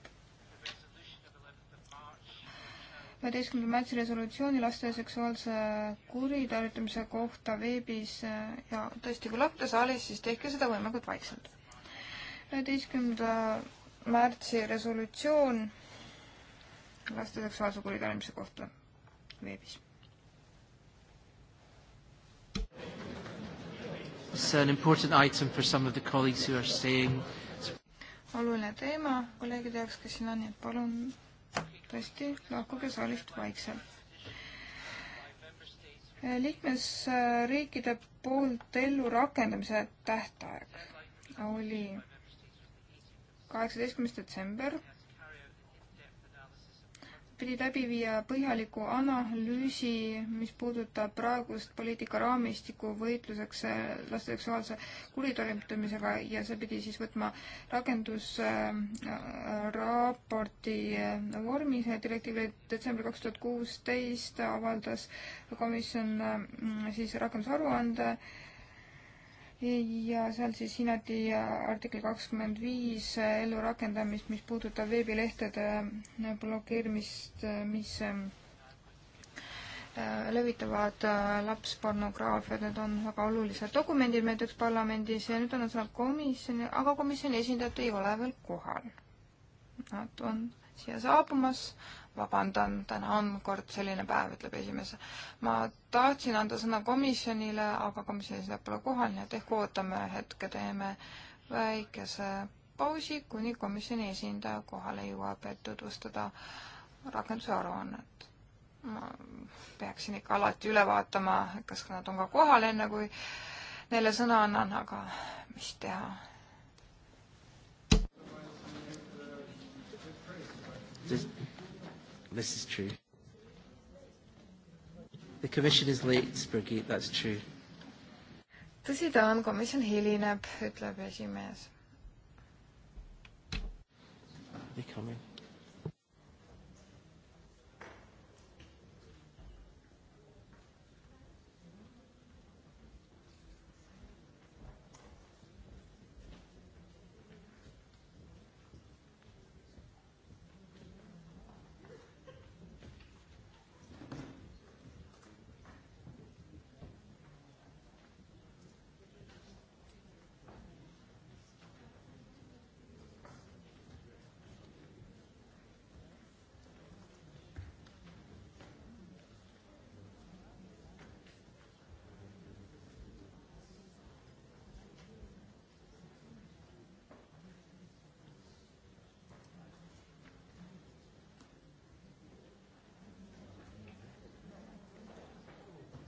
üheteistkümnenda märtsi resolutsiooni laste seksuaalse kuritarvitamise kohta veebis ja tõesti, kui lahkute saalist, siis tehke seda võimalikult vaikselt üheteistkümnenda märtsi resolutsioon laste seksuaalse kuritarvitamise kohta veebis. It's an important item for some of the colleagues who are staying. oluline teema kolleegide jaoks, kes siin on, nii et palun tõesti lahkuge saalist vaikselt. liikmesriikide poolt ellu rakendamise tähtaeg oli kaheksateistkümnes detsember pidi läbi viia põhjaliku analüüsi, mis puudutab praegust poliitikaraamistikku võitluseks laste seksuaalse kuritarvitamisega ja see pidi siis võtma rakendusraporti vormi, see direktiiv oli detsembri kaks tuhat kuusteist, avaldas komisjon siis rakendusaruande ja seal siis hinnati artikli kakskümmend viis ellurakendamist, mis puudutab veebilehtede äh, blokeerimist, äh, mis ähm, äh, levitavad lapspornograafiat, need on väga olulised dokumendid meil üks parlamendis ja nüüd on nad seal komisjoni, aga komisjoni esindajat ei ole veel kohal. Nad on siia saabumas, vabandan, täna on kord selline päev, ütleb esimees. ma tahtsin anda sõna komisjonile, aga komisjoni esindaja pole kohal, nii et ehk ootame hetke, teeme väikese pausi, kuni komisjoni esindaja kohale jõuab, et tutvustada rakenduse aruannet. ma peaksin ikka alati üle vaatama, kas nad on ka kohal, enne kui neile sõna annan, aga mis teha Just This is true. The commission is late, Birgit, that's true. tõsi ta on, komisjon hilineb, ütleb esimees. They coming.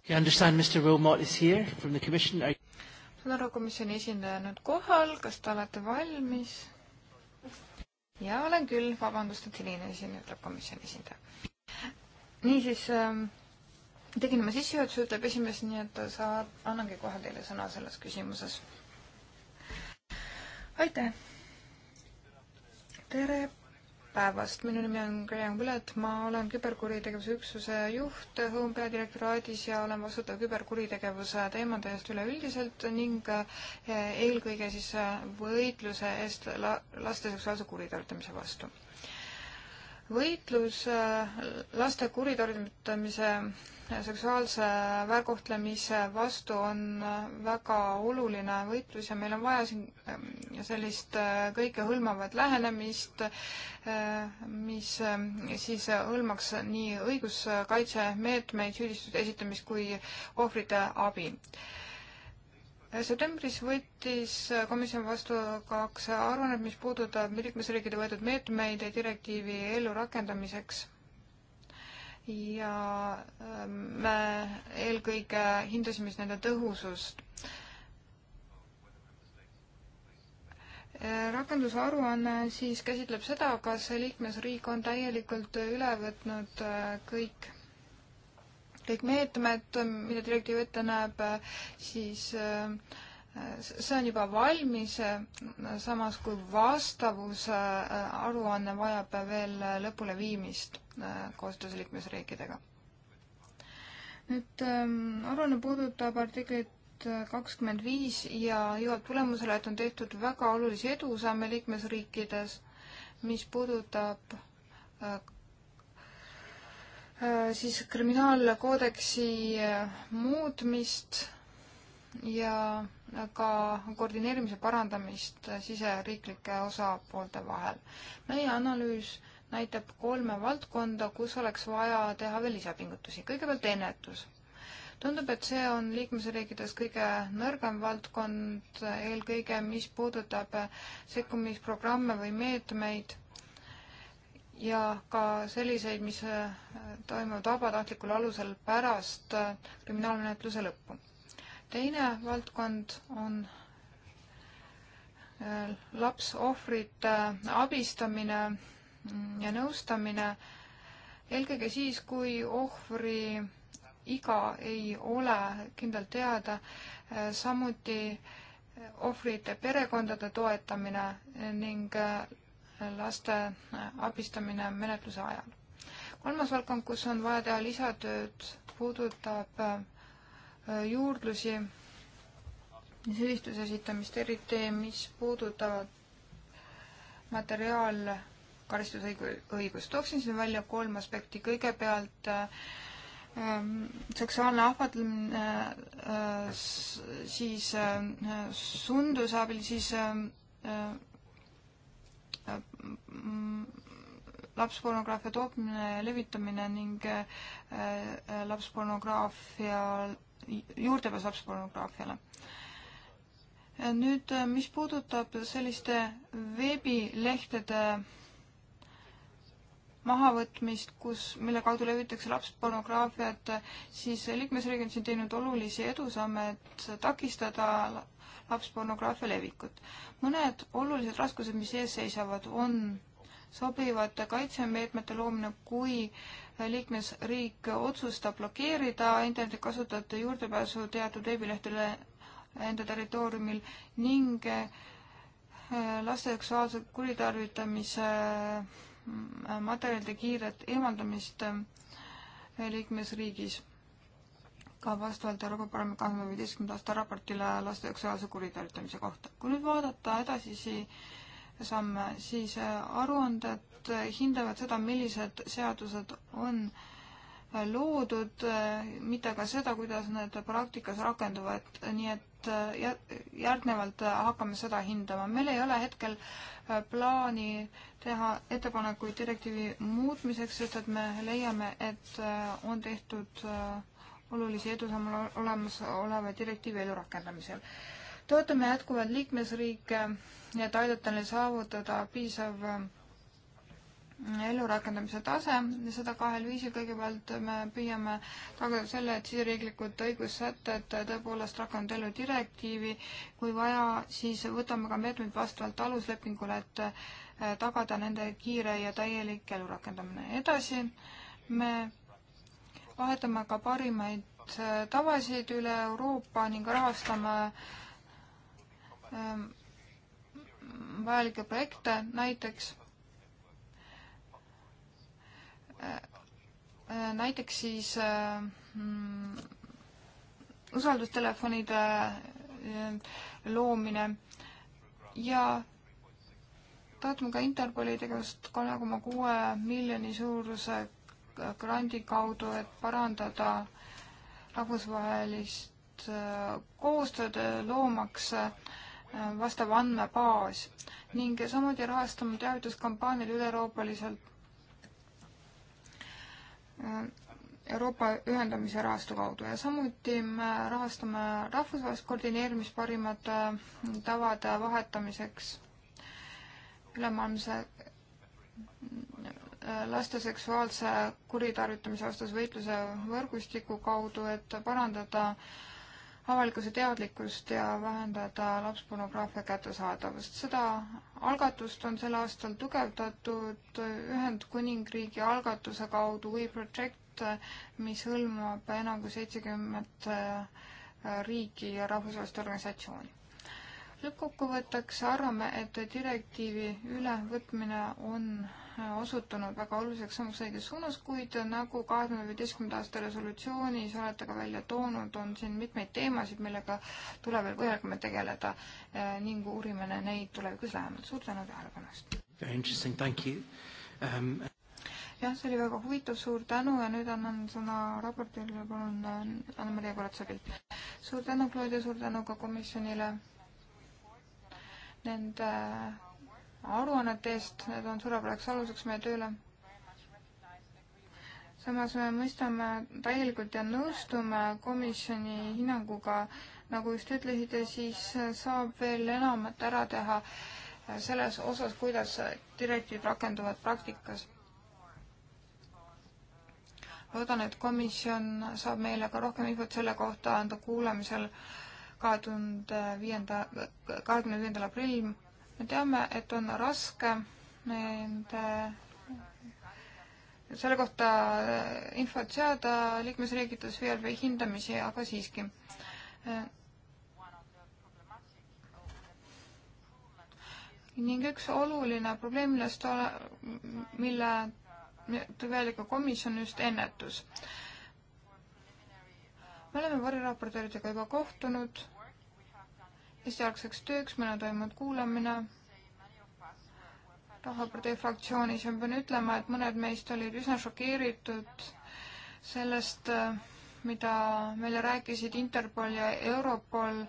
You understand Mr Wilmot is here from the commission Are...? saan aru, komisjoni esindaja on nüüd kohal, kas te olete valmis? jaa, olen küll, vabandust, et hilinesin, ütleb komisjoni esindaja. niisiis ähm, tegin oma sissejuhatuse, ütleb esimees, nii et sa, annangi kohe teile sõna selles küsimuses. aitäh! tere päevast, minu nimi on Graham Willett, ma olen küberkuritegevuse üksuse juht Home peadirektoraadis ja olen vastutav küberkuritegevuse teemade eest üleüldiselt ning eh, eelkõige siis eh, võitluse eest laste seksuaalse kuritarvitamise vastu võitlus äh, laste kuritarvitamise seksuaalse väärkohtlemise vastu on äh, väga oluline võitlus ja meil on vaja siin äh, sellist kõikehõlmavat lähenemist, mis siis hõlmaks nii õiguskaitsemeetmeid, süüdistuste esitamist kui ohvrite abi septembris võttis komisjon vastu kaks aruannet, mis puudutab liikmesriikide võetud meetmeid direktiivi ellurakendamiseks. ja ähm, me eelkõige hindasime siis nende tõhusust. Äh, rakendusaruanne siis käsitleb seda, kas liikmesriik on täielikult üle võtnud äh, kõik kõik meetmed, mida direktiiv ette näeb, siis äh, see on juba valmis, samas kui vastavuse äh, aruanne vajab veel lõpuleviimist äh, koostöös liikmesriikidega. nüüd ähm, aruanne puudutab artiklit kakskümmend viis ja jõuab tulemusele, et on tehtud väga olulisi edusamme liikmesriikides, mis puudutab Äh, siis kriminaalkoodeksi äh, muutmist ja ka koordineerimise parandamist äh, siseriiklike osapoolte vahel. meie analüüs näitab kolme valdkonda, kus oleks vaja teha veel lisapingutusi. kõigepealt ennetus. tundub, et see on liikmesriikides kõige nõrgem valdkond, eelkõige mis puudutab sekkumisprogramme või meetmeid ja ka selliseid, mis äh, toimuvad vabatahtlikul alusel pärast äh, kriminaalmenetluse lõppu. teine valdkond on äh, lapsohvrite abistamine mm, ja nõustamine, eelkõige siis, kui ohvri iga ei ole kindlalt teada, samuti ohvrite perekondade toetamine ning laste abistamine menetluse ajal. kolmas valdkond, kus on vaja teha lisatööd, puudutab äh, juurdlusi ja süüdistuse esitamist, eriti mis puudutavad materiaalkaristusõigust. tooksin siin välja kolm aspekti. kõigepealt ähm, seksuaalne ahvatlemine äh,, siis äh, sundusabil, siis äh, äh Äh, lapspornograafia tootmine ja levitamine ning äh, lapspornograafia, juurdepääs lapspornograafiale äh, nüüd, mis puudutab selliste veebilehtede mahavõtmist, kus, mille kaudu levitakse lapspornograafiat, siis liikmesriigid on siin teinud olulisi edusamme, et takistada lapspornograafia levikut. mõned olulised raskused, mis ees seisavad, on sobivate kaitsemeetmete loomine, kui liikmesriik otsustab blokeerida internetikasutajate juurdepääsu teatud veebilehtedele enda territooriumil ning äh, laste seksuaalse kuritarvitamise äh, materjalide kiiret eemaldamist äh, liikmesriigis ka vastavalt Euroopa Parlamendi kahe tuhande viieteistkümnenda aasta raportile laste seksuaalse kuritarvitamise kohta. kui nüüd vaadata edasisi samme, siis äh, aruanded äh, hindavad seda, millised seadused on äh, loodud, mitte ka seda, kuidas need praktikas rakenduvad, nii et järgnevalt hakkame seda hindama. meil ei ole hetkel plaani teha ettepanekuid direktiivi muutmiseks, sest et me leiame, et on tehtud äh, olulisi edusamme olemasoleva direktiivi elu rakendamisel. toetame jätkuvalt liikmesriike, et aidata neil saavutada piisav mm, ellurakendamise tase, seda kahel viisil, kõigepealt me püüame tagada selle, et siseriiklikud õigussätted tõepoolest rakendavad ellu direktiivi, kui vaja, siis võtame ka meetmed vastavalt aluslepingule, et eh, tagada nende kiire ja täielik ellurakendamine. edasi me vahetame ka parimaid äh, tavasid üle Euroopa ning rahastame ähm, vajalikke projekte, näiteks äh, äh, näiteks siis mm, usaldustelefonide loomine ja taotleme ka Interpoli tegevust kolme koma kuue miljoni suuruse grandi kaudu, et parandada rahvusvahelist äh, koostööd, äh, loomaks äh, vastav andmebaas ning samuti rahastama teavituskampaaniaid üle-euroopaliselt Euroopa ühendamise rahastu kaudu ja samuti me rahastame rahvusvahelist koordineerimist parimate tavade vahetamiseks ülemaailmse laste seksuaalse kuritarvitamise vastase võitluse võrgustiku kaudu, et parandada avalikkuse teadlikkust ja vähendada lapspornograafia kättesaadavust. seda algatust on sel aastal tugevdatud Ühendkuningriigi algatuse kaudu We Project, mis hõlmab enam kui seitsekümmet äh, riiki ja rahvusvahelist organisatsiooni. lõppkokkuvõtteks arvame, et direktiivi ülevõtmine on osutunud väga oluliseks sammuks õiges suunas, kuid nagu kahe tuhande viieteistkümnenda aasta resolutsioonis olete ka välja toonud, on siin mitmeid teemasid, millega tuleb veel põhjalikumalt tegeleda eh, ning uurime neid tulevikus lähemalt. suur tänu tähelepanu eest! Um, jah, see oli väga huvitav, suur tänu ja nüüd annan sõna raportile, palun, eh, Anne-Maria Kuratsapilt. suur tänu, Claudia, suur tänu ka komisjonile nende aruannete eest, need on suurepäraseks aluseks meie tööle. samas me mõistame täielikult ja nõustume komisjoni hinnanguga, nagu just ütlesite, siis saab veel enamat ära teha selles osas, kuidas direktiivid rakenduvad praktikas loodan, et komisjon saab meile ka rohkem infot selle kohta anda kuulamisel kahe tuhande viienda, kahekümne viiendal aprillil me teame, et on raske nende, selle kohta infot seada liikmesriikides veel või hindamisi, aga siiski. ning üks oluline probleem, millest ole, mille tõi välja ka komisjon, just ennetus. me oleme variraportööridega juba kohtunud esialgseks tööks, meil on toimunud kuulamine Rahvapartei fraktsioonis ja ma pean ütlema, et mõned meist olid üsna šokeeritud sellest, mida meile rääkisid Interpol ja Europol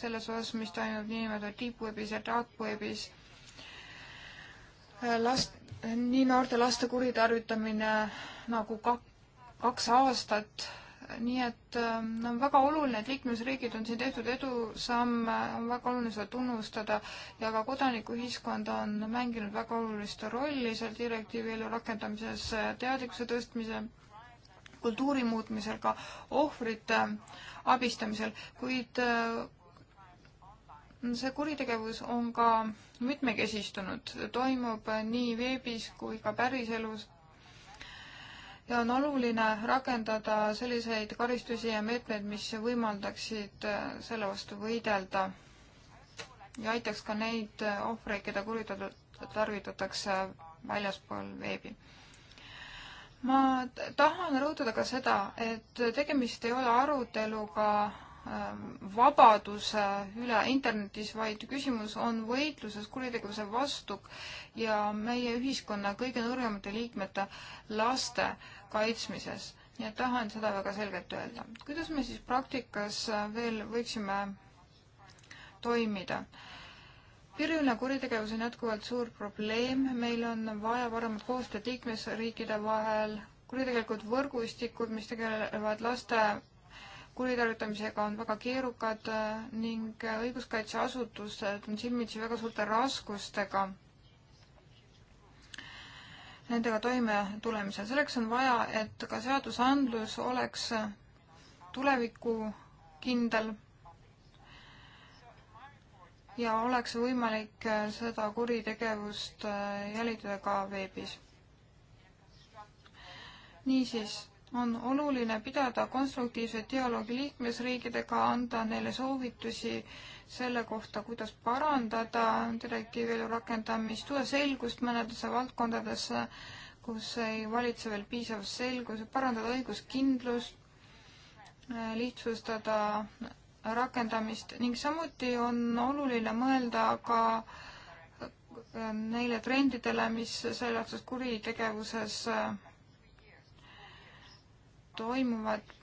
selles osas, mis toimub niinimetatud deep webis ja dark webis. last, nii noorte laste kuritarvitamine nagu ka, kaks aastat nii et ähm, on väga oluline, et liikmesriigid on siin tehtud edusamme, on väga oluline seda tunnustada ja ka kodanikuühiskond on mänginud väga olulist rolli seal direktiivi elu rakendamises, teadlikkuse tõstmisel, kultuuri muutmisel, ka ohvrite abistamisel, kuid äh, see kuritegevus on ka mitmekesistunud, toimub nii veebis kui ka päriselus ja on oluline rakendada selliseid karistusi ja meetmeid, mis võimaldaksid äh, selle vastu võidelda ja aitaks ka neid äh, ohvreid, keda kuritarvitatakse väljaspool veebi. ma tahan rõhutada ka seda, et tegemist ei ole aruteluga ähm, vabaduse üle internetis, vaid küsimus on võitluses kuritegevuse vastu ja meie ühiskonna kõige nõrgemate liikmete laste äh, kaitsmises. nii et tahan seda väga selgelt öelda. kuidas me siis praktikas äh, veel võiksime toimida? piiriline kuritegevus on jätkuvalt suur probleem, meil on vaja paremat koostööd liikmesriikide vahel, kuritegelikud võrgustikud, mis tegelevad laste kuritarvitamisega, on väga keerukad äh, ning äh, õiguskaitseasutused on silmitsi väga suurte raskustega nendega toimetulemisel. selleks on vaja, et ka seadusandlus oleks tulevikukindel ja oleks võimalik seda kuritegevust jälida ka veebis. niisiis on oluline pidada konstruktiivset dialoogi liikmesriikidega, anda neile soovitusi selle kohta, kuidas parandada direktiivi elu rakendamist, tuua selgust mõnedesse valdkondadesse, kus ei valitse veel piisav selgus, parandada õiguskindlust, lihtsustada rakendamist ning samuti on oluline mõelda ka neile trendidele, mis sellases kuritegevuses toimuvad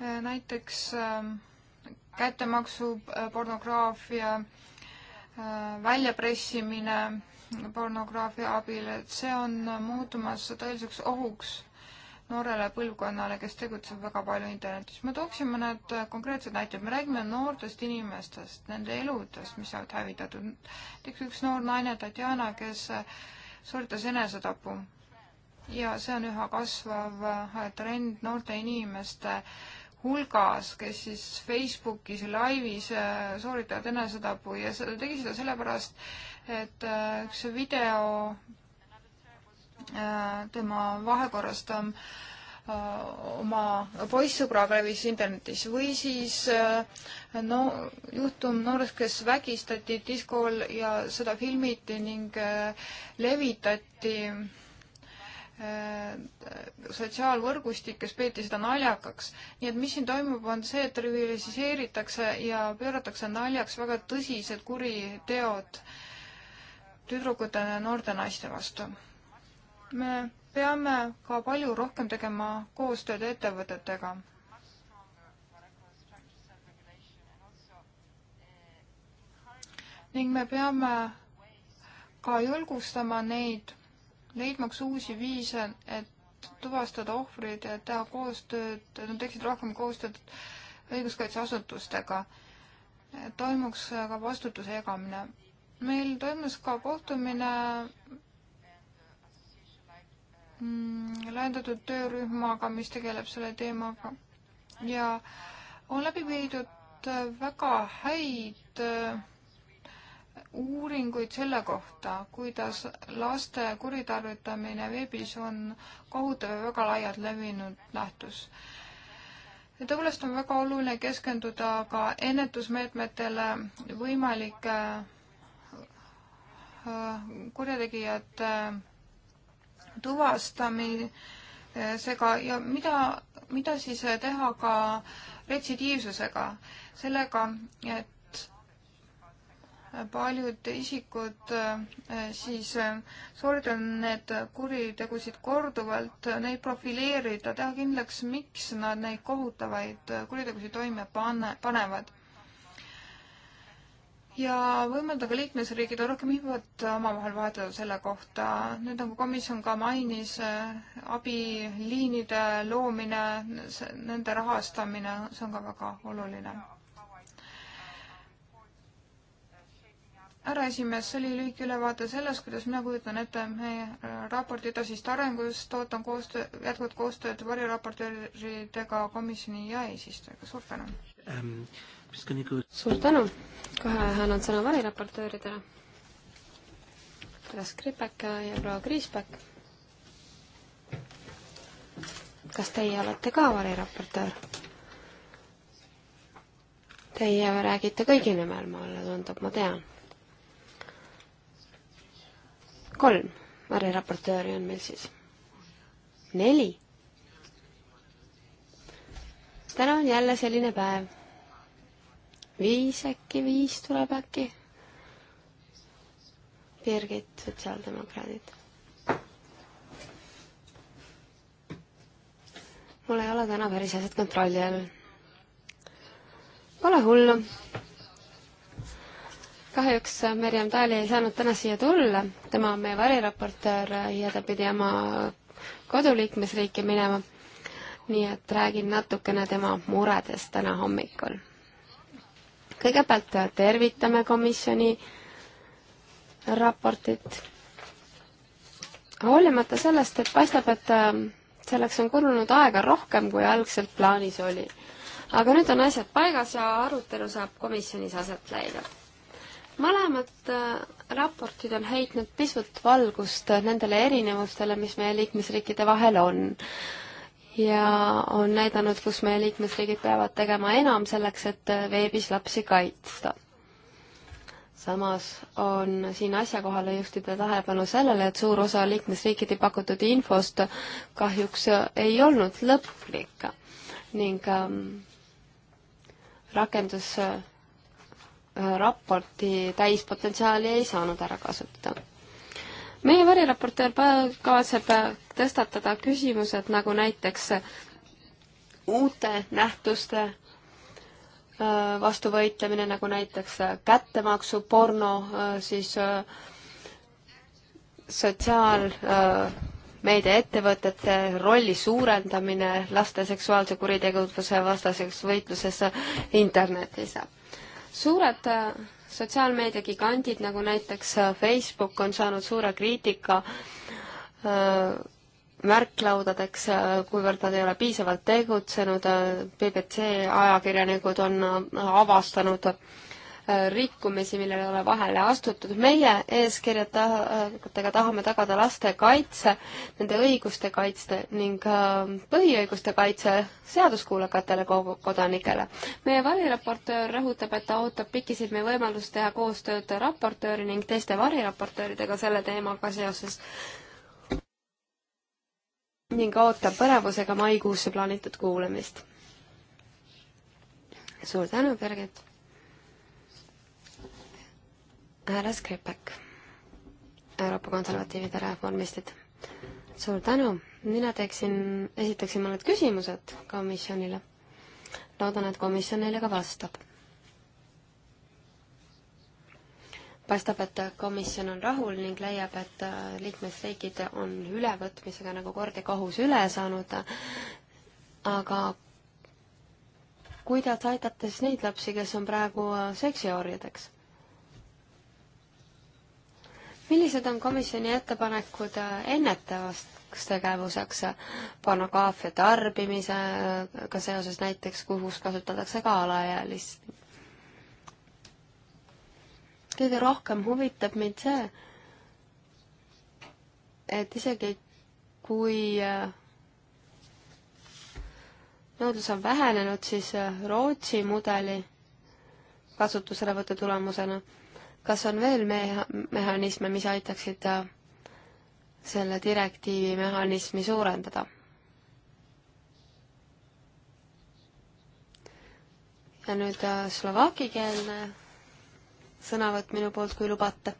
Äh, näiteks ähm, kättemaksu, äh, pornograafia, äh, väljapressimine pornograafia abil, et see on muutumas tõeliseks ohuks noorele põlvkonnale, kes tegutseb väga palju internetis. me tooksin mõned konkreetsed näited, me räägime noortest inimestest, nende eludest, mis saavad hävitatud. näiteks üks noor naine, Tatjana, kes sooritas enesetapu ja see on üha kasvav trend noorte inimeste hulgas, kes siis Facebookis laivis äh, sooritavad enesetapu ja seda tegi seda sellepärast, et äh, üks video äh, tema vahekorrast oma poissõbraga levis internetis või siis no juhtum noorest, kes vägistati diskol ja seda filmiti ning levitati Äh, sotsiaalvõrgustikes peeti seda naljakaks. nii et mis siin toimub, on see, et trivialiseeritakse ja pööratakse naljaks väga tõsised kuriteod tüdrukute ja noorte naiste vastu. me peame ka palju rohkem tegema koostööd ettevõtetega. ning me peame ka julgustama neid leidmaks uusi viise, et tuvastada ohvrid, et teha koostööd, et nad teeksid rohkem koostööd õiguskaitseasutustega, et toimuks ka vastutuse jagamine. meil toimus ka kohtumine mm, laiendatud töörühmaga, mis tegeleb selle teemaga ja on läbi viidud väga häid äh, uuringuid selle kohta, kuidas laste kuritarvitamine veebis on kohutav ja väga laialt levinud nähtus. ja tõepoolest on väga oluline keskenduda ka ennetusmeetmetele võimalike äh, kurjategijate tuvastamisega ja mida, mida siis teha ka retsidiivsusega, sellega, et paljud isikud eh, siis eh, sooritavad need kuritegusid korduvalt, eh, neid profileerida, teha kindlaks, miks nad neid kohutavaid kuritegusid toime pane, panevad. ja võimaldada liikmesriigid rohkem infot omavahel vahetada selle kohta. nüüd nagu komisjon ka mainis, abiliinide loomine, nende rahastamine, see on ka väga oluline härra esimees, see oli lühike ülevaade sellest, kuidas mina kujutan ette meie äh, raporti edasist arengust, ootan koostöö, jätkuvat koostööd variraportööridega, komisjoni ja eesistujaga, suur tänu um,! suur tänu! kohe annan sõna variraportööridele. härra Skripek ja proua Kriisbek. kas teie olete ka variraportöör? Teie räägite kõigi nimel, mulle tundub, ma tean kolm variraportööri on meil siis. neli. täna on jälle selline päev. viis äkki, viis tuleb äkki. Birgit, sotsiaaldemokraadid. mul ei ole täna päris asjad kontrolli all. Pole hullu kahjuks Merjam Taali ei saanud täna siia tulla, tema on meie variraportöör ja ta pidi oma koduliikmesriiki minema. nii et räägin natukene tema muredest täna hommikul. kõigepealt tervitame komisjoni raportit. hoolimata sellest, et paistab, et ähm, selleks on kulunud aega rohkem, kui algselt plaanis oli. aga nüüd on asjad paigas ja arutelu saab komisjonis aset leida mõlemad äh, raportid on heitnud pisut valgust äh, nendele erinevustele, mis meie liikmesriikide vahel on. ja on näidanud, kus meie liikmesriigid peavad tegema enam selleks, et äh, veebis lapsi kaitsta. samas on siin asjakohale juhtida tähelepanu sellele, et suur osa liikmesriikide pakutud infost kahjuks ei olnud lõplik ning ähm, rakendus raporti täispotentsiaali ei saanud ära kasutada. meie variraportöör kavatseb tõstatada küsimused nagu näiteks uute nähtuste äh, vastu võitlemine, nagu näiteks kättemaksu, porno, äh, siis äh, sotsiaalmeediaettevõtete rolli suurendamine laste seksuaalse kuritegevuse vastaseks võitluses internetis suured äh, sotsiaalmeediagigandid, nagu näiteks äh, Facebook, on saanud suure kriitika äh, märklaudadeks, kuivõrd nad ei ole piisavalt tegutsenud, BBC ajakirjanikud on avastanud rikkumisi, millele ei ole vahele astutud. meie eeskirjad taha, tahame tagada laste kaitse, nende õiguste kaitse ning äh, põhiõiguste kaitse seaduskuulekatele kodanikele. meie variraportöör rõhutab, et ta ootab pikisilmi võimalust teha koostööd raportööri ning teiste variraportööridega selle teemaga seoses ning ootab põnevusega maikuusse plaanitud kuulamist. suur tänu, Birgit! härra Skripek, Euroopa konservatiivid ja reformistid. suur tänu, mina teeksin, esitaksin mõned küsimused komisjonile. loodan, et komisjon neile ka vastab. paistab, et komisjon on rahul ning leiab, et liikmesriigid on ülevõtmisega nagu kord ja kohus üle saanud, aga kuidas aidates neid lapsi, kes on praegu seksiorjadeks? millised on komisjoni ettepanekud äh, ennetavaks tegevuseks pornograafia tarbimisega äh, seoses näiteks, kus kasutatakse ka alaealist? kõige rohkem huvitab mind see, et isegi kui äh, nõudlus on vähenenud, siis Rootsi mudeli kasutuselevõtu tulemusena kas on veel me-, mehhanisme, mis aitaksid äh, selle direktiivi mehhanismi suurendada? ja nüüd äh, slovakikeelne sõnavõtt minu poolt, kui lubate.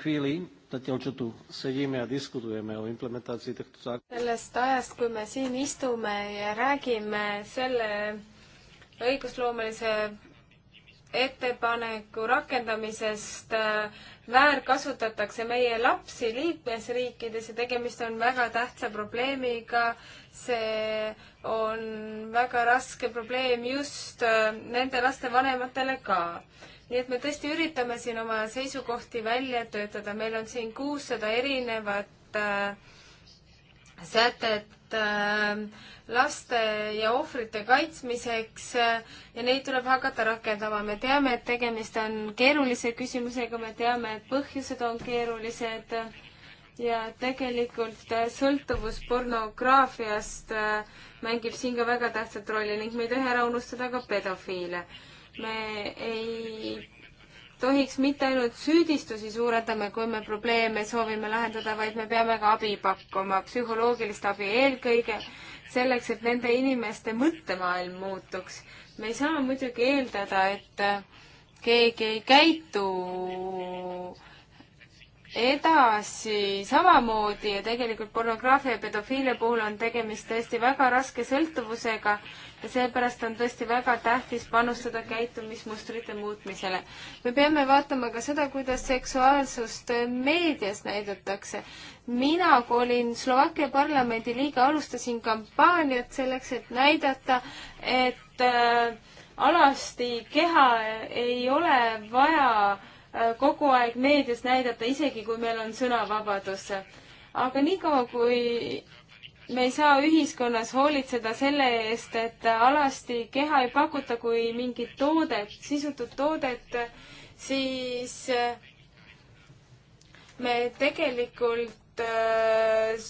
Chvíli, zatiaľ čo tu sedíme a diskutujeme o implementácii tohto zákona. sellest ajast, kui me siin istume ja räägime selle õigusloomelise ettepaneku rakendamisest äh, väärkasutatakse meie lapsi liikmesriikides ja tegemist on väga tähtsa probleemiga. see on väga raske probleem just äh, nende laste vanematele ka. nii et me tõesti üritame siin oma seisukohti välja töötada, meil on siin kuussada erinevat äh, sätet Ähm, laste ja ohvrite kaitsmiseks äh, ja neid tuleb hakata rakendama. me teame, et tegemist on keerulise küsimusega, me teame, et põhjused on keerulised ja tegelikult äh, sõltuvus pornograafiast äh, mängib siin ka väga tähtsat rolli ning me ei tohi ära unustada ka pedofiile. me ei tohiks mitte ainult süüdistusi suurendada, kui me probleeme soovime lahendada, vaid me peame ka abi pakkuma, psühholoogilist abi eelkõige, selleks et nende inimeste mõttemaailm muutuks. me ei saa muidugi eeldada, et keegi ei käitu edasi samamoodi ja tegelikult pornograafia ja pedofiilia puhul on tegemist tõesti väga raske sõltuvusega ja seepärast on tõesti väga tähtis panustada käitumismustrite muutmisele. me peame vaatama ka seda, kuidas seksuaalsust meedias näidatakse. mina, kui olin Slovakkia parlamendi liige, alustasin kampaaniat selleks, et näidata, et äh, alasti keha ei ole vaja äh, kogu aeg meedias näidata, isegi kui meil on sõnavabadus. aga niikaua, kui me ei saa ühiskonnas hoolitseda selle eest, et alasti keha ei pakuta kui mingit toodet, sisutut toodet, siis äh, me tegelikult äh,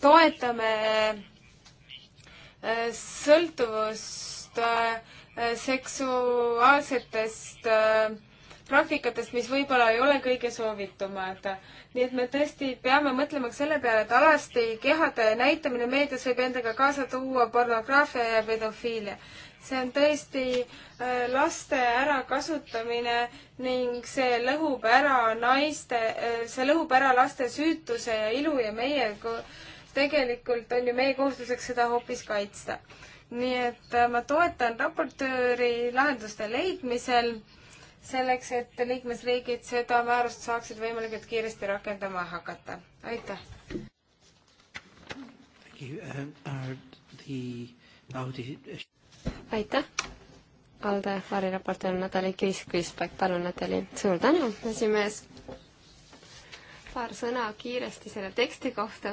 toetame äh, sõltuvust seksuaalsetest äh, praktikatest, mis võib-olla ei ole kõige soovitumad. nii et me tõesti peame mõtlema ka selle peale, et alasti kehade näitamine meedias võib endaga kaasa tuua pornograafia ja pedofiilia. see on tõesti äh, laste ärakasutamine ning see lõhub ära naiste, äh, see lõhub ära laste süütuse ja ilu ja meie tegelikult on ju meie kohustuseks seda hoopis kaitsta. nii et äh, ma toetan raportööri lahenduste leidmisel selleks, et liikmesriigid seda määrust saaksid võimalikult kiiresti rakendama hakata. aitäh! Uh, uh, aitäh! Alde variraportöör Natali Kriis-Kriisbeck, palun Natali, suur tänu, esimees! paar sõna kiiresti selle teksti kohta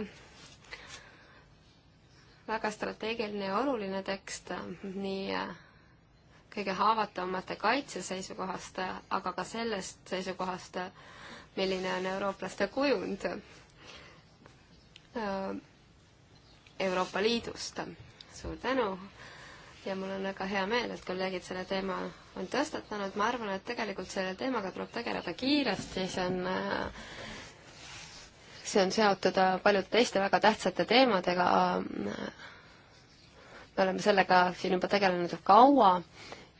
väga strateegiline ja oluline tekst nii kõige haavatavamate kaitse seisukohast, aga ka sellest seisukohast, milline on eurooplaste kujund äh, Euroopa Liidust. suur tänu ja mul on väga hea meel, et kolleegid selle teema on tõstatanud, ma arvan, et tegelikult selle teemaga tuleb tegeleda kiiresti, see on äh, see on seotud paljude teiste väga tähtsate teemadega, me oleme sellega siin juba tegelenud kaua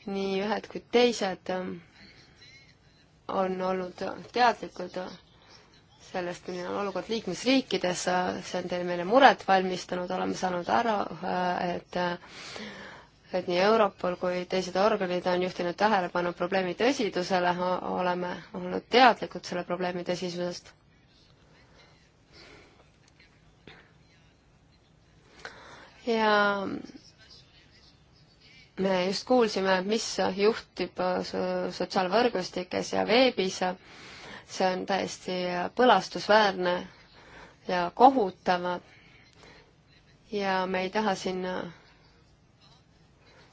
nii ühed kui teised ähm, on olnud teadlikud äh, sellest, milline on olukord liikmesriikides, äh, see on teil meile muret valmistanud, oleme saanud aru, äh, et et nii Europol kui teised organid on juhtinud tähelepanu probleemi tõsidusele, oleme olnud teadlikud selle probleemi tõsisusest ja me just kuulsime, mis juhtub äh, sotsiaalvõrgustikes ja veebis. see on täiesti äh, põlastusväärne ja kohutav. ja me ei taha siin, äh,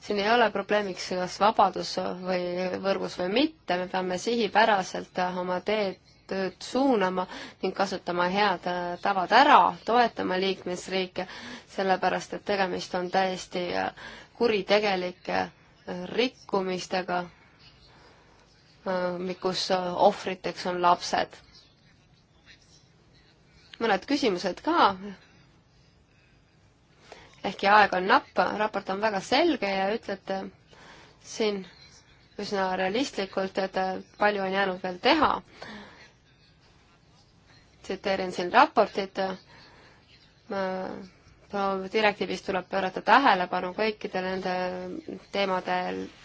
siin ei ole probleemiks, kas vabadus või võrgus või mitte, me peame sihipäraselt oma teed tööd suunama ning kasutama head tavad ära, toetama liikmesriike, sellepärast et tegemist on täiesti kuritegelike äh, rikkumistega, äh, kus äh, ohvriteks on lapsed. mõned küsimused ka. ehkki aeg on napp, raport on väga selge ja ütlete siin üsna realistlikult, et palju on jäänud veel teha. tsiteerin siin raportit direktiivis tuleb pöörata tähelepanu kõikide nende teemade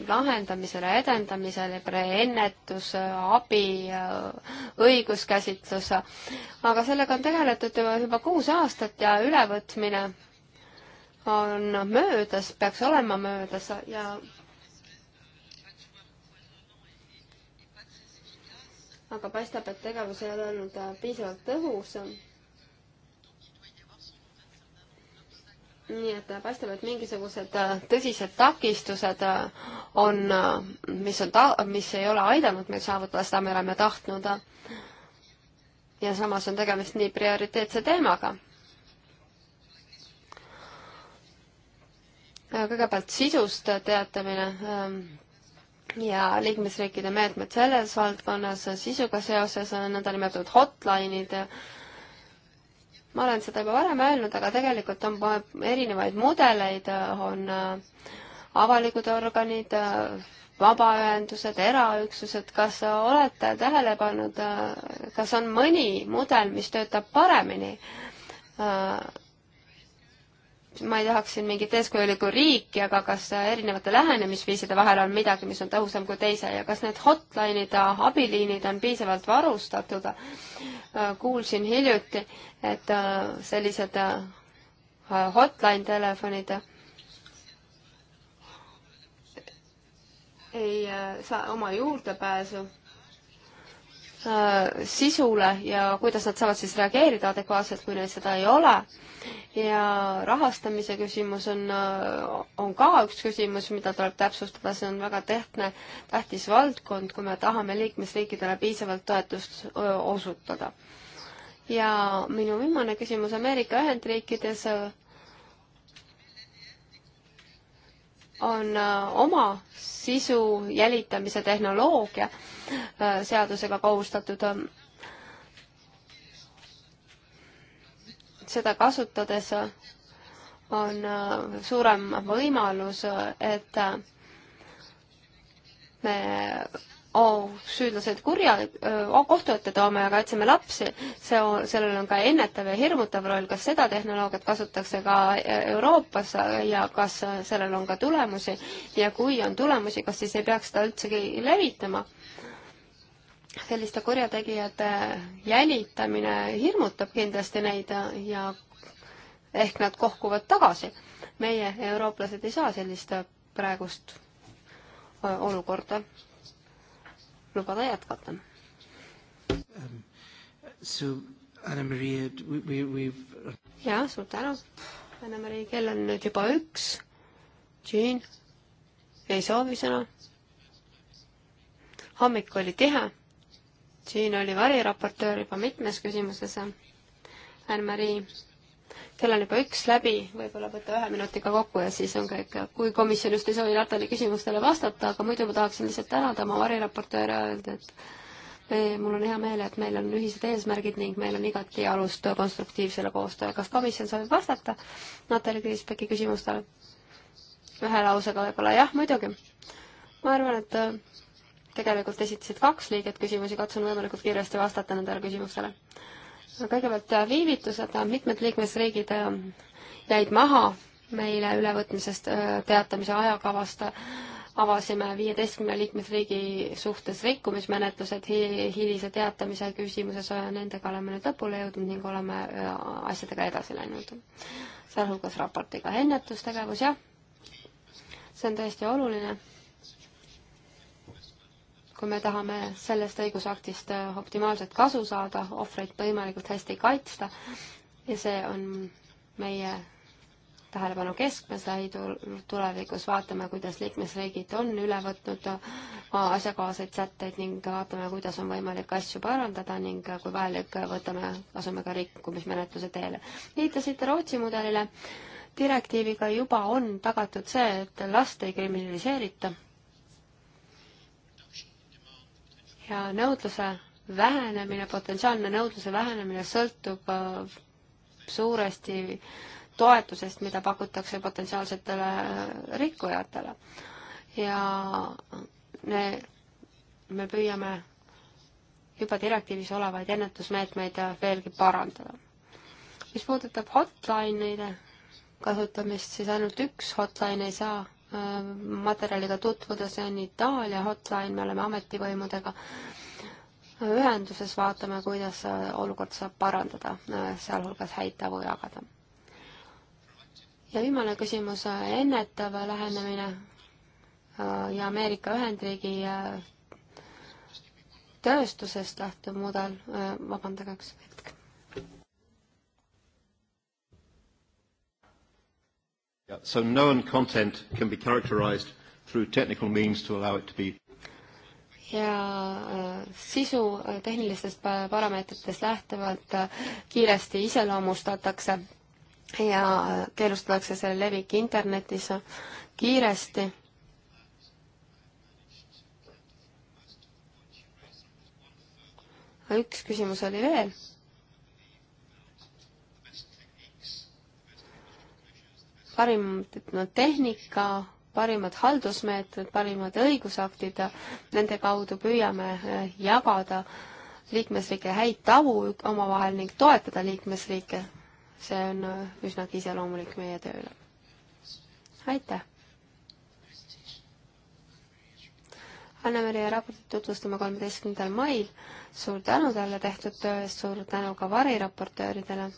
lahendamisele, edendamisele, ennetus, abi, õiguskäsitlus, aga sellega on tegeletud juba, juba kuus aastat ja ülevõtmine on möödas, peaks olema möödas ja aga paistab, et tegevus ei ole olnud piisavalt tõhus nii et äh, paistab, et mingisugused äh, tõsised takistused äh, on, mis on ta-, mis ei ole aidanud meil saavutada seda, me oleme tahtnud. ja samas on tegemist nii prioriteetse teemaga. kõigepealt sisust teatamine ähm, ja liikmesriikide meetmed selles valdkonnas, sisuga seoses nõndanimetatud hotline'id ma olen seda juba varem öelnud, aga tegelikult on erinevaid mudeleid, äh, on äh, avalikud organid, äh, vabaühendused, eraüksused, kas olete tähele pannud, kas on mõni mudel, mis töötab paremini? ma ei tahaks siin mingit eeskujulikku riiki, aga kas erinevate lähenemisviiside vahel on midagi, mis on tõhusam kui teise ja kas need hotline'id, abiliinid on piisavalt varustatud? kuulsin hiljuti, et äh, sellised äh, hotline telefonid ei äh, saa oma juurdepääsu sisule ja kuidas nad saavad siis reageerida adekvaatselt, kui neil seda ei ole ja rahastamise küsimus on, on ka üks küsimus, mida tuleb täpsustada, see on väga tähtne, tähtis valdkond, kui me tahame liikmesriikidele piisavalt toetust osutada. ja minu viimane küsimus Ameerika Ühendriikides on oma sisu jälitamise tehnoloogia seadusega kohustatud seda kasutades on äh, suurem võimalus, äh, et äh, me oh, süüdlased kurja oh,, kohtu ette toome ja kaitseme lapsi, see, sellel on ka ennetav ja hirmutav roll, kas seda tehnoloogiat kasutatakse ka Euroopas ja kas sellel on ka tulemusi ja kui on tulemusi, kas siis ei peaks seda üldsegi levitama selliste kurjategijate jälitamine hirmutab kindlasti neid ja ehk nad kohkuvad tagasi. meie, eurooplased, ei saa sellist praegust olukorda lubada jätkata um,. We, we, jaa, suur tänu. Anne-Mari, kell on nüüd juba üks. Jean, ei soovi sõna? hommik oli tihe siin oli variraportöör juba mitmes küsimuses, Anne-Marie, kell on juba üks läbi, võib-olla võta ühe minutiga kokku ja siis on kõik, kui komisjon just ei soovi Natali küsimustele vastata, aga muidu ma tahaksin lihtsalt tänada oma variraportööre ja öelda, et me, mul on hea meel, et meil on ühised eesmärgid ning meil on igati alust konstruktiivsele koostööle. kas komisjon soovib vastata Natali Kriisbeki küsimustele? ühe lausega võib-olla jah, muidugi. ma arvan, et tegelikult esitasid kaks liiget küsimusi, katsun võimalikult kiiresti vastata nendele küsimustele. kõigepealt äh, viivitused, äh, mitmed liikmesriigid äh, jäid maha meile ülevõtmisest teatamise ajakavast, avasime viieteistkümne liikmesriigi suhtes rikkumismenetlused hilise teatamise küsimuses, nendega oleme nüüd lõpule jõudnud ning oleme asjadega edasi läinud. sealhulgas raportiga ennetustegevus, jah, see on tõesti oluline kui me tahame sellest õigusaktist äh, optimaalset kasu saada, ohvreid võimalikult hästi kaitsta ja see on meie tähelepanu keskmes lähitulevikus, vaatame, kuidas liikmesriigid on üle võtnud äh, asjakohaseid sätteid ning vaatame, kuidas on võimalik asju parandada ning äh, kui vajalik, võtame, asume ka rikkumismenetluse teele. viitasite Rootsi mudelile, direktiiviga juba on tagatud see, et last ei kriminaliseerita ja nõudluse vähenemine, potentsiaalne nõudluse vähenemine sõltub äh, suuresti toetusest, mida pakutakse potentsiaalsetele äh, rikkujatele. ja me, me püüame juba direktiivis olevaid ennetusmeetmeid äh, veelgi parandada. mis puudutab hotline'ide kasutamist, siis ainult üks hotline ei saa materjaliga tutvuda, see on Itaalia hotline, me oleme ametivõimudega ühenduses, vaatame, kuidas olukord saab parandada, sealhulgas häid tavu jagada. ja viimane küsimus, ennetav lähenemine ja Ameerika Ühendriigi äh, tööstusest lähtuv mudel, äh, vabandage üks hetk. Yeah, so known content can be characterized through technical means to allow it to be ja äh, sisu äh, tehnilistest parameetritest lähtuvalt äh, kiiresti iseloomustatakse ja keelustatakse selle levik internetis kiiresti üks küsimus oli veel. parim tehnika, parimad haldusmeetmed, parimad õigusaktid, nende kaudu püüame eh, jagada liikmesriike häid tavu omavahel ning toetada liikmesriike. see on eh, üsnagi iseloomulik meie tööle. aitäh! Anne-Maria raportit tutvustama kolmeteistkümnendal mail. suur tänu talle tehtud töö eest, suur tänu ka variraportööridele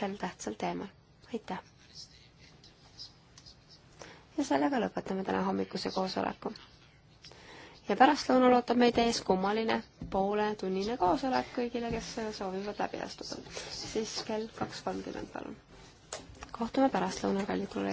sel tähtsal teemal aitäh! ja sellega lõpetame täna hommikuse koosoleku. ja pärastlõunal ootab meid ees kummaline pooletunnine koosolek kõigile, kes soovivad läbi astuda. siis kell kaks kolmkümmend, palun. kohtume pärastlõunal, kallid kolleegid.